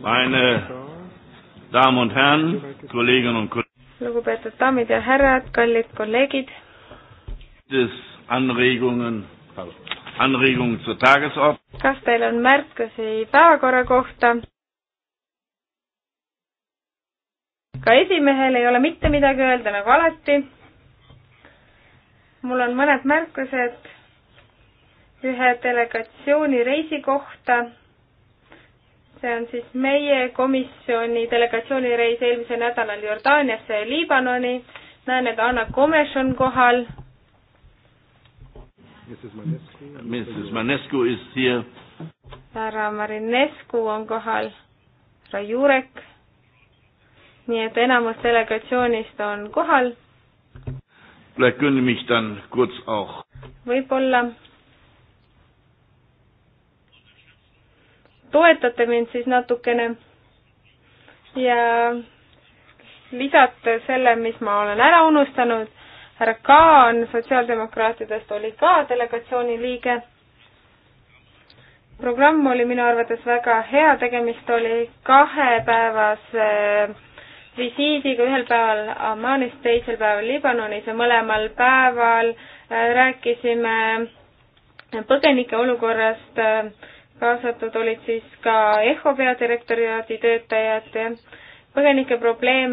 meine Damen und Herren, Kolleginnen und Kollegen. Lugupeetud daamid ja härrad, kallid kolleegid. Des Anregungen, Anregungen zur Tagesordnung. Kas teil on märkusi päevakorra kohta? Ka esimehel ei ole mitte midagi öelda nagu alati. Mul on mõned märkused ühe delegatsiooni reisi kohta see on siis meie komisjoni delegatsiooni reis eelmisel nädalal Jordaaniasse ja Liibanoni. näen, et Anna Komes on kohal. härra Marinescu on kohal, härra Jurek. nii et enamus delegatsioonist on kohal. võib-olla toetate mind siis natukene ja lisate selle, mis ma olen ära unustanud. härra Kaan sotsiaaldemokraatidest oli ka delegatsiooni liige. programm oli minu arvates väga hea, tegemist oli kahepäevase visiidiga, ühel päeval Ammanis, teisel päeval Liibanonis ja mõlemal päeval äh, rääkisime põgenike olukorrast äh, kaasatud olid siis ka EHO peadirektoriaadi töötajad. põgenike probleem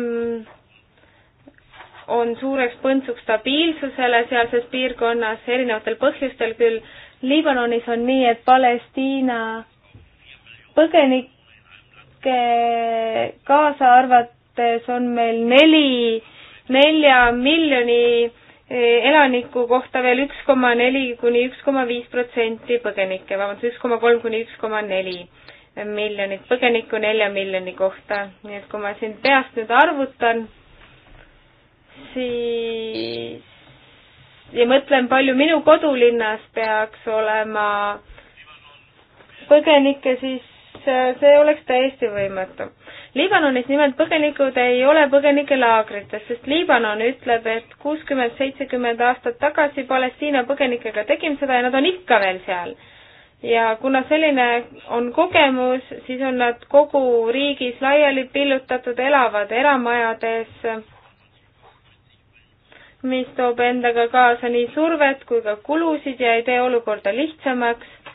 on suureks põntsuks stabiilsusele sealses piirkonnas erinevatel põhjustel küll. Liibanonis on nii, et Palestiina põgenikke kaasa arvates on meil neli, nelja miljoni Eh, elaniku kohta veel üks koma neli kuni üks koma viis protsenti põgenikke, vabandust, üks koma kolm kuni üks koma neli miljonit põgenikku nelja miljoni kohta, nii et kui ma siin peast nüüd arvutan, siis ja mõtlen, palju minu kodulinnas peaks olema põgenikke, siis äh, see oleks täiesti võimatu. Liibanonis nimelt põgenikud ei ole põgenikelaagrites, sest Liibanon ütleb, et kuuskümmend, seitsekümmend aastat tagasi Palestiina põgenikega tegime seda ja nad on ikka veel seal. ja kuna selline on kogemus, siis on nad kogu riigis laiali pillutatud, elavad eramajades, mis toob endaga kaasa nii survet kui ka kulusid ja ei tee olukorda lihtsamaks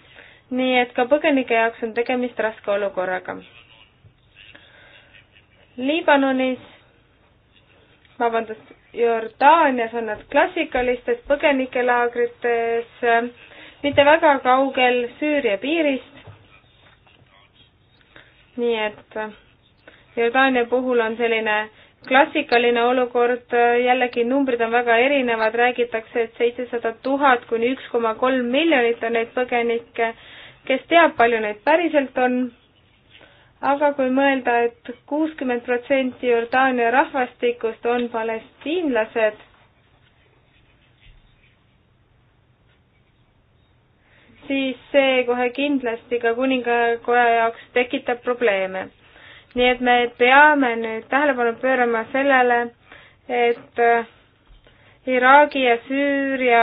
nii et ka põgenike jaoks on tegemist raske olukorraga. Liibanonis, vabandust, Jordaanias on nad klassikalistes põgenikelaagrites, mitte väga kaugel Süüria piirist. nii et Jordaania puhul on selline klassikaline olukord, jällegi numbrid on väga erinevad, räägitakse, et seitsesada tuhat kuni üks koma kolm miljonit on neid põgenikke, kes teab, palju neid päriselt on aga kui mõelda et, et kuuskümmend protsenti Jordaania rahvastikust on palestiinlased, siis see kohe kindlasti ka kuningakoja jaoks tekitab probleeme. nii et me peame nüüd tähelepanu pöörama sellele, et äh, Iraagi ja Süüria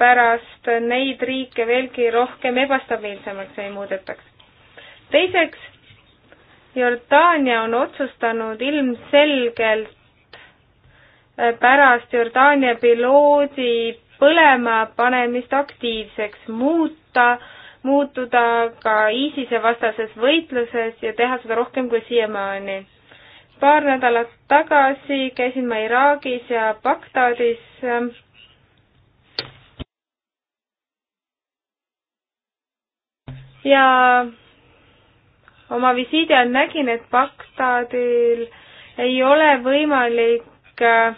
pärast neid riike veelgi rohkem ebastabiilsemaks ei muudetaks. teiseks Jordaania on otsustanud ilmselgelt äh, pärast Jordaania piloodi põlema panemist aktiivseks muuta, muutuda ka ISISe vastases võitluses ja teha seda rohkem kui siiamaani. paar nädalat tagasi käisin ma Iraagis ja Bagdadis äh, ja oma visiidi ajal nägin, et Bagdadil ei ole võimalik äh,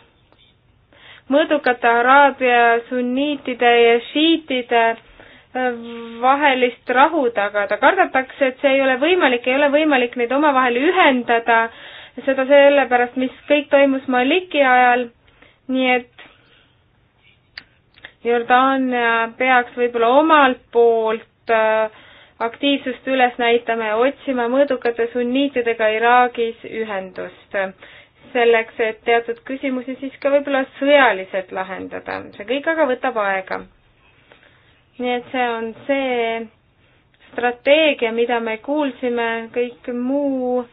mõõdukate Araabia sunniitide ja šiitide äh, vahelist rahu tagada. kardetakse, et see ei ole võimalik, ei ole võimalik neid omavahel ühendada, seda sellepärast, mis kõik toimus Maliki ajal, nii et Jordaania peaks võib-olla omalt poolt äh, aktiivsust üles näitame ja otsime mõõdukate sunniitidega Iraagis ühendust, selleks et teatud küsimusi siis ka võib-olla sõjaliselt lahendada. see kõik aga võtab aega. nii et see on see strateegia, mida me kuulsime, kõik muu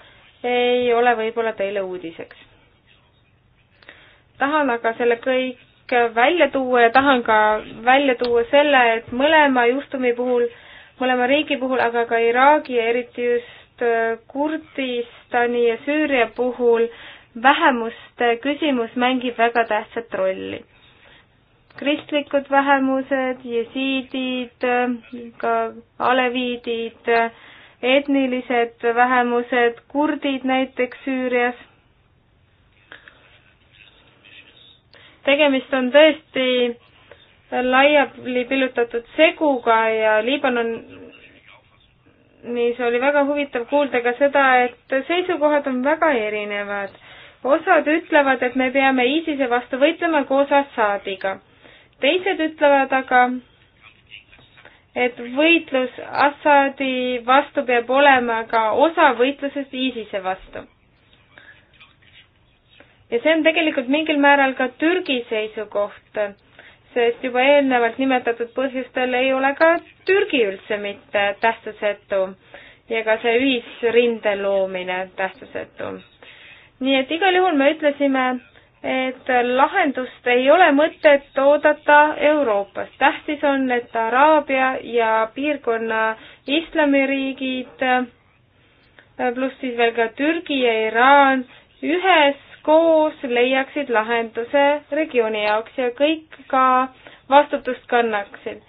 ei ole võib-olla teile uudiseks. tahan aga selle kõik välja tuua ja tahan ka välja tuua selle, et mõlema juhtumi puhul mõlema riigi puhul, aga ka Iraagi ja eriti just äh, Kurdistani ja Süüria puhul vähemuste küsimus mängib väga tähtsat rolli. kristlikud vähemused, jesiidid, ka aleviidid, etnilised vähemused, kurdid näiteks Süürias. tegemist on tõesti laiali pillutatud seguga ja Liibanon, nii see oli väga huvitav kuulda ka seda, et seisukohad on väga erinevad. osad ütlevad, et me peame ISISe vastu võitlema koos Assadiga. teised ütlevad aga, et võitlus Assadi vastu peab olema ka osa võitlusest ISISe vastu ja see on tegelikult mingil määral ka Türgi seisukoht sest juba eelnevalt nimetatud põhjustel ei ole ka Türgi üldse mitte tähtsusetu ja ka see ühisrinde loomine tähtsusetu. nii et igal juhul me ütlesime, et lahendust ei ole mõtet oodata Euroopas. tähtis on, et Araabia ja piirkonna islamiriigid pluss siis veel ka Türgi ja Iraan ühes koos leiaksid lahenduse regiooni jaoks ja kõik ka vastutust kannaksid.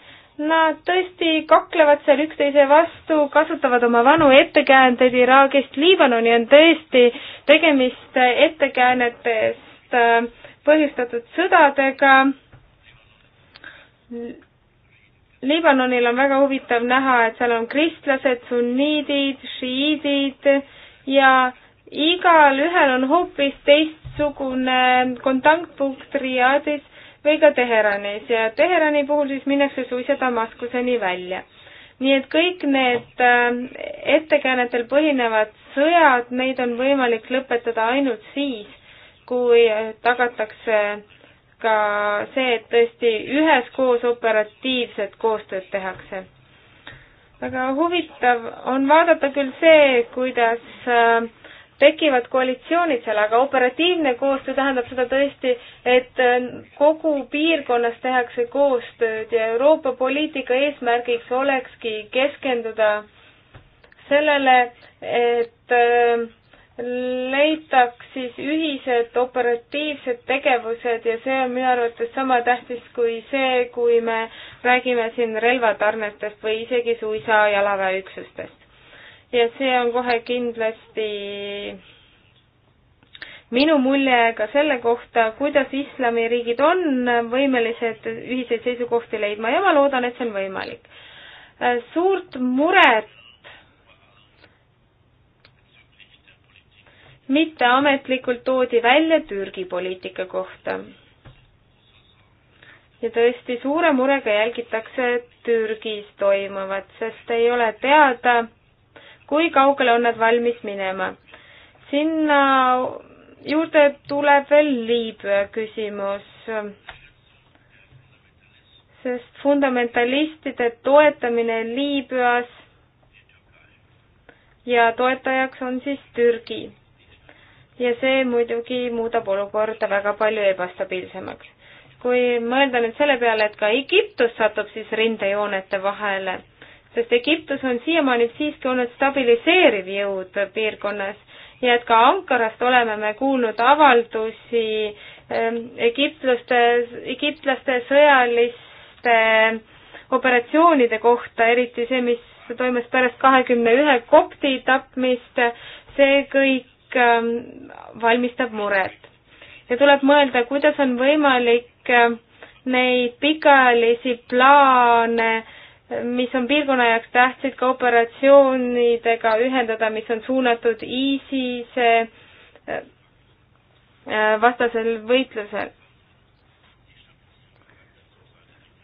Nad tõesti kaklevad seal üksteise vastu, kasutavad oma vanu ettekäändeid Iraagist Liibanoni on tõesti tegemist ettekäänetest äh, põhjustatud sõdadega. Liibanonil on väga huvitav näha, et seal on kristlased, sunniidid, šiiidid ja igalühel on hoopis teistsugune kontaktpunkt Riadis või ka Teheranis ja Teherani puhul siis minnakse suisa Damaskuseni välja. nii et kõik need äh, ettekäänetel põhinevad sõjad, neid on võimalik lõpetada ainult siis, kui tagatakse ka see, et tõesti üheskoos operatiivset koostööd tehakse. väga huvitav on vaadata küll see, kuidas äh, tekivad koalitsioonid seal, aga operatiivne koostöö tähendab seda tõesti, et äh, kogu piirkonnas tehakse koostööd ja Euroopa poliitika eesmärgiks olekski keskenduda sellele, et äh, leitaks siis ühised operatiivsed tegevused ja see on minu arvates sama tähtis kui see, kui me räägime siin relvatarnetest või isegi suisa jalaväeüksustest ja see on kohe kindlasti minu mulje ka selle kohta, kuidas islamiriigid on võimelised ühiseid seisukohti leidma ja ma loodan, et see on võimalik. Äh, suurt muret mitteametlikult toodi välja Türgi poliitika kohta. ja tõesti, suure murega jälgitakse Türgis toimuvat, sest ei ole teada, kui kaugele on nad valmis minema? sinna juurde tuleb veel Liibüa küsimus, sest fundamentalistide toetamine Liibüas ja toetajaks on siis Türgi. ja see muidugi muudab olukorda väga palju ebastabiilsemaks. kui mõelda nüüd selle peale, et ka Egiptus satub siis rindejoonete vahele sest Egiptus on siiamaani siiski olnud stabiliseeriv jõud piirkonnas ja et ka Ankarast oleme me kuulnud avaldusi ehm, egiptlaste, egiptlaste sõjaliste operatsioonide kohta, eriti see, mis toimus pärast kahekümne ühe kopti tapmist, see kõik ehm, valmistab muret. ja tuleb mõelda, kuidas on võimalik ehm, neid pikaajalisi plaane äh, mis on piirkonna jaoks tähtsaid ka operatsioonidega ühendada, mis on suunatud ISISe äh, äh, vastasel võitlusel.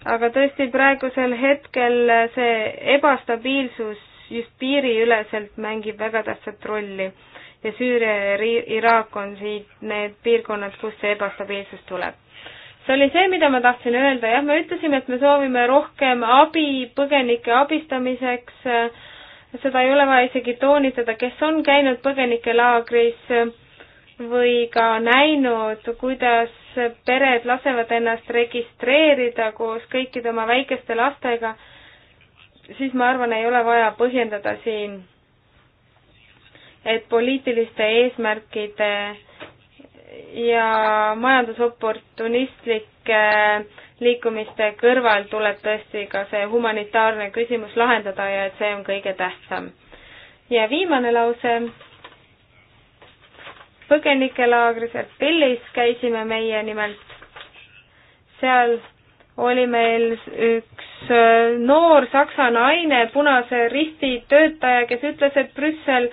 aga tõesti, praegusel hetkel see ebastabiilsus just piiriüleselt mängib väga tähtsat rolli ja Süüria ja Iraak on siit need piirkonnad, kust see ebastabiilsus tuleb see oli see, mida ma tahtsin öelda, jah, me ütlesime, et me soovime rohkem abi põgenike abistamiseks, seda ei ole vaja isegi toonitada, kes on käinud põgenikelaagris või ka näinud, kuidas pered lasevad ennast registreerida koos kõikide oma väikeste lastega, siis ma arvan, ei ole vaja põhjendada siin, et poliitiliste eesmärkide ja majandusoportunistlike liikumiste kõrval tuleb tõesti ka see humanitaarne küsimus lahendada ja et see on kõige tähtsam. ja viimane lause. põgenikelaagris Erbilis käisime meie nimelt. seal oli meil üks äh, noor saksa naine, Punase Risti töötaja, kes ütles, et Brüssel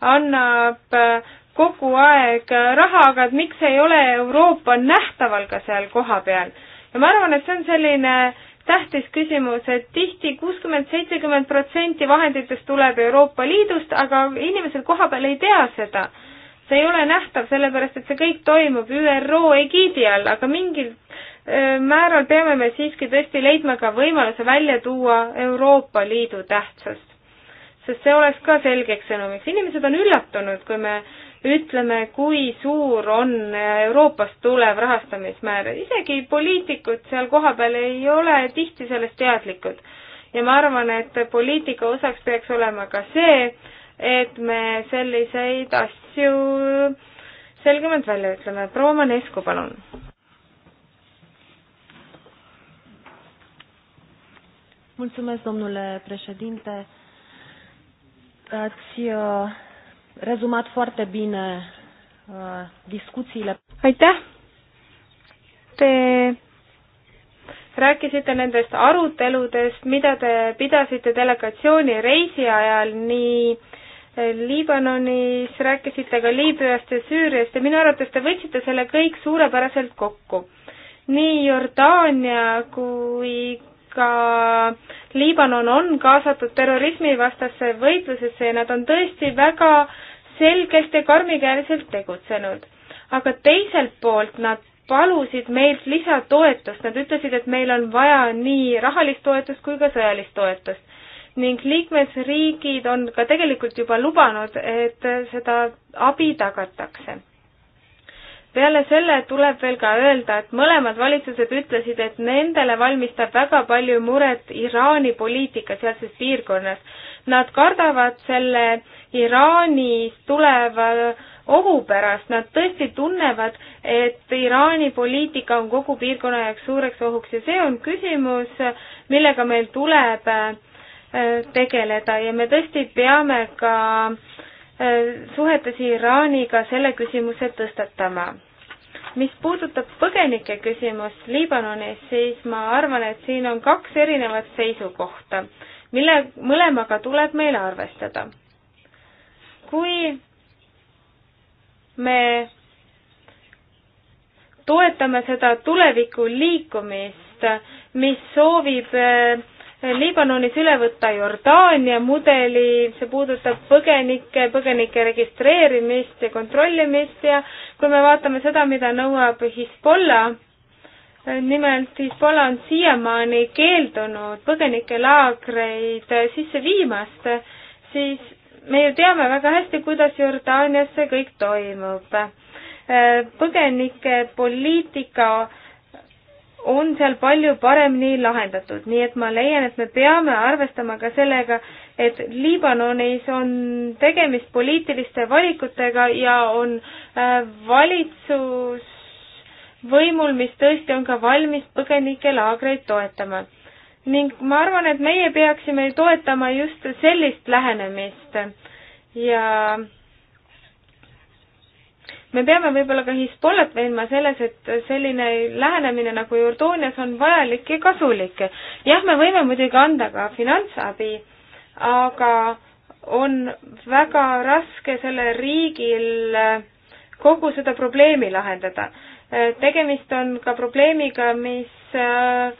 annab äh, kogu aeg raha, aga et miks ei ole Euroopa nähtaval ka seal kohapeal. ja ma arvan, et see on selline tähtis küsimus, et tihti kuuskümmend, seitsekümmend protsenti vahenditest tuleb Euroopa Liidust, aga inimesed kohapeal ei tea seda. see ei ole nähtav, sellepärast et see kõik toimub ÜRO egiidi all, aga mingil määral peame me siiski tõesti leidma ka võimaluse välja tuua Euroopa Liidu tähtsust. sest see oleks ka selgeks sõnumiks. inimesed on üllatunud, kui me ütleme, kui suur on Euroopast tulev rahastamismäär, isegi poliitikud seal kohapeal ei ole tihti sellest teadlikud. ja ma arvan, et poliitika osaks peaks olema ka see, et me selliseid asju selgemalt välja ütleme. proua Manescu, palun. mulțumesc, domnule președinte. Ați uh, rezumat foarte bine uh, discuțiile. aitäh! Te rääkisite nendest aruteludest, mida te pidasite delegatsiooni reisi ajal nii Liibanonis, rääkisite ka Liibüast ja Süüriast ja minu arvates te võtsite selle kõik suurepäraselt kokku. nii Jordaania kui ka Liibanon on kaasatud terrorismivastasse võitlusesse ja nad on tõesti väga äh, selgelt ja karmikäeliselt tegutsenud. aga teiselt poolt nad palusid meilt lisatoetust, nad ütlesid, et meil on vaja nii rahalist toetust kui ka sõjalist toetust. ning liikmesriigid on ka tegelikult juba lubanud, et seda abi tagatakse peale selle tuleb veel ka öelda, et mõlemad valitsused ütlesid, et nendele valmistab väga palju muret Iraani poliitika sealses piirkonnas. Nad kardavad selle Iraanist tuleva ohu pärast, nad tõesti tunnevad, et Iraani poliitika on kogu piirkonna jaoks suureks ohuks ja see on küsimus, millega meil tuleb äh, tegeleda ja me tõesti peame ka äh, suhetes Iraaniga selle küsimuse tõstatama mis puudutab põgenike küsimust Liibanonis, siis ma arvan, et siin on kaks erinevat seisukohta, mille, mõlemaga tuleb meil arvestada kui me toetame seda tuleviku liikumist, mis soovib eh, Liibanonis üle võtta Jordaania mudeli, see puudutab põgenikke, põgenike registreerimist ja kontrollimist ja kui me vaatame seda, mida nõuab Hezbollah, eh, nimelt Hezbollah on siiamaani keeldunud põgenikelaagreid sisse viimast, siis me ju teame väga hästi, kuidas Jordaanias see kõik toimub. Äh, põgenike poliitika on seal palju paremini lahendatud, nii et ma leian, et me peame arvestama ka sellega, et Liibanonis on tegemist poliitiliste valikutega ja on äh, valitsus võimul, mis tõesti on ka valmis põgenikelaagreid toetama ning ma arvan, et meie peaksime toetama just sellist lähenemist ja me peame võib-olla ka Hispolat veenma selles, et selline lähenemine nagu Jordaanias on vajalik ja kasulik. jah, me võime muidugi anda ka finantsabi, aga on väga raske sellel riigil kogu seda probleemi lahendada. tegemist on ka probleemiga, mis äh,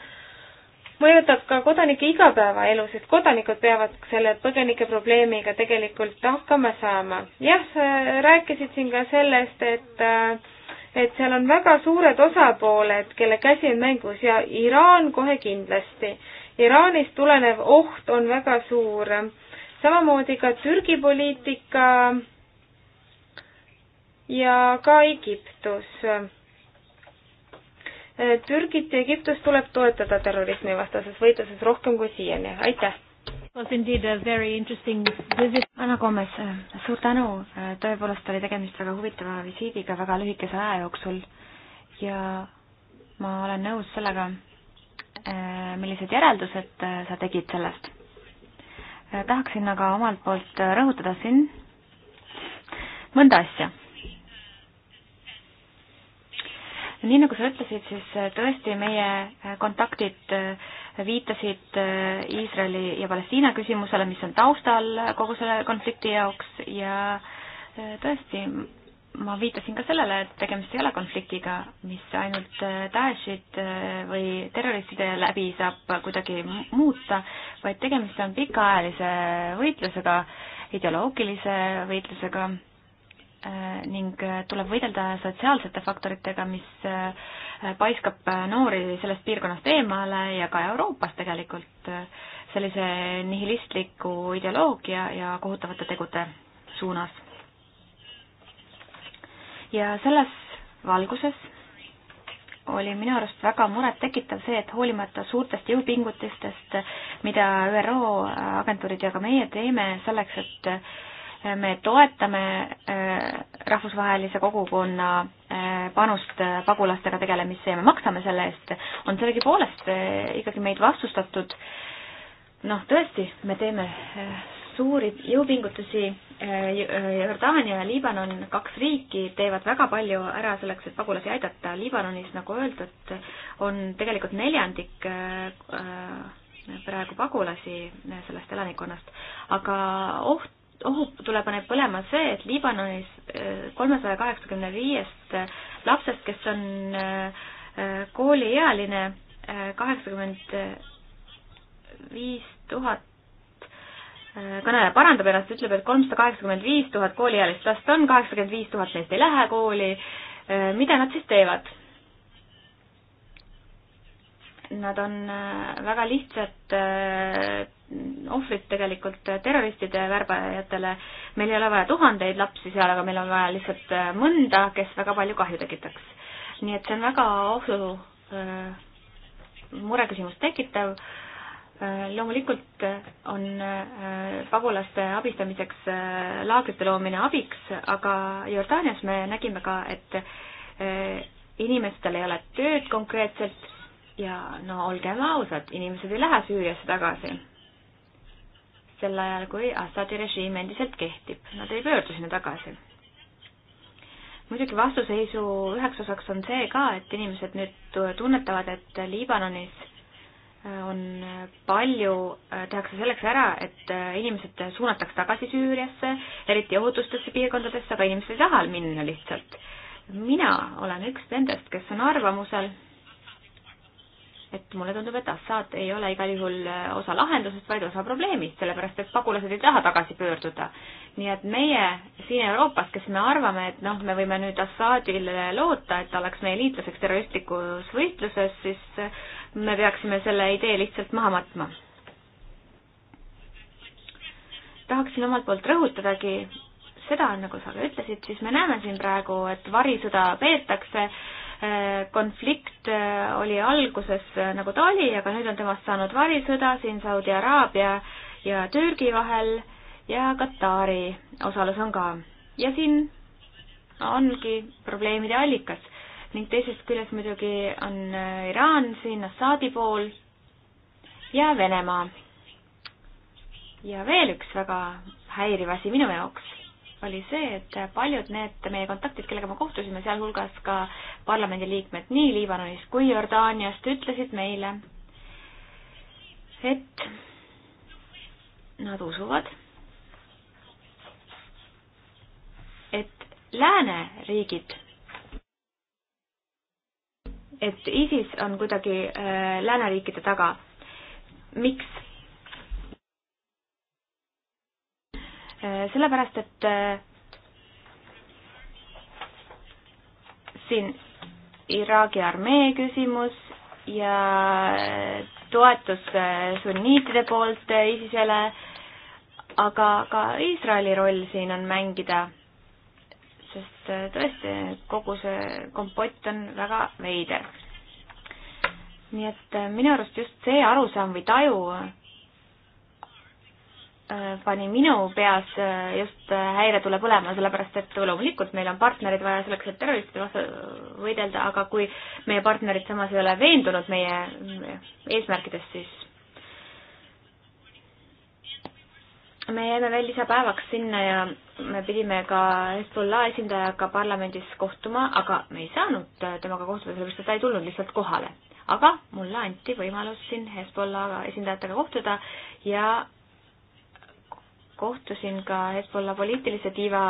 mõjutab ka kodanike igapäevaelu, sest kodanikud peavad selle põgenike probleemiga tegelikult hakkama saama. jah, sa rääkisid siin ka sellest, et et seal on väga suured osapooled, kelle käsi on mängus ja Iraan kohe kindlasti. Iraanist tulenev oht on väga suur. samamoodi ka Türgi poliitika ja ka Egiptus Türgit ja Egiptust tuleb toetada terrorismivastases võitluses rohkem kui siiani, aitäh! Anna Gomes, suur tänu, tõepoolest oli tegemist väga huvitava visiidiga väga lühikese aja jooksul ja ma olen nõus sellega, eh, millised järeldused eh, sa tegid sellest. Eh, tahaksin aga omalt poolt rõhutada siin mõnda asja nii nagu sa ütlesid, siis äh, tõesti meie äh, kontaktid äh, viitasid Iisraeli ja Palestiina küsimusele, mis on taustal kogu selle konflikti jaoks ja tõesti, ma viitasin ka sellele, et tegemist ei ole konfliktiga, mis ainult Daeshit või terroristide läbi saab kuidagi muuta, vaid tegemist on pikaajalise võitlusega, ideoloogilise võitlusega Äh, ning äh, tuleb võidelda sotsiaalsete faktoritega, mis äh, paiskab noori sellest piirkonnast eemale ja ka Euroopas tegelikult sellise nihilistliku ideoloogia ja kohutavate tegude suunas. ja selles valguses oli minu arust väga murettekitav see, et hoolimata suurtest jõupingutustest, mida ÜRO agentuurid ja ka meie teeme selleks, et me toetame äh, rahvusvahelise kogukonna äh, panust äh, pagulastega tegelemisse ja me maksame selle eest, on sellegipoolest ikkagi meid vastustatud. noh, tõesti, me teeme suuri jõupingutusi, Jordaania ja Liibanon, kaks riiki, teevad väga palju ära selleks, et pagulasi aidata. Liibanonis, nagu öeldud, on tegelikult neljandik praegu pagulasi sellest elanikkonnast, aga oht ohutule paneb põlema see, et Liibanonis äh, kolmesaja kaheksakümne viiest äh, lapsest, kes on äh, kooliealine, kaheksakümmend viis tuhat kõneleja parandab ennast, ütleb, et kolmsada kaheksakümmend viis tuhat kooliealist last on, kaheksakümmend viis tuhat neist ei lähe kooli. mida nad siis teevad? Nad on väga lihtsad ohvrid tegelikult terroristide värbajatele. meil ei ole vaja tuhandeid lapsi seal, aga meil on vaja lihtsalt äh, mõnda, kes väga palju kahju tekitaks. nii et see on väga ohlu äh, mureküsimust tekitav. Äh, loomulikult on pagulaste abistamiseks laagrite loomine abiks, aga Jordaanias me nägime ka, et inimestel ei ole tööd konkreetselt ja no olgem ausad, inimesed ei lähe Süüriasse tagasi sel ajal, kui Assadi režiim endiselt kehtib. Nad ei pöördu sinna tagasi. muidugi vastuseisu üheks osaks on see ka, et inimesed nüüd tunnetavad, et Liibanonis äh, on äh, palju, äh, tehakse selleks ära, et inimesed suunataks tagasi Süüriasse, eriti ohutustesse piirkondadesse, aga inimesed ei taha minna lihtsalt. mina olen üks nendest, kes on arvamusel, et mulle tundub, et Assad ei ole igal juhul äh, osa lahendusest, vaid osa probleemist, sellepärast et pagulased ei taha tagasi pöörduda. nii et meie siin Euroopas, kes me arvame, et noh, me võime nüüd Assadile loota, et ta oleks meie liitlaseks terroristlikus võitluses, siis äh, me peaksime selle idee lihtsalt maha matma. tahaksin omalt poolt rõhutadagi seda, nagu sa ka ütlesid, siis me näeme siin praegu, et varisõda peetakse äh, Äh, konflikt äh, oli alguses äh, nagu ta oli, aga nüüd on temast saanud varisõda siin Saudi Araabia ja Türgi vahel ja Katari osalus on ka. ja siin ongi probleemide allikas ning teisest küljest muidugi on Iraan siin Assaadi pool ja Venemaa. ja veel üks väga häiriv asi minu jaoks oli see, et paljud need meie kontaktid, kellega me kohtusime, sealhulgas ka parlamendiliikmed nii Liibanonist kui Jordaaniast, ütlesid meile, et nad usuvad, et lääneriigid, et ISIS on kuidagi äh, lääneriikide taga. miks? Äh, sellepärast, et äh, siin Iraagi armee küsimus ja äh, toetus sunniitide poolt ISISele, aga ka Iisraeli roll siin on mängida, sest tõesti, kogu see kompott on väga veider. nii et minu arust just see arusaam või taju pani minu peas äh, just äh, häire tuleb olema, sellepärast et loomulikult meil on partnerid vaja selleks, et terroristide vastu võidelda, aga kui meie partnerid samas ei ole veendunud meie eesmärkidest, siis me jäime veel lisapäevaks sinna ja me pidime ka Hezbollah esindajaga parlamendis kohtuma, aga me ei saanud äh, temaga kohtuda, sellepärast et ta ei tulnud lihtsalt kohale. aga mulle anti võimalus siin Hezbollah esindajatega kohtuda ja kohtusin ka Hezbollah poliitilise tiiva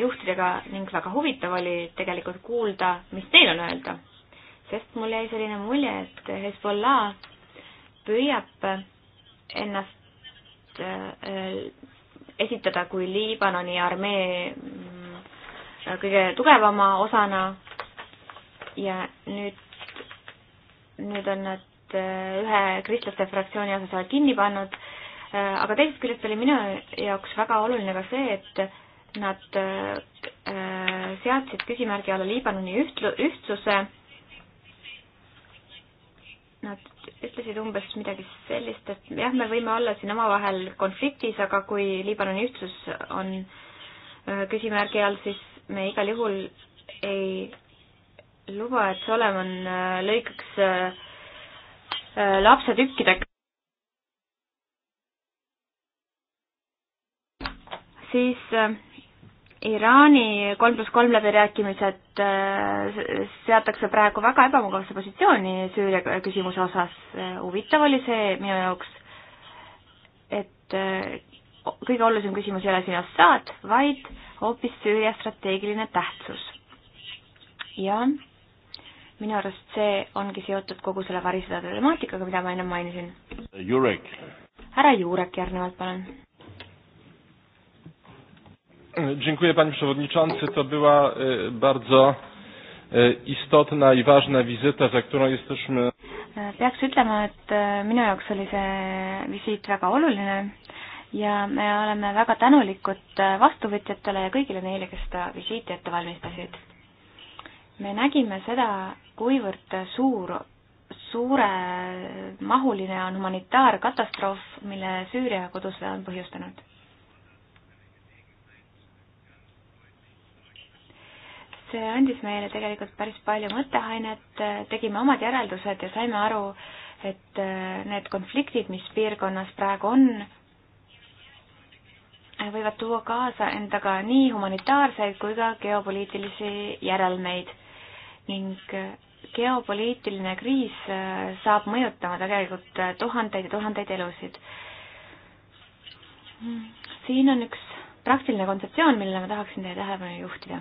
juhtidega ning väga huvitav oli tegelikult kuulda, mis neil on öelda. sest mul jäi selline mulje, et Hezbollah püüab ennast äh, esitada kui Liibanoni armee mm, kõige tugevama osana ja nüüd, nüüd on nad äh, ühe kristlaste fraktsiooni osas kinni pannud Äh, aga teisest küljest oli minu jaoks väga oluline ka see, et nad äh, seadsid küsimärgi alla Liibanoni ühtlu-, ühtsuse. Nad ütlesid umbes midagi sellist, et jah, me võime olla siin omavahel konfliktis, aga kui Liibanoni ühtsus on äh, küsimärgi all, siis me igal juhul ei luba, et Solomon lõikaks lapse tükkideks. siis äh, Iraani kolm pluss kolm läbirääkimised äh, seatakse praegu väga ebamugavasse positsiooni Süüria küsimuse osas. Äh, huvitav oli see minu jaoks, et kõige olulisem küsimus ei ole siin Assad, vaid hoopis Süüria strateegiline tähtsus. ja minu arust see ongi seotud kogu selle varisõdade temaatikaga, mida ma enne mainisin. härra Juurek järgnevalt, palun Dziękuję Panie Przewodniczący. To była bardzo istotna ja ważna wizyta, za którą jesteśmy e, peaks ütlema, et e, minu jaoks oli see visiit väga oluline ja me oleme väga tänulikud e, vastuvõtjatele ja kõigile neile, kes seda visiiti ette valmistasid. me nägime seda, kuivõrd suur, suuremahuline on humanitaarkatastroof, mille Süüria kodusõda on põhjustanud see andis meile tegelikult päris palju mõtteainet, tegime omad järeldused ja saime aru, et äh, need konfliktid, mis piirkonnas praegu on, võivad tuua kaasa endaga nii humanitaarseid kui ka geopoliitilisi järelmeid ning äh, geopoliitiline kriis äh, saab mõjutama tegelikult tuhandeid ja tuhandeid elusid. Hmm, siin on üks praktiline kontseptsioon, millele ma tahaksin teie tähelepanu juhtida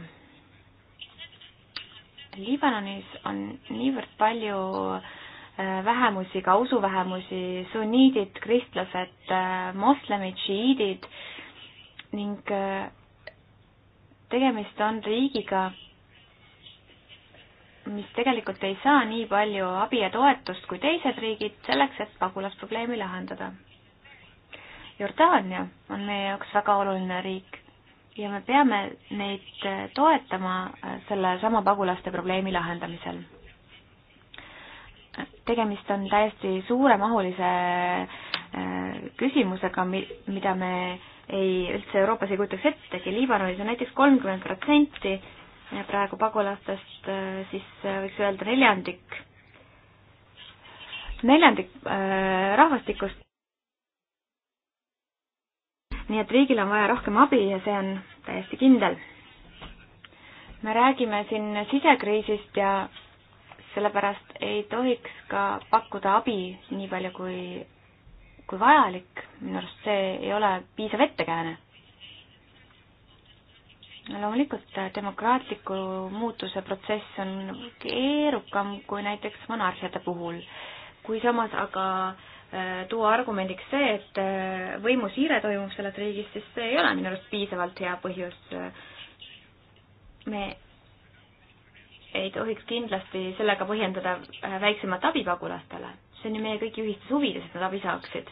Liibanonis on niivõrd palju äh, vähemusi, ka usuvähemusi, sunniidid, kristlased, äh, moslemid, šiiidid ning äh, tegemist on riigiga, mis tegelikult ei saa nii palju abi ja toetust kui teised riigid selleks, et pagulasprobleemi lahendada. Jordaania on meie jaoks väga oluline riik ja me peame neid äh, toetama äh, sellesama pagulaste probleemi lahendamisel. tegemist on täiesti suuremahulise äh, küsimusega, mida me ei, üldse Euroopas ei kujutaks ettegi, Liibanonis on näiteks kolmkümmend protsenti praegu pagulastest, siis võiks öelda neljandik, neljandik rahvastikust nii et riigil on vaja rohkem abi ja see on täiesti kindel. me räägime siin sisekriisist ja sellepärast ei tohiks ka pakkuda abi nii palju kui, kui vajalik, minu arust see ei ole piisav ettekääne. loomulikult demokraatliku muutuse protsess on keerukam kui näiteks monarhiate puhul, kui samas aga äh, Äh, tuua argumendiks see, et äh, võimusiire toimub selles riigis, siis see ei ole minu arust piisavalt hea põhjus. me ei tohiks kindlasti sellega põhjendada äh, väiksemat abi pagulastele. see on ju meie kõigi ühistes huvides, et nad abi saaksid.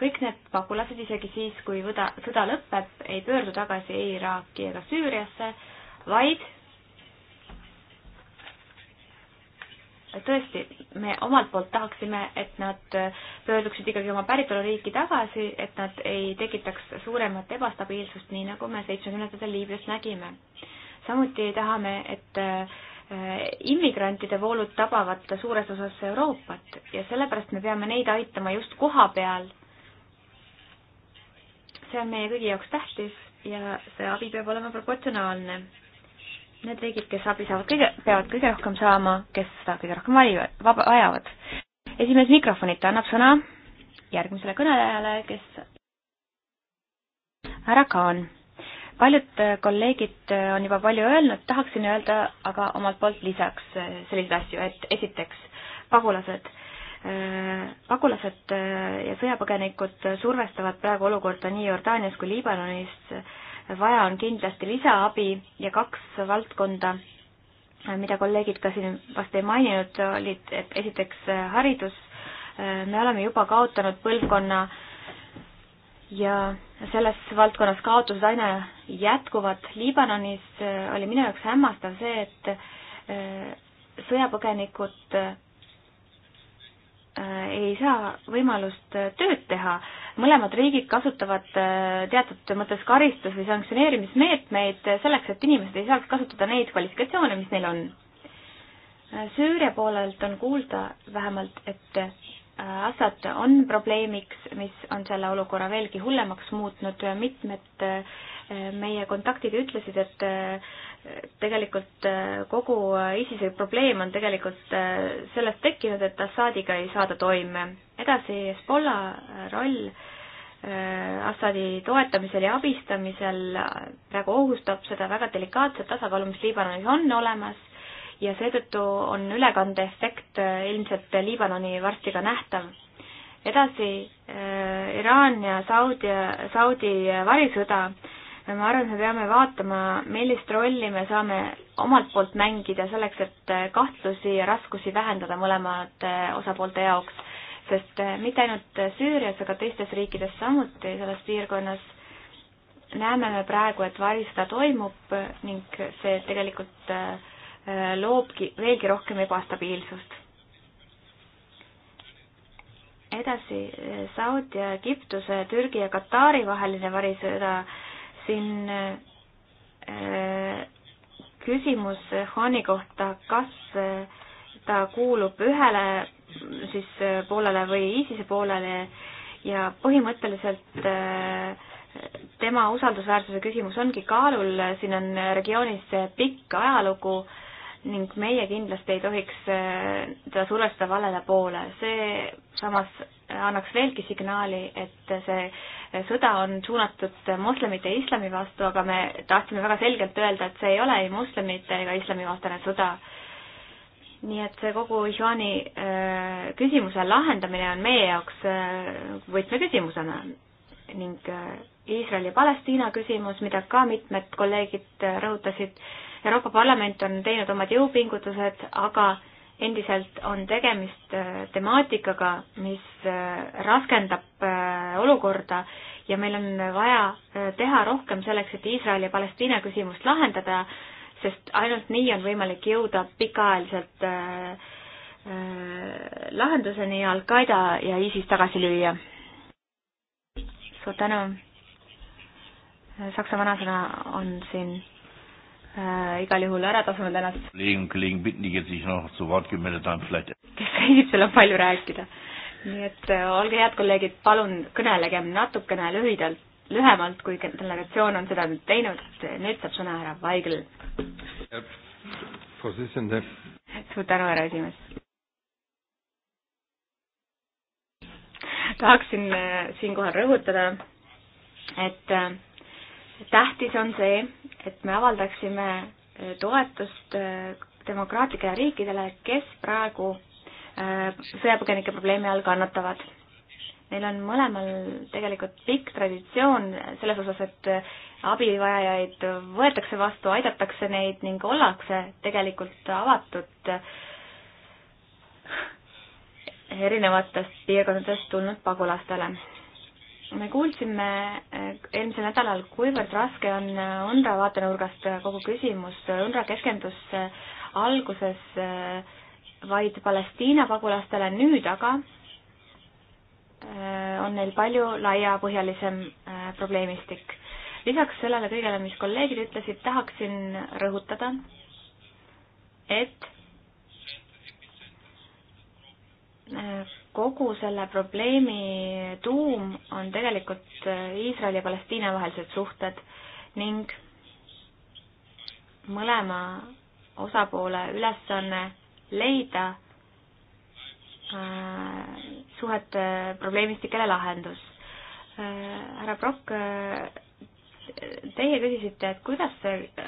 kõik need pagulased, isegi siis, kui võda, sõda lõpeb, ei pöördu tagasi ei Iraaki ega Süüriasse, vaid tõesti, me omalt poolt tahaksime, et nad pöörduksid ikkagi oma päritoluriiki tagasi, et nad ei tekitaks suuremat ebastabiilsust, nii nagu me seitsmekümnendatel Liibüas nägime. samuti tahame, et äh, immigrantide voolud tabavad suures osas Euroopat ja sellepärast me peame neid aitama just koha peal. see on meie kõigi jaoks tähtis ja see abi peab olema proportsionaalne need riigid, kes abi saavad kõige, peavad kõige rohkem saama, kes seda kõige rohkem valivad, vaba, vajavad. esimees mikrofonita annab sõna järgmisele kõnelejale, kes härra Kaan. paljud äh, kolleegid äh, on juba palju öelnud, tahaksin öelda aga omalt poolt lisaks äh, selliseid asju, et esiteks pagulased pagulased ja sõjapõgenikud survestavad praegu olukorda nii Jordaanias kui Liibanonis vaja on kindlasti lisaabi ja kaks valdkonda, mida kolleegid ka siin vast ei maininud, olid esiteks eh, haridus, eh, me oleme juba kaotanud põlvkonna ja selles valdkonnas kaotused aina jätkuvad. Liibanonis eh, oli minu jaoks hämmastav see, et sõjapõgenikud ei saa võimalust tööd teha mõlemad riigid kasutavad äh, teatud mõttes karistus- või sanktsioneerimismeetmeid selleks, et inimesed ei saaks kasutada neid kvalifikatsioone, mis neil on. Äh, Süüria poolelt on kuulda vähemalt, et äh, Assad on probleemiks, mis on selle olukorra veelgi hullemaks muutnud, mitmed meie kontaktid ütlesid, et tegelikult äh, kogu äh, ISISe probleem on tegelikult äh, sellest tekkinud, et Assadiga ei saada toime. edasi Hezbollah roll Assadi toetamisel ja abistamisel praegu ohustab seda väga delikaatset tasakaalu, mis Liibanonis on olemas ja seetõttu on ülekandeefekt ilmselt Liibanoni varsti ka nähtav. edasi Iraan ja Saudi, Saudi varisõda ma arvan, et me peame vaatama, millist rolli me saame omalt poolt mängida selleks, et kahtlusi ja raskusi vähendada mõlemate eh, osapoolte jaoks. sest eh, mitte ainult Süürias, aga teistes riikides samuti selles piirkonnas näeme me praegu, et varisõda toimub ning see tegelikult eh, loobki veelgi rohkem ebastabiilsust. edasi, Saudi ja Egiptuse, Türgi ja Katari vaheline varisõda äh, siin äh, küsimus Hani kohta, kas äh, ta kuulub ühele siis äh, poolele või ISISe poolele ja põhimõtteliselt tema usaldusväärsuse küsimus ongi kaalul, siin on regioonis pikk ajalugu ning meie kindlasti ei tohiks teda survestada valele poole, see samas annaks veelgi signaali, et see sõda on suunatud moslemite ja islami vastu, aga me tahtsime väga selgelt öelda, et see ei ole ei moslemite ega islami vastane sõda. nii et see kogu Juhani äh, küsimuse lahendamine on meie jaoks äh, võtmeküsimusena ning äh, Iisraeli ja Palestiina küsimus, mida ka mitmed kolleegid rõhutasid, Euroopa Parlament on teinud omad jõupingutused, aga endiselt on tegemist äh, temaatikaga, mis äh, raskendab äh, olukorda ja meil on vaja teha rohkem selleks, et Iisraeli ja Palestiina küsimust lahendada, sest ainult nii on võimalik jõuda pikaajaliselt lahenduseni Al-Qaeda ja ISIS tagasi lüüa. suur tänu. Saksa vanasõna on siin äh, igal juhul ära tasunud ennast. kes inimesel on palju rääkida. nii et äh, olge head kolleegid, palun kõnelegem natukene lühidalt, lühemalt, kui delegatsioon on seda nüüd teinud. nüüd saab sõna härra Vaigel. suur tänu, härra esimees. tahaksin äh, siinkohal rõhutada, et äh, tähtis on see, et me avaldaksime äh, toetust äh, demokraatlikele riikidele, kes praegu äh, sõjapõgenike probleemi all kannatavad. Neil on mõlemal tegelikult pikk traditsioon selles osas, et abivajajaid võetakse vastu, aidatakse neid ning ollakse tegelikult avatud erinevatest piirkondadest tulnud pagulastele me kuulsime eh, eelmisel nädalal, kuivõrd raske on eh, UNRWA vaatenurgast kogu küsimus. UNRWA keskendus eh, alguses vaid Palestiina pagulastele, nüüd aga on neil palju laiapõhjalisem probleemistik. lisaks sellele kõigele, mis kolleegid ütlesid, tahaksin rõhutada, et kogu selle probleemi tuum on tegelikult äh, Iisraeli ja Palestiina vahelised suhted ning mõlema osapoole ülesanne leida äh, suhete probleemistikele lahendus äh,. härra Prokk äh,, teie küsisite, et kuidas see äh,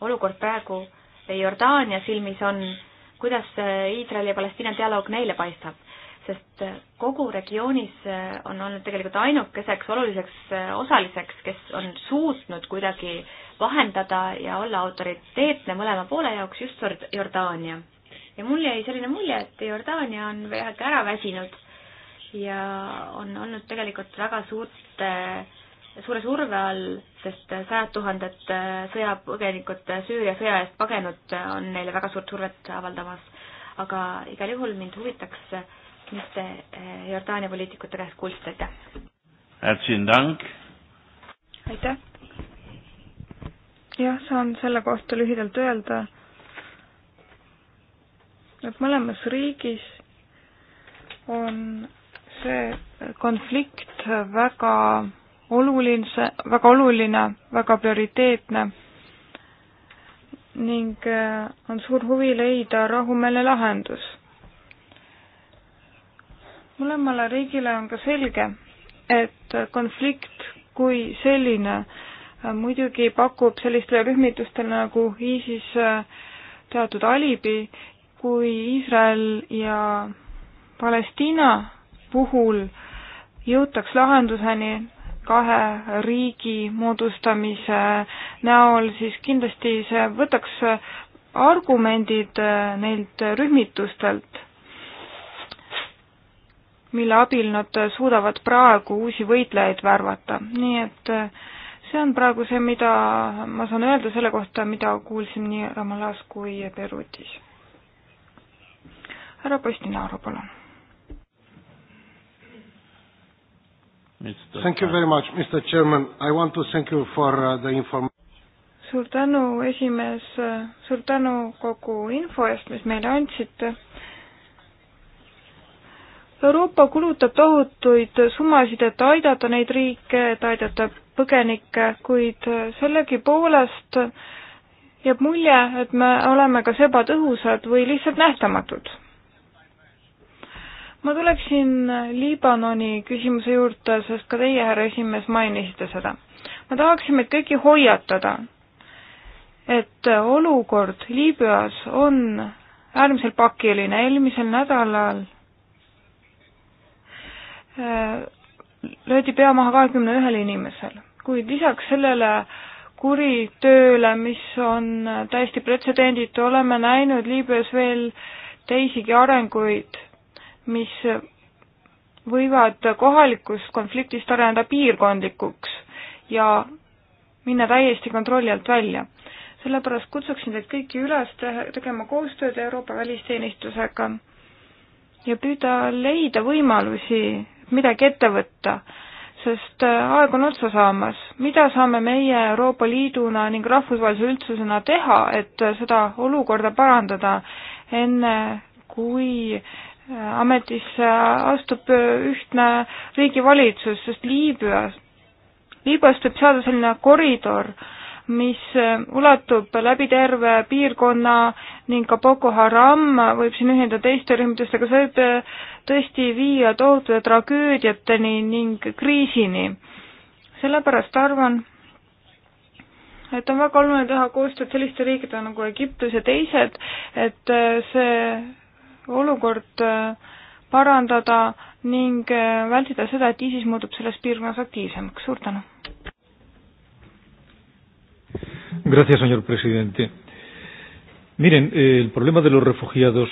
olukord praegu Jordaania silmis on äh, kuidas äh, Iisraeli ja Palestiina dialoog neile paistab, sest äh, kogu regioonis äh, on olnud tegelikult ainukeseks oluliseks osaliseks, kes on suutnud kuidagi vahendada ja olla autoriteetne mõlema poole jaoks just Jordaania. ja mul jäi selline mulje, et Jordaania on väheke ära väsinud ja on olnud tegelikult väga suurte äh, suure surve all, sest sajad tuhanded äh, sõjapõgenikud Süüria sõja eest pagenud on neile väga suurt survet avaldamas. aga igal juhul mind huvitaks, mis te äh, Jordaania poliitikute käest kuulsite, aitäh! aitäh! jah, saan selle kohta lühidalt öelda, et mõlemas riigis on see konflikt väga olulise, väga oluline, väga prioriteetne ning äh, on suur huvi leida rahumeelne lahendus. mõlemale riigile on ka selge, et konflikt kui selline äh, muidugi pakub sellistele rühmitustele nagu ISIS äh, teatud alibi, kui Iisrael ja Palestiina puhul jõutaks lahenduseni, kahe riigi moodustamise näol, siis kindlasti see võtaks argumendid äh, neilt rühmitustelt, mille abil nad äh, suudavad praegu uusi võitlejaid värvata, nii et äh, see on praegu see, mida ma saan öelda selle kohta, mida kuulsin nii Ramalas kui Beirutis. härra Postinaru, palun Mr. Thank you very much, Mr Chairman, I want to thank you for uh, the inform-. suur tänu, esimees, suur tänu kogu info eest, mis meile andsite. Euroopa kulutab tohutuid summasid, et aidata neid riike, et aidata põgenikke, kuid sellegipoolest jääb mulje, et me oleme kas ebatõhusad või lihtsalt nähtamatud ma tuleksin Liibanoni küsimuse juurde, sest ka teie, härra esimees, mainisite seda. ma tahaksin meid kõiki hoiatada, et olukord Liibüas on äärmiselt pakiline, eelmisel nädalal äh, löödi pea maha kahekümne ühel inimesel, kuid lisaks sellele kuritööle, mis on täiesti pretsedenditu, oleme näinud Liibüas veel teisigi arenguid mis võivad kohalikust konfliktist areneda piirkondlikuks ja minna täiesti kontrolli alt välja. sellepärast kutsuksin teid kõiki üles tegema koostööd Euroopa välisteenistusega ja püüda leida võimalusi midagi ette võtta, sest äh, aeg on otsa saamas. mida saame meie Euroopa Liiduna ning rahvusvahelise üldsusena teha, et äh, seda olukorda parandada, enne kui ametisse äh, astub äh, ühtne riigivalitsus, sest Liibüas, Liibüast võib saada selline koridor, mis äh, ulatub läbi terve piirkonna ning ka Boko Haram võib siin ühineda teiste rühmitustega, see võib tõesti viia tohutute tragöödiateni ning kriisini. sellepärast arvan, et on väga oluline teha koostööd selliste riikidega nagu Egiptus ja teised, et see olukord äh, parandada ning äh, vältida seda, et ISIS muutub selles piirkonnas aktiivsemaks. suur tänu! Gracias, señor presidente. Miren, el problema de los refugiados.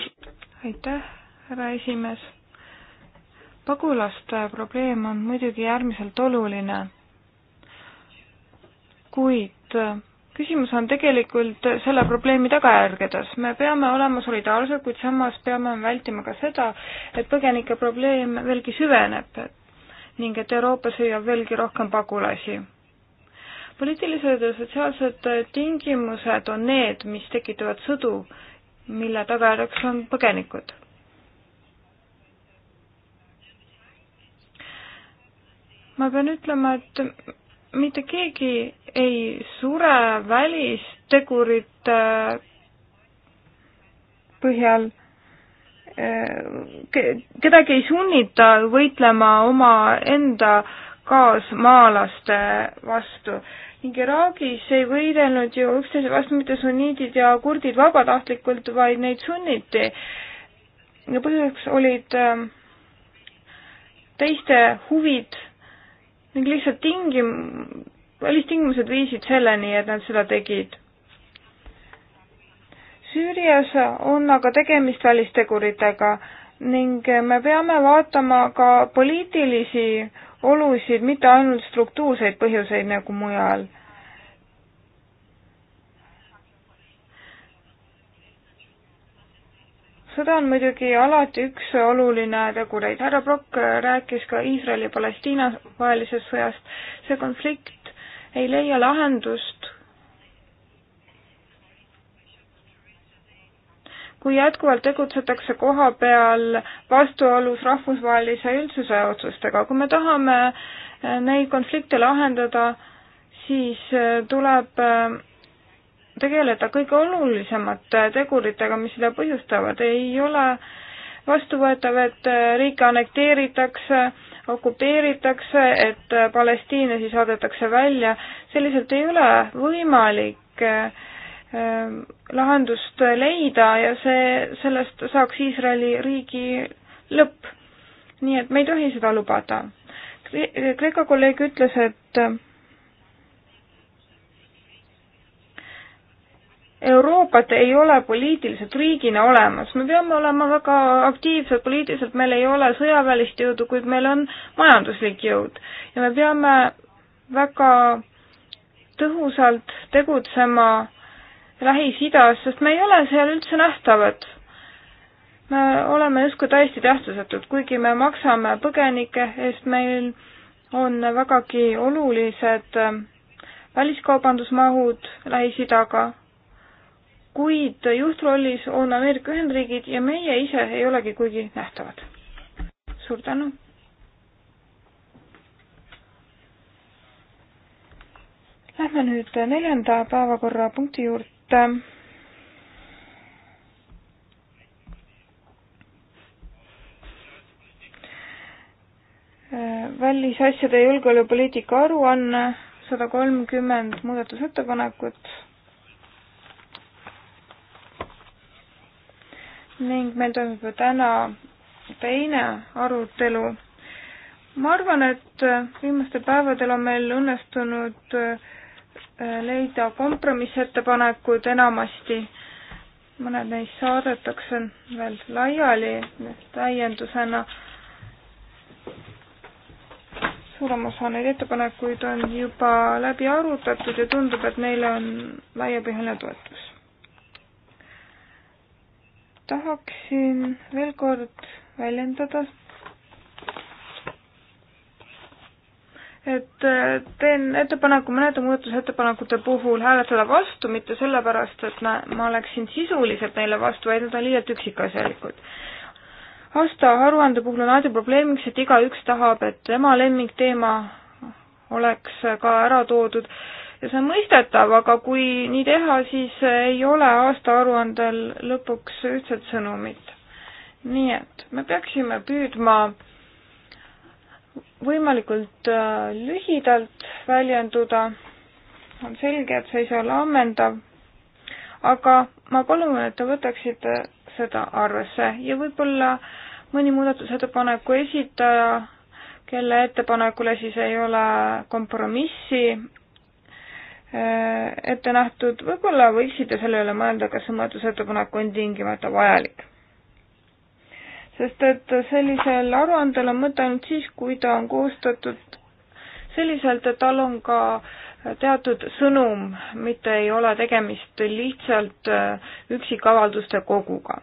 aitäh, härra esimees. pagulaste probleem on muidugi äärmiselt oluline, kuid küsimus on tegelikult selle probleemi tagajärgedes. me peame olema solidaarsed, kuid samas peame vältima ka seda, et põgenike probleem veelgi süveneb ning et Euroopas hoiab veelgi rohkem pagulasi. poliitilised ja sotsiaalsed tingimused on need, mis tekitavad sõdu, mille tagajärjeks on põgenikud. ma pean ütlema, et mitte keegi ei sure välistegurite äh, põhjal, äh, kedagi ei sunnita võitlema omaenda kaasmaalaste vastu. ning Iraagis ei võidelnud ju üksteise vastu mitte sunniidid ja kurdid vabatahtlikult, vaid neid sunniti. ja põhjuseks olid äh, teiste huvid ning lihtsalt tingim-, välistingimused viisid selleni, et nad seda tegid. Süürias on aga tegemist välisteguritega ning me peame vaatama ka poliitilisi olusid, mitte ainult struktuurseid põhjuseid nagu mujal seda on muidugi alati üks oluline tegureid. härra Brock rääkis ka Iisraeli-Palestiina vahelisest sõjast. see konflikt ei leia lahendust, kui jätkuvalt tegutsetakse koha peal vastuolus rahvusvahelise üldsuse otsustega. kui me tahame neid konflikte lahendada, siis tuleb tegeleda kõige olulisemate teguritega, mis seda põhjustavad, ei ole vastuvõetav, et riike annekteeritakse, okupeeritakse, et palestiinlasi saadetakse välja, selliselt ei ole võimalik äh, lahendust leida ja see, sellest saaks Iisraeli riigi lõpp. nii et me ei tohi seda lubada Kre. Kreeka kolleeg ütles, et Euroopat ei ole poliitiliselt riigina olemas, me peame olema väga aktiivsed poliitiliselt, meil ei ole sõjaväelist jõudu, kuid meil on majanduslik jõud ja me peame väga tõhusalt tegutsema Lähis-Idas, sest me ei ole seal üldse nähtavad. me oleme justkui täiesti tähtsusetud, kuigi me maksame põgenike eest, meil on vägagi olulised väliskaubandusmahud Lähis-Idaga kuid juhtrollis on Ameerika Ühendriigid ja meie ise ei olegi kuigi nähtavad. suur tänu. Lähme nüüd neljanda päevakorrapunkti juurde. välisasjade ja julgeolekupoliitika aruanne, sada kolmkümmend muudatusettepanekut ning meil toimub ju täna teine arutelu. ma arvan, et viimastel päevadel on meil õnnestunud äh, leida kompromissettepanekud enamasti, mõned neist saadetakse veel laiali täiendusena. suurem osa neid ettepanekuid on juba läbi arutatud ja tundub, et neile on laiapõhjaline toetus tahaksin veel kord väljendada, et äh, teen ettepaneku mõnede muudatusettepanekute puhul hääletada vastu, mitte sellepärast, et ma oleksin sisuliselt neile vastu, vaid nad on liialt üksikasjalikud aasta aruande puhul on alati probleemiks, et igaüks tahab, et tema lemmikteema oleks ka ära toodud ja see on mõistetav, aga kui nii teha, siis ei ole aastaaruandel lõpuks ühtset sõnumit. nii et me peaksime püüdma võimalikult äh, lühidalt väljenduda, on selge, et see ei saa olla ammendav, aga ma palun, et te võtaksite seda arvesse ja võib-olla mõni muudatusettepaneku esitaja, kelle ettepanekule siis ei ole kompromissi Äh, ette nähtud, võib-olla võiksite selle üle mõelda, kas see muudatusettepanek on tingimata vajalik. sest et sellisel aruandel on mõte ainult siis, kui ta on koostatud selliselt, et tal on ka teatud sõnum, mitte ei ole tegemist lihtsalt äh, üksikavalduste koguga.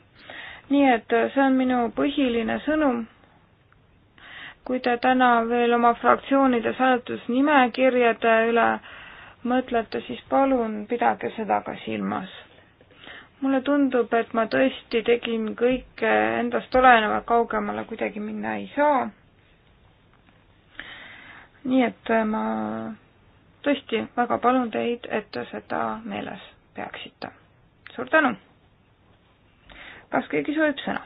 nii et äh, see on minu põhiline sõnum kui te täna veel oma fraktsioonides hääletusnimekirjade üle äh, mõtlete, siis palun pidage seda ka silmas. mulle tundub, et ma tõesti tegin kõike endast oleneva, kaugemale kuidagi minna ei saa. nii et ma tõesti väga palun teid, et te seda meeles peaksite. suur tänu! kas keegi soovib sõna?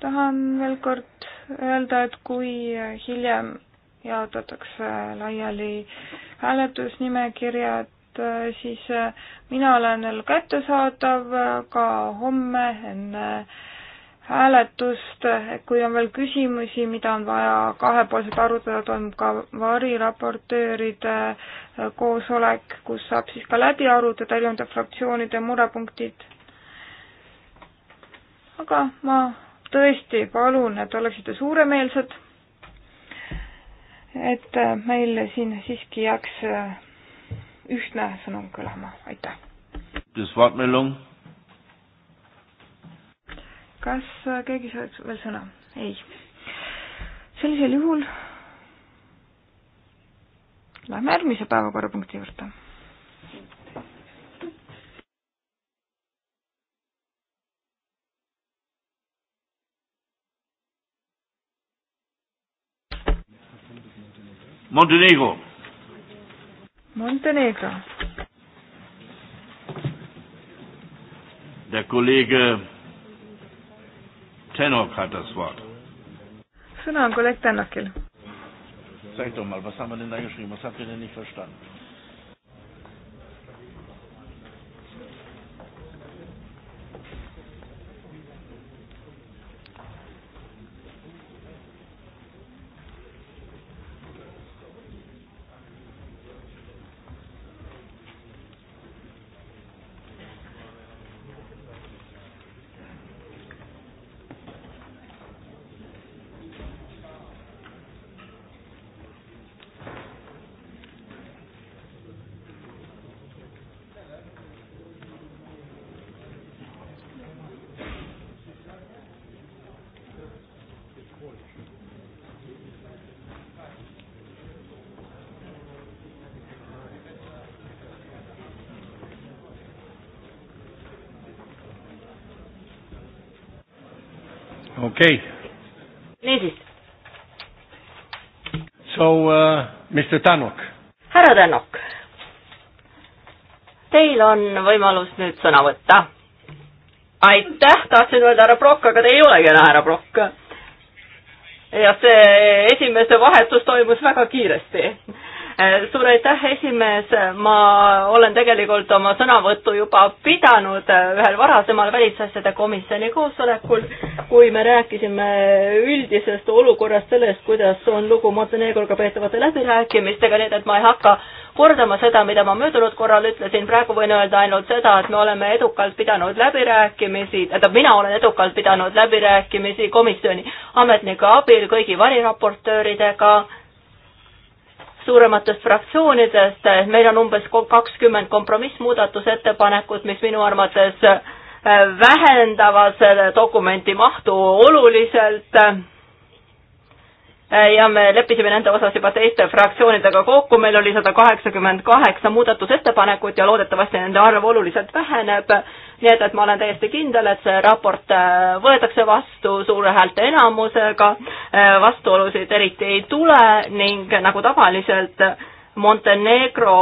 tahan veel kord öelda, et kui hiljem jaotatakse laiali hääletusnimekirjad, siis mina olen veel kättesaadav ka homme enne hääletust, kui on veel küsimusi, mida on vaja kahepoolselt arutada, toimub ka variraportööride koosolek, kus saab siis ka läbi arutada erinevate fraktsioonide murepunktid. aga ma tõesti palun, et oleksite suuremeelsed et äh, meil siin siiski jääks äh, ühtne sõnum kõlama, aitäh. kas äh, keegi sooviks veel sõna? ei. sellisel juhul lähme järgmise päevakorrapunkti juurde Montenegro. Montenegro. Der Kollege Tenok hat das Wort. Genau, Kollege Tenokil. Sag doch mal, was haben wir denn da geschrieben? Was habt ihr denn nicht verstanden? Mr Tanok. härra Tanok, teil on võimalus nüüd sõna võtta. aitäh, tahtsin öelda härra Prokk, aga te ei olegi enam härra Prokk. ja see esimese vahetus toimus väga kiiresti Eh, suur aitäh, esimees, ma olen tegelikult oma sõnavõttu juba pidanud eh, ühel varasemal välisasjade komisjoni koosolekul, kui me rääkisime üldisest olukorrast, sellest, kuidas on lugu Montenegroga peetavate läbirääkimistega, nii et ma ei hakka kordama seda, mida ma möödunud korral ütlesin, praegu võin öelda ainult seda, et me oleme edukalt pidanud läbirääkimisi, tähendab, mina olen edukalt pidanud läbirääkimisi komisjoni ametnike abil, kõigi variraportööridega suurematest fraktsioonidest, meil on umbes kakskümmend kompromissmuudatusettepanekut, mis minu arvates äh, vähendavad selle dokumenti mahtu oluliselt äh, ja me leppisime nende osas juba teiste fraktsioonidega kokku, meil oli sada kaheksakümmend kaheksa muudatusettepanekut ja loodetavasti nende arv oluliselt väheneb nii et, et ma olen täiesti kindel, et see raport äh, võetakse vastu suure häälte enamusega, äh, vastuolusid eriti ei tule ning nagu tavaliselt Montenegro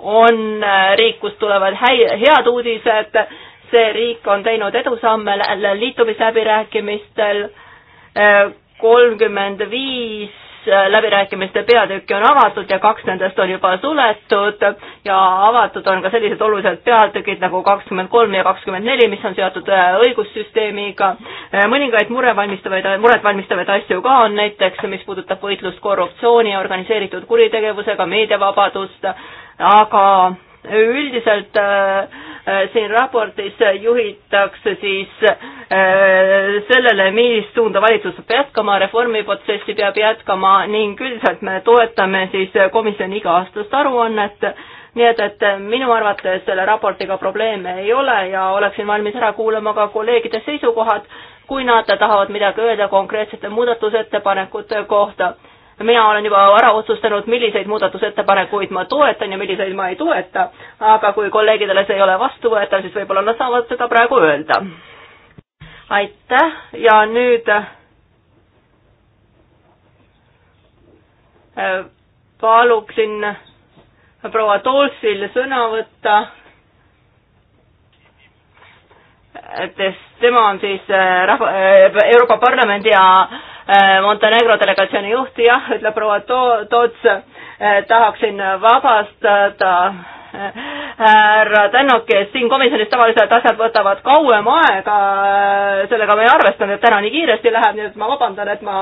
on äh, riik, kust tulevad häi-, head uudised, see riik on teinud edusamme liitumisläbirääkimistel, kolmkümmend viis Äh, läbirääkimiste peatükki on avatud ja kaks nendest on juba suletud ja avatud on ka sellised olulised peatükid nagu kakskümmend kolm ja kakskümmend neli, mis on seotud äh, õigussüsteemiga. Äh, mõningaid murevalmistavaid, muretvalmistavaid asju ka on näiteks, mis puudutab võitlust korruptsiooni ja organiseeritud kuritegevusega, meediavabadust, aga üldiselt äh, äh, siin raportis juhitakse siis äh, sellele, millist suunda valitsus peab jätkama, reformiprotsessi peab jätkama ning üldiselt me toetame siis komisjoni iga-aastast aruannet, nii et, et minu arvates selle raportiga probleeme ei ole ja oleksin valmis ära kuulama ka kolleegide seisukohad, kui nad tahavad midagi öelda konkreetsete muudatusettepanekute kohta mina olen juba ära otsustanud, milliseid muudatusettepanekuid ma toetan ja milliseid ma ei toeta, aga kui kolleegidele see ei ole vastuvõetav, siis võib-olla nad saavad seda praegu öelda. aitäh ja nüüd äh, paluksin proua Toolsil sõna võtta äh, et tema on siis äh, rahva, Euroopa Parlamendi ja Äh, Montenegro delegatsiooni juht, jah, ütleb proua Toots, äh, tahaksin vabastada härra Tänak, kes siin komisjonis tavaliselt asjad võtavad kauem aega, sellega ma ei arvestanud, et täna nii kiiresti läheb, nii et ma vabandan, et ma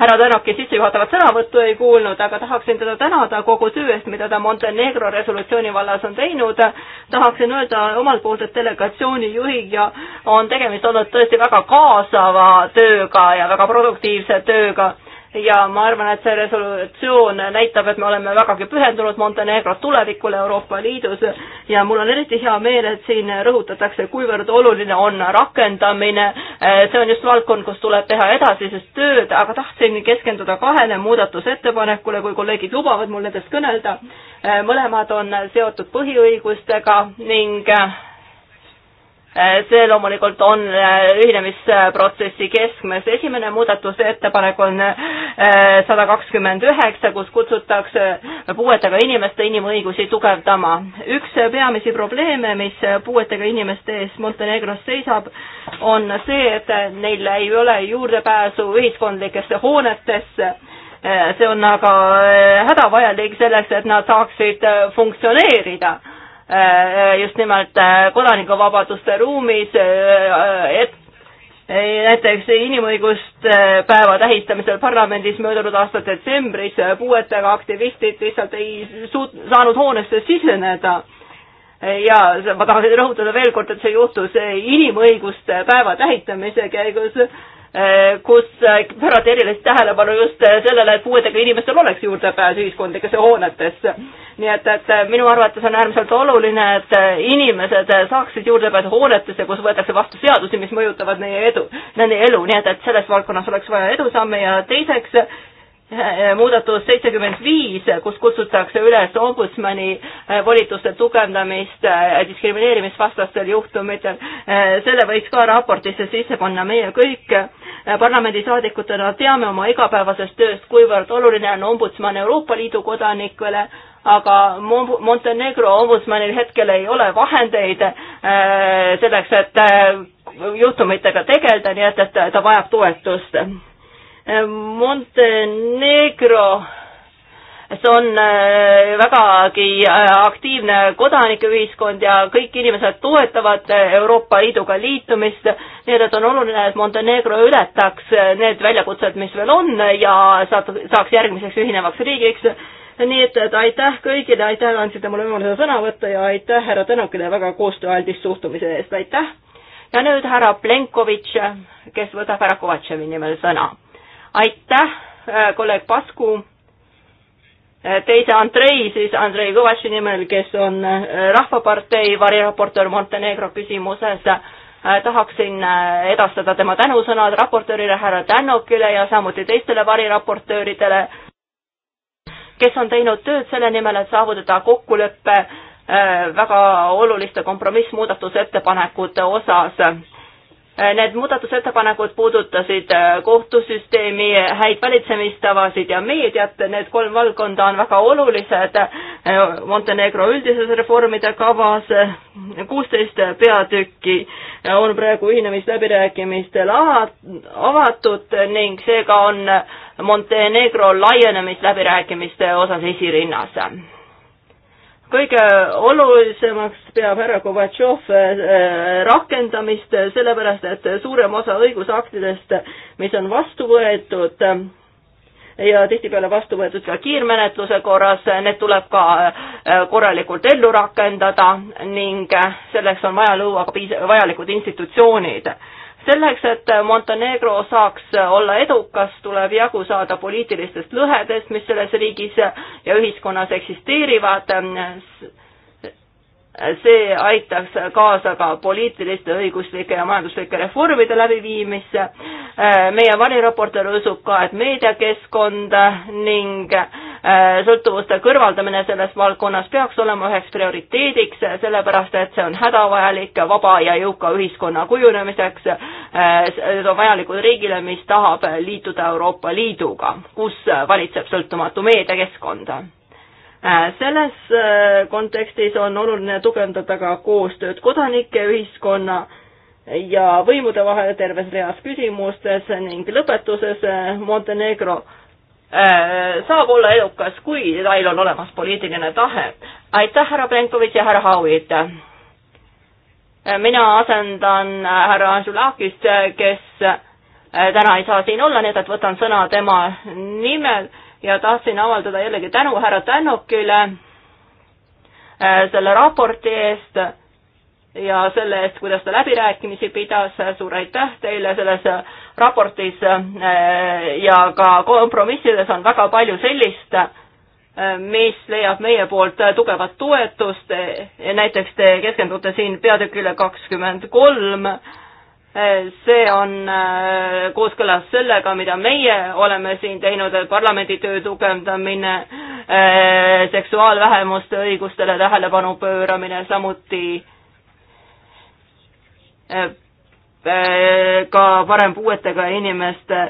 härra Tänaki sissejuhatavat sõnavõttu ei kuulnud, aga tahaksin teda tänada kogu töö eest, mida ta Montenegro resolutsiooni vallas on teinud. tahaksin öelda omalt poolt, et delegatsiooni juhiga on tegemist olnud tõesti väga kaasava tööga ja väga produktiivse tööga ja ma arvan, et see resolutsioon näitab, et me oleme vägagi pühendunud Montenegro tulevikule Euroopa Liidus ja mul on eriti hea meel, et siin rõhutatakse, kuivõrd oluline on rakendamine. Eh, see on just valdkond, kus tuleb teha edasisest tööd, aga tahtsin keskenduda kahele muudatusettepanekule, kui kolleegid lubavad mul nendest kõnelda. Eh, mõlemad on seotud põhiõigustega ning eh, Äh, see loomulikult on äh, ühinemisprotsessi keskmes. esimene muudatusettepanek on äh, sada kakskümmend üheksa, kus kutsutakse puuetega inimeste inimõigusi tugevdama. üks peamisi probleeme, mis puuetega inimeste ees Montenegros seisab, on see, et neil ei ole juurdepääsu ühiskondlikesse hoonetesse see on aga hädavajalik selleks, et nad saaksid funktsioneerida Äh, just nimelt äh, kodanikuvabaduste ruumis, äh, et näiteks inimõiguste päeva tähistamisel parlamendis möödunud aasta detsembris puuetega aktivistid lihtsalt ei suut-, saanud hoonesse siseneda. ja ma tahan rõhutada veel kord, et see juhtus inimõiguste päeva tähitamise käigus Eh, kus eh, pöörati erilist tähelepanu just eh, sellele, et puuetega inimestel oleks juurdepääs ühiskondlikesse hoonetesse. nii et, et minu arvates on äärmiselt oluline, et inimesed saaksid juurdepääsu hoonetesse, kus võetakse vastu seadusi, mis mõjutavad meie edu, nende elu, nii et, et selles valdkonnas oleks vaja edusamme ja teiseks muudatus seitsekümmend viis, kus kutsutakse üles ombudsmani volituste tugevdamist diskrimineerimisvastastel juhtumitel. selle võiks ka raportisse sisse panna meie kõik Äh, parlamendisaadikutena teame oma igapäevasest tööst, kuivõrd oluline on ombudsman Euroopa Liidu kodanikele, aga Montenegro ombudsmanil hetkel ei ole vahendeid äh, selleks, et äh, juhtumitega tegeleda, nii et, et ta vajab toetust. Montenegro see on äh, vägagi äh, aktiivne kodanikeühiskond ja kõik inimesed toetavad äh, Euroopa Liiduga liitumist, nii et on oluline, et Montenegro ületaks need väljakutsed, mis veel on ja saaks järgmiseks ühinevaks riigiks. nii et, et aitäh kõigile, aitäh, andsite mulle võimaluse sõna võtta ja aitäh härra Tõnukile väga koostööaldist suhtumise eest, aitäh! ja nüüd härra Plenkovitš, kes võtab härra Kovatševi nimel sõna. aitäh, kolleeg Pasku Eh, teise Andrei, siis Andrei Kõvatši nimel, kes on eh, Rahvapartei variraportöör Montenegro küsimuses, eh, tahaksin edastada tema tänusõnad raportöörile härra Tänokile ja samuti teistele variraportööridele, kes on teinud tööd selle nimel, et saavutada kokkulepe väga oluliste kompromissmuudatusettepanekute osas Äh, need muudatusettepanekud puudutasid äh, kohtusüsteemi, häid valitsemistavasid ja meediat, need kolm valdkonda on väga olulised äh, Montenegro üldises reformide kavas. kuusteist peatükki on praegu ühinemisläbirääkimistel avatud ning seega on Montenegro laienemisläbirääkimiste osas esirinnas kõige olulisemaks peab härra Kovatšov äh, rakendamist, äh, sellepärast et suurem osa õigusaktidest, mis on vastu võetud äh, ja tihtipeale vastu võetud ka kiirmenetluse korras, need tuleb ka korralikult ellu rakendada ning selleks on vaja luua ka piis-, vajalikud institutsioonid selleks, et Montenegro saaks olla edukas, tuleb jagu saada poliitilistest lõhedest, mis selles riigis ja ühiskonnas eksisteerivad see aitaks kaasa ka poliitiliste, õiguslike ja majanduslike reformide läbiviimisse. meie variraportöör usub ka, et meediakeskkond ning äh, sõltuvuste kõrvaldamine selles valdkonnas peaks olema üheks prioriteediks, sellepärast et see on hädavajalik vaba ja jõuka ühiskonna kujunemiseks. Äh, need on vajalikud riigile, mis tahab liituda Euroopa Liiduga, kus valitseb sõltumatu meediakeskkond Äh, selles äh, kontekstis on oluline tugevdada ka koostööd kodanike, ühiskonna ja võimude vahel terves reas küsimustes ning lõpetuses äh, Montenegro saab olla edukas, kui tal on olemas poliitiline tahe. aitäh, härra Plenkovitš ja härra Hauid! mina asendan härra Anžulakist, kes täna ei saa siin olla, nii et võtan sõna tema nimel ja tahtsin avaldada jällegi tänu härra Tänokile äh, selle raporti eest ja selle eest, kuidas ta läbirääkimisi pidas, suur aitäh teile selles raportis äh, ja ka kompromissides on väga palju sellist, äh, mis leiab meie poolt tugevat toetust, näiteks te keskendute siin peatükile kakskümmend kolm Äh, see on äh, kooskõlas sellega, mida meie oleme siin teinud, parlamendi töö tugevdamine, äh, seksuaalvähemuste õigustele tähelepanu pööramine, samuti ka parem puuetega inimeste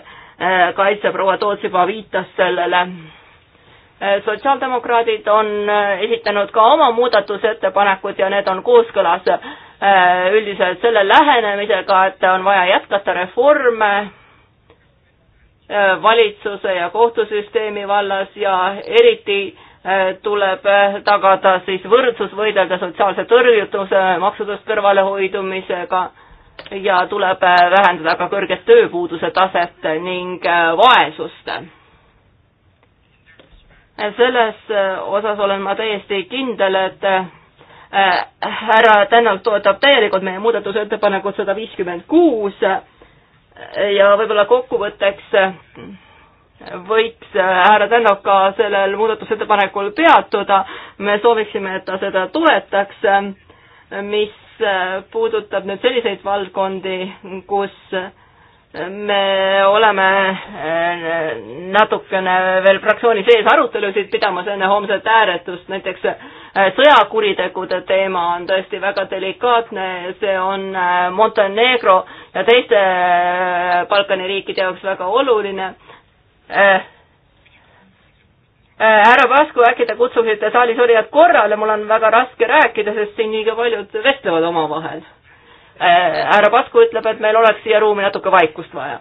kaitse, proua Tootsipa viitas sellele. sotsiaaldemokraadid on esitanud ka oma muudatusettepanekud ja need on kooskõlas Äh, üldiselt selle lähenemisega, et on vaja jätkata reforme äh, valitsuse ja kohtusüsteemi vallas ja eriti äh, tuleb tagada siis võrdsus, võidelda sotsiaalse tõrjutuse, maksudest kõrvalehoidumisega ja tuleb vähendada ka kõrget tööpuuduse taset ning vaesust. selles osas olen ma täiesti kindel, et Äh, härra Tänak toetab täielikult meie muudatusettepanekut sada viiskümmend kuus äh, ja võib-olla kokkuvõtteks äh, võiks härra Tännok ka sellel muudatusettepanekul peatuda. me sooviksime, et ta seda toetaks, mis puudutab nüüd selliseid valdkondi, kus me oleme eh, natukene veel fraktsiooni sees arutelusid pidamas enne homset hääletust, näiteks eh, sõjakuritegude teema on tõesti väga delikaatne, see on eh, Montenegro ja teiste Balkani riikide jaoks väga oluline. härra Pasku, äkki te kutsusite saalis olijad korrale, mul on väga raske rääkida, sest siin liiga paljud vestlevad omavahel Äh, härra Pasku ütleb, et meil oleks siia ruumi natuke vaikust vaja.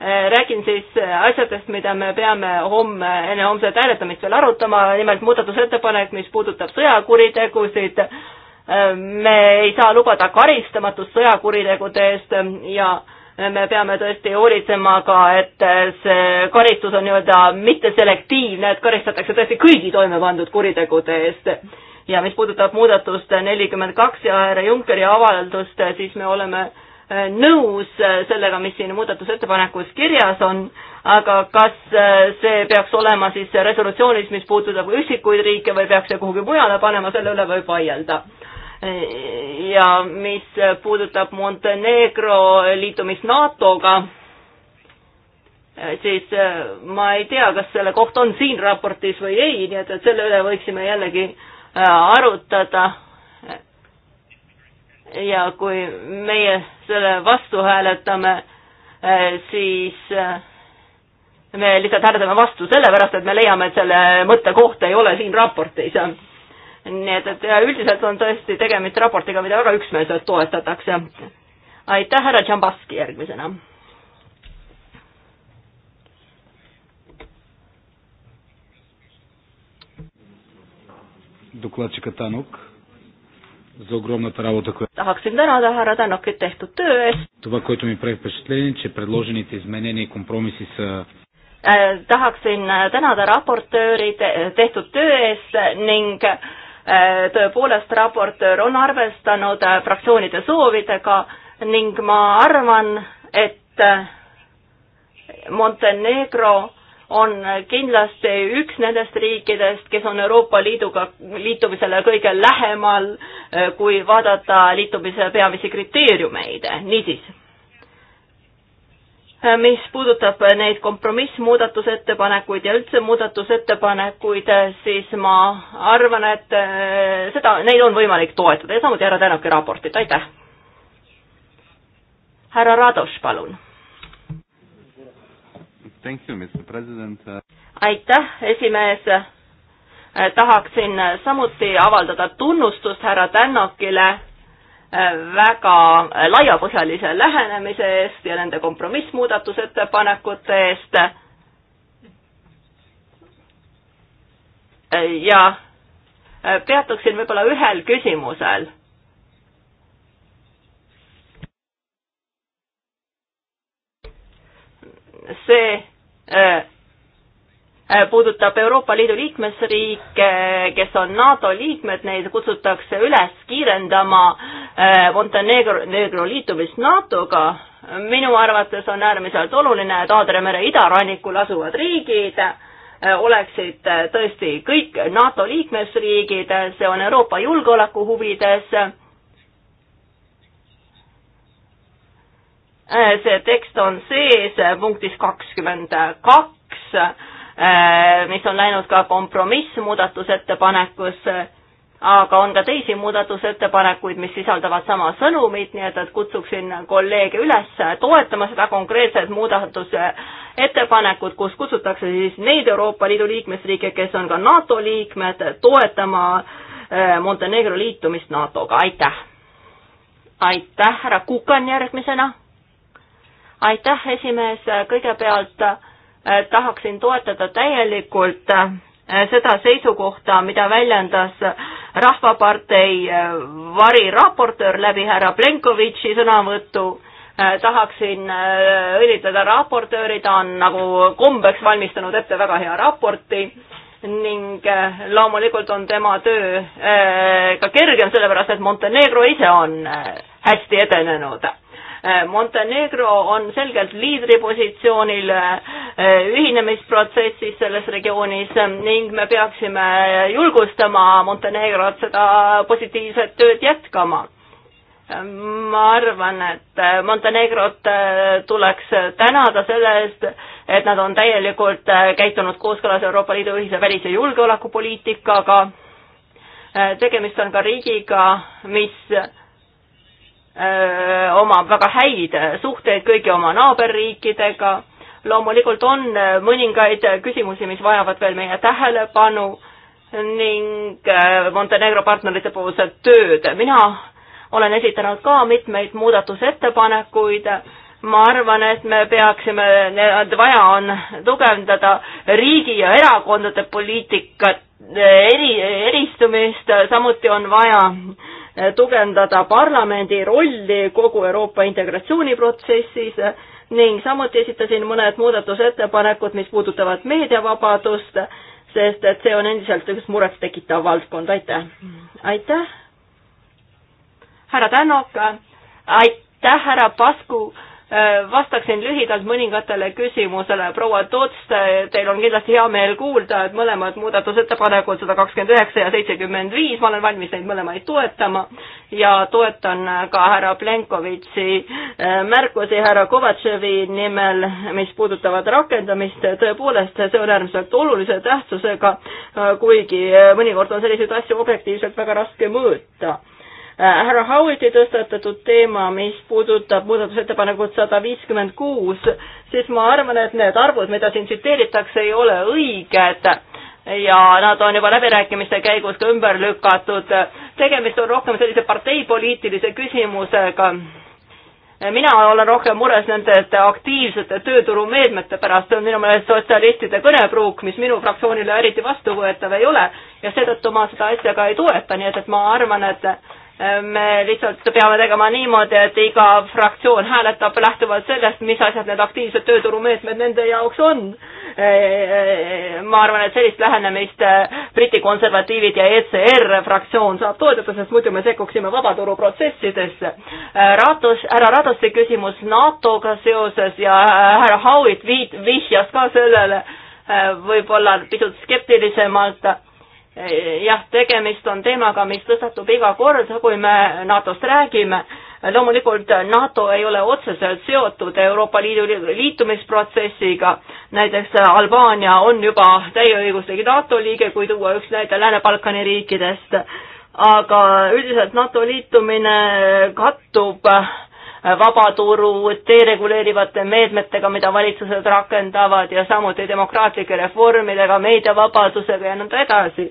Äh, räägin siis asjadest, mida me peame homme, enne homset hääletamist veel arutama, nimelt muudatusettepanek, mis puudutab sõjakuritegusid. Äh, me ei saa lubada karistamatust sõjakuritegude eest ja me peame tõesti hoolitsema ka, et see karistus on nii-öelda mitteselektiivne, et karistatakse tõesti kõigi toime pandud kuritegude eest ja mis puudutab muudatust nelikümmend kaks ja härra Junckeri avaldust, siis me oleme äh, nõus äh, sellega, mis siin muudatusettepanekus kirjas on, aga kas äh, see peaks olema siis resolutsioonis, mis puudutab üksikuid riike või peaks see kuhugi mujale panema, selle üle võib vaielda. ja mis puudutab Montenegro liitumist NATO-ga, siis ma ei tea, kas selle koht on siin raportis või ei, nii et, et selle üle võiksime jällegi äh, Äh, arutada. ja kui meie selle vastu hääletame, äh, siis äh, me lihtsalt hääletame vastu sellepärast, et me leiame, et selle mõttekoht ei ole siin raportis. nii et, et üldiselt on tõesti tegemist raportiga, mida väga üksmeelselt toetatakse. aitäh, härra Tšambaski järgmisena докладчика Танок за огромната работа, която... Tahaksin tänada härra Tänokit tehtud töö eest. Това, което ми прави впечатление, че предложените изменения и компромиси са äh, tahaksin tänada raportööri tehtud töö eest ning äh, tõepoolest raportöör on arvestanud äh, fraktsioonide soovidega ning ma arvan, et Montenegro on kindlasti üks nendest riikidest, kes on Euroopa Liiduga liitumisele kõige lähemal, eh, kui vaadata liitumise peamisi kriteeriumeid, niisiis. Eh, mis puudutab neid kompromissmuudatusettepanekuid ja üldse muudatusettepanekuid, eh, siis ma arvan, et seda, neid on võimalik toetada ja samuti härra Tänaki raportit, aitäh! härra Radoš, palun Thank you, Mr President. aitäh, esimees. Äh, tahaksin äh, samuti avaldada tunnustust härra Tännokile äh, väga laiapõhjalise lähenemise eest ja nende kompromissmuudatusettepanekute eest. ja peatuksin võib-olla ühel küsimusel see Äh, äh, puudutab Euroopa Liidu liikmesriike, kes on NATO liikmed, neid kutsutakse üles kiirendama äh, Montenegro, Negro liitumist NATO-ga. minu arvates on äärmiselt oluline, et Aadre mere idarannikul asuvad riigid oleksid tõesti kõik NATO liikmesriigid, see on Euroopa julgeoleku huvides Äh, see tekst on sees äh, punktis kakskümmend kaks, äh, mis on läinud ka kompromissmuudatusettepanekusse, aga on ka teisi muudatusettepanekuid, mis sisaldavad sama sõnumit, nii et, et kutsuksin kolleege üles toetama seda konkreetset muudatusettepanekut, kus kutsutakse siis neid Euroopa Liidu liikmesriike, kes on ka NATO liikmed, toetama Montenegro liitumist NATO-ga, aitäh! aitäh, härra Kukan järgmisena aitäh, esimees, kõigepealt äh, tahaksin toetada täielikult äh, seda seisukohta, mida väljendas Rahvapartei äh, variraportöör läbi härra Plenkovitši sõnavõtu tahaksin õnnitleda raportööri, ta on nagu kombeks valmistanud ette väga hea raporti ning loomulikult on tema töö ka kergem, sellepärast et Montenegro ise on hästi edenenud. Äh, Montenegro on selgelt liidripositsioonil äh, ühinemisprotsessis selles regioonis ning me peaksime julgustama Montenegrot seda positiivset tööd jätkama ma arvan, et Montenegrot äh, tuleks tänada selle eest, et nad on täielikult käitunud kooskõlas Euroopa Liidu ühise välis- ja julgeolekupoliitikaga. tegemist on ka riigiga, mis omab väga häid suhteid kõigi oma naaberriikidega. loomulikult on mõningaid küsimusi, mis vajavad veel meie tähelepanu ning Montenegro partnerite poolset tööd. mina olen esitanud ka mitmeid muudatusettepanekuid ma arvan, et me peaksime, vaja on tugevdada riigi ja erakondade poliitikat, eri, eristumist, samuti on vaja Eh, tugevdada parlamendi rolli kogu Euroopa integratsiooniprotsessis ning samuti esitasin mõned muudatusettepanekud, mis puudutavad meediavabadust, sest et see on endiselt üks murettekitav valdkond, aitäh. aitäh, härra Tänok, aitäh, härra Pasku Äh, vastaksin lühidalt mõningatele küsimusele. proua Toots, teil on kindlasti hea meel kuulda, et mõlemad muudatusettepanekud, sada kakskümmend üheksa ja seitsekümmend viis, ma olen valmis neid mõlemaid toetama ja toetan ka härra Plenkovitši äh, märkusi härra Kovatševi nimel, mis puudutavad rakendamist. tõepoolest, see on äärmiselt olulise tähtsusega, äh, kuigi mõnikord on selliseid asju objektiivselt väga raske mõõta Äh, härra Howitti tõstatatud teema, mis puudutab muudatusettepanekut sada viiskümmend kuus, siis ma arvan, et need arvud, mida siin tsiteeritakse, ei ole õiged ja nad on juba läbirääkimiste käigus ka ümber lükatud. tegemist on rohkem sellise parteipoliitilise küsimusega mina olen rohkem mures nende aktiivsete tööturumeetmete pärast, see on minu meelest sotsialistide kõnepruuk, mis minu fraktsioonile eriti vastuvõetav ei ole ja seetõttu ma seda asja ka ei toeta, nii et, et ma arvan, et me lihtsalt peame tegema niimoodi, et iga fraktsioon hääletab lähtuvalt sellest, mis asjad need aktiivsed tööturumeetmed nende jaoks on. E, e, ma arvan, et sellist lähenemist e, Briti konservatiivid ja ECR fraktsioon saab toetada, sest muidu me sekkuksime vabaturuprotsessidesse. Ratos, härra Ratoste küsimus NATO-ga seoses ja härra Howitt viit-, vihjas ka sellele võib-olla pisut skeptilisemalt jah, tegemist on teemaga, mis tõstatub iga kord, kui me NATO-st räägime. loomulikult NATO ei ole otseselt seotud Euroopa Liidu liitumisprotsessiga, näiteks Albaania on juba täieõiguslik NATO liige, kui tuua üks näide Lääne-Balkani riikidest, aga üldiselt NATO liitumine kattub äh, vabaturu dereguleerivate meetmetega, mida valitsused rakendavad ja samuti demokraatlike reformidega, meediavabadusega ja nõnda edasi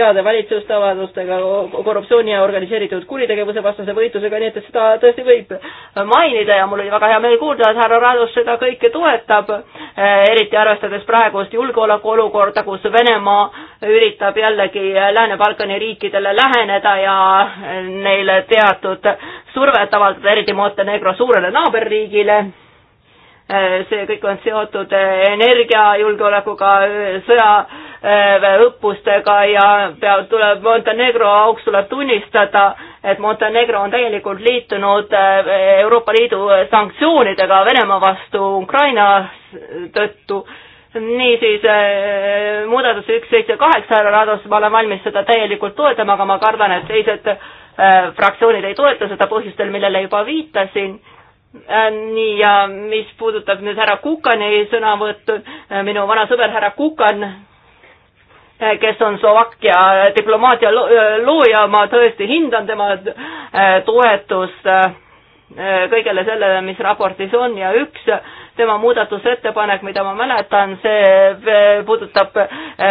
heade valitsustavadustega, korruptsiooni ja organiseeritud kuritegevuse vastase võitlusega, nii et, et seda tõesti võib mainida ja mul oli väga hea meel kuulda, et härra Raadus seda kõike toetab, eh, eriti arvestades praegust julgeolekuolukorda, kus Venemaa üritab jällegi Lääne-Balkani riikidele läheneda ja neile teatud survet avaldada, eriti Montenegro suurele naaberriigile eh, see kõik on seotud eh, energiajulgeolekuga, sõja Äh, õppustega ja peab, tuleb Montenegro auks tuleb tunnistada, et Montenegro on täielikult liitunud äh, Euroopa Liidu sanktsioonidega Venemaa vastu Ukraina tõttu. niisiis äh, muudatus üks, seitse, kaheksa härra Raados, ma olen valmis seda täielikult toetama, aga ma kardan, et teised fraktsioonid ei toeta seda põhjustel, millele juba viitasin nii ja mis puudutab nüüd härra Kukani sõnavõttu, minu vana sõber härra Kukan Eh, kes on Slovakkia eh, diplomaatia eh, looja, ma tõesti hindan tema toetust kõigele sellele, mis raportis on ja üks tema muudatusettepanek, mida ma mäletan, see puudutab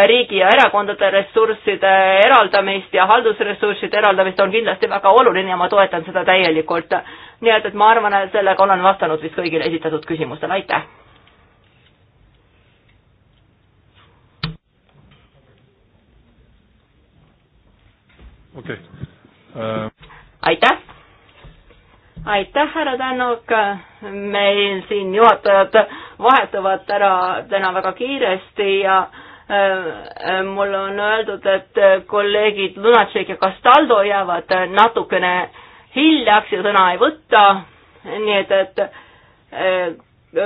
riigi ja erakondade ressursside eraldamist ja haldusressursside eraldamist on kindlasti väga oluline ja ma toetan seda täielikult. nii et, et ma arvan, et sellega olen vastanud vist kõigile esitatud küsimustele, aitäh! okei okay. uh.... aitäh! aitäh, härra Tänak, meil siin juhatajad vahetuvad ära täna väga kiiresti ja äh, mulle on öeldud, et kolleegid Lunatšek ja Castaldo jäävad natukene hiljaks ja sõna ei võta, nii et, et äh,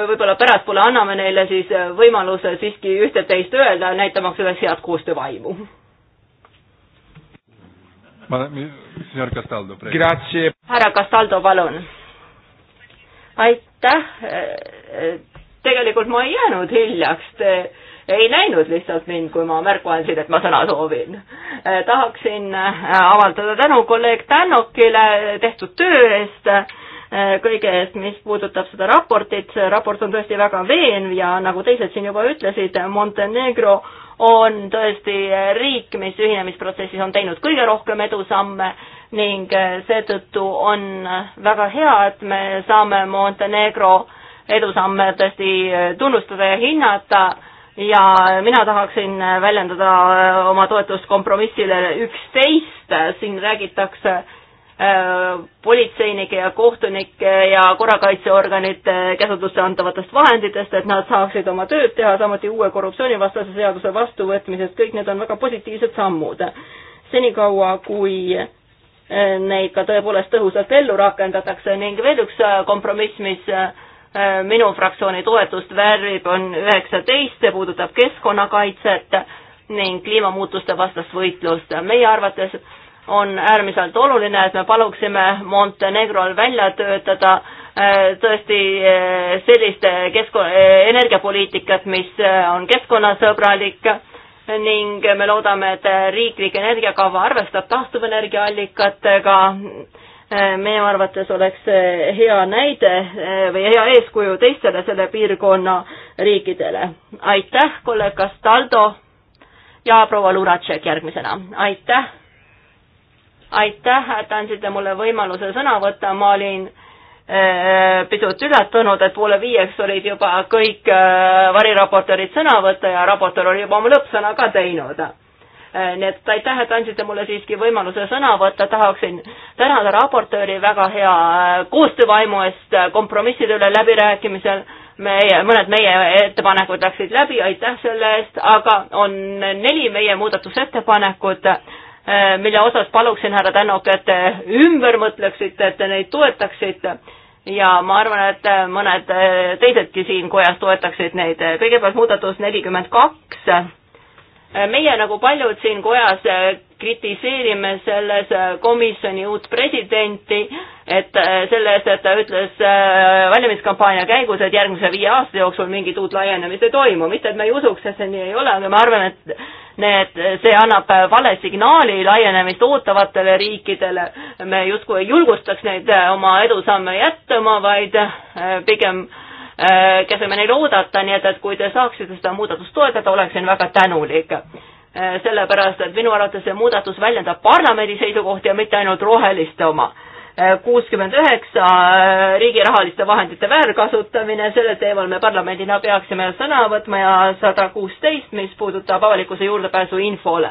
võib-olla pärastpoole anname neile siis võimaluse siiski üht-teist öelda, näitamaks üles head koostöövaimu härra Castaldo, härra Castaldo, palun. aitäh. tegelikult ma ei jäänud hiljaks, te ei näinud lihtsalt mind, kui ma märku andsin, et ma sõna soovin. tahaksin avaldada tänu kolleeg Tännokile tehtud töö eest kõige eest, mis puudutab seda raportit, see raport on tõesti väga veenv ja nagu teised siin juba ütlesid, Montenegro on tõesti riik, mis ühinemisprotsessis on teinud kõige rohkem edusamme ning seetõttu on väga hea, et me saame Montenegro edusamme tõesti tunnustada ja hinnata ja mina tahaksin väljendada oma toetust kompromissile üksteist, siin räägitakse politseinike ja kohtunike ja korrakaitseorganite käsutusse antavatest vahenditest, et nad saaksid oma tööd teha, samuti uue korruptsioonivastase seaduse vastuvõtmisest, kõik need on väga positiivsed sammud. senikaua, kui eh, neid ka tõepoolest tõhusalt ellu rakendatakse ning veel üks eh, kompromiss, mis eh, minu fraktsiooni toetust väärib, on üheksateist, see puudutab keskkonnakaitset ning kliimamuutuste vastast võitlust. meie arvates on äärmiselt oluline, et me paluksime Montenegrol välja töötada äh, tõesti äh, sellist äh, kesk-, energiapoliitikat, mis on keskkonnasõbralik ning me loodame, et riiklik energiakava arvestab taastuvenergiaallikatega. meie arvates oleks see hea näide või hea eeskuju teistele selle piirkonna riikidele. aitäh, kolleeg Castaldo ja proua Lunacek järgmisena, aitäh aitäh, et andsite mulle võimaluse sõna võtta, ma olin äh, pisut üllatunud, et poole viieks olid juba kõik äh, variraportöörid sõna võtta ja raportöör oli juba oma lõppsõna ka teinud. Äh, nii et aitäh, et andsite mulle siiski võimaluse sõna võtta, tahaksin tänada raportööri väga hea koostöövaimu eest kompromisside üle läbirääkimisel, meie, mõned meie ettepanekud läksid läbi, aitäh selle eest, aga on neli meie muudatusettepanekut Äh, mille osas paluksin, härra Tänok, et te ümber mõtleksite, et te neid toetaksite ja ma arvan, et mõned äh, teisedki siin kojas toetaksid neid. kõigepealt muudatus nelikümmend kaks. Äh, meie nagu paljud siin kojas kritiseerime selles äh, komisjoni uut presidenti, et äh, selle eest, et ta ütles äh, valimiskampaania käigus, et järgmise viie aasta jooksul mingit uut laienemist ei toimu, mitte et me ei usuks, et see nii ei ole, aga me arvame, et need, see annab vale signaali laienemist ootavatele riikidele. me justkui ei julgustaks neid oma edusamme jätma, vaid pigem käsime neil oodata, nii et, et kui te saaksite seda muudatust toetada, oleksin väga tänulik Äh, sellepärast et minu arvates see muudatus väljendab parlamendi seisukohti ja mitte ainult roheliste oma. Äh, kuuskümmend üheksa äh, riigi rahaliste vahendite väärkasutamine, sellel teemal me parlamendina peaksime sõna võtma ja sada kuusteist, mis puudutab avalikkuse juurdepääsu infole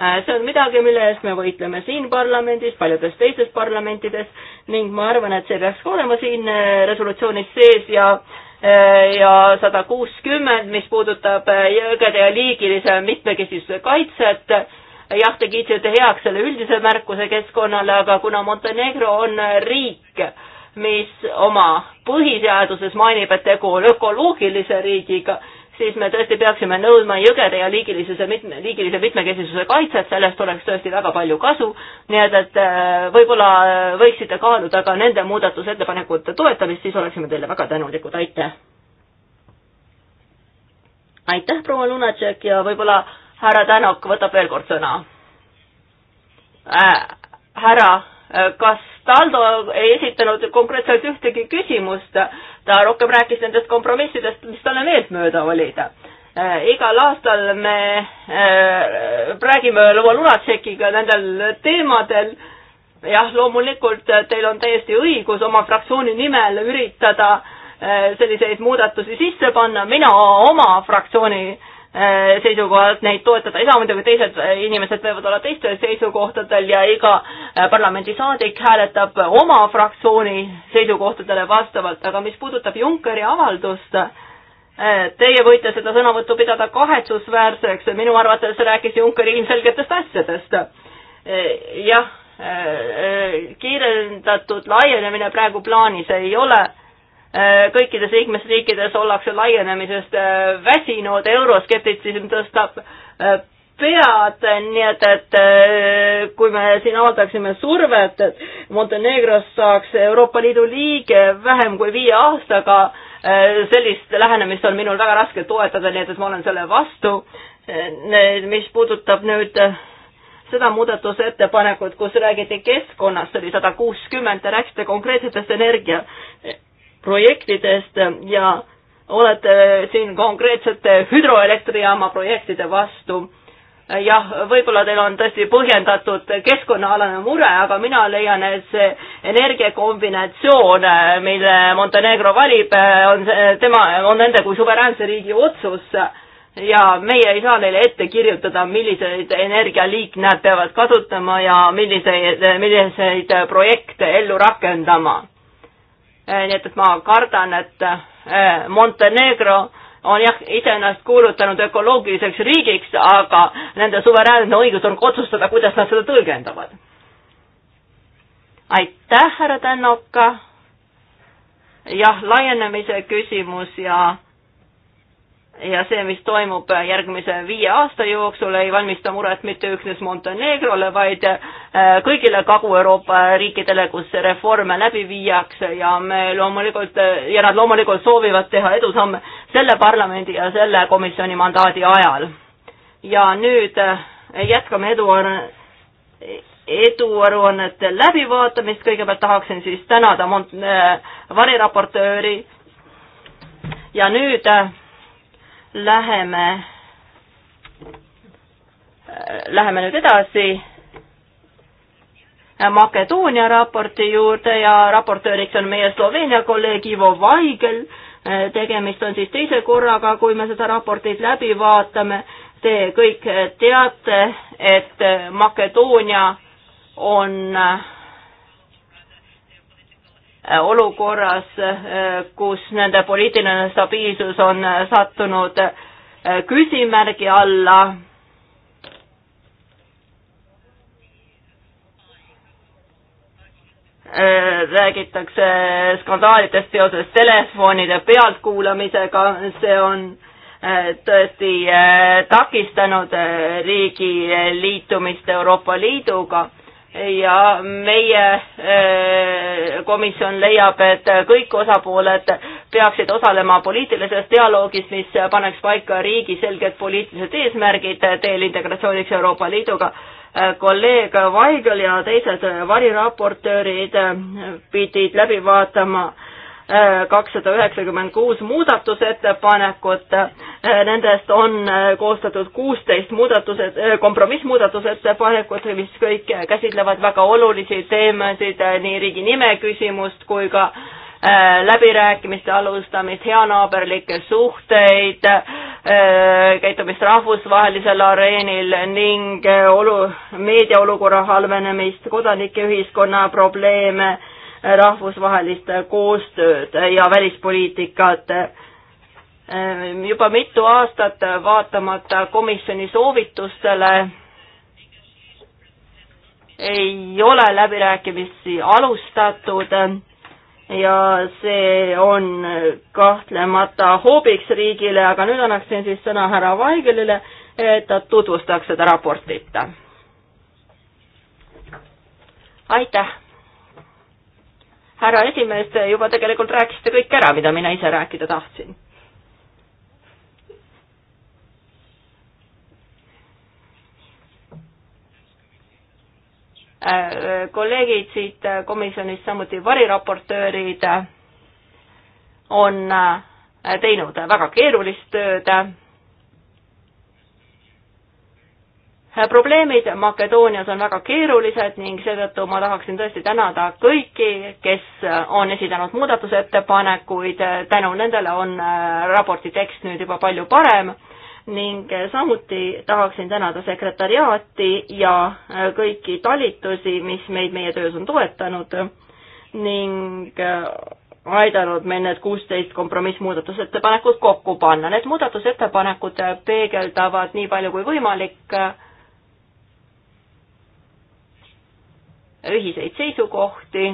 see on midagi, mille eest me võitleme siin parlamendis, paljudes teistes parlamentides ning ma arvan, et see peaks ka olema siin resolutsioonis sees ja äh, Äh, ja sada kuuskümmend, mis puudutab äh, jõgede ja liigilise mitmekesisuse kaitset. jah, te kiitsite heaks selle üldise märkuse keskkonnale, aga kuna Montenegro on riik, mis oma põhiseaduses mainib, et tegu on ökoloogilise riigiga, siis me tõesti peaksime nõudma jõgede ja liigilisuse mitme, liigilise mitmekesisuse kaitset, sellest oleks tõesti väga palju kasu, nii et, et äh, võib-olla võiksite kaaluda ka nende muudatusettepanekute toetamist, siis oleksime teile väga tänulikud, aitäh! aitäh, proua Lunatšek ja võib-olla härra Tänok võtab veel kord sõna äh,. härra, äh, kas Taldo ei esitanud konkreetselt ühtegi küsimust, ta rohkem rääkis nendest kompromissidest, mis talle meeltmööda olid äh, igal aastal me äh, räägime Luba Lunatšekiga nendel teemadel. jah, loomulikult äh, teil on täiesti õigus oma fraktsiooni nimel üritada selliseid muudatusi sisse panna, mina oma fraktsiooni Äh, seisukohalt neid toetada ei saa, muidugi teised äh, inimesed võivad olla teistel seisukohtadel ja iga äh, parlamendisaadik hääletab oma fraktsiooni seisukohtadele vastavalt, aga mis puudutab Junckeri avaldust, Teie võite seda sõnavõttu pidada kahetsusväärseks, minu arvates rääkis Juncker ilmselgetest asjadest. jah, kiirendatud laienemine praegu plaanis ei ole Äh, kõikides liikmesriikides ollakse laienemisest äh, väsinud, euroskeptitsism tõstab äh, pead, nii et, et kui me siin avaldaksime survet, et Montenegrost saaks Euroopa Liidu liige vähem kui viie aastaga, sellist lähenemist on minul väga raske toetada, nii et, et ma olen selle vastu. mis puudutab nüüd seda muudatusettepanekut, kus räägiti keskkonnast, see oli sada kuuskümmend, te rääkisite konkreetsetest energia projektidest ja olete siin konkreetsete hüdroelektrijaama projektide vastu jah, võib-olla teil on tõesti põhjendatud keskkonnaalane mure, aga mina leian, et see energiakombinatsioon, mille Montenegro valib, on tema, on nende kui suveräänse riigi otsus ja meie ei saa neile ette kirjutada, milliseid energialiike nad peavad kasutama ja milliseid, milliseid projekte ellu rakendama Äh, nii et, et ma kardan, et äh, Montenegro on jah, iseennast kuulutanud ökoloogiliseks riigiks, aga nende suveräänne õigus on ka otsustada, kuidas nad seda tõlgendavad. aitäh, härra Tännoka. jah, laienemise küsimus ja ja see, mis toimub järgmise viie aasta jooksul, ei valmista muret mitte üksnes Montenegrole, vaid äh, kõigile Kagu-Euroopa riikidele, kus reforme läbi viiakse ja me loomulikult, äh, ja nad loomulikult soovivad teha edusamme selle parlamendi ja selle komisjoni mandaadi ajal. ja nüüd äh, jätkame eduaruanne, eduaruannete läbivaatamist, kõigepealt tahaksin siis tänada mont-, variraportööri ja nüüd äh, läheme, äh, läheme nüüd edasi Makedoonia raporti juurde ja raportööriks on meie Sloveenia kolleeg Ivo Vaigel. Äh, tegemist on siis teise korraga, kui me seda raportit läbi vaatame. Te kõik teate, et Makedoonia on äh, Äh, olukorras, äh, kus nende poliitiline stabiilsus on äh, sattunud küsimärgi alla räägitakse skandaalidest seoses telefonide pealtkuulamisega, see on tõesti takistanud riigi liitumist Euroopa Liiduga ja meie äh, komisjon leiab, et kõik osapooled peaksid osalema poliitilises dialoogis, mis paneks paika riigi selged poliitilised eesmärgid teel integratsiooniks Euroopa Liiduga. Äh, kolleeg Vaigel ja teised variraportöörid äh, pidid läbi vaatama äh, kakssada üheksakümmend kuus muudatusettepanekut. Nendest on koostatud kuusteist muudatused, kompromissmuudatusettepanekut, mis kõik käsitlevad väga olulisi teemasid, nii riigi nime küsimust kui ka äh, läbirääkimiste alustamist, heanaaberlikke suhteid, äh, käitumist rahvusvahelisel areenil ning äh, olu, meedia olukorra halvenemist, kodanike ühiskonna probleeme rahvusvahelist koostööd ja välispoliitikat. juba mitu aastat vaatamata komisjoni soovitustele ei ole läbirääkimisi alustatud ja see on kahtlemata hoobiks riigile, aga nüüd annaksin siis sõna härra Vaigelile, et ta tutvustaks seda raportit. aitäh! härra esimees, te juba tegelikult rääkisite kõik ära, mida mina ise rääkida tahtsin. Äh, kolleegid siit komisjonist, samuti variraportöörid äh, on äh, teinud väga keerulist tööd Äh, probleemid Makedoonias on väga keerulised ning seetõttu ma tahaksin tõesti tänada kõiki, kes äh, on esitanud muudatusettepanekuid, äh, tänu nendele on raporti tekst nüüd juba palju parem ning samuti tahaksin tänada sekretariaati ja kõiki talitusi, mis meid meie töös on toetanud ning aidanud meil need kuusteist kompromissmuudatusettepanekut kokku panna. Need muudatusettepanekud peegeldavad nii palju kui võimalik äh, ühiseid seisukohti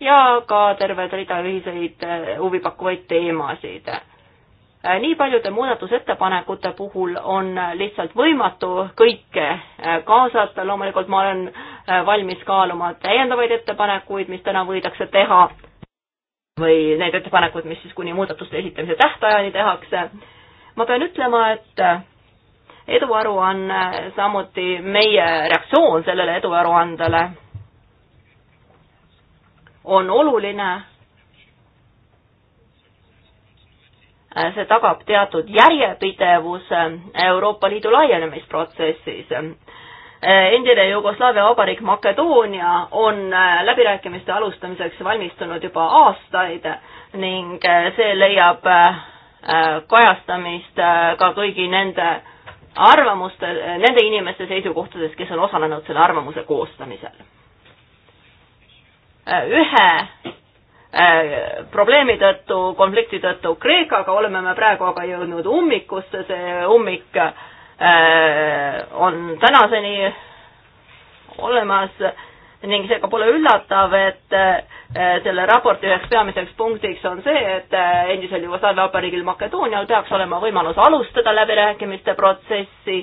ja ka terved rida ühiseid eh, huvipakkuvaid teemasid. Eh, nii paljude muudatusettepanekute puhul on lihtsalt võimatu kõike eh, kaasata, loomulikult ma olen valmis kaaluma täiendavaid ettepanekuid, mis täna võidakse teha või need ettepanekud, mis siis kuni muudatuste esitamise tähtajani tehakse. ma pean ütlema, et eduaruanne, samuti meie reaktsioon sellele eduaruandele on oluline. see tagab teatud järjepidevuse Euroopa Liidu laienemisprotsessis endine Jugoslaavia vabariik Makedoonia on läbirääkimiste alustamiseks valmistunud juba aastaid ning see leiab kajastamist ka kõigi nende arvamuste, nende inimeste seisukohtades, kes on osalenud selle arvamuse koostamisel. ühe äh, probleemi tõttu, konflikti tõttu Kreekaga oleme me praegu aga jõudnud ummikusse, see ummik äh, on tänaseni olemas ning seega pole üllatav, et eh, selle raporti üheks peamiseks punktiks on see, et eh, endisel Jugoslaavia vabariigil Makedoonial peaks olema võimalus alustada läbirääkimiste protsessi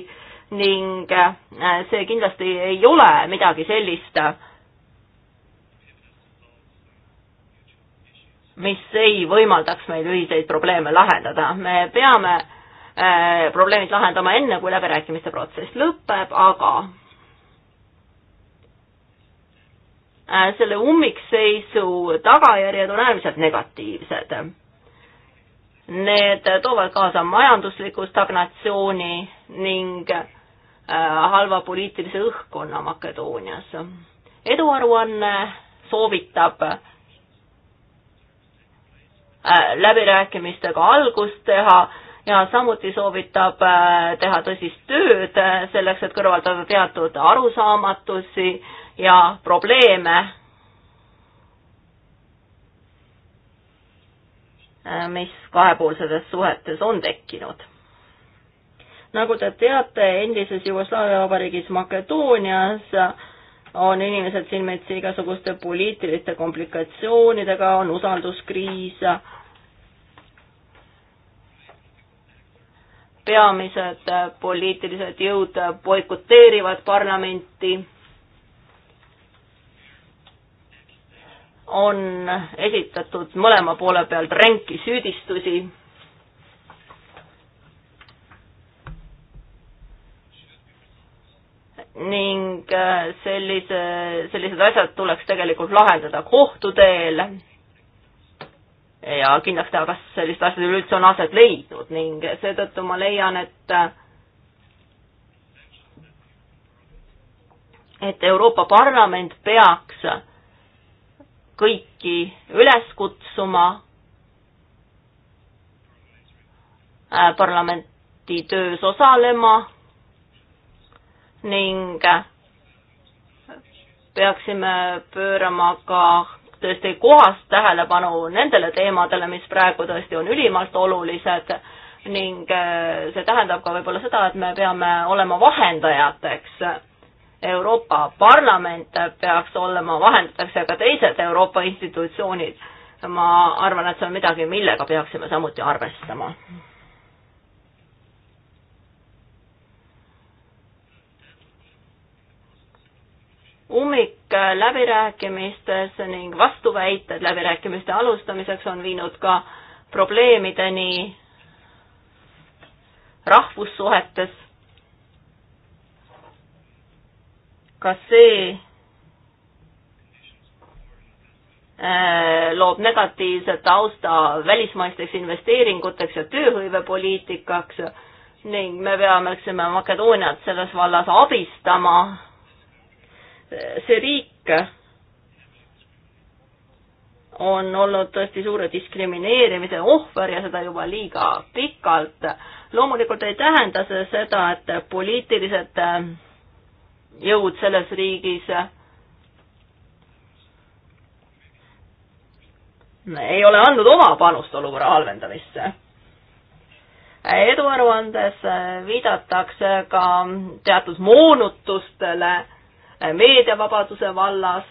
ning eh, see kindlasti ei ole midagi sellist, mis ei võimaldaks meil ühiseid probleeme lahendada. me peame probleemid lahendama enne, kui läbirääkimiste protsess lõpeb, aga Äh, selle ummikseisu tagajärjed on äärmiselt negatiivsed. Need toovad kaasa majandusliku stagnatsiooni ning äh, halva poliitilise õhkkonna Makedoonias. eduaruanne soovitab äh, läbirääkimistega algust teha ja samuti soovitab teha tõsist tööd selleks, et kõrvaldada teatud arusaamatusi ja probleeme, äh, mis kahepoolsetes suhetes on tekkinud. nagu te teate, endises Jugoslaavia vabariigis Makedoonias on inimesed silmitsi igasuguste poliitiliste komplikatsioonidega, on usalduskriis, peamised poliitilised jõud boikoteerivad parlamenti on esitatud mõlema poole pealt ränki süüdistusi. ning äh, sellise, sellised asjad tuleks tegelikult lahendada kohtu teel ja kindlaks teha, kas sellised asjad üleüldse on aset leidnud ning seetõttu ma leian, et et Euroopa Parlament peaks kõiki üles kutsuma äh, parlamenti töös osalema ning äh, peaksime pöörama ka tõesti kohast tähelepanu nendele teemadele, mis praegu tõesti on ülimalt olulised ning äh, see tähendab ka võib-olla seda, et me peame olema vahendajateks Euroopa Parlament peaks olema, vahendatakse ka teised Euroopa institutsioonid. ma arvan, et see on midagi, millega peaksime samuti arvestama. ummik läbirääkimistes ning vastuväited läbirääkimiste alustamiseks on viinud ka probleemideni rahvussuhetes ka see äh, loob negatiivse tausta välismaisteks investeeringuteks ja tööhõivepoliitikaks ning me peaksime Makedooniat selles vallas abistama. see riik on olnud tõesti suure diskrimineerimise ohver ja seda juba liiga pikalt. loomulikult ei tähenda see seda, et poliitilised äh, jõud selles riigis ei ole andnud oma panust olukorra halvendamisse. eduaruandes viidatakse ka teatud moonutustele meediavabaduse vallas,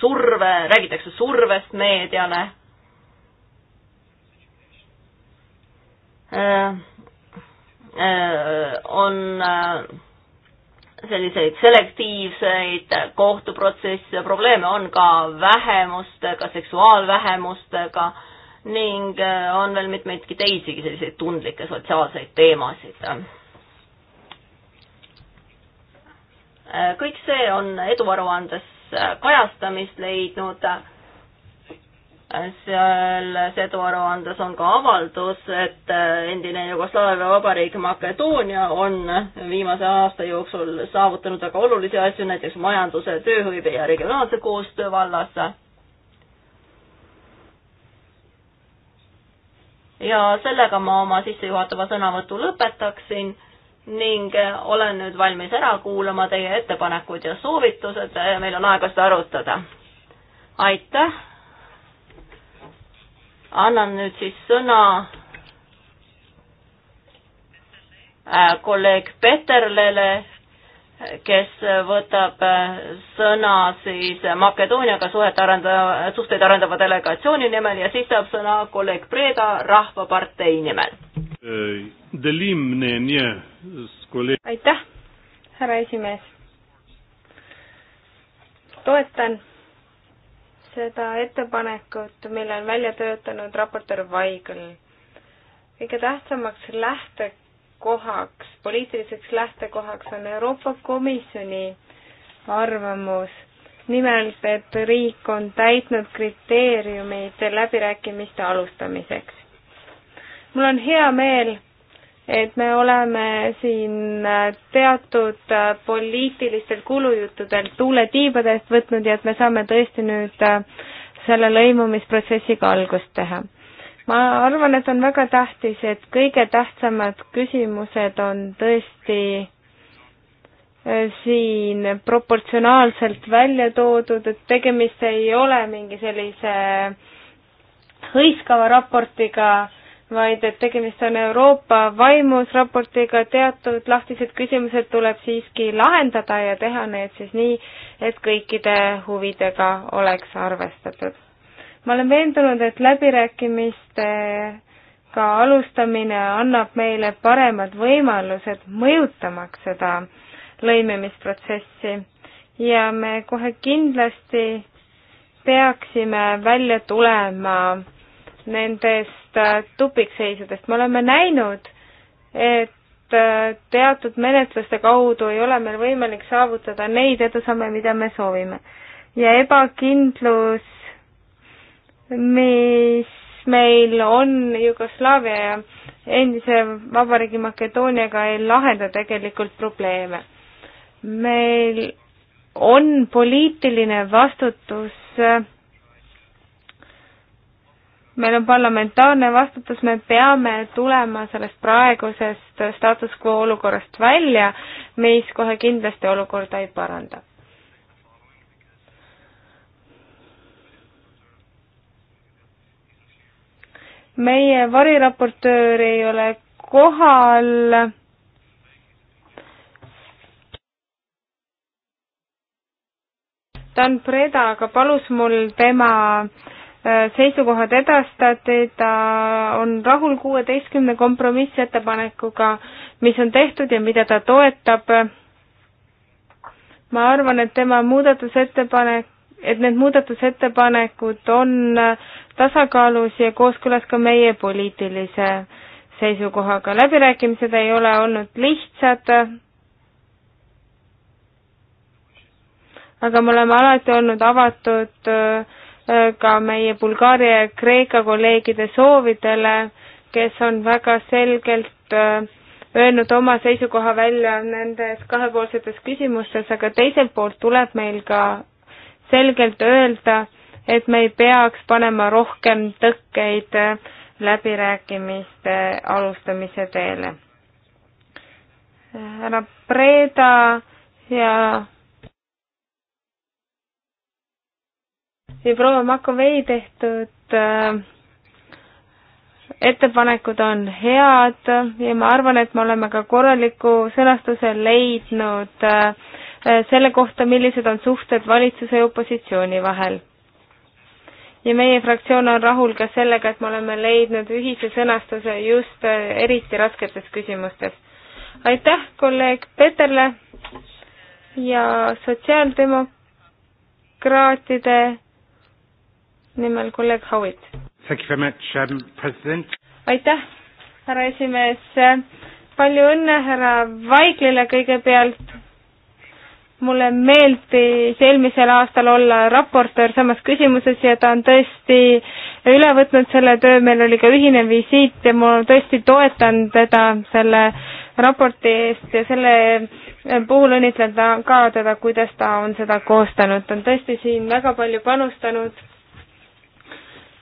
surve, räägitakse survest meediale on äh, selliseid selektiivseid kohtuprotsesse, probleeme on ka vähemustega, seksuaalvähemustega ning äh, on veel mitmeidki teisigi selliseid tundlikke sotsiaalseid teemasid. Äh, kõik see on eduaruandes kajastamist leidnud selles eduaruandes on ka avaldus, et äh, endine Jugoslaavia vabariik Makedoonia on viimase aasta jooksul saavutanud väga olulisi asju, näiteks majanduse, tööhõive ja regionaalse koostöö vallas. ja sellega ma oma sissejuhatava sõnavõtu lõpetaksin ning olen nüüd valmis ära kuulama teie ettepanekud ja soovitused, meil on aega seda arutada. aitäh annan nüüd siis sõna äh, kolleeg Peterlele, kes võtab äh, sõna siis Makedooniaga suhet arendava, suhteid arendava delegatsiooni nimel ja siis saab sõna kolleeg Breda Rahvapartei nimel. Äh, aitäh, härra esimees. toetan seda ettepanekut, mille on välja töötanud raportöör Vaigel. kõige tähtsamaks lähtekohaks, poliitiliseks lähtekohaks on Euroopa Komisjoni arvamus. nimelt, et riik on täitnud kriteeriumid läbirääkimiste alustamiseks. mul on hea meel et me oleme siin teatud poliitilistelt kulujuttudelt tuule tiibadest võtnud ja et me saame tõesti nüüd selle lõimumisprotsessiga algust teha. ma arvan, et on väga tähtis, et kõige tähtsamad küsimused on tõesti äh, siin proportsionaalselt välja toodud, et tegemist ei ole mingi sellise hõiskava raportiga, vaid et tegemist on Euroopa vaimus raportiga, teatud lahtised küsimused tuleb siiski lahendada ja teha need siis nii, et kõikide huvidega oleks arvestatud. ma olen veendunud, et läbirääkimistega alustamine annab meile paremad võimalused mõjutamaks seda lõimimisprotsessi ja me kohe kindlasti peaksime välja tulema nendest äh, tupikseisudest. me oleme näinud, et äh, teatud menetluste kaudu ei ole meil võimalik saavutada neid edusamme, mida me soovime. ja ebakindlus, mis meil on Jugoslaavia ja endise vabariigi Makedooniaga, ei lahenda tegelikult probleeme. meil on poliitiline vastutus äh, meil on parlamentaarne vastutus, me peame tulema sellest praegusest status quo olukorrast välja, mis kohe kindlasti olukorda ei paranda. meie variraportöör ei ole kohal Dan Preda aga palus mul tema Äh, seisukohad edastatada, on rahul kuueteistkümne kompromissettepanekuga, mis on tehtud ja mida ta toetab. ma arvan, et tema muudatusettepanek, et need muudatusettepanekud on tasakaalus ja kooskõlas ka meie poliitilise seisukohaga. läbirääkimised ei ole olnud lihtsad, aga me oleme alati olnud avatud äh, Äh, ka meie Bulgaaria ja Kreeka kolleegide soovidele, kes on väga selgelt äh, öelnud oma seisukoha välja nendes kahepoolsetes küsimustes, aga teiselt poolt tuleb meil ka selgelt öelda, et me ei peaks panema rohkem tõkkeid äh, läbirääkimiste alustamise teele. härra Preda ja ja proua Makovei tehtud äh, ettepanekud on head ja ma arvan, et me oleme ka korraliku sõnastuse leidnud äh, selle kohta, millised on suhted valitsuse ja opositsiooni vahel. ja meie fraktsioon on rahul ka sellega, et me oleme leidnud ühise sõnastuse just äh, eriti rasketes küsimustes. aitäh kolleeg Peterle ja sotsiaaldemokraatide nimel kolleeg Howitt. Um, aitäh, härra esimees. palju õnne härra Vaiglile kõigepealt. mulle meeldis eelmisel aastal olla raportöör samas küsimuses ja ta on tõesti üle võtnud selle töö, meil oli ka ühine visiit ja ma tõesti toetan teda selle raporti eest ja selle puhul õnnitleda ka teda, kuidas ta on seda koostanud, ta on tõesti siin väga palju panustanud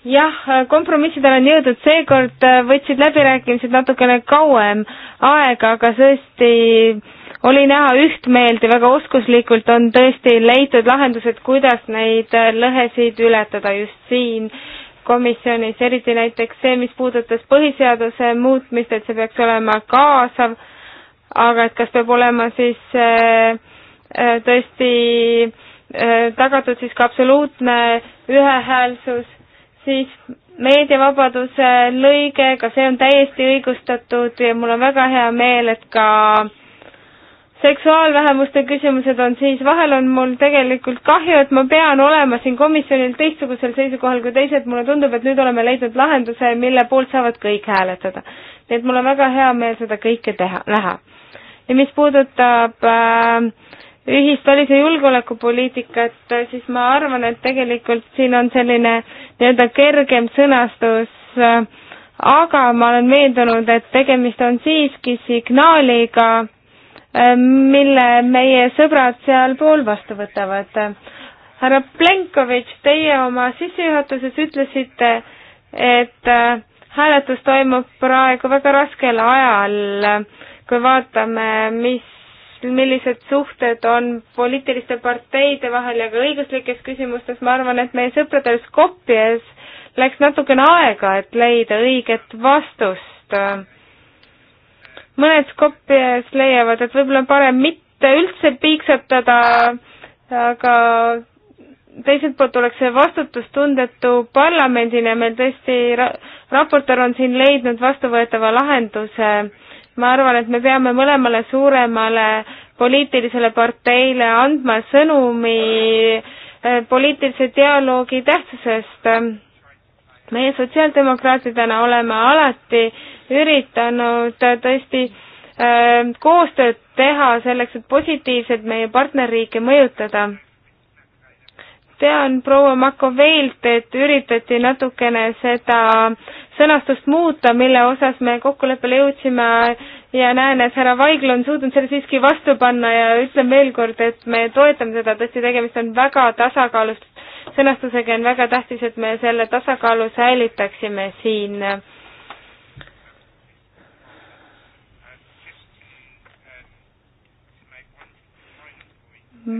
jah, kompromissidele on jõudnud, seekord äh, võtsid läbirääkimised natukene kauem aega, aga tõesti oli näha ühtmeelt ja väga oskuslikult on tõesti leitud lahendused, kuidas neid äh, lõhesid ületada just siin komisjonis, eriti näiteks see, mis puudutas põhiseaduse muutmist, et see peaks olema kaasav, aga et kas peab olema siis äh, tõesti tagatud siis ka absoluutne ühehäälsus siis meediavabaduse lõige, ka see on täiesti õigustatud ja mul on väga hea meel, et ka seksuaalvähemuste küsimused on siis, vahel on mul tegelikult kahju, et ma pean olema siin komisjonil teistsugusel seisukohal kui teised, mulle tundub, et nüüd oleme leidnud lahenduse, mille poolt saavad kõik hääletada. nii et mul on väga hea meel seda kõike teha, näha. ja mis puudutab äh, ühist välis- ja julgeolekupoliitikat, siis ma arvan, et tegelikult siin on selline nii-öelda kergem sõnastus, aga ma olen veendunud, et tegemist on siiski signaaliga, mille meie sõbrad sealpool vastu võtavad. härra Plenkovitš, teie oma sissejuhatuses ütlesite, et äh, hääletus toimub praegu väga raskel ajal, kui vaatame, mis millised suhted on poliitiliste parteide vahel ja ka õiguslikes küsimustes, ma arvan, et meie sõpradel Skopjes läks natukene aega, et leida õiget vastust. mõned Skopjes leiavad, et võib-olla on parem mitte üldse piiksatada, aga teiselt poolt oleks see vastutustundetu parlamendina, meil tõesti ra-, raportöör on siin leidnud vastuvõetava lahenduse äh, ma arvan, et me peame mõlemale suuremale poliitilisele parteile andma sõnumi eh, poliitilise dialoogi tähtsusest. meie sotsiaaldemokraatidena oleme alati üritanud eh, tõesti eh, koostööd teha selleks, et positiivselt meie partnerriike mõjutada. tean proua Makoveilt, et üritati natukene seda sõnastust muuta, mille osas me kokkuleppele jõudsime ja näen, et härra Vaigla on suutnud selle siiski vastu panna ja ütlen veel kord, et me toetame seda, tõesti tegemist on väga tasakaalus, sõnastusega on väga tähtis, et me selle tasakaalu säilitaksime siin.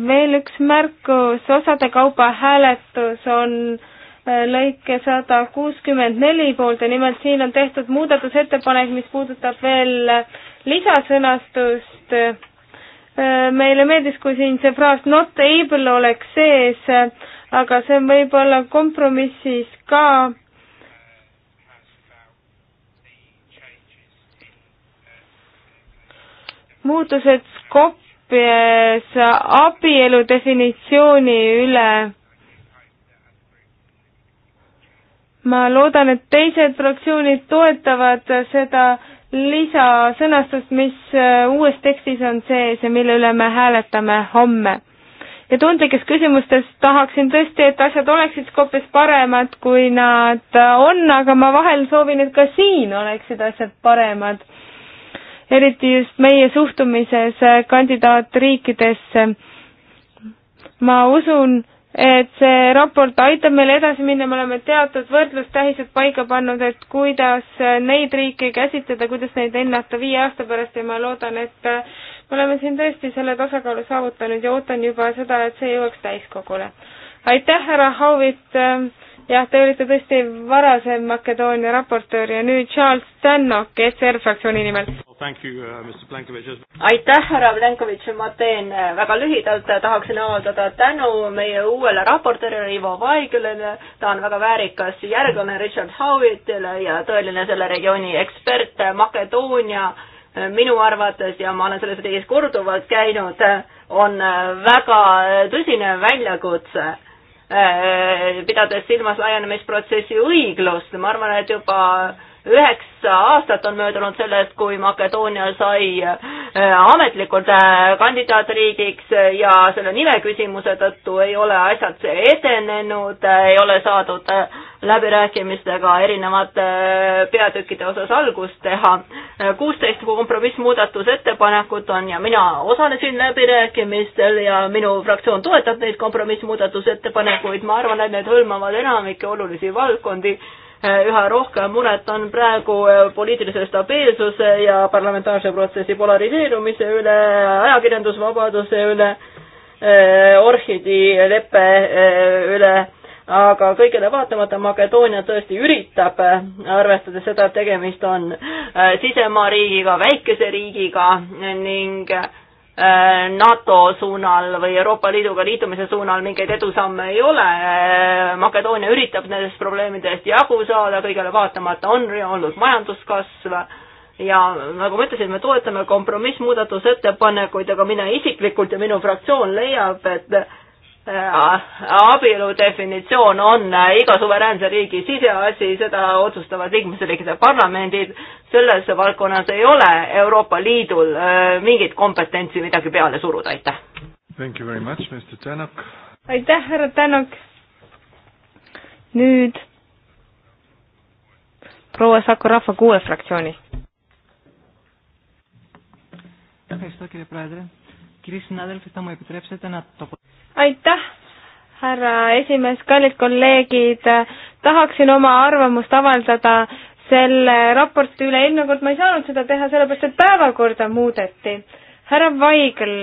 veel üks märkus, osade kauba hääletus on äh, lõike sada kuuskümmend neli poolt ja nimelt siin on tehtud muudatusettepanek, mis puudutab veel lisasõnastust. meile meeldis, kui siin see fraas not able oleks sees, aga see on võib-olla kompromissis ka. muutused Skopjes abielu definitsiooni üle ma loodan, et teised fraktsioonid toetavad seda lisasõnastust, mis äh, uues tekstis on sees ja mille üle me hääletame homme. ja tundlikes küsimustes tahaksin tõesti, et asjad oleksid Skopjas paremad, kui nad äh, on, aga ma vahel soovin, et ka siin oleksid asjad paremad. eriti just meie suhtumises äh, kandidaatriikidesse. ma usun, et see raport aitab meil edasi minna, me oleme teatud võrdlustähised paika pannud, et kuidas neid riike käsitleda, kuidas neid ennata viie aasta pärast ja ma loodan, et me oleme siin tõesti selle tasakaalu saavutanud ja ootan juba seda, et see jõuaks täiskogule. aitäh, härra Haavit äh, jah, te olite tõesti varasem Makedoonia raportöör ja nüüd Charles Stannok ECR fraktsiooni nimel. Uh, aitäh, härra Plenkovitš, ma teen uh, väga lühidalt, tahaksin avaldada tänu meie uuele raportöörile Ivo Vaigulele, ta on väga väärikas järglane Richard Howittile ja tõeline selle regiooni ekspert Makedoonia uh, minu arvates ja ma olen selles riigis korduvalt käinud, on väga tõsine väljakutse Äh, pidades silmas laienemisprotsessi õiglust, ma arvan, et juba üheksa aastat on möödunud sellest, kui Makedoonia sai äh, ametlikult äh, kandidaatriigiks ja selle nime küsimuse tõttu ei ole asjad edenenud, äh, ei ole saadud läbirääkimistega erinevate peatükkide osas algust teha. kuusteist kompromissmuudatusettepanekut on ja mina osalesin läbirääkimistel ja minu fraktsioon toetab neid kompromissmuudatusettepanekuid, ma arvan, et need hõlmavad enamikke olulisi valdkondi Äh, üha rohkem muret on praegu äh, poliitilise stabiilsuse ja parlamentaarse protsessi polariseerumise üle, ajakirjandusvabaduse üle, äh, orhidii leppe üle, aga kõigele vaatamata Makedoonia tõesti üritab, arvestades seda, et tegemist on sisemaa riigiga, väikese riigiga ning Äh, NATO suunal või Euroopa Liiduga liitumise suunal mingeid edusamme ei ole. Äh, Makedoonia üritab nendest probleemidest jagu saada, kõigele vaatamata on olnud majanduskasv ja nagu ma ütlesin, me toetame kompromissmuudatusettepanekuid, aga mina isiklikult ja minu fraktsioon leiab, et abielu definitsioon on äh, iga suveräänse riigi siseasi, seda otsustavad liikmesriikide parlamendid, selles valdkonnas ei ole Euroopa Liidul äh, mingit kompetentsi midagi peale suruda, aitäh! aitäh, härra Tänak! nüüd proua Saku Rahva kuue fraktsioonist. Ευχαριστώ κύριε Πρόεδρε. Κύριοι συνάδελφοι, θα μου επιτρέψετε να τοποθετήσω aitäh, härra esimees, kallid kolleegid, tahaksin oma arvamust avaldada selle raporti üle, eelmine kord ma ei saanud seda teha, sellepärast et päevakorda muudeti. härra Vaigel,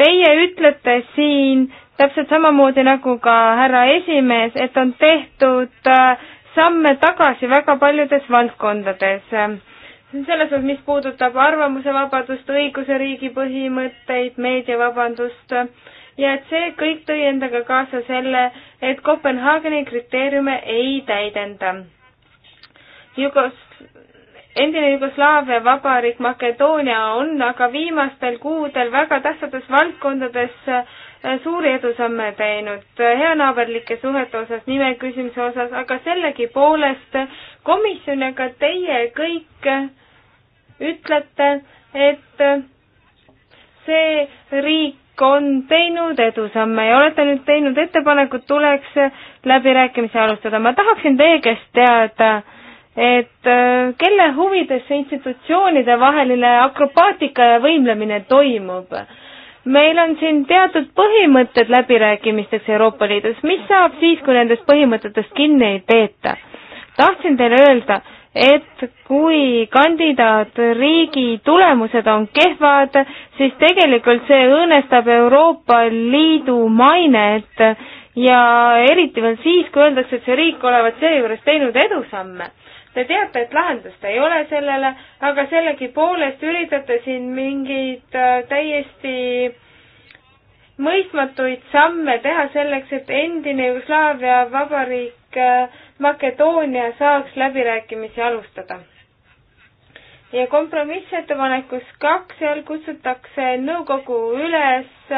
teie ütlete siin täpselt samamoodi nagu ka härra esimees, et on tehtud äh, samme tagasi väga paljudes valdkondades. selles osas, mis puudutab arvamusevabadust, õiguse riigi põhimõtteid, meediavabandust, ja et see kõik tõi endaga kaasa selle, et Kopenhaageni kriteeriume ei täidenda. Jugos-, endine Jugoslaavia vabariik Makedoonia on aga viimastel kuudel väga tähtsates valdkondades äh, suuri edusamme teinud äh, heanaaberlike suhete osas, nime küsimise osas, aga sellegipoolest komisjon ja ka teie kõik äh, ütlete, et see riik kõik on teinud edusamme ja olete nüüd teinud ettepaneku, tuleks läbirääkimisi alustada. ma tahaksin teie käest teada, et äh, kelle huvides see institutsioonide vaheline akrobaatika ja võimlemine toimub? meil on siin teatud põhimõtted läbirääkimisteks Euroopa Liidus, mis saab siis, kui nendest põhimõtetest kinni ei peeta? tahtsin teile öelda et kui kandidaatriigi tulemused on kehvad, siis tegelikult see õõnestab Euroopa Liidu mainet ja eriti veel siis, kui öeldakse, et see riik olevat seejuures teinud edusamme. Te teate, et lahendust ei ole sellele, aga sellegipoolest üritate siin mingeid äh, täiesti mõistmatuid samme teha selleks, et endine Jugoslaavia vabariik äh, Makedoonia saaks läbirääkimisi alustada. ja kompromissettepanekus kaks, seal kutsutakse nõukogu üles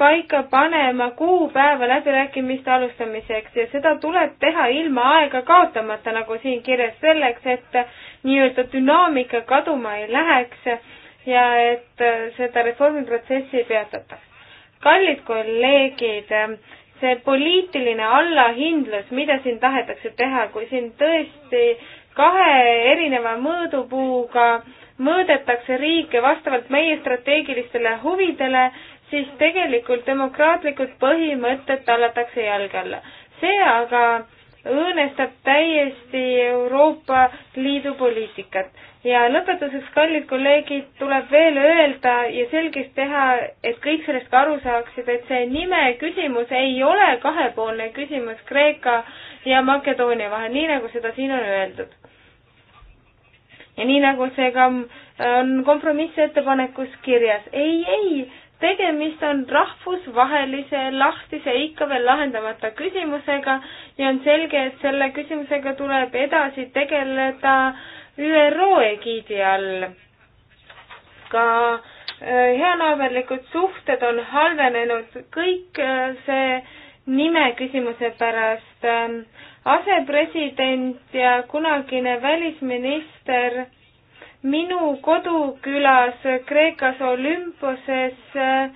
paika panema kuupäeva läbirääkimiste alustamiseks ja seda tuleb teha ilma aega kaotamata, nagu siin kirjas, selleks et nii-öelda dünaamika kaduma ei läheks ja et seda reformiprotsessi ei peatataks. kallid kolleegid, see poliitiline allahindlus, mida siin tahetakse teha, kui siin tõesti kahe erineva mõõdupuuga mõõdetakse riike vastavalt meie strateegilistele huvidele, siis tegelikult demokraatlikud põhimõtted tallatakse jalge alla. see aga õõnestab täiesti Euroopa Liidu poliitikat. ja lõpetuseks, kallid kolleegid, tuleb veel öelda ja selgeks teha, et kõik sellest ka aru saaksid, et see nime küsimus ei ole kahepoolne küsimus Kreeka ja Makedoonia vahel, nii nagu seda siin on öeldud. ja nii nagu see ka äh, on kompromissettepanekus kirjas. ei, ei tegemist on rahvusvahelise lahtise ikka veel lahendamata küsimusega ja on selge, et selle küsimusega tuleb edasi tegeleda ÜRO egiidi all. ka äh, heanaaberlikud suhted on halvenenud, kõik äh, see nime küsimuse pärast äh, asepresident ja kunagine välisminister minu kodukülas Kreekas Olümposes äh,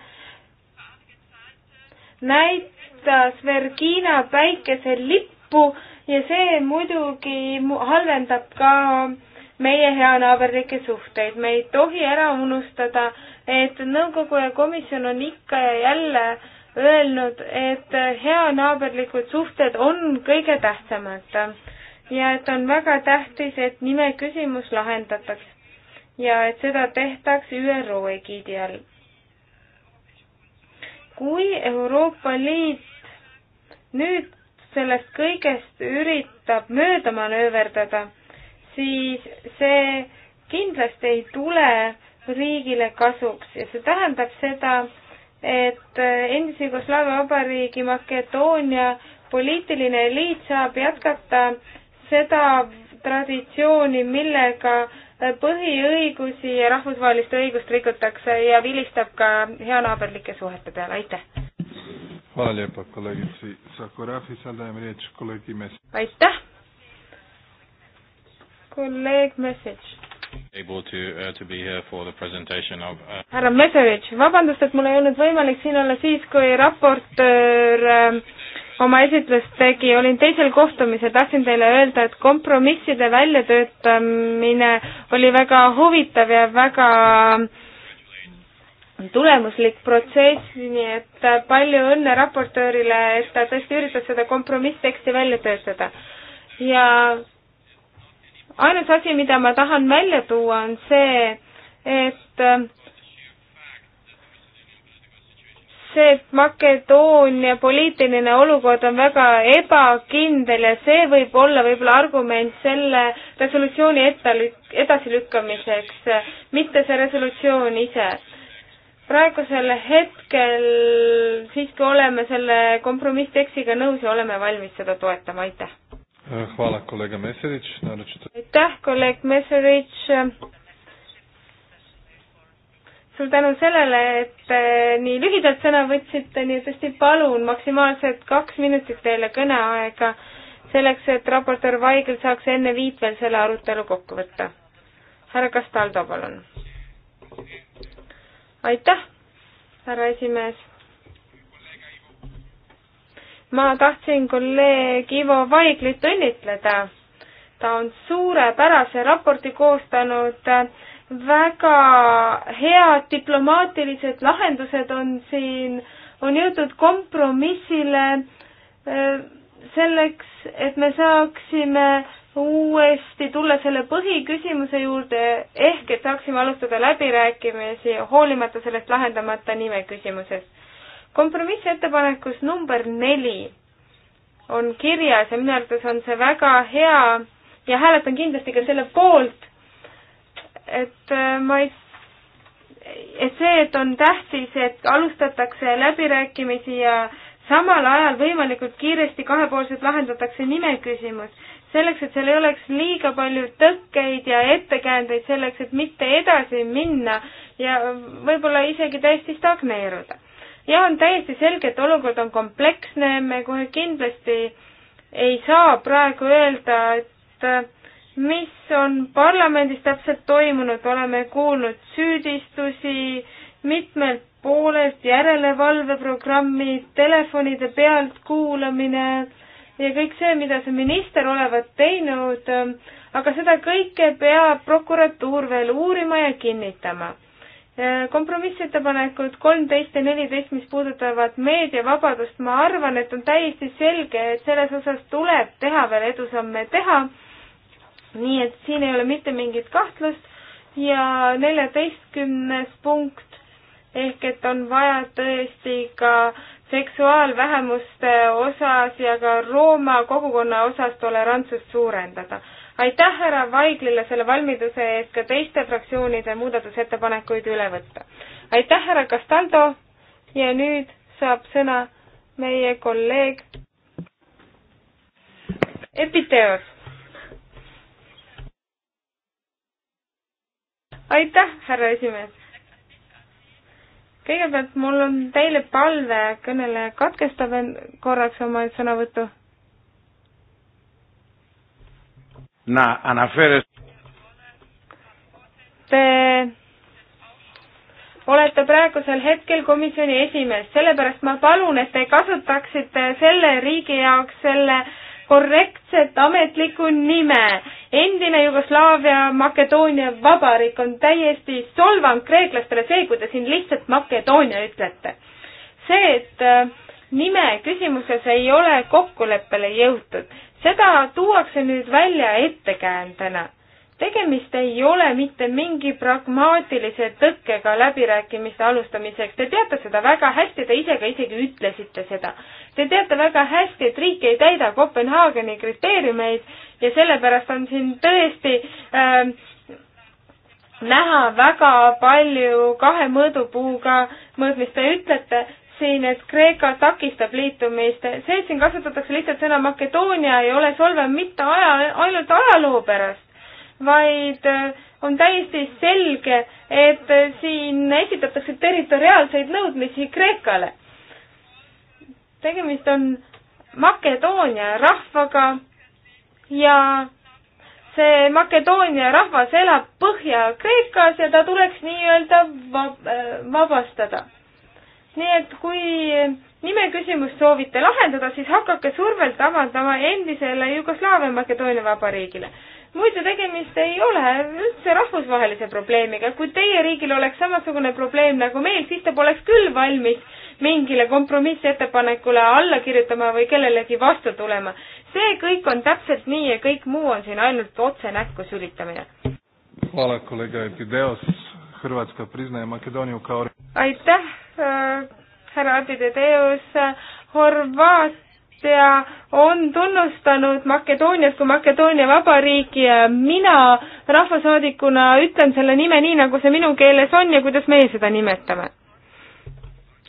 näitas Vergina päikeselippu ja see muidugi halvendab ka meie heanaaberlikke suhteid. me ei tohi ära unustada, et nõukogu ja komisjon on ikka ja jälle öelnud, et heanaaberlikud suhted on kõige tähtsamad ja et on väga tähtis, et nime küsimus lahendataks ja et seda tehtaks ÜRO egiidi all. kui Euroopa Liit nüüd sellest kõigest üritab mööda manööverdada, siis see kindlasti ei tule riigile kasuks ja see tähendab seda, et endise Jugoslaavia Vabariigi Makedoonia poliitiline eliit saab jätkata seda traditsiooni, millega põhiõigusi ja rahvusvahelist õigust rikutakse ja vilistab ka heanaaberlike suhete peale, aitäh! aitäh! kolleeg Message. Able to, uh, to be here for the presentation of uh... härra Mesevitš, vabandust, et mul ei olnud võimalik siin olla siis, kui raportöör uh, oma esitlust tegi, olin teisel kohtumisel, tahtsin teile öelda, et kompromisside väljatöötamine oli väga huvitav ja väga tulemuslik protsess, nii et palju õnne raportöörile, et ta tõesti üritas seda kompromissteksti välja töötada. ja ainus asi, mida ma tahan välja tuua, on see, et see, et Makedoonia poliitiline olukord on väga ebakindel ja see võib olla võib-olla argument selle resolutsiooni edasilükkamiseks, mitte see resolutsioon ise. praegusel hetkel siiski oleme selle kompromisstekstiga nõus ja oleme valmis seda toetama, aitäh! Hvala kolega Meserić, naročito. Aitäh kolleeg Meserić suur tänu sellele, et eh, nii lühidalt sõna võtsite, nii et tõesti palun maksimaalselt kaks minutit teile kõneaega, selleks et raportöör Vaigel saaks enne viit veel selle arutelu kokku võtta. härra Castaldo, palun. aitäh, härra esimees. ma tahtsin kolleeg Ivo Vaiglit õnnitleda. ta on suurepärase raporti koostanud äh, väga head diplomaatilised lahendused on siin, on jõutud kompromissile eh, selleks, et me saaksime uuesti tulla selle põhiküsimuse juurde, ehk et saaksime alustada läbirääkimisi hoolimata sellest lahendamata nime küsimusest. kompromissettepanekus number neli on kirjas ja minu arvates on see väga hea ja hääletan kindlasti ka selle poolt, et äh, ma ei, et see, et on tähtis, et alustatakse läbirääkimisi ja samal ajal võimalikult kiiresti kahepoolselt lahendatakse nimeküsimus, selleks, et seal ei oleks liiga palju tõkkeid ja ettekäändeid selleks, et mitte edasi minna ja võib-olla isegi täiesti stagneeruda. ja on täiesti selge, et olukord on kompleksne, me kohe kindlasti ei saa praegu öelda, et äh, mis on parlamendis täpselt toimunud, oleme kuulnud süüdistusi mitmelt poolelt, järelevalveprogrammi, telefonide pealtkuulamine ja kõik see, mida see minister olevat teinud, aga seda kõike peab prokuratuur veel uurima ja kinnitama. kompromissettepanekud kolmteist ja neliteist, mis puudutavad meediavabadust, ma arvan, et on täiesti selge, et selles osas tuleb teha veel edusamme teha nii et siin ei ole mitte mingit kahtlust ja neljateistkümnes punkt ehk et on vaja tõesti ka seksuaalvähemuste osas ja ka Rooma kogukonna osas tolerantsust suurendada. aitäh härra Vaiglile selle valmiduse eest ka teiste fraktsioonide muudatusettepanekuid üle võtta. aitäh, härra Castaldo ja nüüd saab sõna meie kolleeg Epiteos aitäh, härra esimees! kõigepealt mul on teile palve, kõneleja katkestab korraks oma sõnavõtu. Te olete praegusel hetkel komisjoni esimees, sellepärast ma palun, et te kasutaksite selle riigi jaoks selle äh, korrektset ametlikku nime. endine Jugoslaavia Makedoonia vabariik on täiesti solvang kreeklastele see, kui te siin lihtsalt Makedoonia ütlete. see, et äh, nime küsimuses ei ole kokkuleppele jõutud, seda tuuakse nüüd välja ettekäändena tegemist ei ole mitte mingi pragmaatilise tõkkega läbirääkimiste alustamiseks, te teate seda väga hästi, te ise ka isegi ütlesite seda. Te teate väga hästi, et riik ei täida Kopenhaageni kriteeriumeid ja sellepärast on siin tõesti äh, näha väga palju kahe mõõdupuuga mõõtmist, te ütlete, siin, et Kreeka takistab liitumist, see, et siin kasutatakse lihtsalt sõna Makedoonia, ei ole solvav mitte aja, ainult ajaloo pärast, vaid äh, on täiesti selge, et äh, siin esitatakse territoriaalseid nõudmisi Kreekale. tegemist on Makedoonia rahvaga ja see Makedoonia rahvas elab Põhja-Kreekas ja ta tuleks nii-öelda vab äh, vabastada. nii et kui nimeküsimust soovite lahendada, siis hakake survet avaldama endisele Jugoslaavia Makedoonia vabariigile muidu tegemist ei ole üldse rahvusvahelise probleemiga, kui teie riigil oleks samasugune probleem nagu meil, siis te poleks küll valmis mingile kompromissettepanekule alla kirjutama või kellelegi vastu tulema. see kõik on täpselt nii ja kõik muu on siin ainult otse näkku sülitamine. aitäh äh,, härra Abidedeus, Horvaat-, eesistuja on tunnustanud Makedooniat kui Makedoonia vabariiki ja mina rahvasaadikuna ütlen selle nime nii, nagu see minu keeles on ja kuidas meie seda nimetame.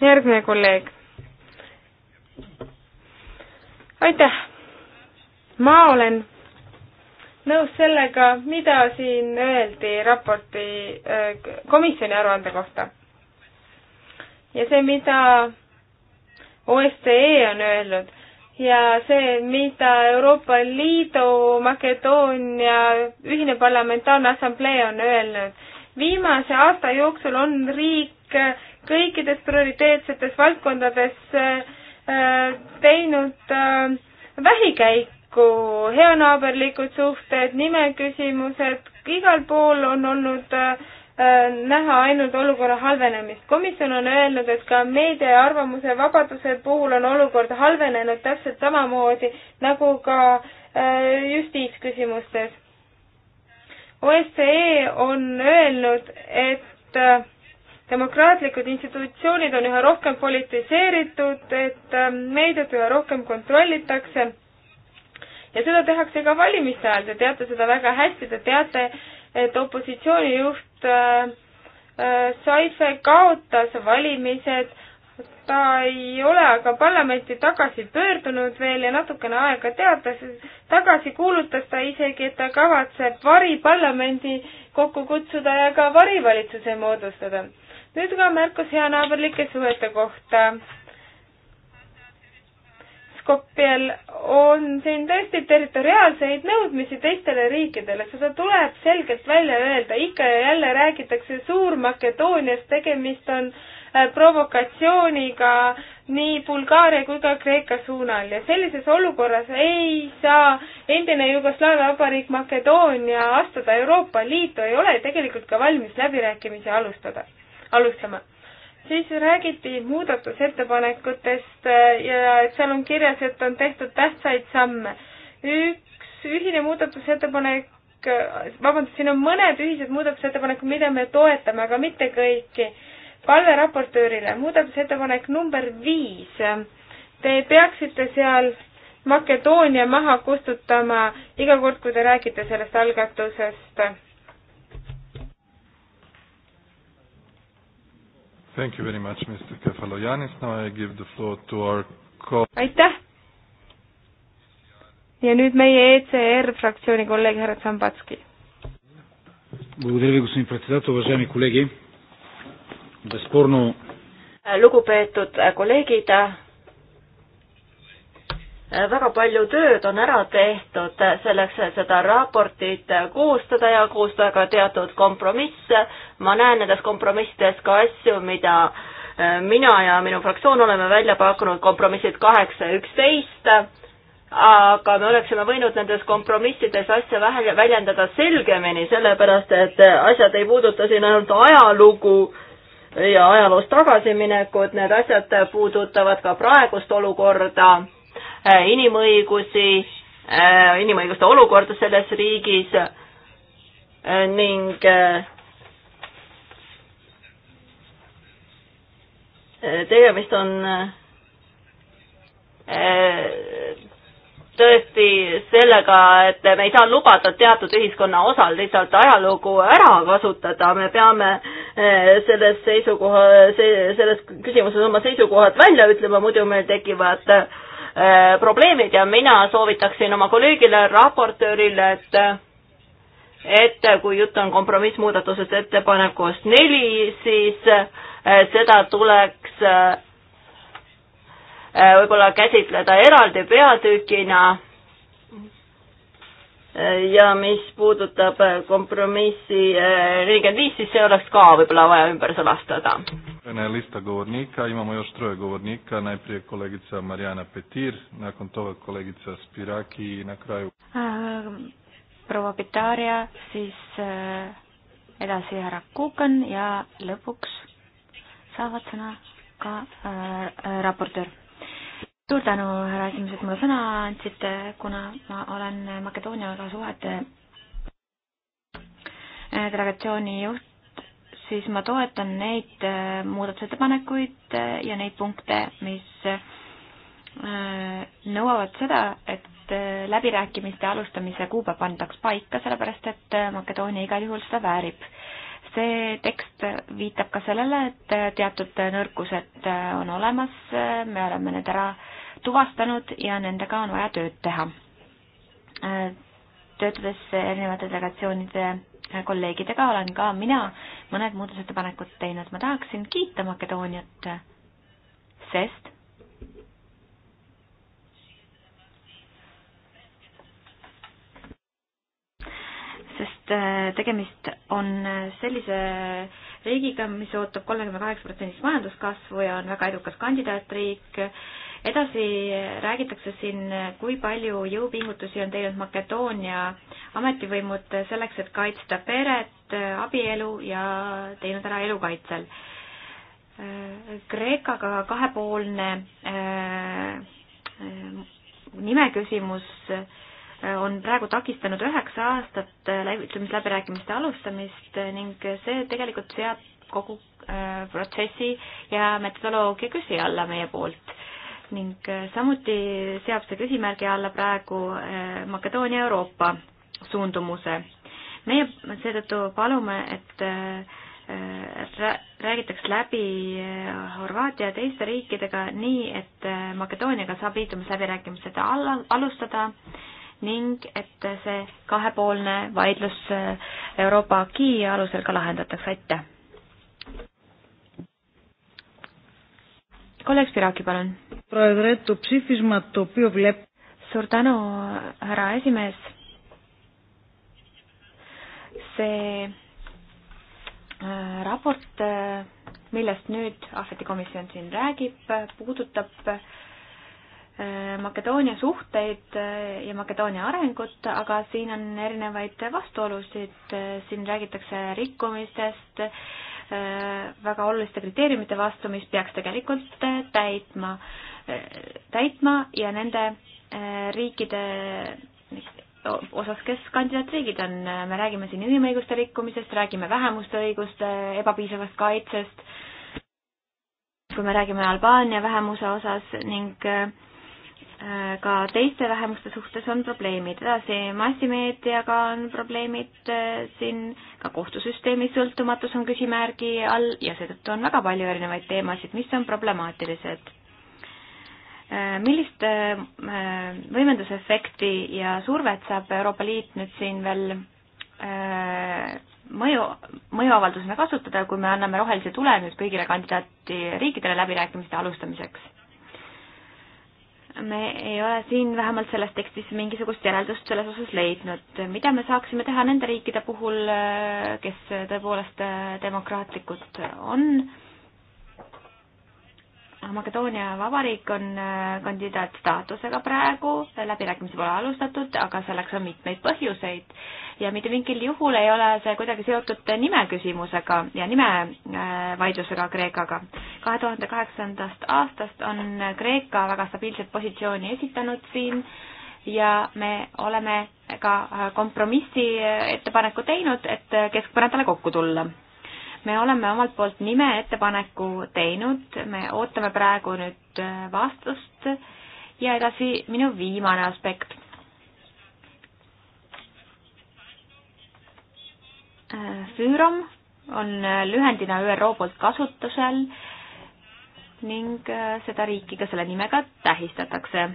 järgmine kolleeg. aitäh. ma olen nõus sellega, mida siin öeldi raporti, äh, komisjoni aruande kohta. ja see, mida OSCE on öelnud, ja see, mida Euroopa Liidu Makedoonia Ühine Parlamentaarne Assamblee on öelnud. viimase aasta jooksul on riik kõikides prioriteetsetes valdkondades äh, teinud äh, vähikäiku, heanaaberlikud suhted, nimeküsimused, igal pool on olnud äh, Äh, näha ainult olukorra halvenemist. komisjon on öelnud, et ka meedia ja arvamuse vabaduse puhul on olukord halvenenud täpselt samamoodi nagu ka äh, justiitsküsimustes. OSCE on öelnud, et äh, demokraatlikud institutsioonid on üha rohkem politiseeritud, et meediat üha rohkem kontrollitakse ja seda tehakse ka valimiste ajal, te teate seda väga hästi, te teate, et opositsioonijuht äh, Saife kaotas valimised, ta ei ole aga parlamenti tagasi pöördunud veel ja natukene aega teatas, tagasi kuulutas ta isegi, et ta kavatseb variparlamendi kokku kutsuda ja ka varivalitsuse moodustada. nüüd ka märkus heanaaberlike suhete kohta Skopjel on siin tõesti territoriaalseid nõudmisi teistele riikidele, seda tuleb selgelt välja öelda, ikka ja jälle räägitakse Suur-Makedooniast, tegemist on äh, provokatsiooniga nii Bulgaaria kui ka Kreeka suunal ja sellises olukorras ei saa endine Jugoslaavia vabariik Makedoonia astuda Euroopa Liitu, ei ole tegelikult ka valmis läbirääkimisi alustada, alustama siis räägiti muudatusettepanekutest äh, ja et seal on kirjas, et on tehtud tähtsaid samme. üks ühine muudatusettepanek, äh, vabandust, siin on mõned ühised muudatusettepanekud, mida me toetame, aga mitte kõiki. palve raportöörile, muudatusettepanek number viis. Te peaksite seal Makedoonia maha kustutama iga kord, kui te räägite sellest algatusest Thank you very much, Mr Kefalogianis. Now I give the floor to our co- aitäh! ja nüüd meie ECR fraktsiooni kolleeg härra Tsambatski. lugupeetud kolleegid, Äh, väga palju tööd on ära tehtud selleks, et seda raportit koostada ja koostada ka teatud kompromisse. ma näen nendes kompromissides ka asju, mida äh, mina ja minu fraktsioon oleme välja pakkunud, kompromissid kaheksa ja üksteist, aga me oleksime võinud nendes kompromissides asja vähe väljendada selgemini, sellepärast et asjad ei puuduta siin ainult ajalugu, ja ajaloos tagasiminekut, need asjad puudutavad ka praegust olukorda Äh, inimõigusi, äh, inimõiguste olukorda selles riigis äh, ning tegemist on tõesti sellega, et me ei saa lubada teatud ühiskonna osal lihtsalt ajalugu ära kasutada, me peame selles seisukoha, selles küsimuses oma seisukohad välja ütlema, muidu meil tekivad äh, Äh, probleemid ja mina soovitaksin oma kolleegile, raportöörile, et et kui jutt on kompromissmuudatusest ettepanekust neli, siis äh, seda tuleks äh, võib-olla käsitleda eraldi peatükina ja mis puudutab kompromissi eh, nelikümmend viis, siis see oleks ka võib-olla vaja ümber sõnastada. Ene lista govornika, imamo još troje govornika, najprije kolegica Marijana Petir, nakon toga kolegica Spiraki i na kraju äh,. proua Petaria, siis äh, eh, edasi härra Kukan ja lõpuks saavad sõna ka äh, raportöör suur tänu, härra esimees, et mulle sõna andsite, kuna ma olen Makedooniaga suhete äh, delegatsiooni juht, siis ma toetan neid äh, muudatusettepanekuid äh, ja neid punkte, mis nõuavad seda, et läbirääkimiste alustamise kuupäev pandaks paika, sellepärast et Makedoonia igal juhul seda väärib. see tekst viitab ka sellele, et teatud nõrkused on olemas, me oleme need ära äh, tuvastanud ja nendega on vaja tööd teha. töötades erinevate delegatsioonide kolleegidega olen ka mina mõned muudatusettepanekud teinud, ma tahaksin kiita Makedooniat, sest sest äh, tegemist on sellise riigiga, mis ootab kolmekümne kaheksa protsendist majanduskasvu ja on väga edukas kandidaatriik edasi räägitakse siin, kui palju jõupingutusi on teinud Makedoonia ametivõimud selleks, et kaitsta peret, abielu ja teinud ära elukaitsel. Kreekaga kahepoolne äh, nimeküsimus äh, on praegu takistanud üheksa aastat läbitlemisläbirääkimiste alustamist ning see tegelikult seab kogu äh, protsessi ja metodoloogia küsi alla meie poolt ning eh, samuti seab see küsimärgi alla praegu eh, Makedoonia Euroopa suundumuse. meie seetõttu palume, et eh, räägitaks läbi Horvaatia ja teiste riikidega nii, et Makedooniaga saab liitumisläbirääkimised alustada ning et see kahepoolne vaidlus Euroopa aki alusel ka lahendatakse, aitäh! kolleeg Spiraki, palun suur tänu, härra esimees. see raport, millest nüüd ahvetikomisjon siin räägib, puudutab Makedoonia suhteid ja Makedoonia arengut, aga siin on erinevaid vastuolusid, siin räägitakse rikkumistest, väga oluliste kriteeriumite vastu, mis peaks tegelikult täitma. Äh, täitma ja nende äh, riikide osas, kes kandidaatriigid on, me räägime siin inimõiguste rikkumisest, räägime vähemuste õiguste ebapiisavast kaitsest, kui me räägime Albaania vähemuse osas ning äh, ka teiste vähemuste suhtes on probleemid, edasi massimeediaga on probleemid siin, ka kohtusüsteemi sõltumatus on küsimärgi all ja seetõttu on väga palju erinevaid teemasid, mis on problemaatilised millist äh, äh, võimendusefekti ja survet saab Euroopa Liit nüüd siin veel äh, mõju, mõjuavaldusena kasutada, kui me anname rohelise tule nüüd kõigile kandidaatriikidele läbirääkimiste alustamiseks? me ei ole siin vähemalt selles tekstis mingisugust järeldust selles osas leidnud. mida me saaksime teha nende riikide puhul, kes tõepoolest demokraatlikud on äh, Makedoonia Vabariik on äh, kandidaat staatusega praegu, läbirääkimisi pole alustatud, aga selleks on mitmeid põhjuseid ja mitte mingil juhul ei ole see kuidagi seotud nime küsimusega ja nime äh, vaidlusega Kreekaga. kahe tuhande kaheksandast aastast on Kreeka väga stabiilset positsiooni esitanud siin ja me oleme ka kompromissi ettepaneku teinud, et keskpõrandale kokku tulla me oleme omalt poolt nime ettepaneku teinud, me ootame praegu nüüd äh, vastust ja edasi minu viimane aspekt. Äh, Füürom on äh, lühendina ÜRO poolt kasutusel ning seda riiki ka selle nimega tähistatakse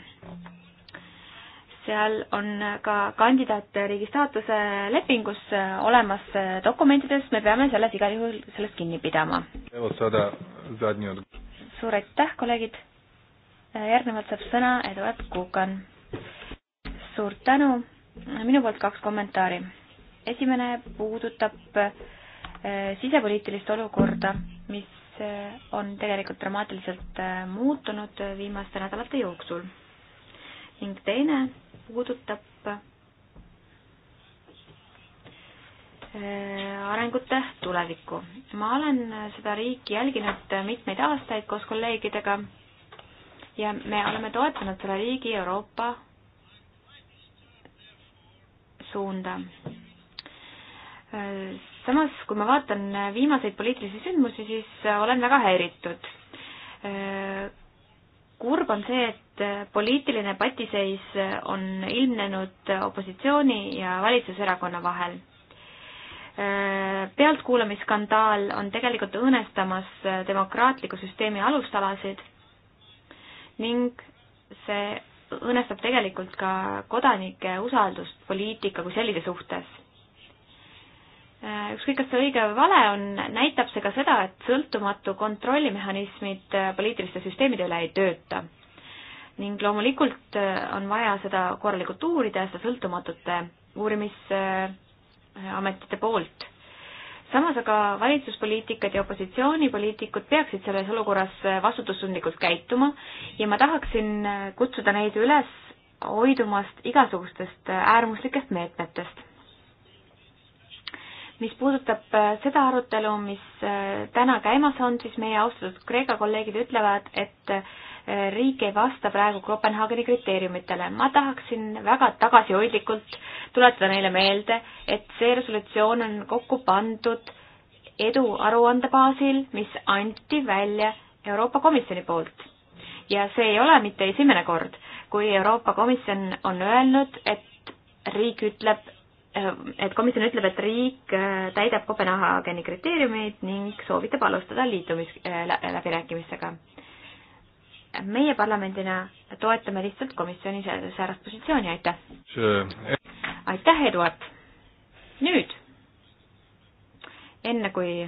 seal on ka kandidaatriigi staatuse lepingus olemas dokumentides, me peame selles igal juhul sellest kinni pidama. suur aitäh, kolleegid! järgnevalt saab sõna Eduard Kukan. suur tänu, minu poolt kaks kommentaari. esimene puudutab eh, sisepoliitilist olukorda, mis eh, on tegelikult dramaatiliselt eh, muutunud viimaste nädalate jooksul ning teine puudutab äh, arengute tulevikku. ma olen seda riiki jälginud mitmeid aastaid koos kolleegidega ja me oleme toetanud selle riigi Euroopa suunda. Äh, samas, kui ma vaatan viimaseid poliitilisi sündmusi, siis olen väga häiritud. Äh, kurb on see, et et äh, poliitiline patiseis äh, on ilmnenud äh, opositsiooni ja valitsuserakonna vahel. pealtkuulamisskandaal on tegelikult õõnestamas demokraatliku süsteemi alustalasid ning see õõnestab tegelikult ka kodanike usaldust poliitika kui sellise suhtes. ükskõik, kas see õige või vale on, näitab see ka seda, et sõltumatu kontrollimehhanismid poliitiliste süsteemide üle ei tööta ning loomulikult äh, on vaja seda korralikult uurida, seda sõltumatute uurimisametite poolt. samas aga valitsuspoliitikud ja opositsioonipoliitikud peaksid selles olukorras äh, vastutustundlikult käituma ja ma tahaksin äh, kutsuda neid üles hoidumast igasugustest äärmuslikest meetmetest mis puudutab seda arutelu, mis täna käimas on, siis meie austatud Kreeka kolleegid ütlevad, et riik ei vasta praegu Kopenhaageni kriteeriumitele. ma tahaksin väga tagasihoidlikult tuletada neile meelde, et see resolutsioon on kokku pandud edu aruande baasil, mis anti välja Euroopa Komisjoni poolt. ja see ei ole mitte esimene kord, kui Euroopa Komisjon on öelnud, et riik ütleb, et komisjon ütleb, et riik täidab Kopenhaageni kriteeriumeid ning soovitab alustada liitumisläbirääkimistega äh, meie parlamendina toetame lihtsalt komisjoni säärast positsiooni, aitäh! aitäh, Eduard! nüüd, enne kui öö,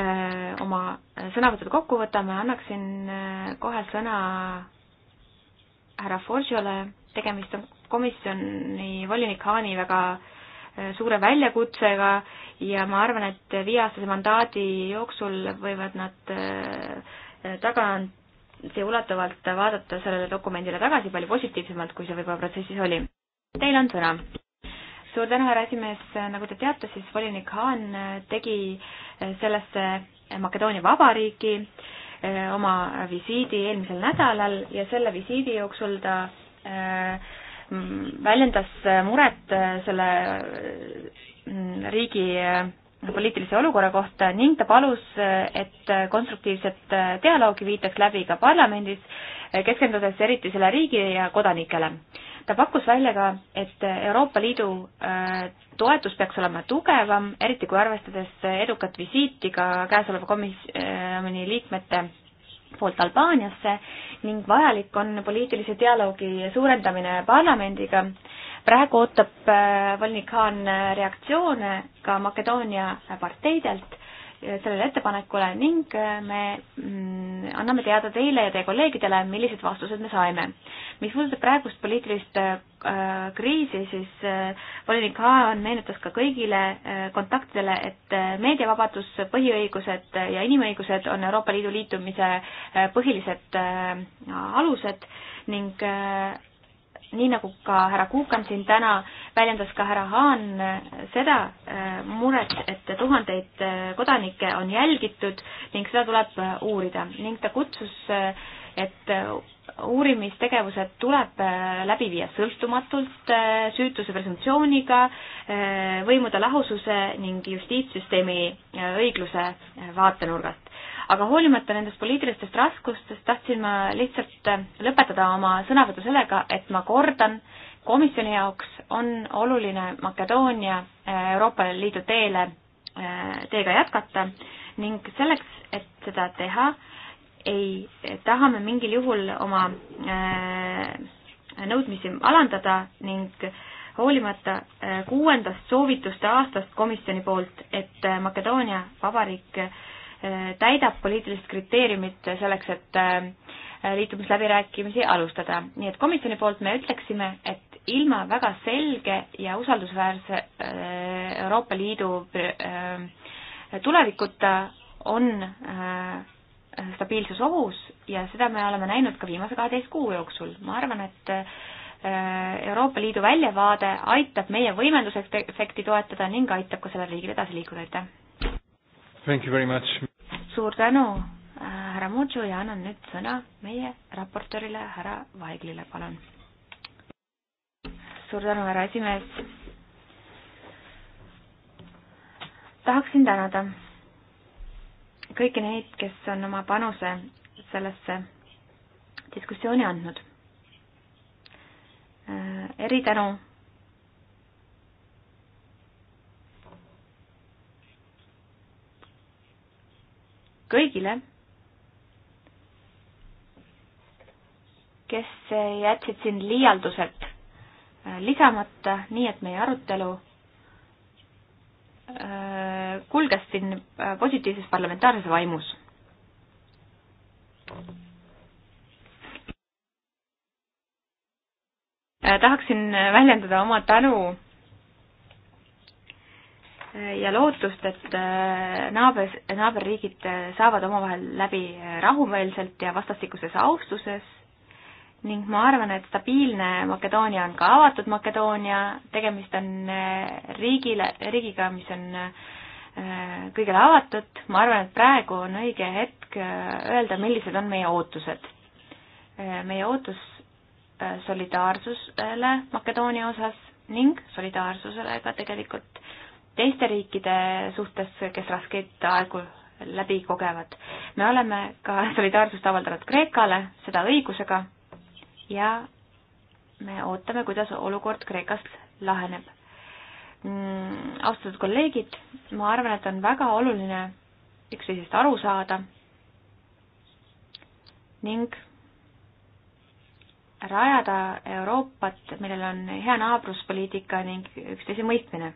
äh, oma sõnavõtud kokku võtame, annaksin öö, äh, kohe sõna härra Forgiole, tegemist on komisjoni volinik Haani väga öö, suure väljakutsega ja ma arvan, et viieaastase mandaadi jooksul võivad nad äh, tagasiulatuvalt vaadata sellele dokumendile tagasi palju positiivsemalt, kui see võib-olla protsessis oli. Teil on sõna. suur tänu, härra esimees, nagu te teate, siis volinik Haan tegi äh, sellesse Makedoonia Vabariiki äh, oma visiidi eelmisel nädalal ja selle visiidi jooksul ta äh, Mm, väljendas äh, muret äh, selle mm, riigi äh, poliitilise olukorra kohta ning ta palus, et konstruktiivset dialoogi viidaks läbi ka parlamendis, keskendudes eriti selle riigi ja kodanikele. ta pakkus välja ka, et Euroopa Liidu toetus peaks olema tugevam, eriti kui arvestades edukat visiiti ka käesoleva komisjoni liikmete poolt Albaaniasse ning vajalik on poliitilise dialoogi suurendamine parlamendiga. praegu ootab äh, volinik Haan äh, reaktsioone ka Makedoonia parteidelt Äh, sellele ettepanekule ning äh, me mm, anname teada teile ja teie kolleegidele, millised vastused me saime. mis puudutab praegust poliitilist äh, kriisi, siis volinik Haan meenutas ka kõigile kontaktidele, et meediavabadus, põhiõigused ja inimõigused on Euroopa Liidu liitumise põhilised alused ning nii nagu ka härra Kuukan siin täna väljendas ka härra Haan äh, seda äh, muret, et tuhandeid äh, kodanikke on jälgitud ning seda tuleb uurida ning ta kutsus, et uurimistegevused tuleb läbi viia sõltumatult, süütuse presumptsiooniga, võimude lahususe ning justiitssüsteemi õigluse vaatenurgast aga hoolimata nendest poliitilistest raskustest tahtsin ma lihtsalt äh, lõpetada oma sõnavõtu sellega, et ma kordan, komisjoni jaoks on oluline Makedoonia äh, Euroopa Liidu teele, äh, teega jätkata ning selleks, et seda teha, ei taha me mingil juhul oma nõudmisi alandada ning hoolimata kuuendast soovituste aastast komisjoni poolt, et Makedoonia Vabariik Äh, täidab poliitilised kriteeriumid selleks, et äh, liitumisläbirääkimisi alustada. nii et komisjoni poolt me ütleksime, et ilma väga selge ja usaldusväärse äh, Euroopa Liidu tulevikuta on stabiilsus ohus ja seda me oleme näinud ka viimase kaheteist kuu jooksul. ma arvan, et Euroopa Liidu väljavaade aitab meie võimendusefekti toetada ning aitab ka sellel riigil edasi liikuda, aitäh! suur tänu, äh, härra Mutsu ja annan nüüd sõna meie raportöörile, härra Vaiglile, palun. suur tänu, härra esimees. tahaksin tänada kõiki neid, kes on oma panuse sellesse diskussiooni andnud. Äh, eritänu kõigile, kes jätsid siin liialdused äh, lisamata, nii et meie arutelu äh, kulges siin äh, positiivses parlamentaarses vaimus. tahaksin väljendada oma tänu ja lootust, et äh, naaber, naaberriigid äh, saavad omavahel läbi äh, rahumeelselt ja vastastikuses austuses ning ma arvan, et stabiilne Makedoonia on ka avatud Makedoonia, tegemist on riigile, riigiga, mis on kõigele avatud, ma arvan, et praegu on õige hetk öelda, millised on meie ootused. meie ootus solidaarsusele Makedoonia osas ning solidaarsusele ka tegelikult teiste riikide suhtes, kes raskeid aegu läbi kogevad. me oleme ka solidaarsust avaldanud Kreekale, seda õigusega, ja me ootame, kuidas olukord Kreekas laheneb. Mm, austatud kolleegid, ma arvan, et on väga oluline üksteisest aru saada ning rajada Euroopat, millel on hea naabruspoliitika ning üksteise mõistmine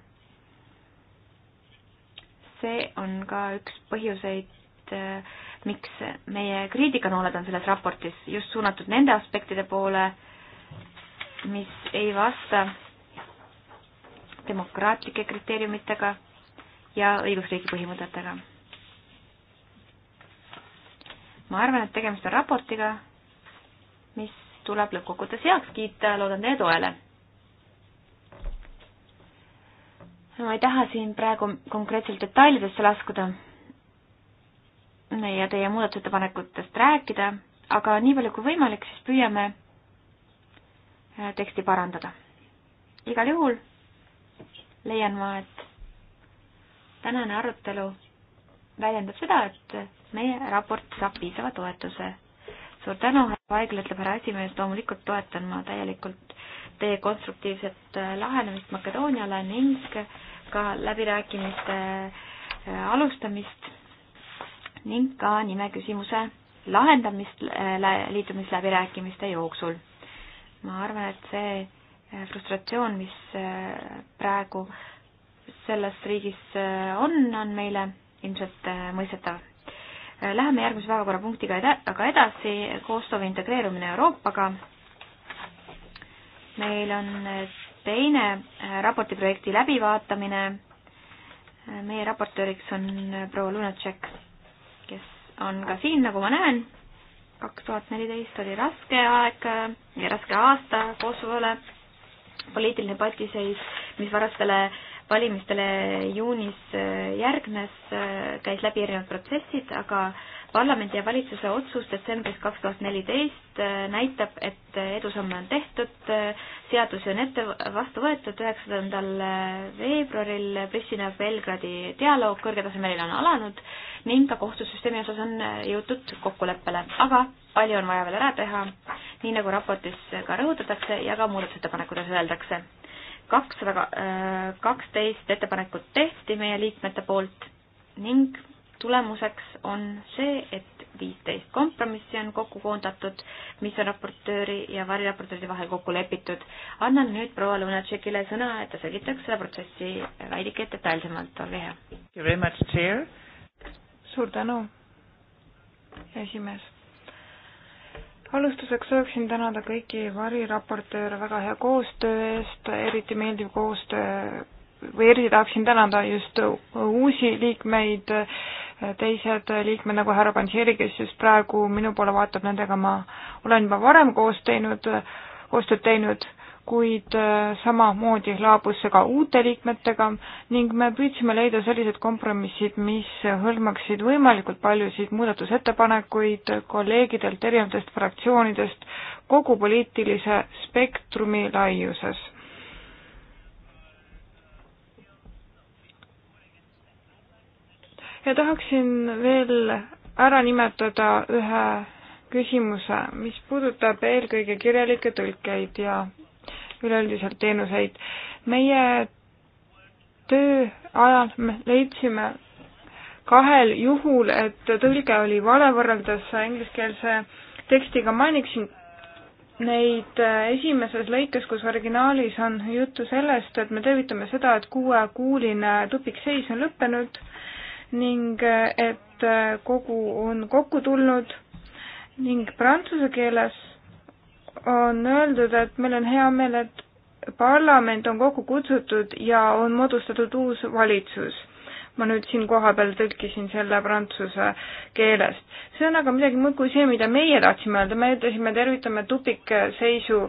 see on ka üks põhjuseid, äh, miks meie kriitikanooled on selles raportis just suunatud nende aspektide poole, mis ei vasta demokraatlike kriteeriumitega ja õigusriigi põhimõtetega. ma arvan, et tegemist on raportiga, mis tuleb lõppkokkuvõttes heaks kiita, loodan teie toele ma ei taha siin praegu konkreetselt detailidesse laskuda ja teie muudatusettepanekutest rääkida, aga nii palju kui võimalik, siis püüame äh, teksti parandada. igal juhul leian ma, et tänane arutelu väljendab seda, et meie raport saab piisava toetuse. suur tänu, Aigla ütleb härra esimees, loomulikult toetan ma täielikult tee konstruktiivset äh, lahenemist Makedooniale ning ka läbirääkimiste äh, alustamist ning ka nimeküsimuse lahendamist äh, liitumisläbirääkimiste jooksul. ma arvan, et see frustratsioon, mis praegu selles riigis on, on meile ilmselt mõistetav. Läheme järgmise päevakorrapunktiga aga edasi, koostöö integreerumine Euroopaga meil on teine äh, raporti projekti läbivaatamine. Äh, meie raportööriks on äh, proua Lunatšek, kes on ka siin, nagu ma näen. kaks tuhat neliteist oli raske aeg ja raske aasta Kosovole. poliitiline patiseis, mis varastele äh, valimistele juunis äh, järgnes, äh, käis läbi erinevad protsessid, aga parlamendi ja valitsuse otsus detsembris kaks tuhat neliteist äh, näitab, et edusamme on tehtud, seadusi on ette vastu võetud, üheksandal veebruaril Pristina Belgradi dialoog kõrgetasemeline on alanud ning ka kohtusüsteemi osas on jõutud kokkuleppele, aga palju on vaja veel ära teha, nii nagu raportis ka rõhutatakse ja ka muudatusettepanekutes öeldakse kakssada äh, kaksteist ettepanekut tehti meie liikmete poolt ning tulemuseks on see, et viisteist kompromissi on kokku koondatud, mis on raportööri ja variraportööri vahel kokku lepitud. annan nüüd proua Lunatšekile sõna, et ta selgitaks seda protsessi väidike detailsemalt, olge hea. suur tänu, esimees alustuseks sooviksin tänada kõiki variraportööre väga hea koostöö eest, eriti meeldiv koostöö või eriti tahaksin tänada just uusi liikmeid, teised liikmed nagu härra Pansieri, kes just praegu minu poole vaatab, nendega ma olen juba varem koos teinud, koostööd teinud kuid äh, samamoodi laabus see ka uute liikmetega ning me püüdsime leida sellised kompromissid, mis hõlmaksid võimalikult paljusid muudatusettepanekuid kolleegidelt erinevatest fraktsioonidest kogu poliitilise spektrumi laiuses. ja tahaksin veel ära nimetada ühe küsimuse, mis puudutab eelkõige kirjalikke tõlkeid ja üleüldiselt teenuseid. meie töö ajal me leidsime kahel juhul, et tõlge oli vale võrreldes ingliskeelse tekstiga, mainiksin neid esimeses lõikes, kus originaalis on juttu sellest, et me tervitame seda, et kuuekuuline tupikseis on lõppenud ning et kogu on kokku tulnud ning prantsuse keeles on öeldud, et meil on hea meel, et parlament on kokku kutsutud ja on moodustatud uus valitsus. ma nüüd siin kohapeal tõlkisin selle prantsuse keelest. see on aga midagi muud kui see, mida meie tahtsime öelda, me ütlesime, tervitame tupikseisu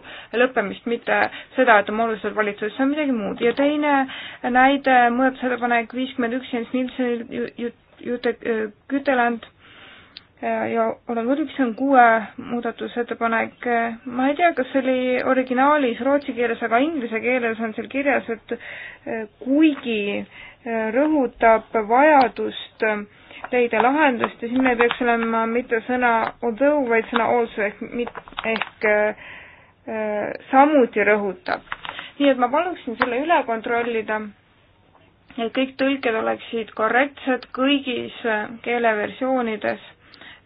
lõppemist, mitte seda, et on moodustatud valitsus, see on midagi muud. ja teine näide, muudatusettepanek viiskümmend üks, Jens Nilsen, Jüte Küteland ja olen kurb, see on kuue muudatusettepanek. ma ei tea, kas see oli originaalis rootsi keeles, aga inglise keeles on seal kirjas, et eh, kuigi eh, rõhutab vajadust eh, leida lahendust ja siin ei peaks olema mitte sõna although, vaid sõna also ehk mit-, ehk äh, samuti rõhutab. nii et ma paluksin selle üle kontrollida, et kõik tõlked oleksid korrektsed kõigis keeleversioonides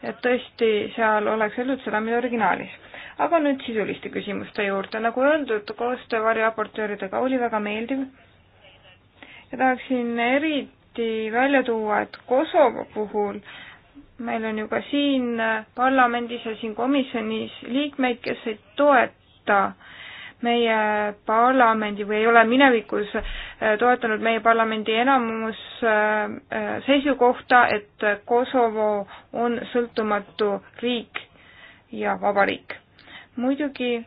et tõesti seal oleks öeldud seda, mida originaalis. aga nüüd sisuliste küsimuste juurde, nagu öeldud, koostöö variraportööridega oli väga meeldiv ja tahaksin eriti välja tuua, et Kosovo puhul meil on ju ka siin parlamendis ja siin komisjonis liikmeid, kes ei toeta äh, meie parlamendi või ei ole minevikus äh, toetanud meie parlamendi enamus äh, äh, seisukohta, et Kosovo on sõltumatu riik ja vabariik. muidugi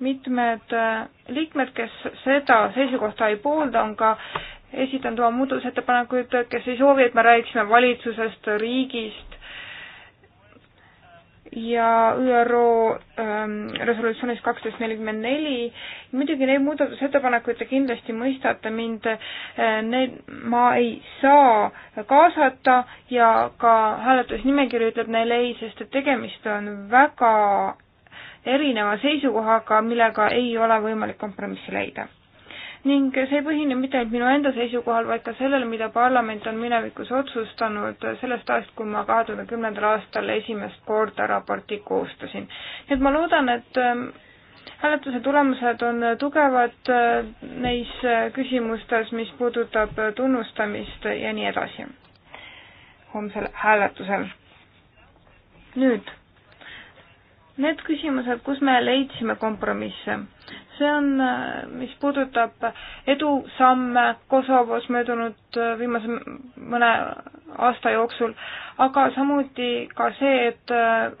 mitmed liikmed, kes seda seisukohta ei poolda, on ka esitanud oma muudatusettepanekuid, kes ei soovi, et me räägiksime valitsusest, riigist, ja ÜRO ähm, resolutsioonis kaksteist nelikümmend neli. muidugi neid muudatusettepanekuid te kindlasti mõistate mind äh,, need ma ei saa kaasata ja ka hääletusnimekiri ütleb neile ei, sest et tegemist on väga erineva seisukohaga, millega ei ole võimalik kompromissi leida ning see ei põhine mitte ainult minu enda seisukohal, vaid ka sellele, mida parlament on minevikus otsustanud sellest ajast, kui ma kahe tuhande kümnendal aastal esimest korda raporti koostasin. nii et ma loodan, et ähm, hääletuse tulemused on tugevad äh, neis äh, küsimustes, mis puudutab äh, tunnustamist ja nii edasi homsel hääletusel. nüüd, need küsimused, kus me leidsime kompromisse see on, mis puudutab edusamme Kosovos möödunud viimase mõne aasta jooksul, aga samuti ka see, et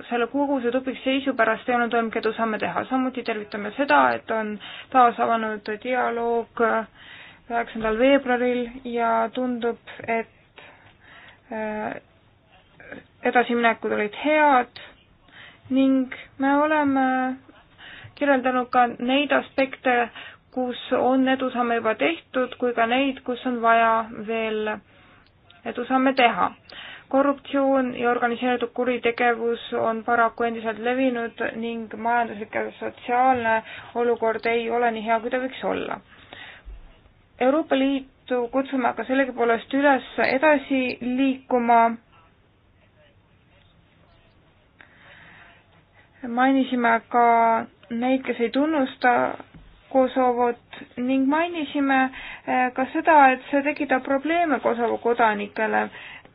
selle kogu see tupikseisu pärast ei olnud võimalik edusamme teha. samuti tervitame seda, et on taas avanud dialoog üheksandal veebruaril ja tundub, et äh, edasiminekud olid head ning me oleme kirjeldanud ka neid aspekte, kus on edusamme juba tehtud, kui ka neid, kus on vaja veel edusamme teha. korruptsioon ja organiseeritud kuritegevus on paraku endiselt levinud ning majanduslik ja sotsiaalne olukord ei ole nii hea, kui ta võiks olla. Euroopa Liitu kutsume aga sellegipoolest üles edasi liikuma mainisime ka neid, kes ei tunnusta Kosovot ning mainisime eh, ka seda, et see tekitab probleeme Kosovo kodanikele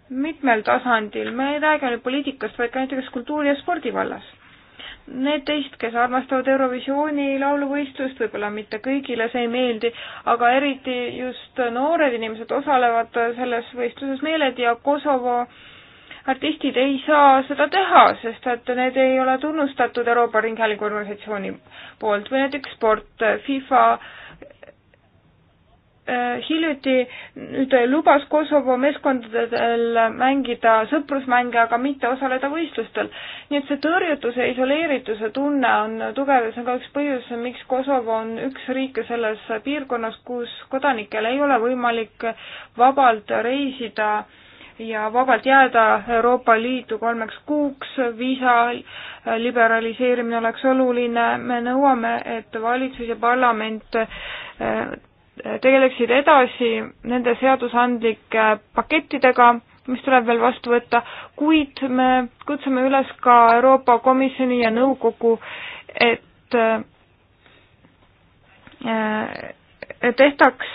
mitmel tasandil, me ei räägi ainult poliitikast, vaid ka näiteks kultuuri ja spordi vallas. Need teist, kes armastavad Eurovisiooni lauluvõistlust, võib-olla mitte kõigile see ei meeldi, aga eriti just noored inimesed osalevad selles võistluses meeled ja Kosovo äh, artistid ei saa seda teha, sest et need ei ole tunnustatud Euroopa Ringhäälingu organisatsiooni poolt või näiteks sport, FIFA äh, hiljuti nüüd lubas Kosovo meeskondadel mängida sõprusmänge, aga mitte osaleda võistlustel. nii et see tõrjutuse, isoleerituse tunne on tugev ja see on ka üks põhjus, miks Kosovo on üks riike selles piirkonnas, kus kodanikel ei ole võimalik vabalt reisida äh, ja vabalt jääda Euroopa Liitu kolmeks kuuks, viisa liberaliseerimine oleks oluline, me nõuame, et valitsus ja parlament eh, tegeleksid edasi nende seadusandlike pakettidega, mis tuleb veel vastu võtta, kuid me kutsume üles ka Euroopa Komisjoni ja nõukogu, et eh, tehtaks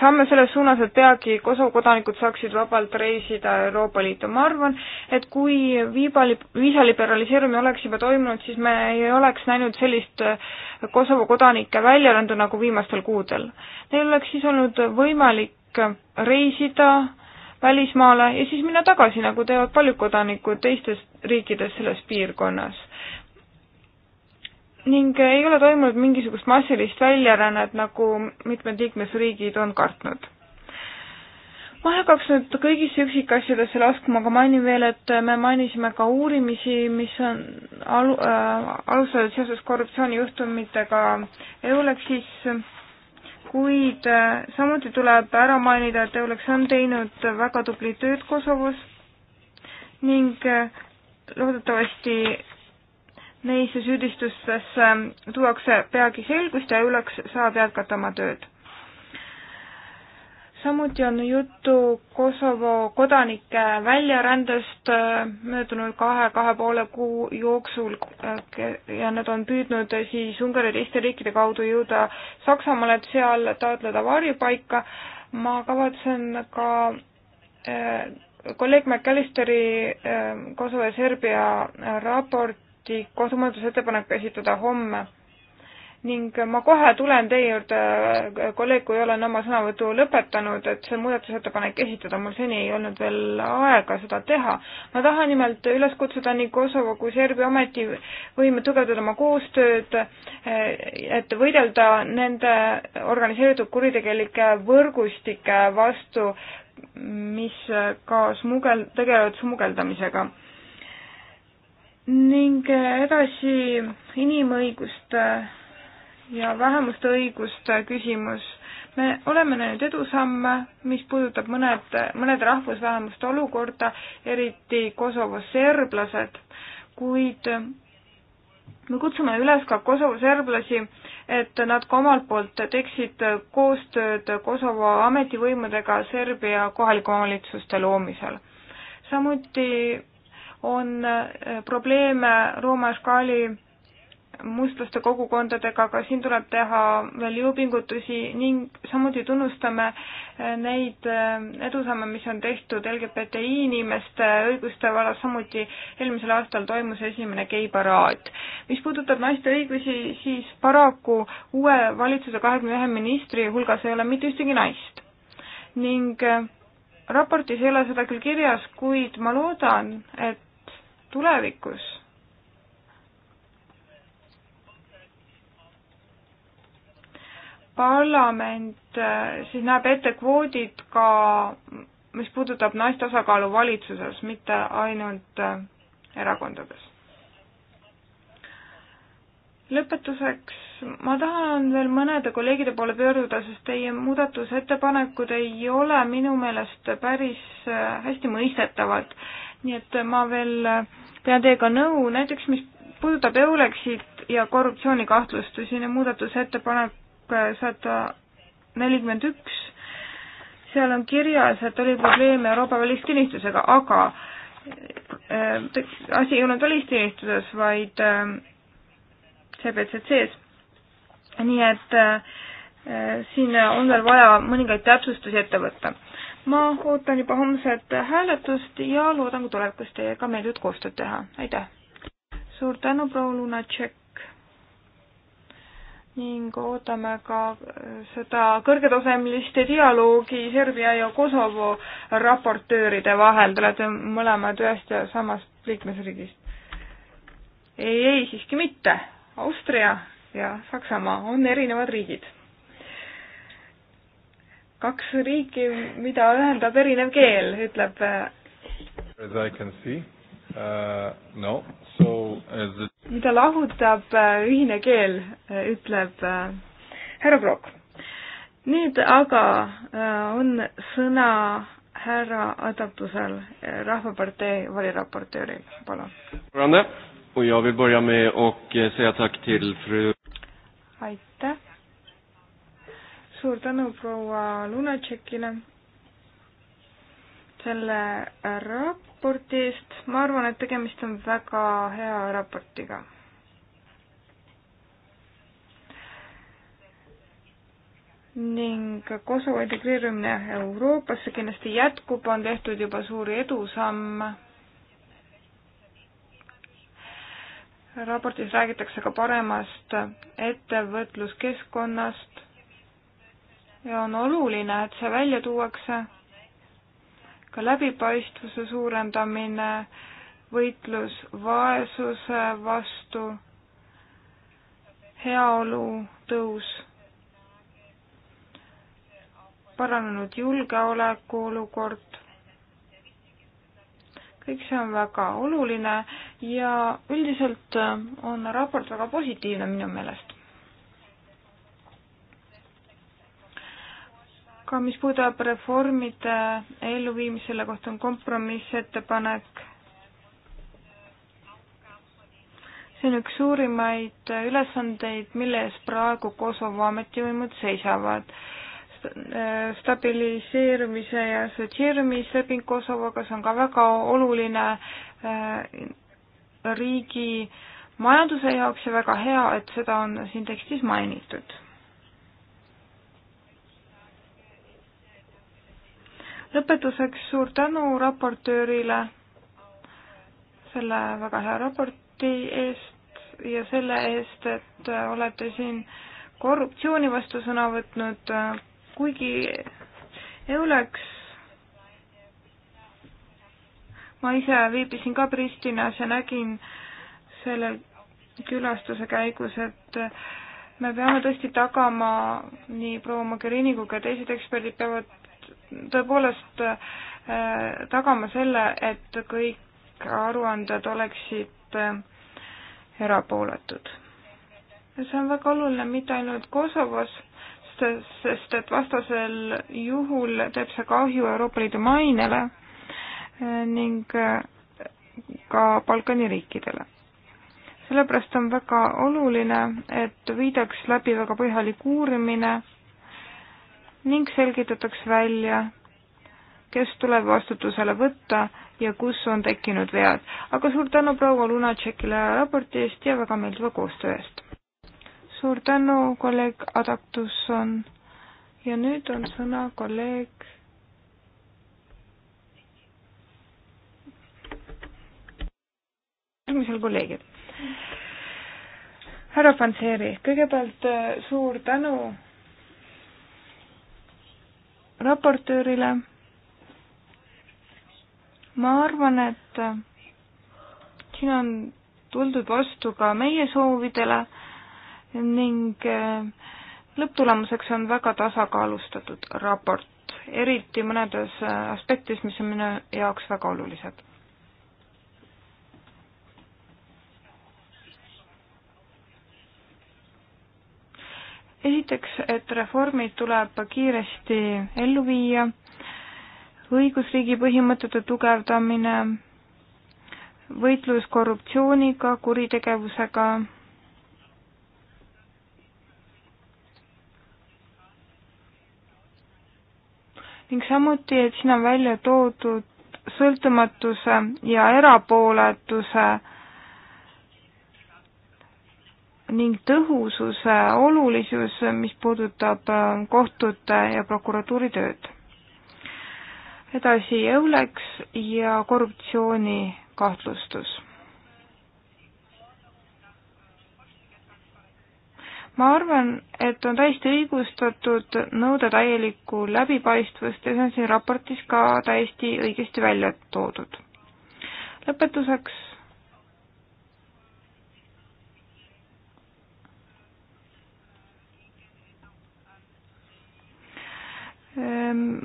samme selles suunas, et peagi Kosovo kodanikud saaksid vabalt reisida Euroopa Liitu. ma arvan, et kui viibali, viisa liberaliseerumine oleks juba toimunud, siis me ei oleks näinud sellist Kosovo kodanike väljarändu nagu viimastel kuudel. Neil oleks siis olnud võimalik reisida välismaale ja siis minna tagasi, nagu teevad paljud kodanikud teistes riikides selles piirkonnas ning ei ole toimunud mingisugust massilist väljarännet, nagu mitmed liikmesriigid on kartnud. ma ei hakkaks nüüd kõigisse üksikasjadesse laskuma, aga mainin veel, et me mainisime ka uurimisi, mis on alu- äh,, alustatud seoses korruptsioonijuhtumitega EULEX-is, kuid äh, samuti tuleb ära mainida, et EULEX on teinud väga tublit tööd Kosovos ning äh, loodetavasti Neisse süüdistustesse tuuakse peagi selgust ja Üleks saab jätkata oma tööd. samuti on juttu Kosovo kodanike väljarändest äh, möödunud kahe, kahe poole kuu jooksul äh, ja nad on püüdnud siis Ungari teiste riikide kaudu jõuda Saksamaale, et seal taotleda varjupaika. ma kavatsen ka äh, kolleeg McAllisteri Kosovo ja Serbia raport samuti koos muudatusettepanekuga esitada homme ning ma kohe tulen teie juurde, kolleeg, kui olen oma sõnavõtu lõpetanud, et see muudatusettepanek esitada, mul seni ei olnud veel aega seda teha. ma tahan nimelt üles kutsuda nii Kosovo kui Serbia ametivõime tugevdada oma koostööd, et võidelda nende organiseeritud kuritegelike võrgustike vastu, mis ka smugel-, tegelevad smugeldamisega ning edasi inimõiguste ja vähemuste õiguste küsimus. me oleme näinud edusamme, mis puudutab mõned, mõnede rahvusvähemuste olukorda, eriti Kosovo serblased, kuid me kutsume üles ka Kosovo serblasi, et nad ka omalt poolt teeksid koostööd Kosovo ametivõimudega Serbia kohalike omavalitsuste loomisel. samuti on äh, probleeme Rooma škaali mustlaste kogukondadega, aga siin tuleb teha veel jõupingutusi ning samuti tunnustame äh, neid äh, edusamme, mis on tehtud LGBTI inimeste õiguste vallas, samuti eelmisel aastal toimus esimene geiparaad. mis puudutab naiste õigusi, siis paraku uue valitsuse kahekümne ühe ministri hulgas ei ole mitte ühtegi naist ning raportis ei ole seda küll kirjas, kuid ma loodan, et tulevikus parlament äh, siis näeb ette kvoodid ka, mis puudutab naiste osakaalu valitsuses, mitte ainult äh, erakondades. lõpetuseks ma tahan veel mõnede kolleegide poole pöörduda, sest teie muudatusettepanekud ei ole minu meelest päris äh, hästi mõistetavad nii et ma veel äh, pean teiega nõu, näiteks mis puudutab Eulexit ja korruptsioonikahtlustusi, muudatusettepanek äh, sada nelikümmend üks, seal on kirjas, et oli probleeme Euroopa välisteenistusega, aga äh, asi ei olnud välisteenistuses, vaid äh, CBCC-s. nii et äh, äh, siin on veel vaja mõningaid täpsustusi ette võtta ma ootan juba homset hääletust ja loodan ka tulevikus teiega meeldivat koostööd teha, aitäh! suur tänu, proua Lunatšek! ning ootame ka äh, seda kõrgetasemelist dialoogi Serbia ja Kosovo raportööride vahel, te olete mõlemad ühest ja samast liikmesriigist. ei, ei siiski mitte, Austria ja Saksamaa on erinevad riigid kaks riiki, mida ühendab erinev keel, ütleb. Äh, as I can see uh,, no so as the... mida lahutab äh, ühine keel, äh, ütleb härra Prokk. nüüd aga on sõna härra Adaptusel, Rahvapartei valiraportööril, palun. Och jag vill börja med att eh, säga tack till fru aitäh suur tänu proua Lunatšekile selle raporti eest, ma arvan, et tegemist on väga hea raportiga. ning Kosovo integreerumine Euroopasse kindlasti jätkub, on tehtud juba suuri edusamme raportis räägitakse ka paremast ettevõtluskeskkonnast ja on oluline, et see välja tuuakse. ka läbipaistvuse suurendamine, võitlus vaesuse vastu, heaolu tõus, paranenud julgeolekuolukord, kõik see on väga oluline ja üldiselt on raport väga positiivne minu meelest. ka mis puudab reformide elluviimist, selle kohta on kompromissettepanek. see on üks suurimaid ülesandeid, mille ees praegu Kosovo ametivõimud seisavad. Äh, stabiliseerumise ja assotsieerumisleping Kosovoga, see on ka väga oluline äh, riigi majanduse jaoks ja väga hea, et seda on siin tekstis mainitud lõpetuseks suur tänu raportöörile selle väga hea raporti eest ja selle eest, et olete siin korruptsiooni vastu sõna võtnud, kuigi EULEX ma ise viibisin ka Pristinas ja nägin sellel külastuse käigus, et me peame tõesti tagama nii proua Mogherini kui ka teised eksperdid peavad tõepoolest äh, tagama selle, et kõik aruanded oleksid äh, erapooletud. see on väga oluline mitte ainult Kosovos, sest et vastasel juhul teeb see kahju Euroopa Liidu mainele äh, ning ka Balkani riikidele. sellepärast on väga oluline, et viidaks läbi väga põhjalik uurimine ning selgitatakse välja, kes tuleb vastutusele võtta ja kus on tekkinud vead. aga suur tänu proua Lunatšekile raporti eest ja väga meeldiva koostöö eest. suur tänu, kolleeg Adaktusson ja nüüd on sõna kolleeg järgmisel kolleegil. härra Panseri, kõigepealt äh, suur tänu raportöörile. ma arvan, et siin on tuldud vastu ka meie soovidele ning eh, lõpptulemuseks on väga tasakaalustatud raport, eriti mõnedes aspektides, mis on minu jaoks väga olulised esiteks, et reformid tuleb kiiresti ellu viia, õigusriigi põhimõtete tugevdamine, võitlus korruptsiooniga, kuritegevusega, ning samuti, et siin on välja toodud sõltumatuse ja erapooletuse ning tõhususe olulisus, mis puudutab äh, kohtute ja prokuratuuri tööd. edasi EULEX ja korruptsioonikahtlustus. ma arvan, et on täiesti õigustatud nõuda täielikku läbipaistvust ja see on siin raportis ka täiesti õigesti välja toodud. lõpetuseks Ehm,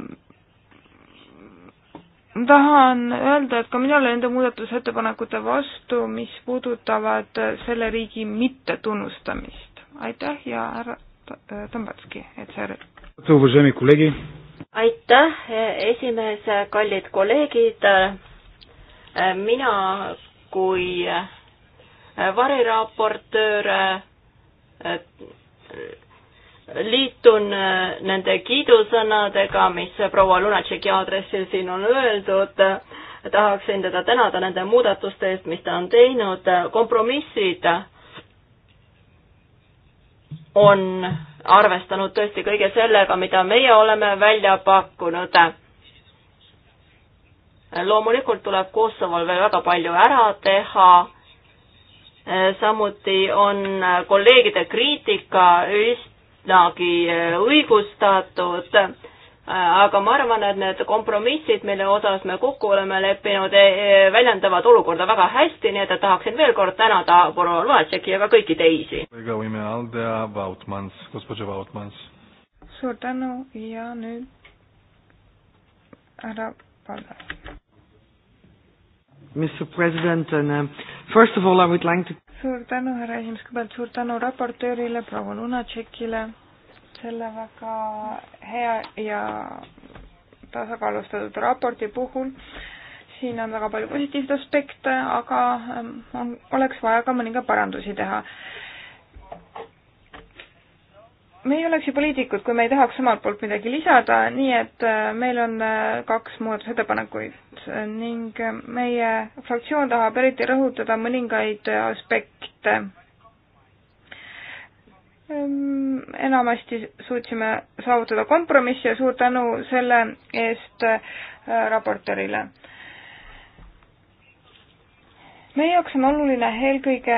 tahan öelda, et ka mina olen nende muudatusettepanekute vastu, mis puudutavad selle riigi mittetunnustamist. aitäh ja härra Tambatski, et see aitäh, esimees, kallid kolleegid, mina kui variraportöör liitun äh, nende kiidusõnadega, mis proua Lunatšeki aadressil siin on öeldud. tahaksin teda tänada nende muudatuste eest, mis ta on teinud. kompromissid on arvestanud tõesti kõige sellega, mida meie oleme välja pakkunud. loomulikult tuleb Kosovol veel väga palju ära teha. samuti on kolleegide kriitika ühist üsnagi äh, õigustatud, äh, aga ma arvan, et need kompromissid, mille osas me kokku oleme leppinud, e, e, väljendavad olukorda väga hästi, nii et tahaksin veel kord tänada Borrell Valtšeki ja ka kõiki teisi. suur tänu ja nüüd härra Pallas. Mr. President, and um, first of all, I would like to suur tänu, härra esimees, kõigepealt suur tänu raportöörile, proua Lunatšekile selle väga hea ja tasakaalustatud raporti puhul. siin on väga palju positiivseid aspekte, aga ähm, on, oleks vaja ka mõningaid parandusi teha me ei oleks ju poliitikud, kui me ei tahaks omalt poolt midagi lisada, nii et äh, meil on äh, kaks muudatusettepanekuid ning äh, meie fraktsioon tahab eriti rõhutada mõningaid aspekte. Ehm, enamasti suutsime saavutada kompromissi ja suur tänu selle eest raportöörile meie jaoks on oluline eelkõige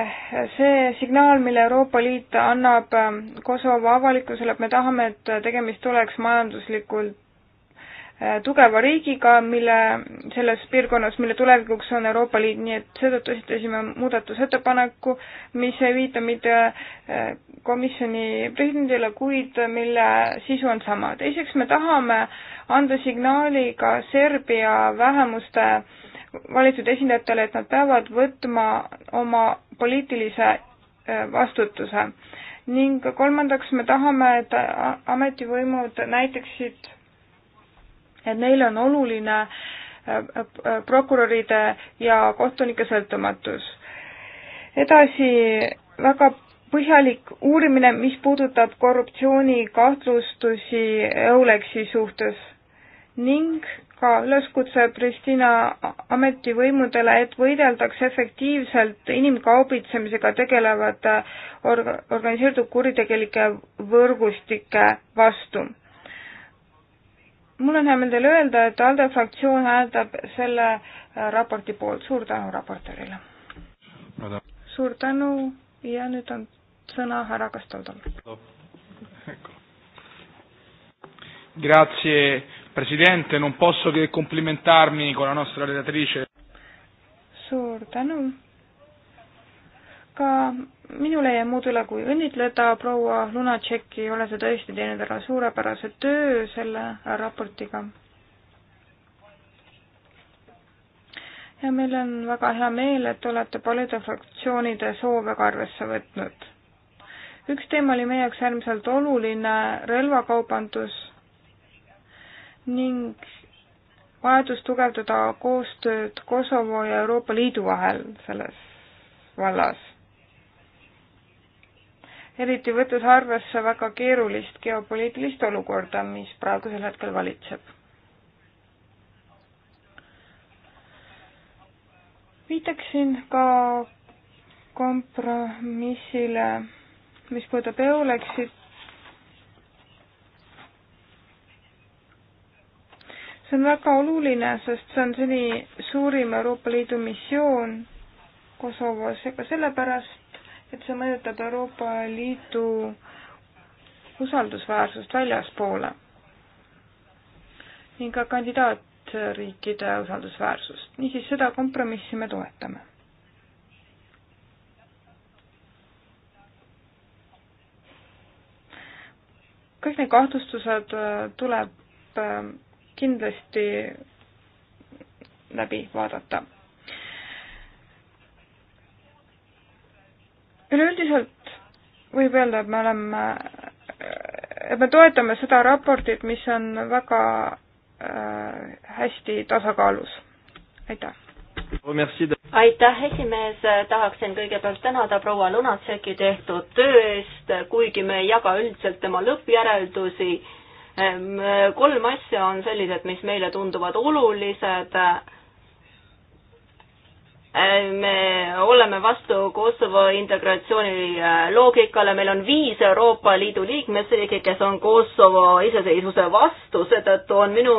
see signaal, mille Euroopa Liit annab ähm, Kosovo avalikkusele, et me tahame, et tegemist oleks majanduslikult äh, tugeva riigiga, mille, selles piirkonnas, mille tulevikuks on Euroopa Liit, nii et seetõttu esitasime muudatusettepaneku, mis ei viita mitte äh, komisjoni presidendile, kuid mille sisu on sama. teiseks, me tahame anda signaali ka Serbia vähemuste äh, valitud esindajatele, et nad peavad võtma oma poliitilise äh, vastutuse. ning kolmandaks me tahame, et ametivõimud näitaksid, et neile on oluline äh, äh, prokuröride ja kohtunike sõltumatus. edasi väga põhjalik uurimine, mis puudutab korruptsioonikahtlustusi Eulexi suhtes ning ka üleskutse Pristina ametivõimudele, et võideldaks efektiivselt inimkaubitsemisega tegelevate orga-, organiseeritud kuritegelike võrgustike vastu. mul on hea meel teile öelda, et ALDE fraktsioon hääldab selle äh, raporti poolt, suur tänu raportöörile! suur tänu ja nüüd on sõna härra Kastaldol. Grazie Presidente, non posso che complimentarmi con la nostra relatrice. suur tänu. ka minule jääb muud üle, kui õnnitleda proua Lunatšeki, ole sa tõesti teinud ära suurepärase töö selle raportiga. ja meil on väga hea meel, et olete paljude fraktsioonide soove ka arvesse võtnud. üks teema oli meie jaoks äärmiselt oluline, relvakaubandus ning vajadus tugevdada koostööd Kosovo ja Euroopa Liidu vahel selles vallas. eriti võttes arvesse väga keerulist geopoliitilist olukorda, mis praegusel hetkel valitseb. viitaksin ka kompromissile, mis puudutab EOLEX-it see on väga oluline, sest see on seni suurim Euroopa Liidu missioon Kosovos ja ka sellepärast, et see mõjutab Euroopa Liidu usaldusväärsust väljaspoole ning ka kandidaatriikide usaldusväärsust. niisiis, seda kompromissi me toetame. kõik need kahtlustused äh, tuleb äh, kindlasti läbi vaadata. üleüldiselt võib öelda, et me oleme, et me toetame seda raportit, mis on väga äh, hästi tasakaalus. aitäh! aitäh, esimees, tahaksin kõigepealt tänada proua Lunatšeki tehtud töö eest, kuigi me ei jaga üldiselt tema lõppjäreldusi äh,, kolm asja on sellised, mis meile tunduvad olulised. me oleme vastu Kosovo integratsiooni eh, loogikale, meil on viis Euroopa Liidu liikmesriiki, kes on Kosovo iseseisvuse vastu, seetõttu on minu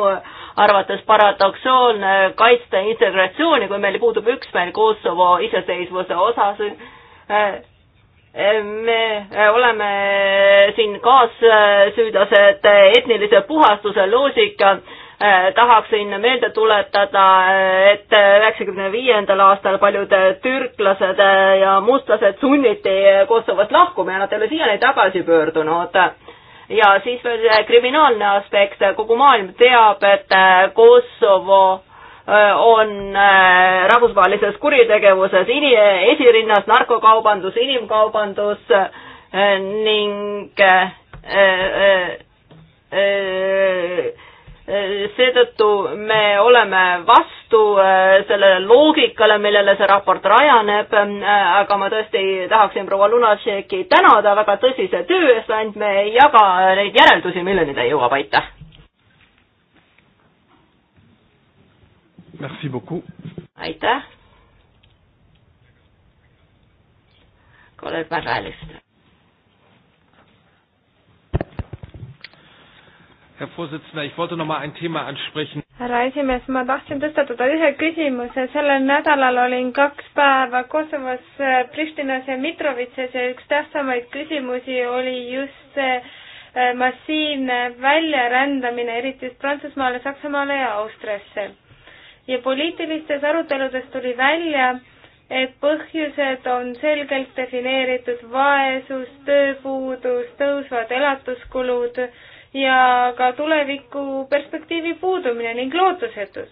arvates paradoksaalne kaitsta integratsiooni, kui meil puudub üksmeel Kosovo iseseisvuse osas me äh, oleme äh, siin kaassüüdlased äh, etnilise puhastuse loosika tahaksin meelde tuletada, et üheksakümne viiendal aastal paljud türklased ja mustlased sunniti Kosovost lahkuma ja nad ei ole siiani tagasi pöördunud. ja siis veel kriminaalne aspekt, kogu maailm teab, et Kosovo on rahvusvahelises kuritegevuses ini, esirinnas narkokaubandus, inimkaubandus ning seetõttu me oleme vastu sellele loogikale, millele see raport rajaneb, aga ma tõesti tahaksin proua Lunatšeki tänada väga tõsise töö eest, ainult me ei jaga neid järeldusi, milleni ta jõuab, aitäh! Merci beaucoup. aitäh. kolleeg Mäge-Alister. Herr Vorsitzender, ich wollte noch mal ein Thema ansprechen. härra esimees, ma tahtsin tõstatada ühe küsimuse, sellel nädalal olin kaks päeva Kosovos eh, Pristinas ja Mitrovitses ja üks tähtsamaid küsimusi oli just see eh, massiivne väljarändamine, eriti just Prantsusmaale, Saksamaale ja Austriasse ja poliitilistes aruteludes tuli välja, et põhjused on selgelt defineeritud vaesus, tööpuudus, tõusvad elatuskulud ja ka tuleviku perspektiivi puudumine ning lootusetus.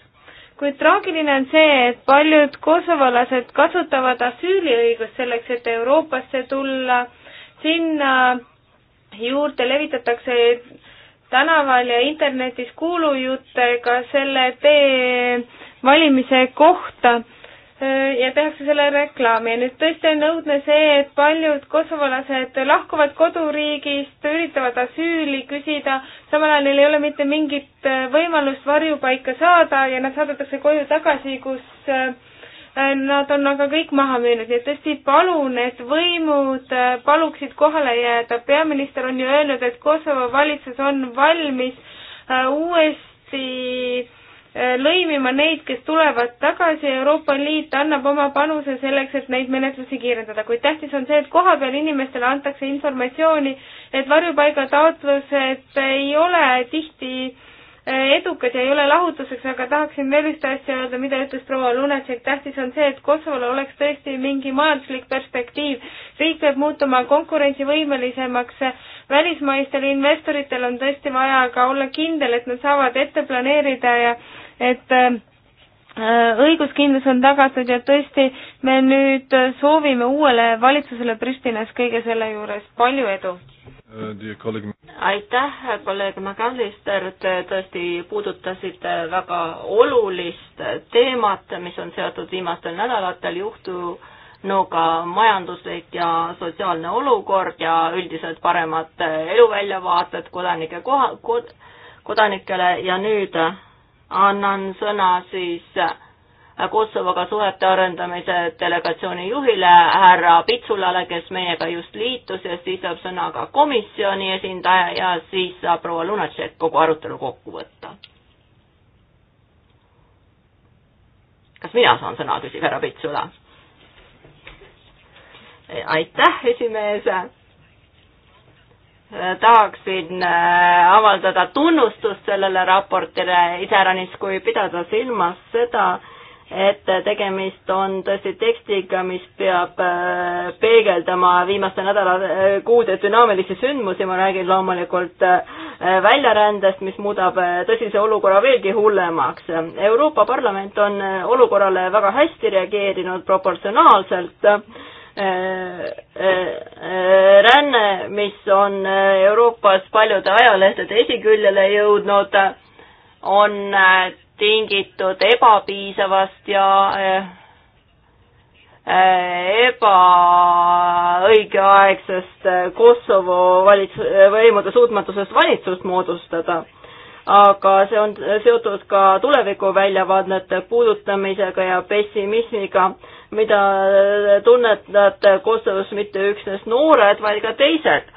kuid traagiline on see, et paljud kosovolased kasutavad asüüliõigust selleks, et Euroopasse tulla, sinna juurde levitatakse tänaval ja internetis kuulujutte ka selle tee valimise kohta äh, ja tehakse selle reklaami ja nüüd tõesti on õudne see, et paljud kosovolased lahkuvad koduriigist, üritavad asüüli küsida, samal ajal neil ei ole mitte mingit äh, võimalust varjupaika saada ja nad saadetakse koju tagasi, kus äh, nad on aga kõik maha müünud, nii et tõesti palun, et võimud paluksid kohale jääda, peaminister on ju öelnud, et Kosovo valitsus on valmis uuesti Äh, lõimima neid, kes tulevad tagasi, Euroopa Liit annab oma panuse selleks, et neid menetlusi kiirendada, kuid tähtis on see, et kohapeal inimestele antakse informatsiooni, et varjupaigataotlused ei ole tihti äh, edukad ja ei ole lahutuseks, aga tahaksin veel ühte asja öelda, mida ütles proua Lunatšek, tähtis on see, et Kosovol oleks tõesti mingi majanduslik perspektiiv. riik peab muutuma konkurentsivõimelisemaks, välismaistel investoritel on tõesti vaja ka olla kindel, et nad saavad ette planeerida ja et äh, õiguskindlus on tagatud ja tõesti, me nüüd soovime uuele valitsusele Pristinas kõige selle juures palju edu. Uh, aitäh, kolleeg McAllister, te tõesti puudutasite väga olulist teemat, mis on seotud viimastel nädalatel juhtunuga majanduslik ja sotsiaalne olukord ja üldiselt paremad eluväljavaated kodanike koha, kod-, kodanikele ja nüüd annan sõna siis äh, Kosovoga suhete arendamise delegatsiooni juhile härra Pitsulale, kes meiega just liitus ja siis saab sõna ka komisjoni esindaja ja siis saab proua Lunatšek kogu arutelu kokku võtta. kas mina saan sõna, küsib härra Pitsula. aitäh, esimees Äh, tahaksin äh, avaldada tunnustust sellele raportile iseäranis, kui pidada silmas seda, et tegemist on tõesti tekstiga, mis peab äh, peegeldama viimaste nädala, kuude dünaamilisi sündmusi, ma räägin loomulikult väljarändest, mis muudab tõsise olukorra veelgi hullemaks. Euroopa Parlament on olukorrale väga hästi reageerinud proportsionaalselt Äh, äh, ränne, mis on äh, Euroopas paljude ajalehtede esiküljele jõudnud, on tingitud ebapiisavast ja ebaõigeaegsest Kosovo valits-, võimude suutmatusest valitsust moodustada. aga see on seotud ka tuleviku väljavaadete puudutamisega ja pessimismiga mida tunnetavad koostöös mitte üksnes noored, vaid ka teised.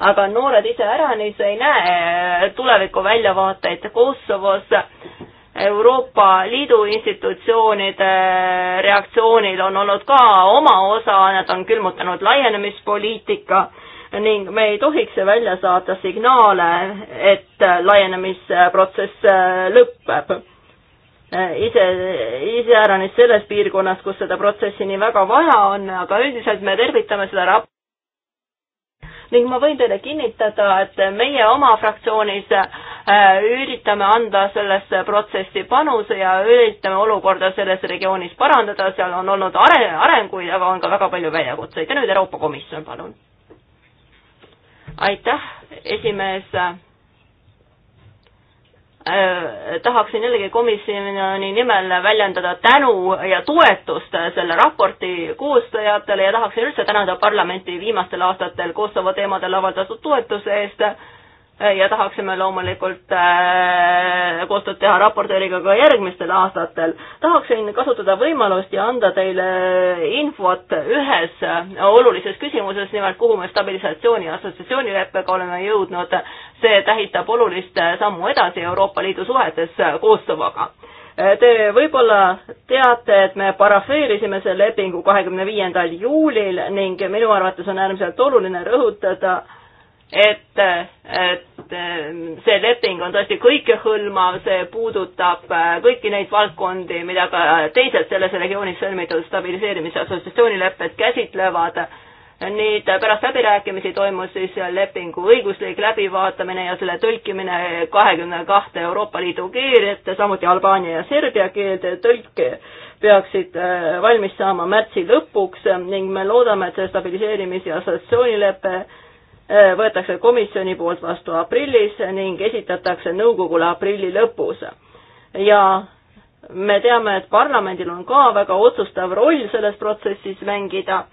aga noored iseäranis ei näe tuleviku väljavaateid Kosovos. Euroopa Liidu institutsioonide reaktsioonil on olnud ka oma osa, nad on külmutanud laienemispoliitika ning me ei tohiks välja saata signaale, et laienemisprotsess lõpeb Äh, ise, iseäranis selles piirkonnas, kus seda protsessi nii väga vaja on, aga üldiselt me tervitame seda rap-. ning ma võin teile kinnitada, et meie oma fraktsioonis äh, üritame anda sellesse protsessi panuse ja üritame olukorda selles regioonis parandada, seal on olnud are-, arenguid, aga on ka väga palju väljakutseid ja nüüd Euroopa Komisjon, palun. aitäh, esimees Äh, tahaksin jällegi komisjoni nimel väljendada tänu ja toetust selle raporti koostajatele ja tahaksin üldse tänada parlamenti viimastel aastatel Kosovo teemadel avaldatud toetuse eest Äh, ja tahaksime loomulikult äh, koostööd teha raportööriga ka järgmistel aastatel. tahaksin kasutada võimalust ja anda teile infot ühes äh, olulises küsimuses, nimelt kuhu me stabilisatsiooni ja assotsiatsioonileppega oleme jõudnud. see tähitab olulist sammu edasi Euroopa Liidu suhetes Kosovoga Te võib-olla teate, et me parafeerisime selle lepingu kahekümne viiendal juulil ning minu arvates on äärmiselt oluline rõhutada, et Eh, see leping on tõesti kõikehõlmav, see puudutab eh, kõiki neid valdkondi, mida ka teised selles regioonis sõlmitud stabiliseerimise assotsiatsioonilepped käsitlevad. nüüd eh, pärast läbirääkimisi toimus siis lepingu õiguslik läbivaatamine ja selle tõlkimine kahekümne kahte Euroopa Liidu keelette, samuti Albaania ja Serbia keelde tõlke peaksid valmis saama märtsi lõpuks ning me loodame, et see stabiliseerimis- ja assotsiatsioonilepe Äh, võetakse komisjoni poolt vastu aprillis ning esitatakse nõukogule aprilli lõpus. ja me teame, et parlamendil on ka väga otsustav roll selles protsessis mängida.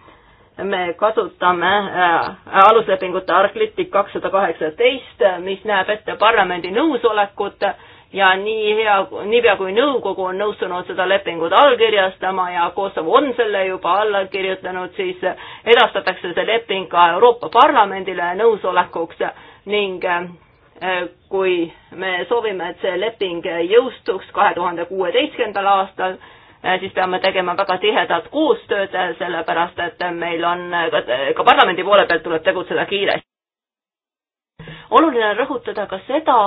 me kasutame äh, aluslepingute artiklit kakssada kaheksateist, mis näeb ette parlamendi nõusolekut ja nii hea, niipea kui nõukogu on nõustunud seda lepingut allkirjastama ja Kosovo on selle juba alla kirjutanud, siis edastatakse see leping ka Euroopa Parlamendile nõusolekuks ning eh, kui me soovime, et see leping jõustuks kahe tuhande kuueteistkümnendal aastal, eh, siis peame tegema väga tihedat koostööd, eh, sellepärast et meil on ka, ka parlamendi poole pealt tuleb tegutseda kiiresti. oluline on rõhutada ka seda,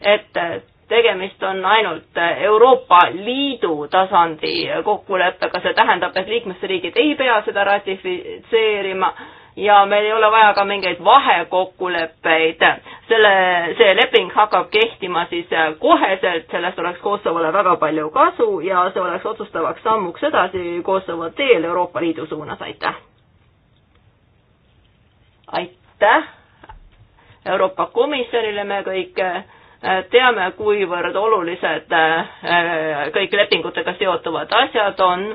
et tegemist on ainult Euroopa Liidu tasandi kokkuleppega, see tähendab, et liikmesriigid ei pea seda ratifitseerima ja meil ei ole vaja ka mingeid vahekokkuleppeid. selle, see leping hakkab kehtima siis koheselt, sellest oleks Kosovole väga palju kasu ja see oleks otsustavaks sammuks edasi Kosovo teel Euroopa Liidu suunas, aitäh! aitäh Euroopa Komisjonile, me kõik Äh, teame, kuivõrd olulised äh, äh, kõik lepingutega seotuvad asjad on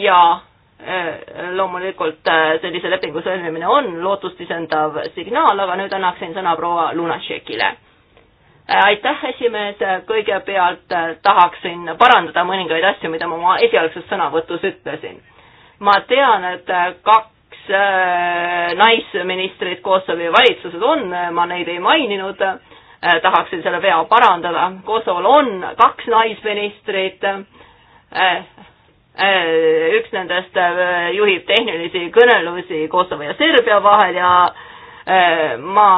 ja loomulikult sellise lepingu sõlmimine on lootustisendav signaal, aga nüüd annaksin sõna proua Lunašekile. aitäh, esimees, kõigepealt tahaksin parandada mõningaid asju, mida ma oma esialgses sõnavõtus ütlesin. ma tean, et kaks naisministrit Kosovo valitsuses on, ma neid ei maininud Äh, tahaksin selle vea parandada. Kosovol on kaks naisministrit. Äh, äh, üks nendest juhib tehnilisi kõnelusi Kosovo ja Serbia vahel ja ma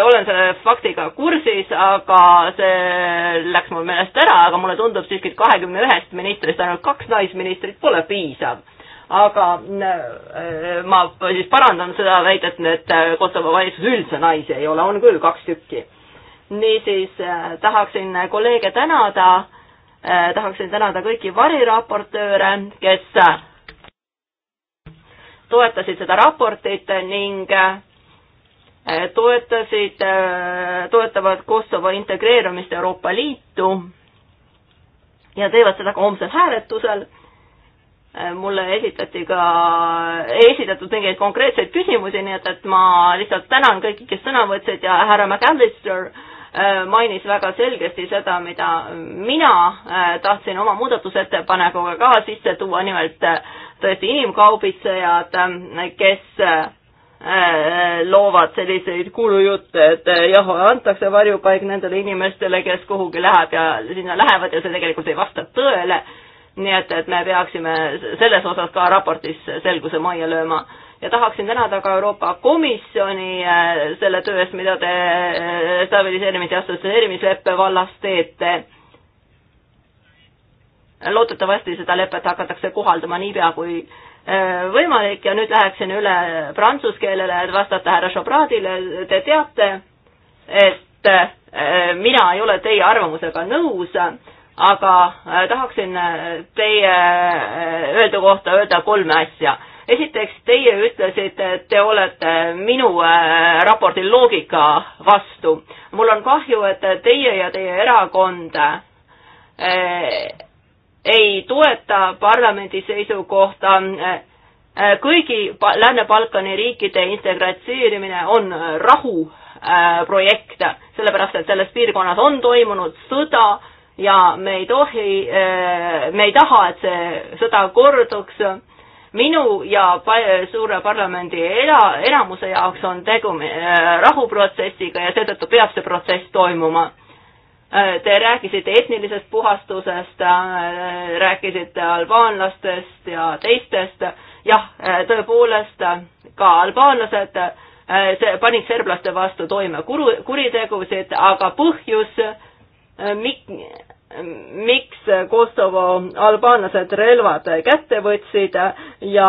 olen selle faktiga kursis, aga see läks mul meelest ära, aga mulle tundub siiski, et kahekümne ühest ministrist ainult kaks naisministrit pole piisav aga äh, ma siis parandan seda väidet, et äh, Kosovo valitsus üldse naisi ei ole, on küll kaks tükki. niisiis äh, tahaksin kolleege tänada, tahaksin tänada kõiki variraportööre, kes toetasid seda raportit ning toetasid, toetavad Kosovo integreerumist Euroopa Liitu ja teevad seda ka homsel hääletusel Äh, mulle esitati ka, ei esitatud mingeid konkreetseid küsimusi, nii et, et ma lihtsalt tänan kõiki, kes sõna võtsid ja härra McAllister äh, mainis väga selgesti seda, mida mina äh, tahtsin oma muudatusettepanekuga ka sisse tuua, nimelt tõesti inimkaubitsejad, kes loovad selliseid kuulujutte, et jah, antakse varjupaik nendele inimestele, kes kuhugi läheb ja sinna lähevad ja see tegelikult ei vasta tõele nii et, et me peaksime selles osas ka raportis selguse majja lööma. ja tahaksin tänada ka Euroopa Komisjoni äh, selle töö eest, mida te äh, stabiliseerimis- ja assotsieerimisleppe vallas teete. loodetavasti seda lepet hakatakse kohaldama niipea, kui äh, võimalik ja nüüd läheksin üle prantsuse keelele, et vastata härra Šobradile, te teate, et mina ei ole teie arvamusega nõus aga äh, tahaksin äh, teie äh, öeldu kohta öelda kolme asja. esiteks, teie ütlesite, et te olete minu raporti loogika vastu. mul on kahju, et teie ja teie erakond ei toeta parlamendi seisukohta kõigi Lääne-Balkani riikide integratseerimine on rahuprojekt, sellepärast et selles piirkonnas on toimunud sõda ja me ei tohi, äh, me ei taha, et see sõda korduks. minu ja suure parlamendi ela, enamuse jaoks on tegu äh, rahuprotsessiga ja seetõttu peab see protsess toimuma äh, Te rääkisite etnilisest puhastusest, rääkisite albaanlastest ja teistest. jah, tõepoolest ka albaanlased panid serblaste vastu toime kuru, kuritegusid, aga põhjus, mik-, miks Kosovo albaanlased relvad kätte võtsid ja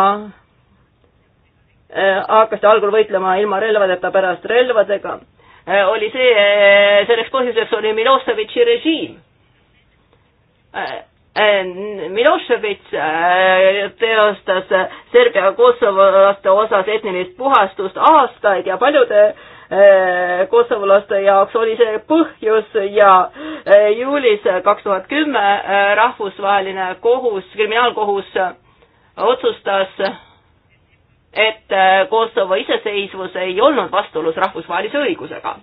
äh, hakkasid algul võitlema ilma relvadeta, pärast relvadega, äh, oli see, äh, selleks põhjuseks oli Miloševitši režiim. Miloševitš teostas Serbia kosovolaste osas etnilist puhastust aastaid ja paljude Äh, kosovolaste jaoks oli see põhjus ja äh, juulis kaks tuhat kümme äh, rahvusvaheline kohus, kriminaalkohus otsustas, et Kosovo iseseisvus ei olnud vastuolus rahvusvahelise õigusega.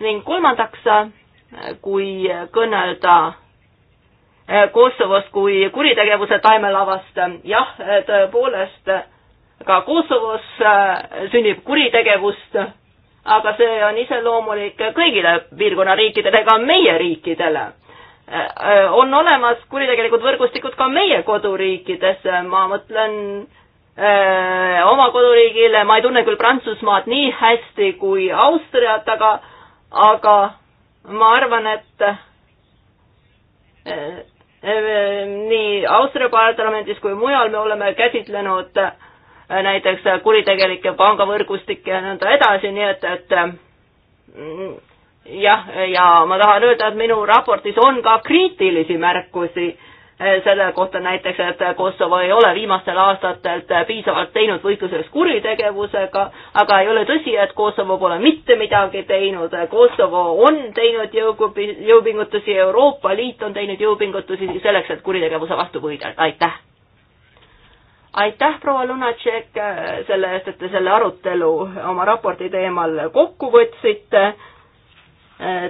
ning kolmandaks, kui kõnelda Kosovost kui kuritegevuse taimelavast, jah, tõepoolest ka Kosovos sünnib kuritegevust aga see on iseloomulik kõigile piirkonna riikidele, ka meie riikidele. Äh, äh, on olemas kuritegelikud võrgustikud ka meie koduriikides, ma mõtlen öö, äh, oma koduriigile, ma ei tunne küll Prantsusmaad nii hästi kui Austriat, aga, aga ma arvan, et öö, nii Austria parlamendis kui mujal me oleme käsitlenud öö, näiteks kuritegelike pangavõrgustike ja nõnda edasi, nii et, et mm, jah, ja ma tahan öelda, et minu raportis on ka kriitilisi märkusi eh, selle kohta näiteks, et Kosovo ei ole viimastel aastatel piisavalt teinud võitluses kuritegevusega, aga ei ole tõsi, et Kosovo pole mitte midagi teinud. Kosovo on teinud jõugupi-, jõupingutusi, Euroopa Liit on teinud jõupingutusi selleks, et kuritegevuse vastu võidelda. aitäh! aitäh, proua Lunatšek, selle eest, et te selle arutelu oma raporti teemal kokku võtsite.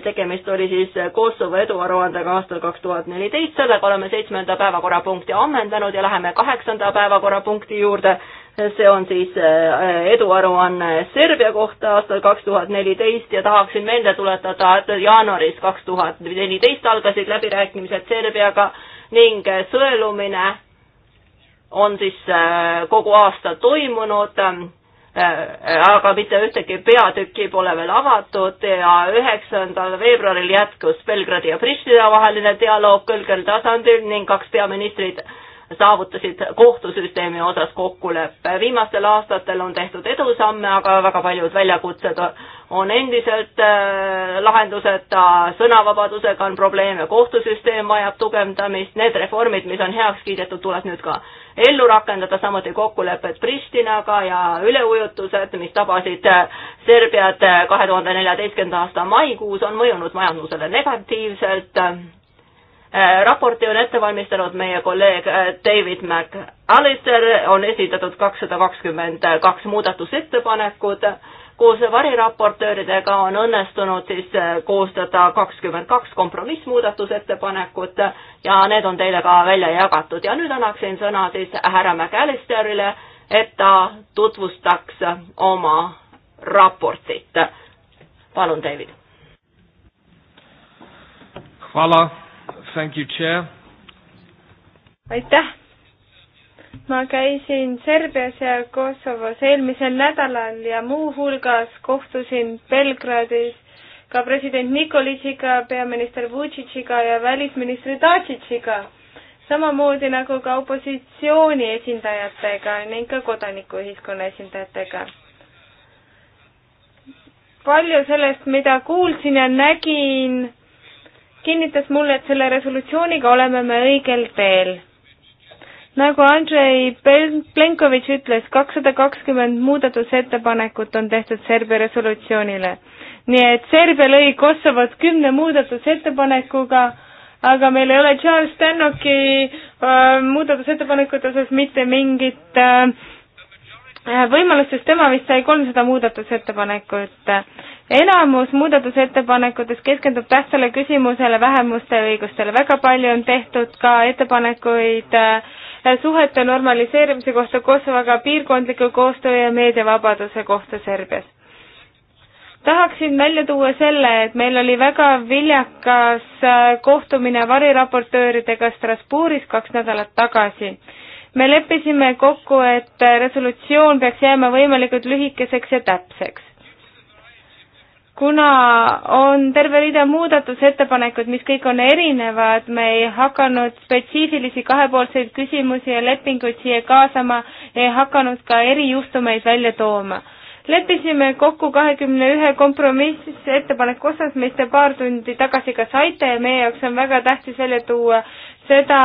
tegemist oli siis Kosovo eduaruandega aastal kaks tuhat neliteist, sellega oleme seitsmenda päevakorrapunkti ammendanud ja läheme kaheksanda päevakorrapunkti juurde. see on siis eh, eduaruanne Serbia kohta aastal kaks tuhat neliteist ja tahaksin meelde tuletada, et jaanuaris kaks tuhat neliteist algasid läbirääkimised Serbiaga ning sõelumine on siis äh, kogu aasta toimunud, äh, äh, aga mitte ühtegi peatükki pole veel avatud ja üheksandal veebruaril jätkus Belgradi ja Pristina vaheline dialoog kõrgel tasandil ning kaks peaministrit saavutasid kohtusüsteemi osas kokkuleppe. viimastel aastatel on tehtud edusamme, aga väga paljud väljakutsed on endiselt äh, lahenduseta, sõnavabadusega on probleeme, kohtusüsteem vajab tugevdamist, need reformid, mis on heaks kiidetud, tuleb nüüd ka ellu rakendada, samuti kokkulepped Pristinaga ja üleujutused, mis tabasid äh, Serbiat äh, kahe tuhande neljateistkümnenda aasta maikuus, on mõjunud majandusele negatiivselt Äh, raporti on ette valmistanud meie kolleeg äh, David McAllister, on esitatud kakssada kakskümmend kaks muudatusettepanekut, koos variraportööridega on õnnestunud siis äh, koostada kakskümmend kaks kompromissmuudatusettepanekut ja need on teile ka välja jagatud ja nüüd annaksin sõna siis härra McAllisterile, et ta tutvustaks oma raportit. palun, David. Hvala Thank you, chair. aitäh! ma käisin Serbias ja Kosovos eelmisel nädalal ja muuhulgas kohtusin Belgradis ka president Nikolitšiga, peaminister Vutšitšiga ja välisministri Tadžitšiga, samamoodi nagu ka opositsiooni esindajatega ning ka kodanikuühiskonna esindajatega palju sellest, mida kuulsin ja nägin, kinnitas mulle, et selle resolutsiooniga oleme me õigel teel. nagu Andrei Plenkovitš ütles, kakssada kakskümmend muudatusettepanekut on tehtud Serbia resolutsioonile. nii et Serbia lõi Kosovot kümne muudatusettepanekuga, aga meil ei ole Charles Stanoki äh, muudatusettepanekute osas mitte mingit äh, võimalust, sest tema vist sai kolmsada muudatusettepanekut äh, enamus muudatusettepanekutest keskendub tähtsale küsimusele vähemuste õigustele. väga palju on tehtud ka ettepanekuid äh, suhete normaliseerimise kohta Kosovoga, piirkondliku koostöö ja meediavabaduse kohta Serbias. tahaksin välja tuua selle, et meil oli väga viljakas äh, kohtumine variraportööridega Strasbourgis kaks nädalat tagasi me leppisime kokku, et äh, resolutsioon peaks jääma võimalikult lühikeseks ja täpseks kuna on terve rida muudatusettepanekuid, mis kõik on erinevad, me ei hakanud spetsiifilisi kahepoolseid küsimusi ja lepinguid siia kaasama, ei hakanud ka erijuhtumeid välja tooma. leppisime kokku kahekümne ühe kompromissettepaneku osas, mis te paar tundi tagasi ka saite ja meie jaoks on väga tähtis välja tuua seda,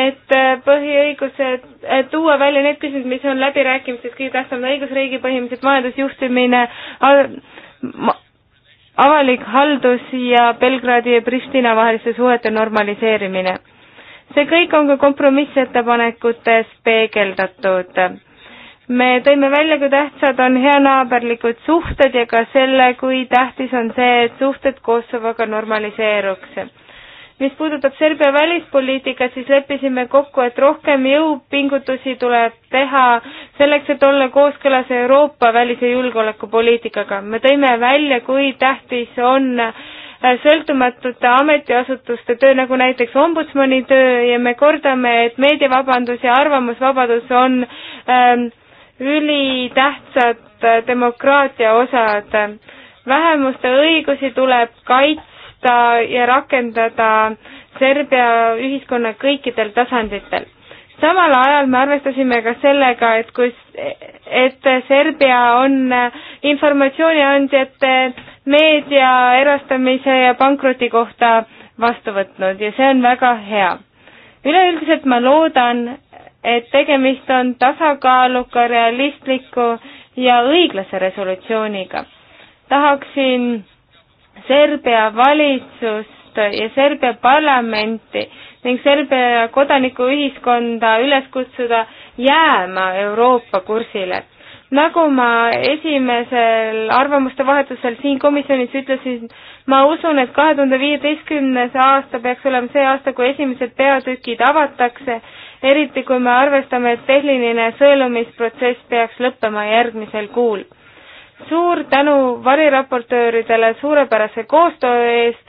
et põhiõigused, tuua välja need küsimused, mis on läbirääkimistes kõige tähtsamad, õigusriigi põhimõtted, majandusjuhtimine, ma, avalik haldus ja Belgradi ja Pristina vaheliste suhete normaliseerimine. see kõik on ka kompromissettepanekutes peegeldatud. me tõime välja, kui tähtsad on heanaaberlikud suhted ja ka selle, kui tähtis on see, et suhted Kosovoga normaliseeruks mis puudutab Serbia välispoliitikat, siis leppisime kokku, et rohkem jõupingutusi tuleb teha selleks, et olla kooskõlas Euroopa välis- ja julgeolekupoliitikaga. me tõime välja, kui tähtis on äh, sõltumatute ametiasutuste töö, nagu näiteks ombudsmani töö ja me kordame, et meediavabandus ja arvamusvabadus on ähm, ülitähtsad äh, demokraatia osad. vähemuste õigusi tuleb kaitsta kohta ja rakendada Serbia ühiskonna kõikidel tasanditel. samal ajal me arvestasime ka sellega, et kui, et Serbia on informatsiooniandjate meedia erastamise ja pankroti kohta vastu võtnud ja see on väga hea. üleüldiselt ma loodan, et tegemist on tasakaaluka, realistliku ja õiglase resolutsiooniga. tahaksin Serbia valitsust ja Serbia parlamenti ning Serbia kodanikuühiskonda üles kutsuda jääma Euroopa kursile. nagu ma esimesel arvamuste vahetusel siin komisjonis ütlesin, ma usun, et kahe tuhande viieteistkümnes aasta peaks olema see aasta, kui esimesed peatükid avatakse, eriti kui me arvestame, et tehniline sõelumisprotsess peaks lõppema järgmisel kuul suur tänu variraportööridele suurepärase koostöö eest.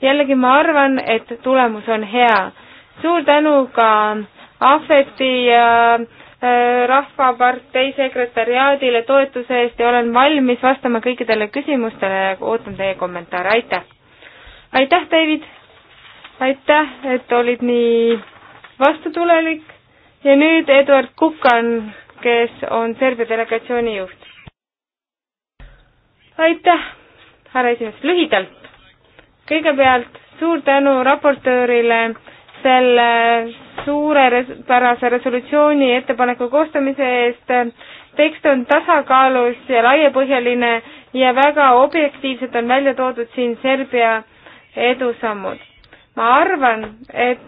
jällegi ma arvan, et tulemus on hea. suur tänu ka Ahveti ja äh, Rahvapartei sekretäriaadile toetuse eest ja olen valmis vastama kõikidele küsimustele ja ootan teie kommentaare, aitäh! aitäh, David! aitäh, et olid nii vastutulelik ja nüüd Eduard Kukan, kes on Serbia delegatsiooni juht aitäh, härra esimees, lühidalt. kõigepealt suur tänu raportöörile selle suurepärase resolutsiooni ettepaneku koostamise eest. tekst on tasakaalus ja laiapõhjaline ja väga objektiivselt on välja toodud siin Serbia edusammud. ma arvan, et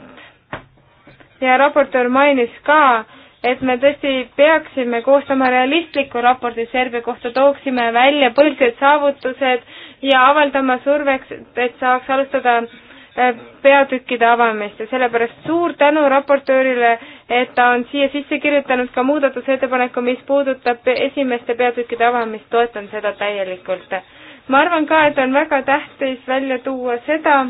ja raportöör mainis ka, et me tõesti peaksime koostama realistliku raporti Serbia kohta, tooksime välja põhilised saavutused ja avaldama surveks, et saaks alustada äh, peatükkide avamist ja sellepärast suur tänu raportöörile, et ta on siia sisse kirjutanud ka muudatusettepaneku, mis puudutab esimeste peatükkide avamist, toetan seda täielikult. ma arvan ka, et on väga tähtis välja tuua seda,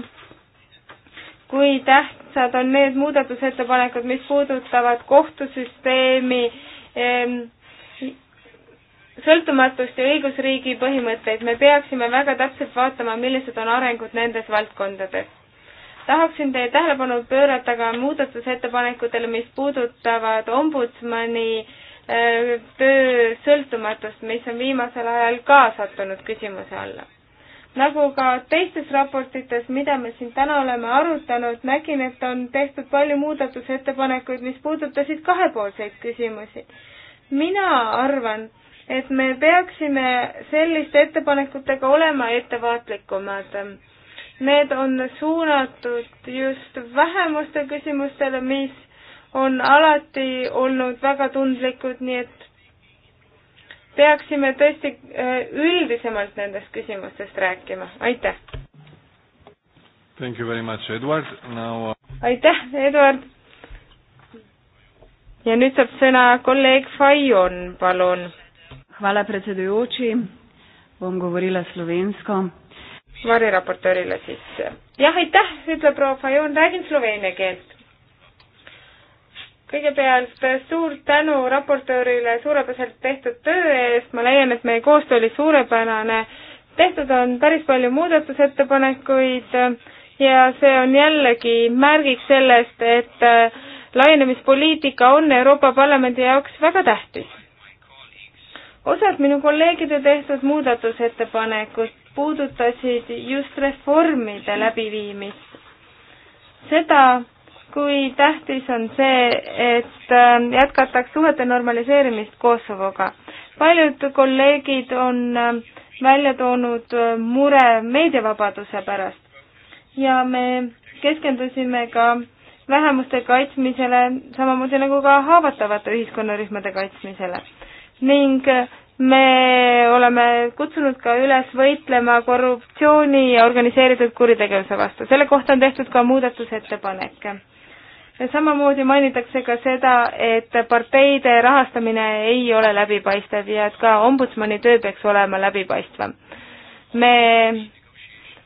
kui täht-, tähtsad on need muudatusettepanekud, mis puudutavad kohtusüsteemi ehm, sõltumatust ja õigusriigi põhimõtteid. me peaksime väga täpselt vaatama, millised on arengud nendes valdkondades. tahaksin teie tähelepanu pöörata ka muudatusettepanekutele, mis puudutavad ombudsmani ehm, töö sõltumatust, mis on viimasel ajal ka sattunud küsimuse alla nagu ka teistes raportites, mida me siin täna oleme arutanud, nägin, et on tehtud palju muudatusettepanekuid, mis puudutasid kahepoolseid küsimusi. mina arvan, et me peaksime selliste ettepanekutega olema ettevaatlikumad. Need on suunatud just vähemuste küsimustele, mis on alati olnud väga tundlikud, nii et peaksime tõesti eh, üldisemalt nendest küsimustest rääkima, aitäh! Thank you very much, Edward, now uh, aitäh, Eduard! ja nüüd saab sõna kolleeg Fajon, palun. Hvala predsedujoči, bom govorila slovensko. variraportöörile siis. jah, aitäh, ütleb proua Fajon, räägin sloveenia keelt kõigepealt äh, suur tänu raportöörile suurepäraselt tehtud töö eest, ma leian, et meie koostöö oli suurepärane. tehtud on päris palju muudatusettepanekuid äh, ja see on jällegi märgiks sellest, et äh, laienemispoliitika on Euroopa Parlamendi jaoks väga tähtis. osad minu kolleegide tehtud muudatusettepanekud puudutasid just reformide läbiviimist. seda, kui tähtis on see, et ähm, jätkataks suhete normaliseerimist Kosovoga. paljud kolleegid on ähm, välja toonud äh, mure meediavabaduse pärast ja me keskendusime ka vähemuste kaitsmisele, samamoodi nagu ka haavatavate ühiskonnarühmade kaitsmisele. ning äh, me oleme kutsunud ka üles võitlema korruptsiooni ja organiseeritud kuritegevuse vastu. selle kohta on tehtud ka muudatusettepanek samamoodi mainitakse ka seda, et parteide rahastamine ei ole läbipaistev ja et ka ombudsmani töö peaks olema läbipaistvam. me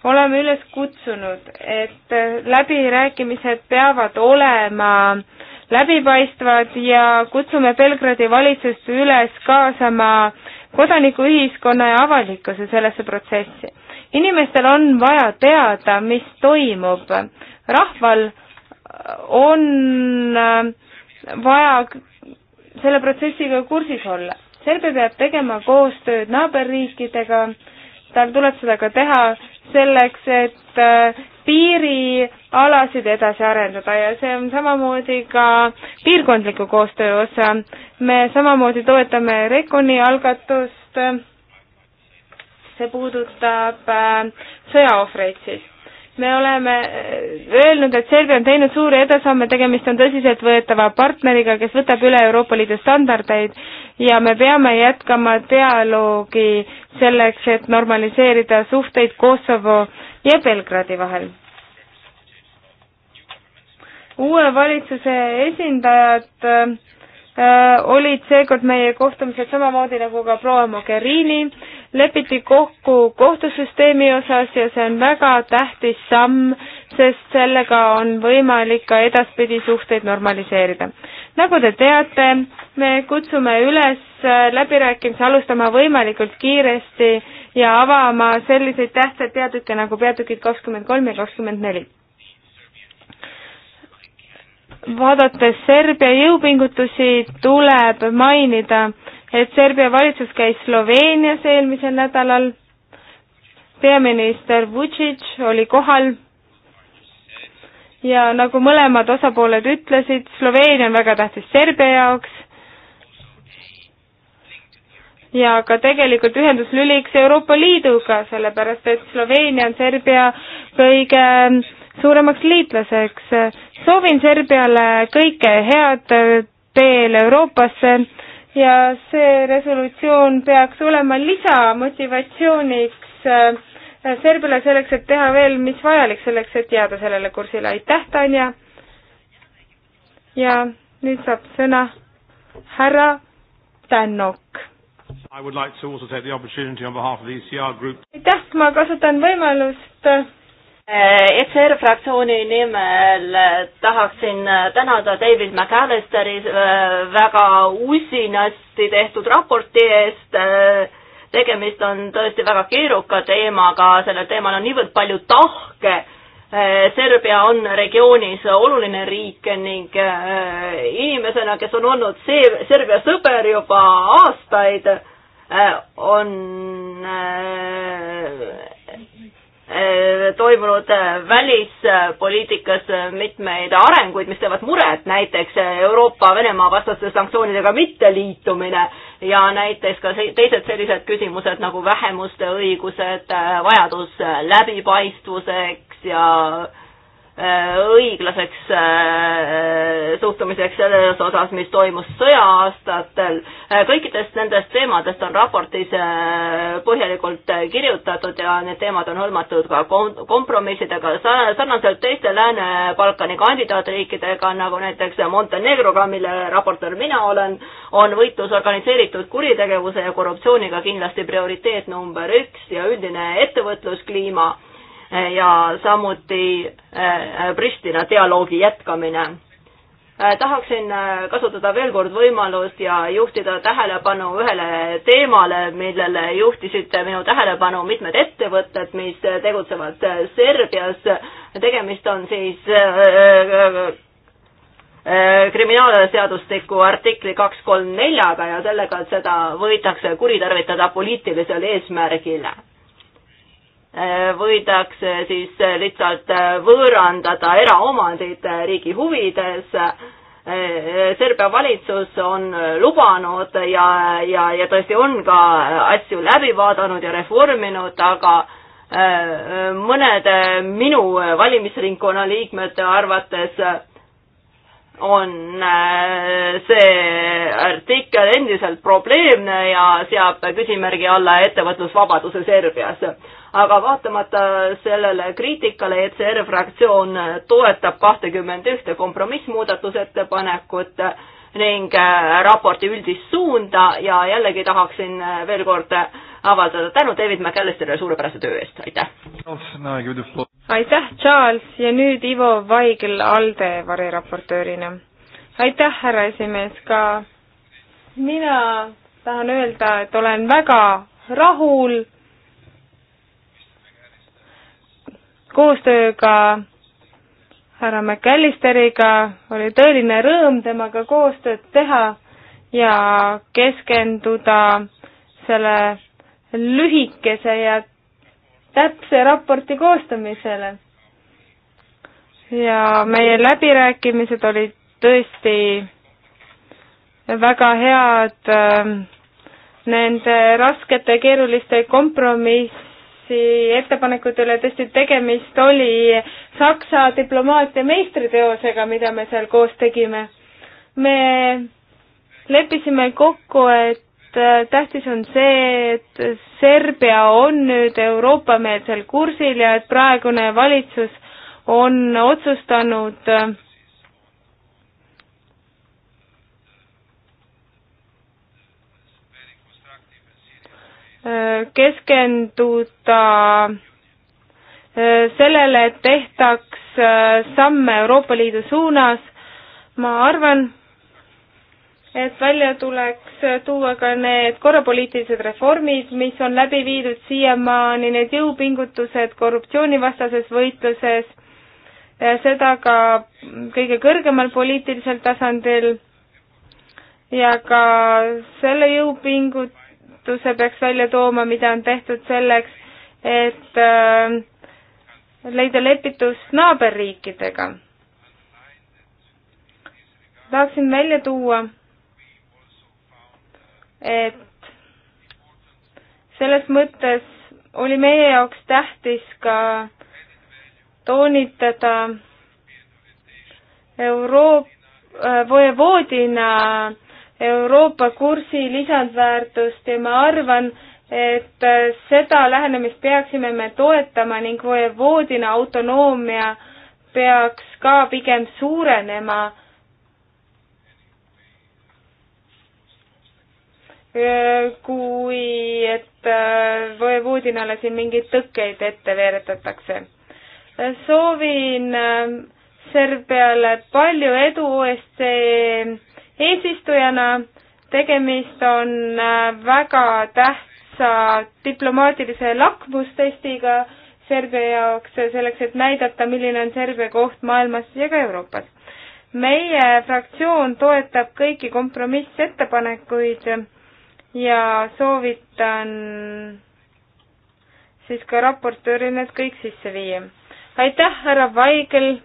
oleme üles kutsunud, et läbirääkimised peavad olema läbipaistvad ja kutsume Belgradi valitsust üles kaasama kodanikuühiskonna ja avalikkuse sellesse protsessi. inimestel on vaja teada, mis toimub. rahval on äh, vaja selle protsessiga kursis olla. Serbia peab tegema koostööd naaberriikidega, tal tuleb seda ka teha selleks, et äh, piirialasid edasi arendada ja see on samamoodi ka piirkondliku koostöö osa. me samamoodi toetame Reconi algatust, see puudutab äh, sõjaohvreid siis me oleme äh, öelnud, et Serbia on teinud suuri edusamme, tegemist on tõsiseltvõetava partneriga, kes võtab üle Euroopa Liidu standardeid ja me peame jätkama dialoogi selleks, et normaliseerida suhteid Kosovo ja Belgradi vahel. uue valitsuse esindajad äh, olid seekord meie kohtumisel samamoodi nagu ka proua Mogherini äh,, lepiti kokku kohtusüsteemi osas ja see on väga tähtis samm, sest sellega on võimalik ka edaspidi suhteid normaliseerida. nagu te teate, me kutsume üles äh, läbirääkimisi alustama võimalikult kiiresti ja avama selliseid tähtsaid peatükke nagu peatükid kakskümmend kolm ja kakskümmend neli. vaadates Serbia jõupingutusi, tuleb mainida, et Serbia valitsus käis Sloveenias eelmisel nädalal, peaminister Vučić oli kohal ja nagu mõlemad osapooled ütlesid, Sloveenia on väga tähtis Serbia jaoks ja ka tegelikult ühenduslüliks Euroopa Liiduga, sellepärast et Sloveenia on Serbia kõige suuremaks liitlaseks. soovin Serbiale kõike head teel Euroopasse ja see resolutsioon peaks olema lisamotivatsiooniks äh, Serbiale selleks, et teha veel, mis vajalik selleks, et jääda sellele kursile. aitäh, Tanja! ja nüüd saab sõna härra Tänok. E aitäh, ma kasutan võimalust äh, Eh, ECR fraktsiooni nimel eh, tahaksin eh, tänada David McAllisteri väga usinasti tehtud raporti eest. tegemist on tõesti väga keeruka teemaga, sellel teemal on niivõrd palju tahke. Serbia on regioonis oluline riik ning inimesena, kes on olnud Serbia sõber juba aastaid, on Eh, toimunud eh, välispoliitikas eh, mitmeid arenguid, mis teevad muret, näiteks Euroopa Venemaa vastaste sanktsioonidega mitteliitumine ja näiteks ka teised sellised küsimused nagu vähemuste õigused, vajadus läbipaistvuseks ja äh, Äh, õiglaseks äh, suhtumiseks selles osas, mis toimus sõja-aastatel. Äh, kõikidest nendest teemadest on raportis põhjalikult kirjutatud ja need teemad on hõlmatud ka kompromissidega, sarnaselt teiste Lääne-Balkani kandidaatriikidega, nagu näiteks Montenegroga, mille raportöör mina olen, on võitlus organiseeritud kuritegevuse ja korruptsiooniga kindlasti prioriteet number üks ja üldine ettevõtluskliima ja samuti äh, Pristina dialoogi jätkamine. Äh, tahaksin äh, kasutada veel kord võimalust ja juhtida tähelepanu ühele teemale, millele juhtisid minu tähelepanu mitmed ettevõtted, mis tegutsevad Serbias. tegemist on siis kriminaalseadustiku artikli kaks kolm neljaga ja sellega, et seda võidakse kuritarvitada poliitilisel eesmärgil võidakse siis lihtsalt võõrandada eraomandit riigi huvides. Serbia valitsus on lubanud ja, ja, ja tõesti on ka asju läbi vaadanud ja reforminud, aga äh, mõned minu valimisringkonna liikmete arvates on äh, see artikkel endiselt probleemne ja seab küsimärgi alla ettevõtlusvabaduse Serbias aga vaatamata sellele kriitikale ECR fraktsioon toetab kahtekümmend ühte kompromissmuudatusettepanekut ning äh, raporti üldist suunda ja jällegi tahaksin äh, veel kord avaldada tänu David McAllisterile suurepärase töö eest, aitäh! aitäh, Charles, ja nüüd Ivo Vaigel ALDE variraportöörina. aitäh, härra esimees, ka mina tahan öelda, et olen väga rahul koostööga härra McAllisteriga, oli tõeline rõõm temaga koostööd teha ja keskenduda selle lühikese ja täpse raporti koostamisele. ja meie läbirääkimised olid tõesti väga head ähm, nende raskete keeruliste kompromiss tagasi ettepanekute üle, tõesti tegemist oli Saksa diplomaatia meistriteosega, mida me seal koos tegime. me leppisime kokku, et äh, tähtis on see, et Serbia on nüüd Euroopa-meelsel kursil ja et praegune valitsus on otsustanud äh, keskenduda äh, sellele, et tehtaks äh, samme Euroopa Liidu suunas. ma arvan, et välja tuleks äh, tuua ka need korrapoliitilised reformid, mis on läbi viidud siiamaani, need jõupingutused korruptsioonivastases võitluses, seda ka kõige kõrgemal poliitilisel tasandil ja ka selle jõupingut-, algatuse peaks välja tooma, mida on tehtud selleks, et äh, leida lepitust naaberriikidega. tahaksin välja tuua, et selles mõttes oli meie jaoks tähtis ka toonitada Euroopa äh, voodina äh, Euroopa kursi lisandväärtust ja ma arvan, et seda lähenemist peaksime me toetama ning voodina autonoomia peaks ka pigem suurenema. kui et voodinale siin mingeid tõkkeid ette veeretatakse. soovin Serbiale palju edu OSCE eesistujana. tegemist on äh, väga tähtsa diplomaatilise lakmustestiga Serbia jaoks, selleks et näidata, milline on Serbia koht maailmas ja ka Euroopas. meie fraktsioon toetab kõiki kompromissettepanekuid ja soovitan siis ka raportööri need kõik sisse viia. aitäh, härra Vaigel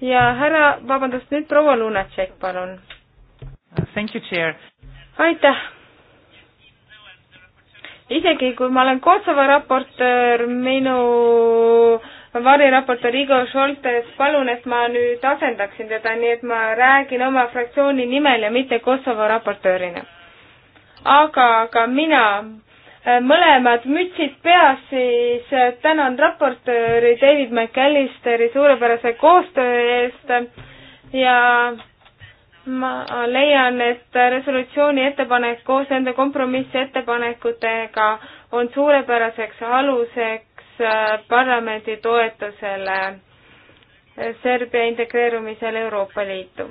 ja härra, vabandust, nüüd proua Lunatšek, palun. Thank you, chair. aitäh. isegi kui ma olen Kosovo raportöör, minu variraportöör Igor Šoltes, palun, et ma nüüd asendaksin teda, nii et ma räägin oma fraktsiooni nimel ja mitte Kosovo raportöörina. aga ka mina Äh, mõlemad mütsid peas, siis äh, tänan raportööri David McAllisteri suurepärase koostöö eest ja ma leian, et resolutsiooni ettepanek koos nende kompromissettepanekutega on suurepäraseks aluseks äh, parlamendi toetusele Serbia integreerumisel Euroopa Liitu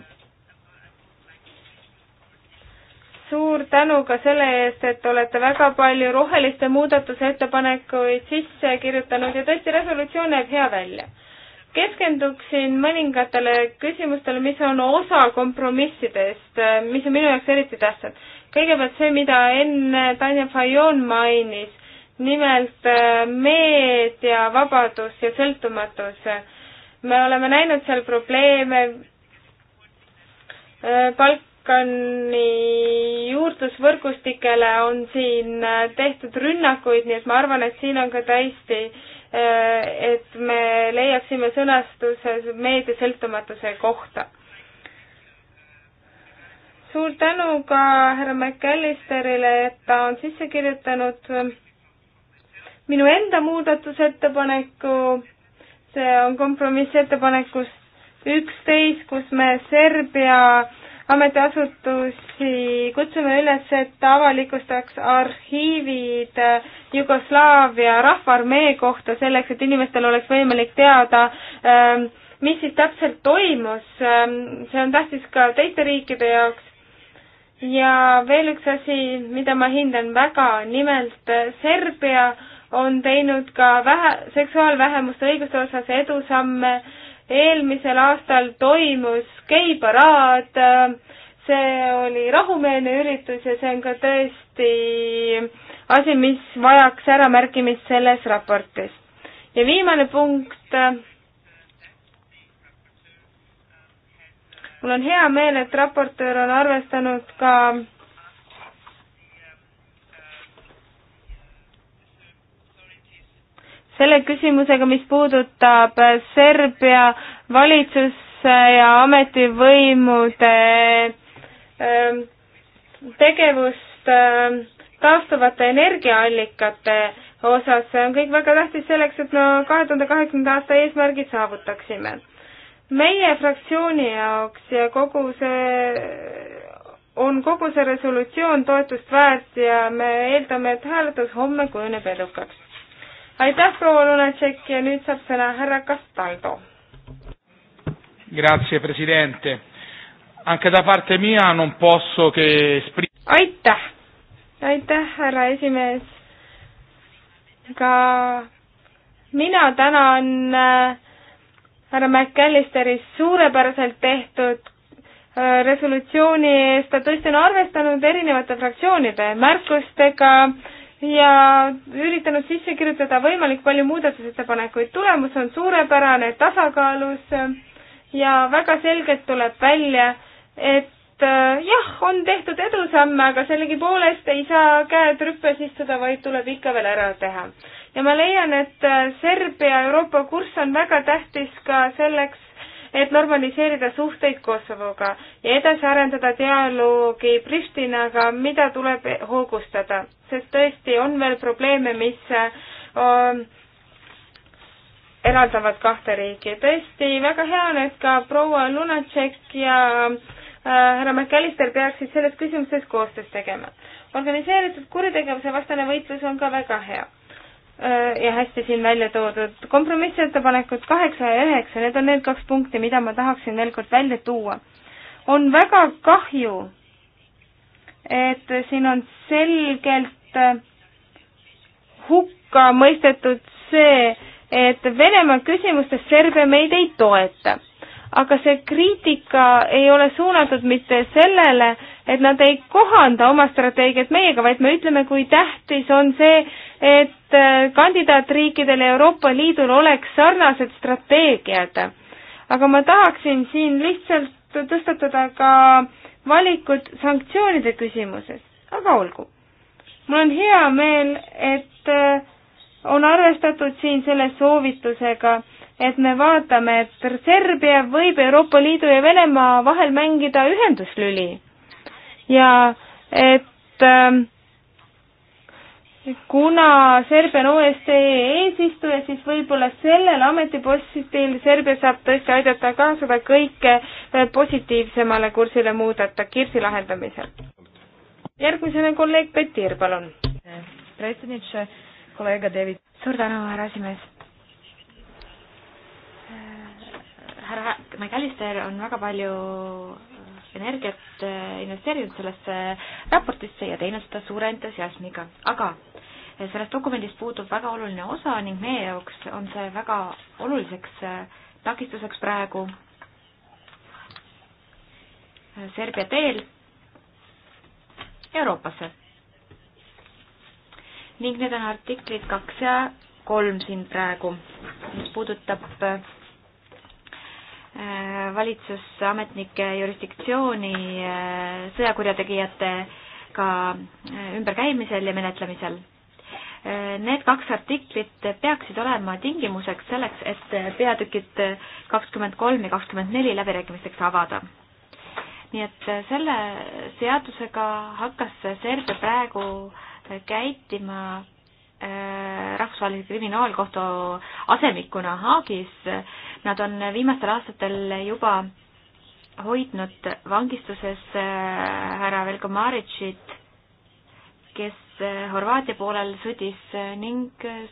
suur tänu ka selle eest, et olete väga palju roheliste muudatusettepanekuid sisse kirjutanud ja tõesti, resolutsioon näeb hea välja. keskenduksin mõningatele küsimustele, mis on osa kompromissidest, äh, mis on minu jaoks eriti tähtsad. kõigepealt see, mida enne Tanja Fajon mainis, nimelt äh, meediavabadus ja sõltumatus. me oleme näinud seal probleeme, äh, palk Balkani juurdlusvõrgustikele on siin äh, tehtud rünnakuid, nii et ma arvan, et siin on ka täiesti, äh, et me leiaksime sõnastuses meediasõltumatuse kohta. suur tänu ka härra McAllisterile, et ta on sisse kirjutanud äh, minu enda muudatusettepaneku, see on kompromissettepanekust üksteist, kus me Serbia ametiasutusi kutsume üles, et avalikustaks arhiivid Jugoslaavia rahvaarmee kohta selleks, et inimestel oleks võimalik teada, ähm, mis siis täpselt toimus. Ähm, see on tähtis ka teiste riikide jaoks. ja veel üks asi, mida ma hindan väga, nimelt Serbia on teinud ka vähe, seksuaalvähemuste õiguste osas edusamme eelmisel aastal toimus geiparaad, see oli rahumeelne üritus ja see on ka tõesti asi, mis vajaks äramärkimist selles raportis. ja viimane punkt. mul on hea meel, et raportöör on arvestanud ka selle küsimusega, mis puudutab Serbia valitsuse ja ametivõimude ähm, tegevust ähm, taastuvate energiaallikate osas, see on kõik väga tähtis selleks, et me kahe tuhande kaheksanda aasta eesmärgid saavutaksime. meie fraktsiooni jaoks ja kogu see on kogu see resolutsioon toetust väärt ja me eeldame, et hääletus homme kujuneb edukaks aitäh, proua Lunatšek ja nüüd saab sõna härra Castaldo. Grazie, presidente. Anche da parte mia non posso che esprim-. aitäh, aitäh, härra esimees. ka mina tänan äh, härra McAllisteri suurepäraselt tehtud äh, resolutsiooni eest, ta tõesti on arvestanud erinevate fraktsioonide märkustega ja üritanud sisse kirjutada võimalik palju muudatusettepanekuid. tulemus on suurepärane, tasakaalus ja väga selgelt tuleb välja, et äh, jah, on tehtud edusamme, aga sellegipoolest ei saa käed rüppes istuda, vaid tuleb ikka veel ära teha. ja ma leian, et äh, Serbia Euroopa kurss on väga tähtis ka selleks, et normaliseerida suhteid Kosovoga ja edasi arendada dialoogi Pristinaga, mida tuleb hoogustada, sest tõesti on veel probleeme, mis äh, eraldavad kahte riiki. tõesti, väga hea on, et ka proua Lunatšek ja äh, härra äh, McAllister peaksid selles küsimuses koostöös tegema. organiseeritud kuritegevuse vastane võitlus on ka väga hea Äh, ja hästi siin välja toodud. kompromissettepanekud kaheksa ja üheksa, need on need kaks punkti, mida ma tahaksin veel kord välja tuua. on väga kahju, et siin on selgelt äh, hukka mõistetud see, et Venemaa küsimustes Serbia meid ei toeta aga see kriitika ei ole suunatud mitte sellele, et nad ei kohanda oma strateegiat meiega, vaid me ütleme, kui tähtis on see, et äh, kandidaatriikidel ja Euroopa Liidul oleks sarnased strateegiad. aga ma tahaksin siin lihtsalt tõstatada ka valikud sanktsioonide küsimuses, aga olgu. mul on hea meel, et äh, on arvestatud siin selle soovitusega et me vaatame, et Serbia võib Euroopa Liidu ja Venemaa vahel mängida ühenduslüli ja et ähm, kuna Serbia on OSCE eesistuja, siis võib-olla sellel ametipostil Serbia saab tõesti aidata ka seda kõike äh, positiivsemale kursile muudata, KIRS-i lahendamisel. järgmisena kolleeg Petir, palun. suur tänu, härra esimees härra McAllister on väga palju äh, energiat äh, investeerinud sellesse raportisse ja teinud seda suure entusiasmiga, aga äh, sellest dokumendist puudub väga oluline osa ning meie jaoks on see väga oluliseks takistuseks praegu Serbia teel Euroopasse. ning need on artiklid kaks ja kolm siin praegu, mis puudutab Äh, valitsusametnike jurisdiktsiooni äh, sõjakurjategijatega äh, ümberkäimisel ja menetlemisel. Need kaks artiklit peaksid olema tingimuseks selleks, et peatükid kakskümmend kolm ja kakskümmend neli läbirääkimisteks avada. nii et selle seadusega hakkas Serbia praegu käitima Äh, rahvusvahelise kriminaalkohtu asemikuna Haagis. Nad on viimastel aastatel juba hoidnud vangistuses äh, härra Velko Maritšit, kes äh, Horvaatia poolel sõdis ning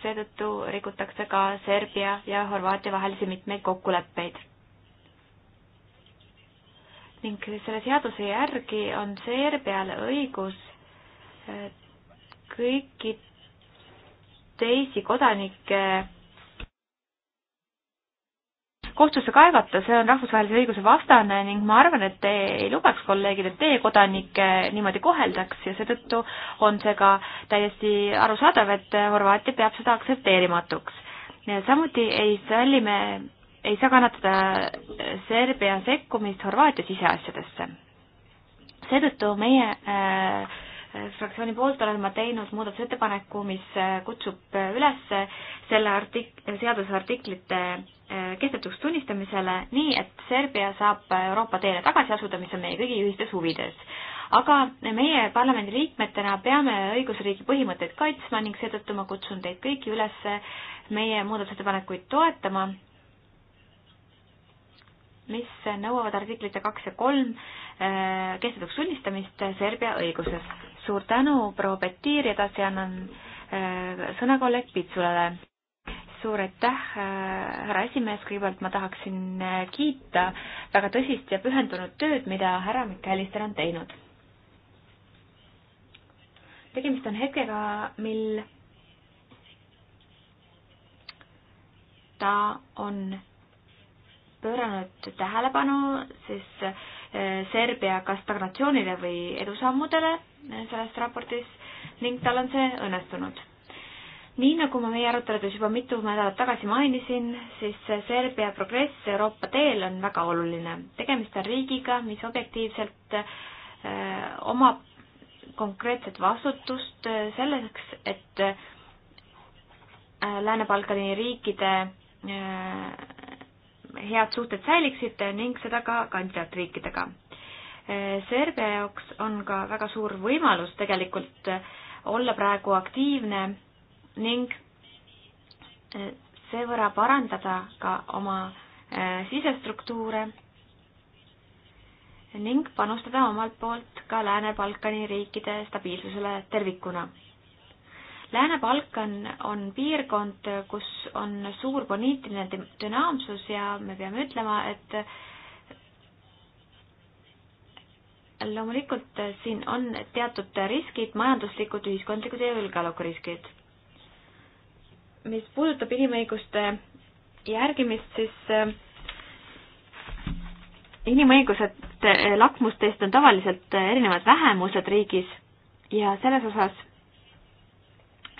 seetõttu rikutakse ka Serbia ja Horvaatia vahelisi mitmeid kokkuleppeid. ning selle seaduse järgi on Serbial õigus kõikid teisi kodanikke kohtusse kaevata, see on rahvusvahelise õiguse vastane ning ma arvan, et te ei lubaks kolleegid, et teie kodanikke niimoodi koheldaks ja seetõttu on see ka täiesti arusaadav, et Horvaatia peab seda aktsepteerimatuks. samuti ei salli me, ei saa kannatada Serbia sekkumist Horvaatia siseasjadesse. seetõttu meie äh, fraktsiooni poolt olen ma teinud muudatusettepaneku, mis äh, kutsub äh, üles äh, selle artik-, seaduse artiklite kehtetuks tunnistamisele, nii et Serbia saab Euroopa teele tagasi asuda, mis on meie kõigi ühistes huvides. aga meie parlamendiliikmetena peame õigusriigi põhimõtteid kaitsma ning seetõttu ma kutsun teid kõiki üles meie muudatusettepanekuid toetama, mis nõuavad artiklite kaks ja kolm kehtetuks tunnistamist Serbia õiguses suur tänu, proua Petir, edasi annan äh, sõna kolleeg Pitsulale. suur aitäh, äh, härra esimees, kõigepealt ma tahaksin äh, kiita väga tõsist ja pühendunud tööd, mida härra Mikalister on teinud. tegemist on hetkega, mil ta on pööranud tähelepanu siis Serbia kas stagnatsioonile või edusammudele eh, selles raportis ning tal on see õnnestunud. nii nagu ma meie aruteludes juba mitu nädalat tagasi mainisin, siis Serbia progress Euroopa teel on väga oluline. tegemist on riigiga, mis objektiivselt eh, omab konkreetset vastutust eh, selleks, et Lääne-Balkani riikide head suhted säiliksid ning seda ka kandidaatriikidega. Serbia jaoks on ka väga suur võimalus tegelikult olla praegu aktiivne ning eh, seevõrra parandada ka oma eh, sisestruktuure ning panustada omalt poolt ka Lääne-Balkani riikide stabiilsusele tervikuna. Lääne-Balkan on piirkond, kus on suur poliitiline dünaamsus ja me peame ütlema, et loomulikult siin on teatud riskid, majanduslikud, ühiskondlikud ja julgeolekuriskid. mis puudutab inimõiguste järgimist, siis eh, inimõigused, eh, lakmustest on tavaliselt eh, erinevad vähemused riigis ja selles osas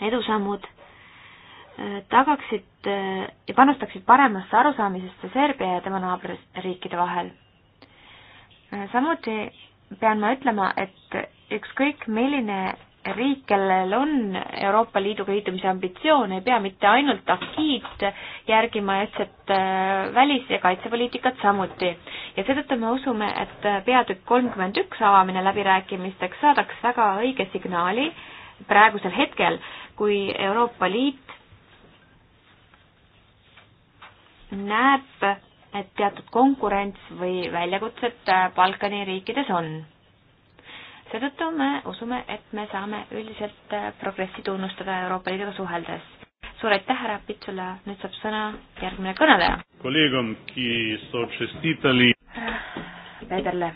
edusammud äh, tagaksid äh, ja panustaksid paremasse arusaamisesse Serbia ja tema naaberriikide vahel. Äh, samuti pean ma ütlema, et ükskõik milline riik, kellel on Euroopa Liiduga liitumise ambitsioon, ei pea mitte ainult akiid järgima ühtset välis- ja kaitsepoliitikat samuti. ja seetõttu me usume, et peatükk kolmkümmend üks avamine läbirääkimisteks saadaks väga õige signaali äh, praegusel hetkel, kui Euroopa Liit näeb, et teatud konkurents või väljakutsed Balkani riikides on. seetõttu me usume, et me saame üldiselt progressi tunnustada Euroopa Liiduga suheldes. suur aitäh, härra Pitsula, nüüd saab sõna järgmine kõneleja. kolleegom, ki so čestitali. Pederle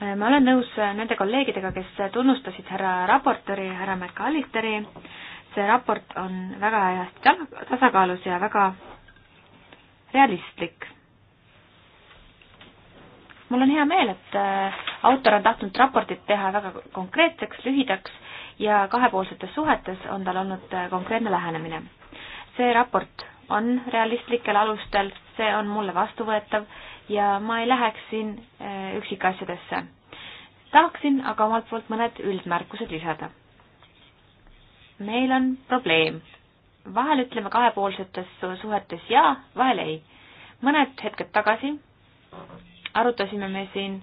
ma olen nõus nende kolleegidega, kes tunnustasid härra raportööri, härra McAllisteri. see raport on väga hästi tasakaalus ja väga realistlik. mul on hea meel, et äh, autor on tahtnud raportit teha väga konkreetseks, lühidaks ja kahepoolsetes suhetes on tal olnud äh, konkreetne lähenemine. see raport on realistlikel alustel, see on mulle vastuvõetav ja ma ei läheks siin eh, üksikasjadesse. tahaksin aga omalt poolt mõned üldmärkused lisada. meil on probleem. vahel ütleme kahepoolsetes suhetes jaa, vahel ei. mõned hetked tagasi arutasime me siin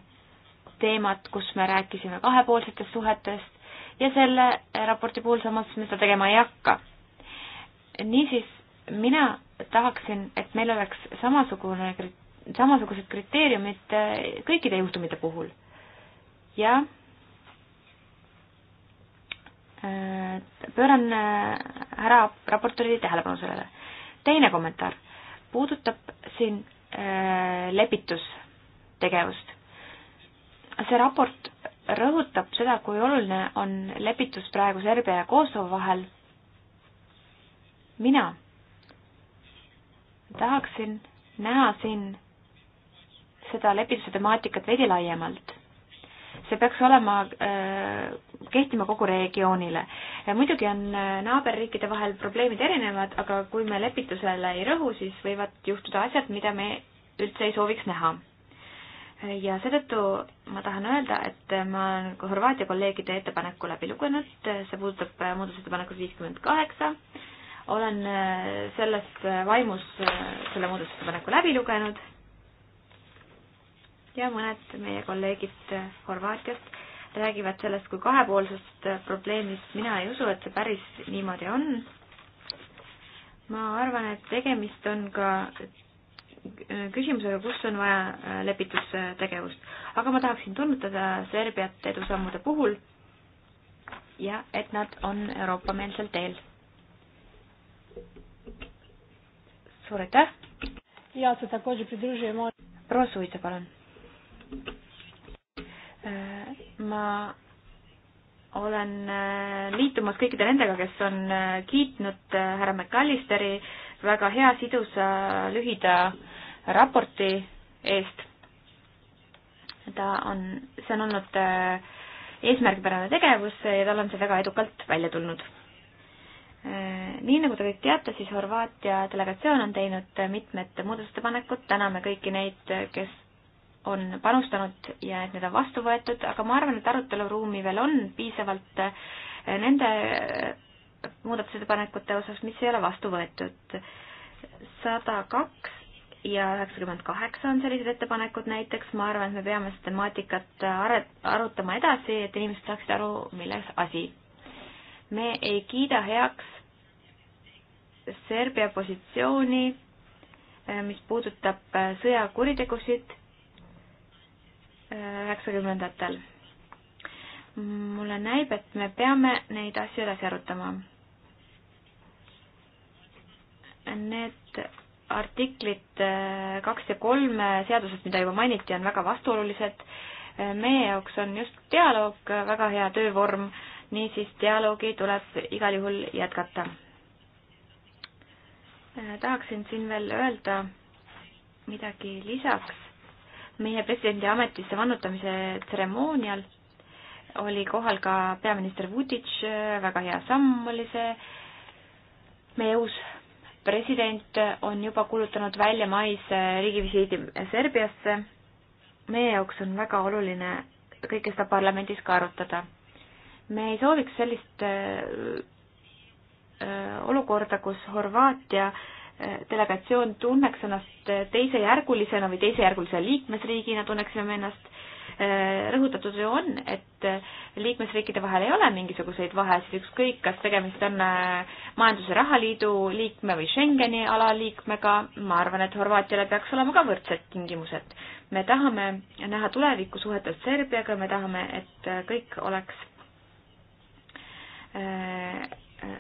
teemat, kus me rääkisime kahepoolsetest suhetest ja selle raporti puhul samas me seda tegema ei hakka. niisiis, mina tahaksin, et meil oleks samasugune kriteerium, samasugused kriteeriumid äh, kõikide juhtumite puhul. ja äh, pööran härra äh, raportööri tähelepanu sellele. teine kommentaar puudutab siin lepitustegevust. see raport rõhutab seda, kui oluline on lepitus praegu Serbia ja Kosovo vahel. mina tahaksin näha siin seda lepituse temaatikat veidi laiemalt. see peaks olema, äh, kehtima kogu regioonile. muidugi on äh, naaberriikide vahel probleemid erinevad, aga kui me lepitusele ei rõhu, siis võivad juhtuda asjad, mida me üldse ei sooviks näha. ja seetõttu ma tahan öelda, et äh, ma olen Horvaatia kolleegide ettepaneku läbi lugenud, see puudutab muudatusettepanekut viiskümmend kaheksa, olen selles vaimus selle muudatusettepaneku läbi lugenud ja mõned meie kolleegid Horvaatiast räägivad sellest kui kahepoolsest probleemist, mina ei usu, et see päris niimoodi on. ma arvan, et tegemist on ka küsimusega, kus on vaja äh, lepitustegevust. aga ma tahaksin tunnutada Serbiat edusammude puhul ja et nad on Euroopa-meelsel teel. suur aitäh! ja seda kohe pridružujemo. proua Suisa, palun ma olen äh, liitumas kõikide nendega, kes on äh, kiitnud äh, härra McAllisteri väga hea sidusa lühida raporti eest. ta on, see on olnud eesmärgipärane tegevus ja tal on see väga edukalt välja tulnud. Nii nagu te kõik teate, siis Horvaatia delegatsioon on teinud mitmed muudatusettepanekud, täname kõiki neid, kes on panustanud ja et need on vastu võetud, aga ma arvan, et aruteluruumi veel on piisavalt eh, nende muudatusettepanekute osas, mis ei ole vastu võetud. sada kaks ja üheksakümmend kaheksa on sellised ettepanekud näiteks, ma arvan, et me peame seda temaatikat arutama edasi, et inimesed saaksid aru, milles asi. me ei kiida heaks Serbia positsiooni eh, mis puudutab eh, sõjakuritegusid üheksakümnendatel. mulle näib, et me peame neid asju edasi arutama. Need artiklid äh, kaks ja kolm seadusest, mida juba mainiti, on väga vastuolulised. meie jaoks on just dialoog väga hea töövorm, niisiis dialoogi tuleb igal juhul jätkata. Äh, tahaksin siin veel öelda midagi lisaks meie presidendi ametisse vannutamise tseremoonial oli kohal ka peaminister Vudic, väga hea samm oli see. meie uus president on juba kuulutanud välja mais riigivisiidi Serbiasse. meie jaoks on väga oluline kõike seda parlamendis ka arutada. me ei sooviks sellist äh, äh, olukorda, kus Horvaatia äh, delegatsioon tunneks ennast teisejärgulisena või teisejärgulise liikmesriigina tunneksime ennast äh, rõhutatud ju on, et liikmesriikide vahel ei ole mingisuguseid vahesid, ükskõik, kas tegemist on äh, Majandus- ja Rahaliidu liikme või Schengeni ala liikmega, ma arvan, et Horvaatiale peaks olema ka võrdsed tingimused. me tahame näha tulevikku suhetes Serbiaga, me tahame, et kõik oleks äh,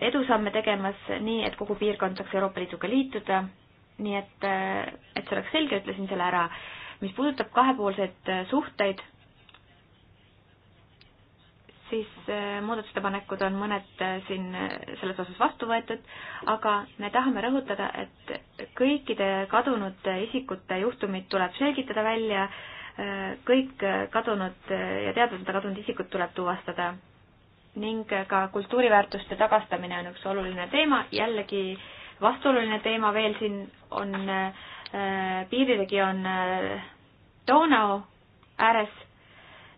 edusamme tegemas, nii et kogu piirkond saaks Euroopa Liiduga liituda, nii et, äh, et see oleks selge, ütlesin selle ära. mis puudutab kahepoolseid äh, suhteid, siis äh, muudatusettepanekud on mõned siin selles osas vastu võetud, aga me tahame rõhutada, et kõikide kadunud isikute juhtumid tuleb selgitada välja, kõik kadunud ja teadmata kadunud isikud tuleb tuvastada ning ka kultuuriväärtuste tagastamine on üks oluline teema, jällegi vastuoluline teema veel siin on äh, piiriregioon äh, Donau ääres.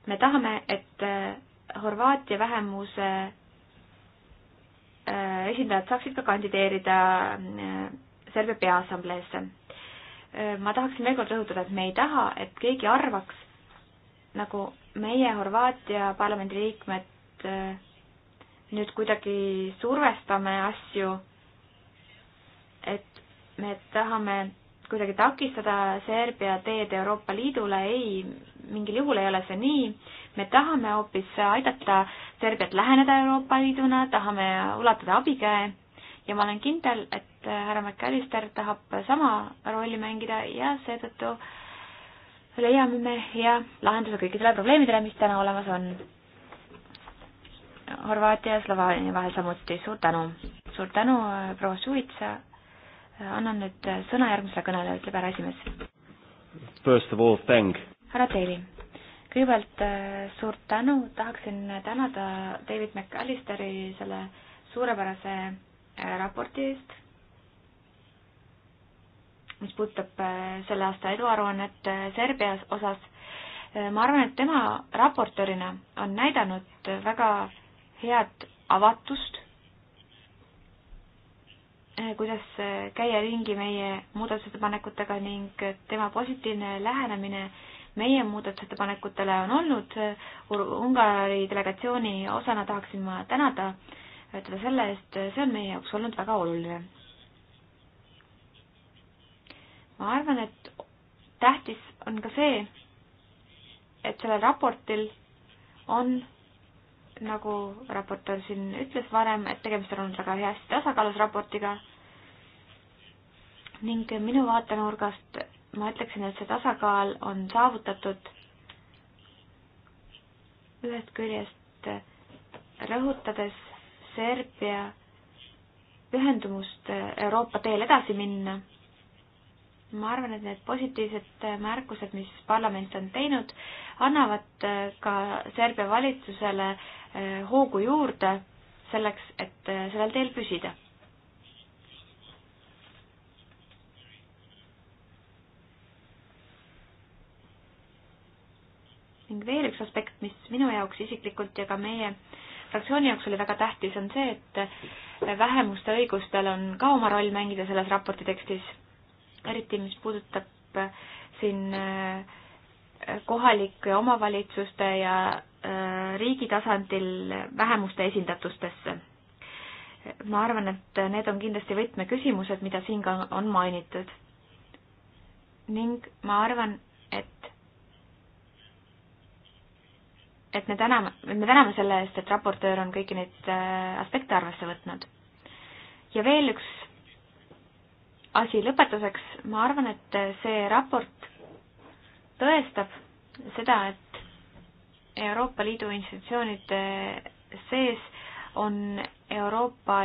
me tahame, et äh, Horvaatia vähemuse äh, esindajad saaksid ka kandideerida äh, Serbia Peaassambleesse äh,. ma tahaksin veel kord rõhutada, et me ei taha, et keegi arvaks, nagu meie Horvaatia parlamendi liikmed äh, nüüd kuidagi survestame asju, et me tahame kuidagi takistada Serbia teed Euroopa Liidule, ei, mingil juhul ei ole see nii. me tahame hoopis aidata Serbiat läheneda Euroopa Liiduna, tahame ulatada abikäe ja ma olen kindel, et härra McAllister tahab sama rolli mängida ja seetõttu leiame me hea lahenduse kõikidele probleemidele, mis täna olemas on Horvaatia ja Slovaania vahel samuti, suur tänu. suur tänu, äh, proua Suitsa. Äh, annan nüüd äh, sõna järgmisele kõnele, ütleb härra esimees. First of all, thank. härra Teili, kõigepealt suur tänu, tahaksin tänada David McAllisteri selle suurepärase raporti eest, mis puudutab selle aasta eduaruannet Serbia osas ma arvan, et tema raportöörina on näidanud väga head avatust, eh, kuidas eh, käia ringi meie muudatusettepanekutega ning tema positiivne lähenemine meie muudatusettepanekutele on olnud. Eh, Ungari delegatsiooni osana tahaksin ma tänada teda selle eest, see on meie jaoks olnud väga oluline. ma arvan, et tähtis on ka see, et sellel raportil on nagu raportöör siin ütles varem, et tegemist on olnud väga hästi tasakaalus raportiga ning minu vaatenurgast ma ütleksin, et see tasakaal on saavutatud ühest küljest rõhutades Serbia pühendumust Euroopa teel edasi minna. ma arvan, et need positiivsed märkused, mis parlament on teinud, annavad äh, ka Serbia valitsusele äh, hoogu juurde selleks, et äh, sellel teel püsida. ning veel üks aspekt, mis minu jaoks isiklikult ja ka meie fraktsiooni jaoks oli väga tähtis, on see, et vähemuste õigustel on ka oma roll mängida selles raporti tekstis, eriti mis puudutab siin äh, kohalike omavalitsuste ja äh, riigi tasandil vähemuste esindatustesse. ma arvan, et need on kindlasti võtmeküsimused, mida siin ka on mainitud. ning ma arvan, et et me täname, me täname selle eest, et raportöör on kõiki neid äh, aspekte arvesse võtnud. ja veel üks asi lõpetuseks, ma arvan, et see raport tõestab seda, et Euroopa Liidu institutsioonide sees on Euroopa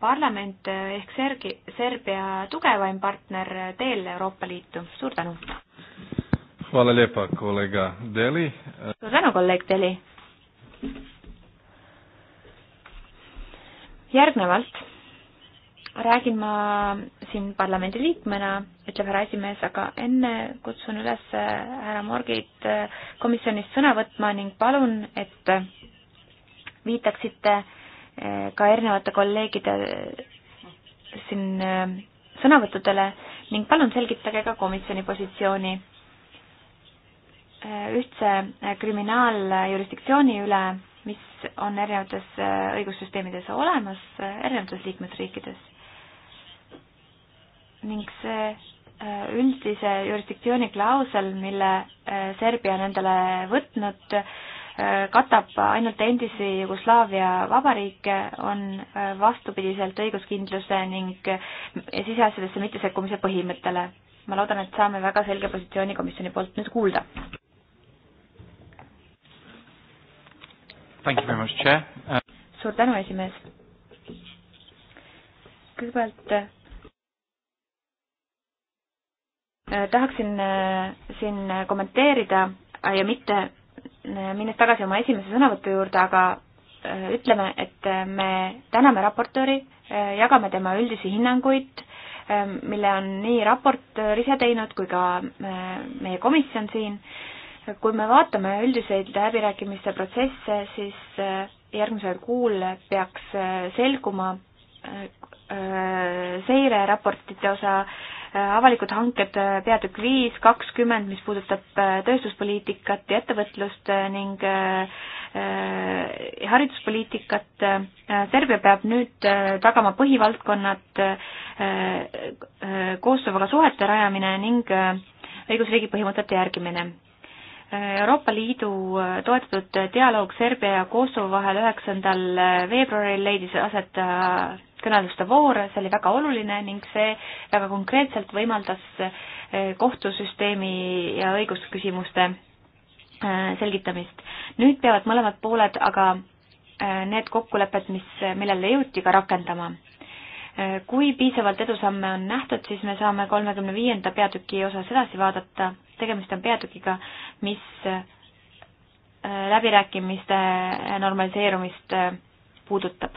Parlament ehk Sergi, Serbia tugevaim partner teel Euroopa Liitu. suur tänu! Hvala lijepa kolega Deli. Suur tänu, kolleeg Deli. järgnevalt räägin ma siin parlamendi liikmena, ütleb härra esimees, aga enne kutsun üles äh, härra Morgit äh, komisjonist sõna võtma ning palun, et äh, viitaksite ka erinevate kolleegide siin sõnavõttudele ning palun selgitage ka komisjoni positsiooni ühtse kriminaaljurisdiktsiooni üle, mis on erinevates õigussüsteemides olemas, erinevates liikmesriikides ning see äh, üldise jurisdiktsiooni klausel, mille äh, Serbia on endale võtnud, äh, katab ainult endisi Jugoslaavia vabariike, on vastupidiselt õiguskindluse ning siseasjadesse mittesekkumise põhimõttele. ma loodan, et saame väga selge positsiooni komisjoni poolt nüüd kuulda. Uh, suur tänu, esimees. kõigepealt Äh, tahaksin äh, siin äh, kommenteerida ja mitte minnes tagasi oma esimese sõnavõtu juurde, aga ütleme, et me täname raportööri, jagame tema üldisi hinnanguid, mille on nii raportöör ise teinud kui ka meie komisjon siin. kui me vaatame üldiseid läbirääkimiste protsesse, siis järgmisel kuul peaks selguma seireraportite osa, avalikud hanked äh, peatükk viis kakskümmend, mis puudutab äh, tööstuspoliitikat ja ettevõtlust äh, ning hariduspoliitikat. Serbia peab nüüd tagama põhivaldkonnad, Kosovoga suhete rajamine ning õigusriigi põhimõtete järgimine Euroopa Liidu toetatud dialoog Serbia ja Kosovo vahel üheksandal veebruaril leidis aset kõneluste voor, see oli väga oluline ning see väga konkreetselt võimaldas eh, kohtusüsteemi ja õigusküsimuste eh, selgitamist. nüüd peavad mõlemad pooled aga eh, need kokkulepped, mis, millele jõuti, ka rakendama. kui piisavalt edusamme on nähtud, siis me saame kolmekümne viienda peatüki osas edasi vaadata, tegemist on peatükiga, mis läbirääkimiste normaliseerumist puudutab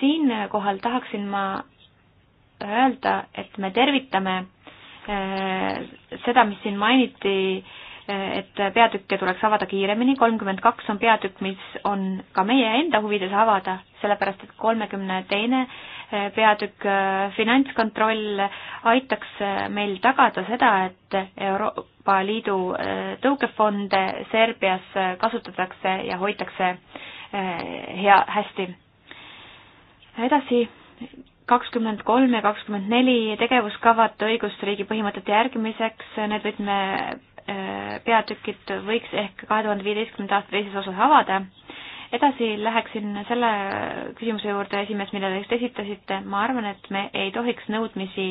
siinkohal tahaksin ma öelda, et me tervitame äh, seda, mis siin mainiti, äh, et peatükke tuleks avada kiiremini, kolmkümmend kaks on peatükk, mis on ka meie enda huvides avada, sellepärast et kolmekümne teine äh, peatükk finantskontroll aitaks meil tagada seda, et Euroopa Liidu tõukefonde Serbias kasutatakse ja hoitakse hea, hästi edasi, kakskümmend kolm ja kakskümmend neli tegevuskavad õigusriigi põhimõtete järgimiseks, need võtsime, äh, peatükid võiks ehk kahe tuhande viieteistkümnenda aasta teises osas avada. edasi läheksin selle küsimuse juurde, esimees, mille te just esitasite, ma arvan, et me ei tohiks nõudmisi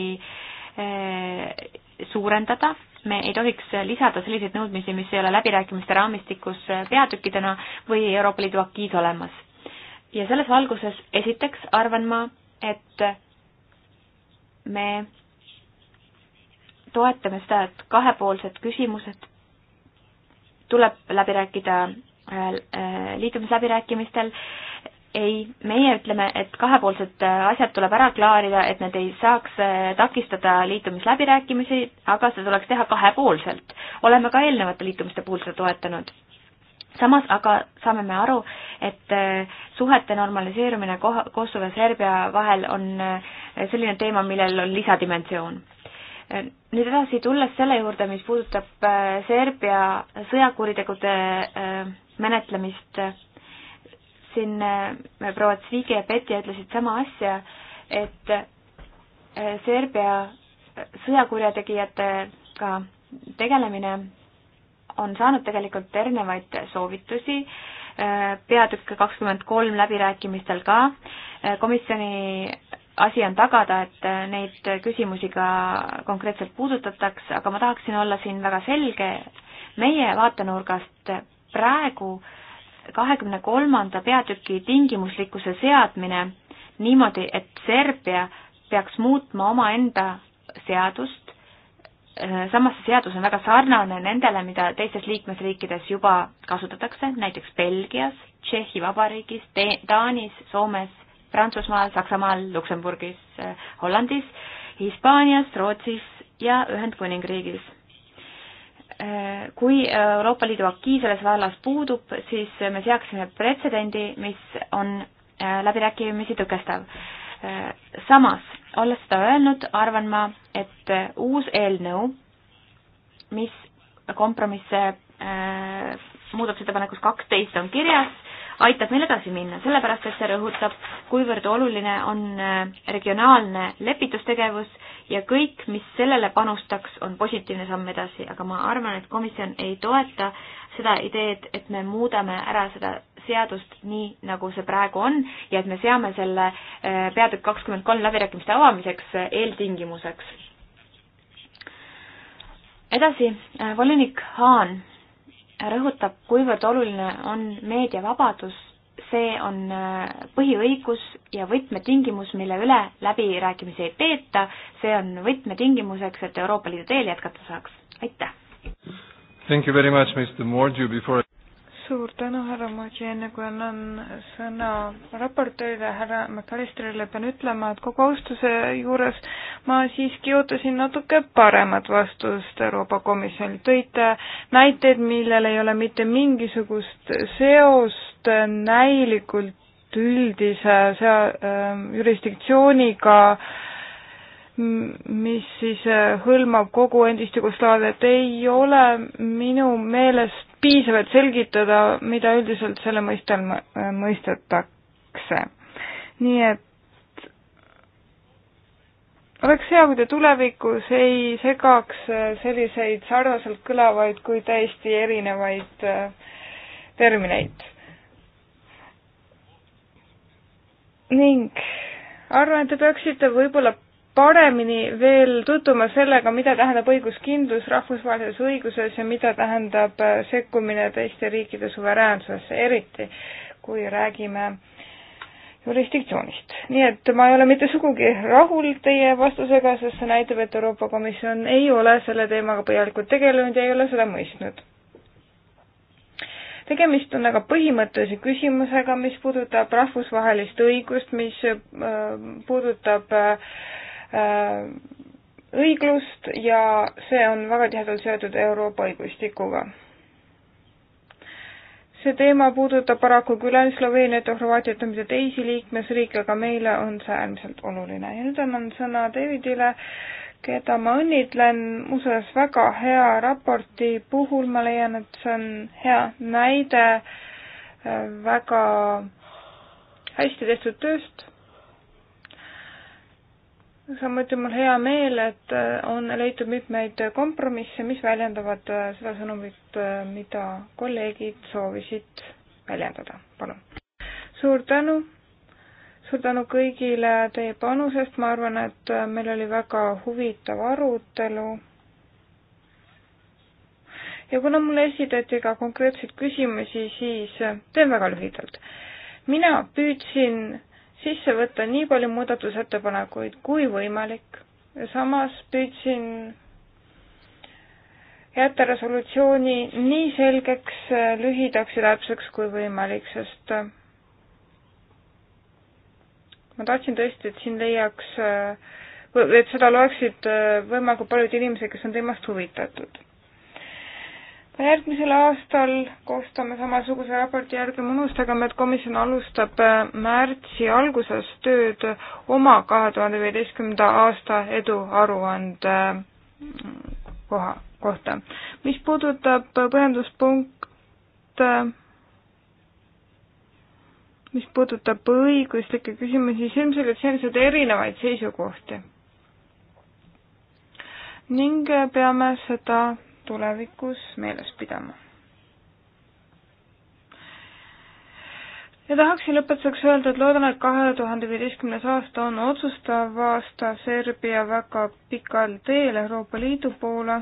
äh, suurendada, me ei tohiks lisada selliseid nõudmisi, mis ei ole läbirääkimiste raamistikus äh, peatükkidena või Euroopa Liidu akiis olemas ja selles valguses esiteks arvan ma, et me toetame seda, et kahepoolsed küsimused tuleb läbi rääkida äh, äh, liitumisläbirääkimistel. ei, meie ütleme, et kahepoolsed äh, asjad tuleb ära klaarida, et need ei saaks takistada liitumisläbirääkimisi, aga seda tuleks teha kahepoolselt. oleme ka eelnevate liitumiste puhul seda toetanud samas aga saame me aru, et äh, suhete normaliseerumine Kosovo ja Serbia vahel on äh, selline teema, millel on lisadimensioon. Äh, nüüd edasi, tulles selle juurde, mis puudutab Serbia sõjakuritegude menetlemist, siin proua Zvige ja Peti ütlesid sama asja, et Serbia sõjakurjategijatega tegelemine on saanud tegelikult erinevaid soovitusi, peatükk kakskümmend kolm läbirääkimistel ka. komisjoni asi on tagada, et neid küsimusi ka konkreetselt puudutataks, aga ma tahaksin olla siin väga selge. meie vaatenurgast praegu kahekümne kolmanda peatüki tingimuslikkuse seadmine niimoodi, et Serbia peaks muutma omaenda seadust, Äh, samas see seadus on väga sarnane nendele, mida teistes liikmesriikides juba kasutatakse, näiteks Belgias, Tšehhi Vabariigis, Taanis, Soomes, Prantsusmaal, Saksamaal, Luksemburgis, äh, Hollandis, Hispaanias, Rootsis ja Ühendkuningriigis. Äh, kui Euroopa Liidu akii selles vallas puudub, siis me seaksime pretsedendi, mis on läbirääkimisi tõkestav Äh, samas, olles seda öelnud, arvan ma, et äh, uus eelnõu, mis kompromisse äh, muudatusettepanekus kaksteist on kirjas, aitab meil edasi minna, sellepärast et see rõhutab, kuivõrd oluline on äh, regionaalne lepitustegevus ja kõik, mis sellele panustaks, on positiivne samm edasi, aga ma arvan, et komisjon ei toeta seda ideed, et me muudame ära seda seadust nii, nagu see praegu on ja et me seame selle äh, peatükk kakskümmend kolm läbirääkimiste avamiseks äh, eeltingimuseks. edasi, äh, volinik Haan rõhutab, kuivõrd oluline on meediavabadus, see on põhiõigus ja võtmetingimus, mille üle läbirääkimisi ei peeta, see on võtmetingimuseks, et Euroopa Liidu teel jätkata saaks. aitäh! Thank you very much, Mr Mordiu, before suur tänu, härra Moji, enne kui annan sõna raportööle härra McAllisterile, pean ütlema, et kogu austuse juures ma siiski ootasin natuke paremat vastust Euroopa Komisjonilt. tõite näiteid, millel ei ole mitte mingisugust seost näilikult üldise sea-, ähm, jurisdiktsiooniga äh, mis siis äh, hõlmab kogu endist Jugoslaaviat, ei ole minu meelest piisav, et selgitada, mida üldiselt selle mõiste all äh, mõistetakse. nii et oleks hea, kui te tulevikus ei segaks äh, selliseid sarnaselt kõlavaid kui täiesti erinevaid termineid. ning arvan, et te peaksite võib-olla paremini veel tutvuma sellega, mida tähendab õiguskindlus rahvusvahelises õiguses ja mida tähendab äh, sekkumine teiste riikide suveräänsusesse, eriti kui räägime jurisdiktsioonist. nii et ma ei ole mitte sugugi rahul teie vastusega, sest see näitab, et Euroopa Komisjon ei ole selle teemaga põhjalikult tegelenud ja ei ole seda mõistnud. tegemist on aga põhimõttelise küsimusega, mis puudutab rahvusvahelist õigust, mis äh, puudutab äh, Äh, õiglust ja see on väga tihedalt seotud Euroopa õigustikuga. see teema puudutab paraku küll ainult Sloveeniat ja Horvaatiat, mitte teisi liikmesriike, aga meile on see äärmiselt oluline ja nüüd annan sõna Davidile, keda ma õnnitlen muuseas väga hea raporti puhul, ma leian, et see on hea näide äh, väga hästi tehtud tööst samuti on mul hea meel, et äh, on leitud mitmeid kompromisse, mis väljendavad äh, seda sõnumit, äh, mida kolleegid soovisid väljendada. palun. suur tänu, suur tänu kõigile teie panusest, ma arvan, et meil oli väga huvitav arutelu. ja kuna mulle esitati ka konkreetseid küsimusi, siis teen väga lühidalt. mina püüdsin sisse võtta nii palju muudatusettepanekuid kui võimalik. samas püüdsin jätta resolutsiooni nii selgeks, lühidaks ja täpseks kui võimalik, sest äh, ma tahtsin tõesti, et siin leiaks, äh, et seda loeksid äh, võimalikult paljud inimesed, kes on teemast huvitatud ka järgmisel aastal koostame samasuguse raporti, ärgem unustagem, et komisjon alustab äh, märtsi alguses tööd oma kahe tuhande viieteistkümnenda aasta eduaruande äh, koha, kohta. mis puudutab põhjenduspunkte, mis puudutab õiguslikke küsimusi, siis ilmselgelt siin on seda erinevaid seisukohti. ning peame seda tulevikus meeles pidama. ja tahaksin lõpetuseks öelda, et loodan, et kahe tuhande viieteistkümnes aasta on otsustav aasta Serbia väga pikal teel Euroopa Liidu poole.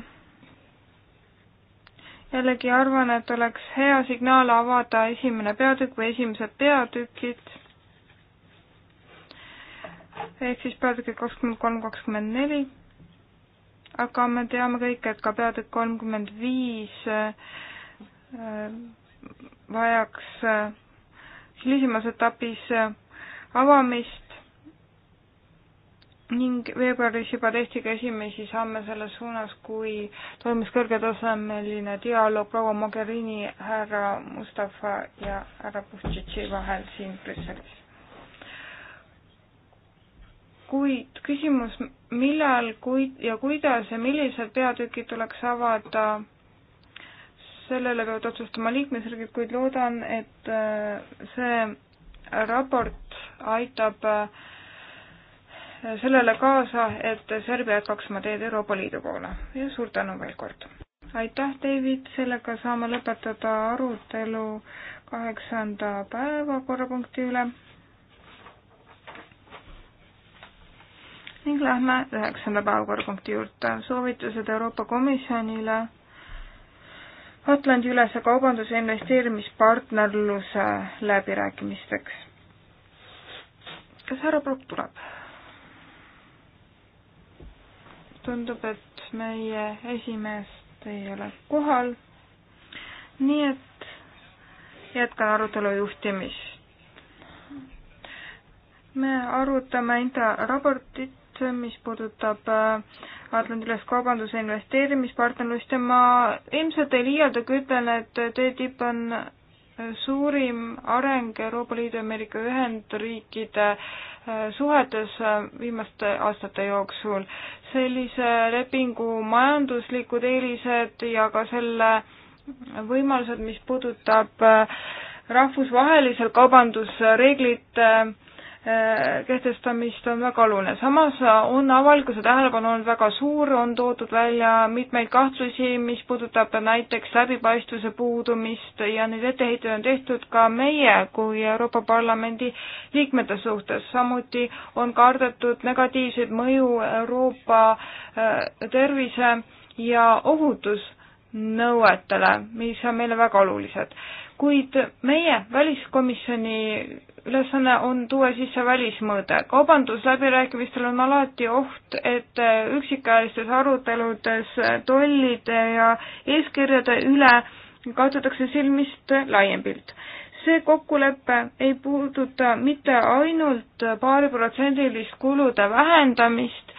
jällegi arvan, et oleks hea signaal avada esimene peatükk või esimesed peatükid ehk siis peatükid kakskümmend kolm, kakskümmend neli aga me teame kõik, et ka peatükk kolmkümmend viis äh, vajaks hilisemas äh, etapis äh, avamist ning veebruaris juba tehti ka esimesi samme selles suunas, kui toimus kõrgetasemeline dialoog proua Mogherini, härra Mustafa ja härra Puhtšitši vahel siin Brüsselis. kuid küsimus, millal, kui ja kuidas ja millised peatükid tuleks avada, sellele peavad otsustama liikmesriigid, kuid loodan, et äh, see raport aitab äh, sellele kaasa, et Serbia jätkaks oma teed Euroopa Liidu poole ja suur tänu veel kord. aitäh, David, sellega saame lõpetada arutelu kaheksanda päevakorrapunkti üle ning lähme üheksanda päevakorrapunkti juurde. soovitused Euroopa Komisjonile Atlandi-ülese kaubanduse investeerimispartnerluse läbirääkimisteks. kas härra Prokk tuleb? tundub, et meie esimeest ei ole kohal. nii et jätkan arutelu juhtimist. me arutame enda raportit mis puudutab äh, Atlandi-üles kaubanduse investeerimispartnerlust ja ma ilmselt ei liialda, kui ütlen, et TTIP on äh, suurim areng Euroopa Liidu ja Ameerika Ühendriikide äh, suhetes viimaste aastate jooksul. sellise lepingu majanduslikud eelised ja ka selle võimalused, mis puudutab rahvusvahelisel kaubandusreeglite Äh, kehtestamist on väga oluline. samas on avalikkuse tähelepanu olnud väga suur, on toodud välja mitmeid kahtlusi, mis puudutab näiteks läbipaistvuse puudumist ja neid etteheiteid on tehtud ka meie kui Euroopa Parlamendi liikmete suhtes. samuti on kardetud negatiivseid mõju Euroopa äh, tervise ja ohutusnõuetele, mis on meile väga olulised kuid meie väliskomisjoni ülesanne on tuua sisse välismõõde. kaubandusläbirääkimistel on alati oht, et üksikajalistes aruteludes tollide ja eeskirjade üle kaotatakse silmist laiem pilt. see kokkulepe ei puuduta mitte ainult paariprotsendilist kulude vähendamist,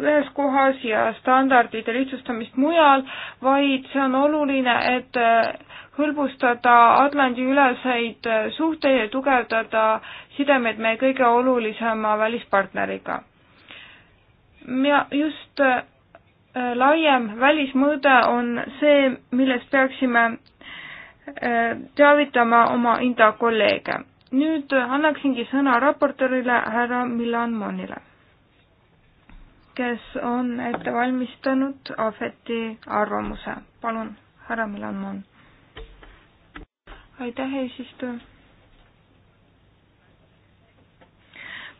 ühes kohas ja standardite lihtsustamist mujal, vaid see on oluline, et hõlbustada Atlandi-üleseid suhteid ja tugevdada sidemeid meie kõige olulisema välispartneriga. ja just äh, laiem välismõõde on see, millest peaksime äh, teavitama oma Inda kolleege. nüüd annaksingi sõna raportöörile härra Milan Monile, kes on ette valmistanud Ahveti arvamuse. palun, härra Milan Mon aitäh, eesistuja.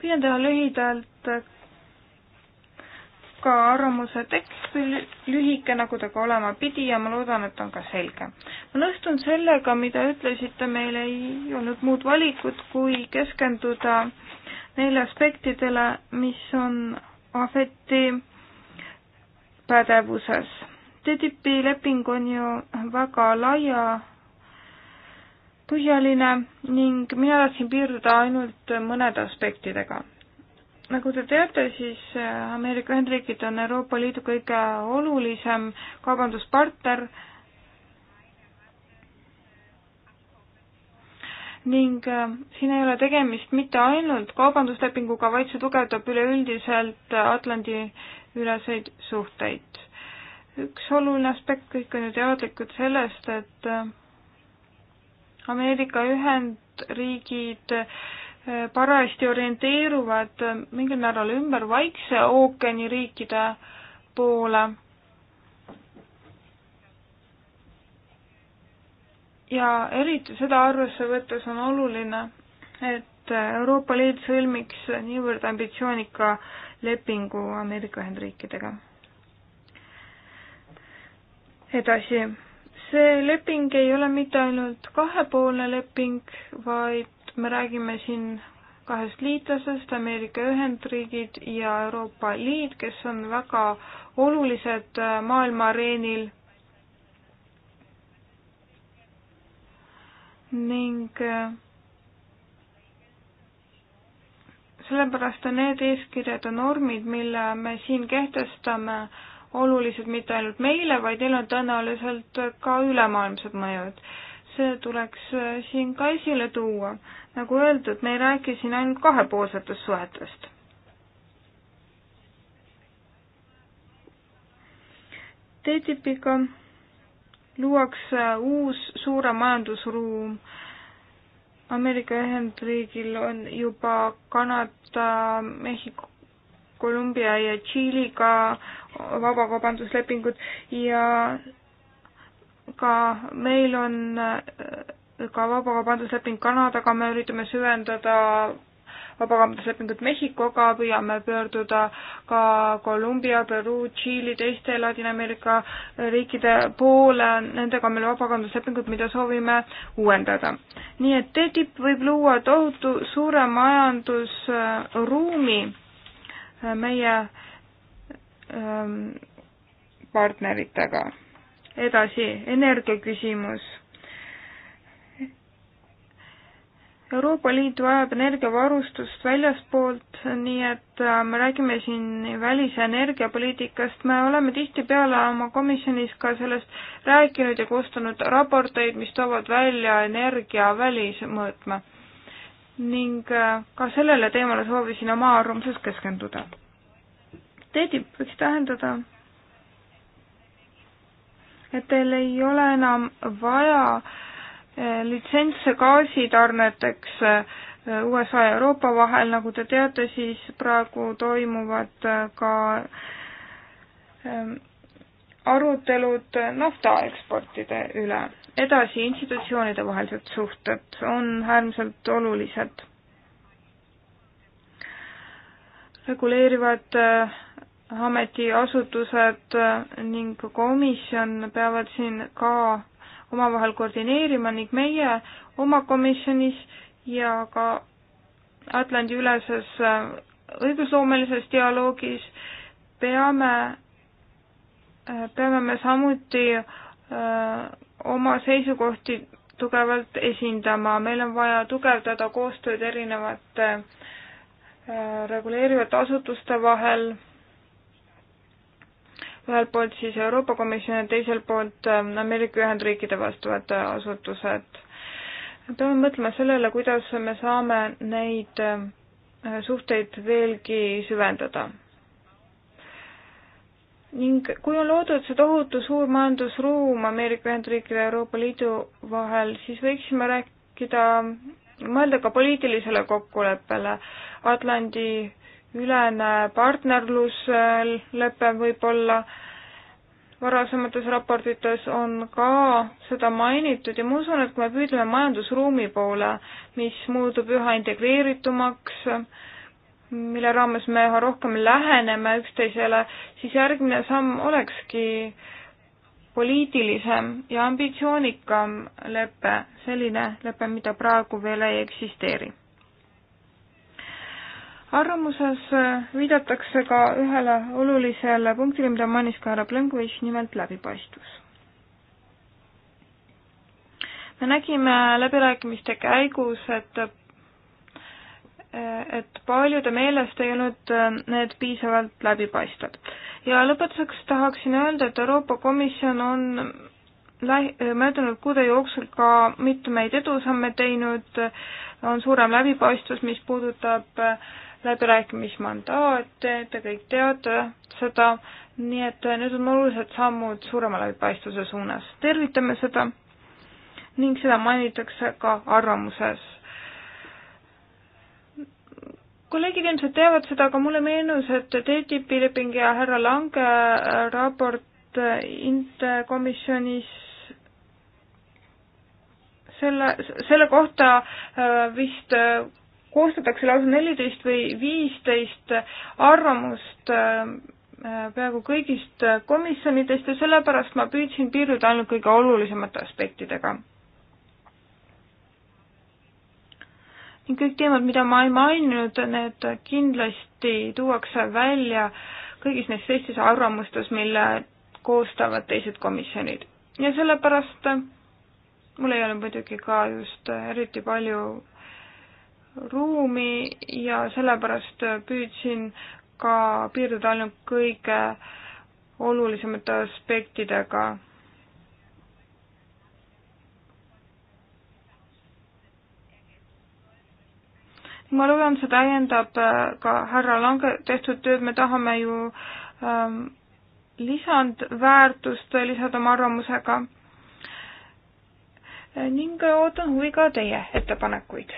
püüan teha lühidalt ka arvamuse tekst lühike, nagu ta ka olema pidi ja ma loodan, et on ka selge. ma nõustun sellega, mida ütlesite, meil ei olnud muud valikut, kui keskenduda neile aspektidele, mis on afeti pädevuses. TTIP-i leping on ju väga laia põhjaline ning mina tahtsin piirduda ainult mõnede aspektidega. nagu te teate, siis äh, Ameerika Ühendriigid on Euroopa Liidu kõige olulisem kaubanduspartner ning äh, siin ei ole tegemist mitte ainult kaubanduslepinguga, vaid see tugevdab üleüldiselt Atlandi üleseid suhteid. üks oluline aspekt, kõik on ju teadlikud sellest, et äh, Ameerika Ühendriigid äh, parajasti orienteeruvad äh, mingil määral ümber Vaikse ookeani riikide poole. ja eriti seda arvesse võttes on oluline, et Euroopa Liit sõlmiks niivõrd ambitsioonika lepingu Ameerika Ühendriikidega. edasi see leping ei ole mitte ainult kahepoolne leping, vaid me räägime siin kahest liitlasest, Ameerika Ühendriigid ja Euroopa Liit, kes on väga olulised äh, maailma areenil. ning äh, sellepärast on need eeskirjad ja normid, mille me siin kehtestame, olulised mitte ainult meile, vaid neil on tõenäoliselt ka ülemaailmsed mõjud. see tuleks äh, siin ka esile tuua. nagu öeldud, me ei räägi siin ainult kahepoolsetest suhetest. TTIP-iga luuakse uus suurem majandusruum Ameerika Ühendriigil on juba Kanada, Mehhiko, Kolumbia ja Tšiiliga vabakaubanduslepingud ja ka meil on äh, ka vabakaubandusleping Kanadaga, me üritame süvendada vabakaubanduslepingut Mehhikoga, püüame pöörduda ka Kolumbia, Peruu, Tšiili, teiste Ladina-Ameerika riikide poole, nendega on meil vabakaubanduslepingud, mida soovime uuendada. nii et TTIP võib luua tohutu suure majandusruumi meie ähm, partneritega. edasi, energiaküsimus. Euroopa Liit vajab energiavarustust väljaspoolt, nii et ähm, me räägime siin välise energiapoliitikast, me oleme tihtipeale oma komisjonis ka sellest rääkinud ja koostanud raporteid, mis toovad välja energia välismõõtme ning äh, ka sellele teemale soovisin oma arvamuses keskenduda. TTIP võiks tähendada, et teil ei ole enam vaja äh, litsentse gaasitarneteks äh, USA ja Euroopa vahel, nagu te teate, siis praegu toimuvad ka ähm, arutelud nafta eksportide üle edasi, institutsioonide vahelised suhted on äärmiselt olulised. reguleerivad äh, ametiasutused äh, ning komisjon peavad siin ka omavahel koordineerima ning meie oma komisjonis ja ka Atlandi-üleses äh, õigusloomelises dialoogis peame, peame me samuti oma seisukohti tugevalt esindama, meil on vaja tugevdada koostööd erinevate äh, reguleerivate asutuste vahel, ühelt poolt siis Euroopa Komisjon ja teiselt poolt äh, Ameerika Ühendriikide vastavad äh, asutused. peame mõtlema sellele, kuidas me saame neid suhteid veelgi süvendada ning kui on loodud see tohutu suur majandusruum Ameerika Ühendriikide ja Euroopa Liidu vahel, siis võiksime rääkida, mõelda ka poliitilisele kokkuleppele. Atlandi ülene partnerluslepe võib-olla, varasemates raportites on ka seda mainitud ja ma usun, et kui me püüdleme majandusruumi poole, mis muutub üha integreeritumaks, mille raames me üha rohkem läheneme üksteisele, siis järgmine samm olekski poliitilisem ja ambitsioonikam lepe, selline lepe, mida praegu veel ei eksisteeri. arvamuses viidatakse ka ühele olulisele punktile, mida mainis ka härra Plenkovitš, nimelt läbipaistvus me nägime läbirääkimiste käigus, et et paljude meelest ei olnud äh, need piisavalt läbipaistvad. ja lõpetuseks tahaksin öelda, et Euroopa Komisjon on äh, möödunud kuude jooksul ka mitmeid edusamme teinud, on suurem läbipaistvus, mis puudutab äh, läbirääkimismandaate, te kõik teate seda, nii et need on olulised sammud suurema läbipaistvuse suunas. tervitame seda ning seda mainitakse ka arvamuses kolleegid ilmselt teavad seda, aga mulle meenus, et TTIP-i leping ja härra Lange äh, raport äh, intekomisjonis selle, selle kohta äh, vist koostatakse lausa neliteist või viisteist arvamust peaaegu kõigist komisjonidest ja sellepärast ma püüdsin piirduda ainult kõige olulisemate aspektidega ning kõik teemad, mida ma ei maininud, need kindlasti tuuakse välja kõigis neis teistes arvamustes, mille koostavad teised komisjonid. ja sellepärast mul ei ole muidugi ka just eriti palju ruumi ja sellepärast püüdsin ka piirduda ainult kõige olulisemate aspektidega ma loodan, see täiendab äh, ka härra Lange tehtud tööd, me tahame ju ähm, lisandväärtust lisada oma arvamusega äh, ning ootan huviga teie ettepanekuid.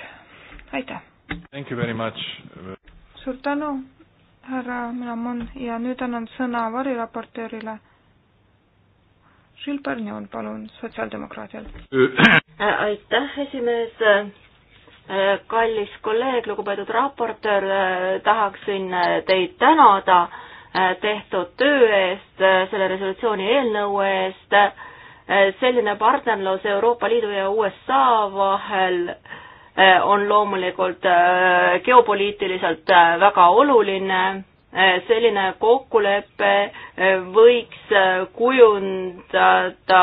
aitäh! Thank you very much! suur tänu, härra Milamon ja nüüd annan sõna variraportöörile. Žilbernion, palun, sotsiaaldemokraadil. Äh, aitäh, esimees! kallis kolleeg, lugupeetud raportöör, tahaksin teid tänada eh, tehtud töö eest, eh, selle resolutsiooni eelnõu eest. Eh, selline partnerlus Euroopa Liidu ja USA vahel on loomulikult geopoliitiliselt väga oluline. selline kokkulepe võiks kujundada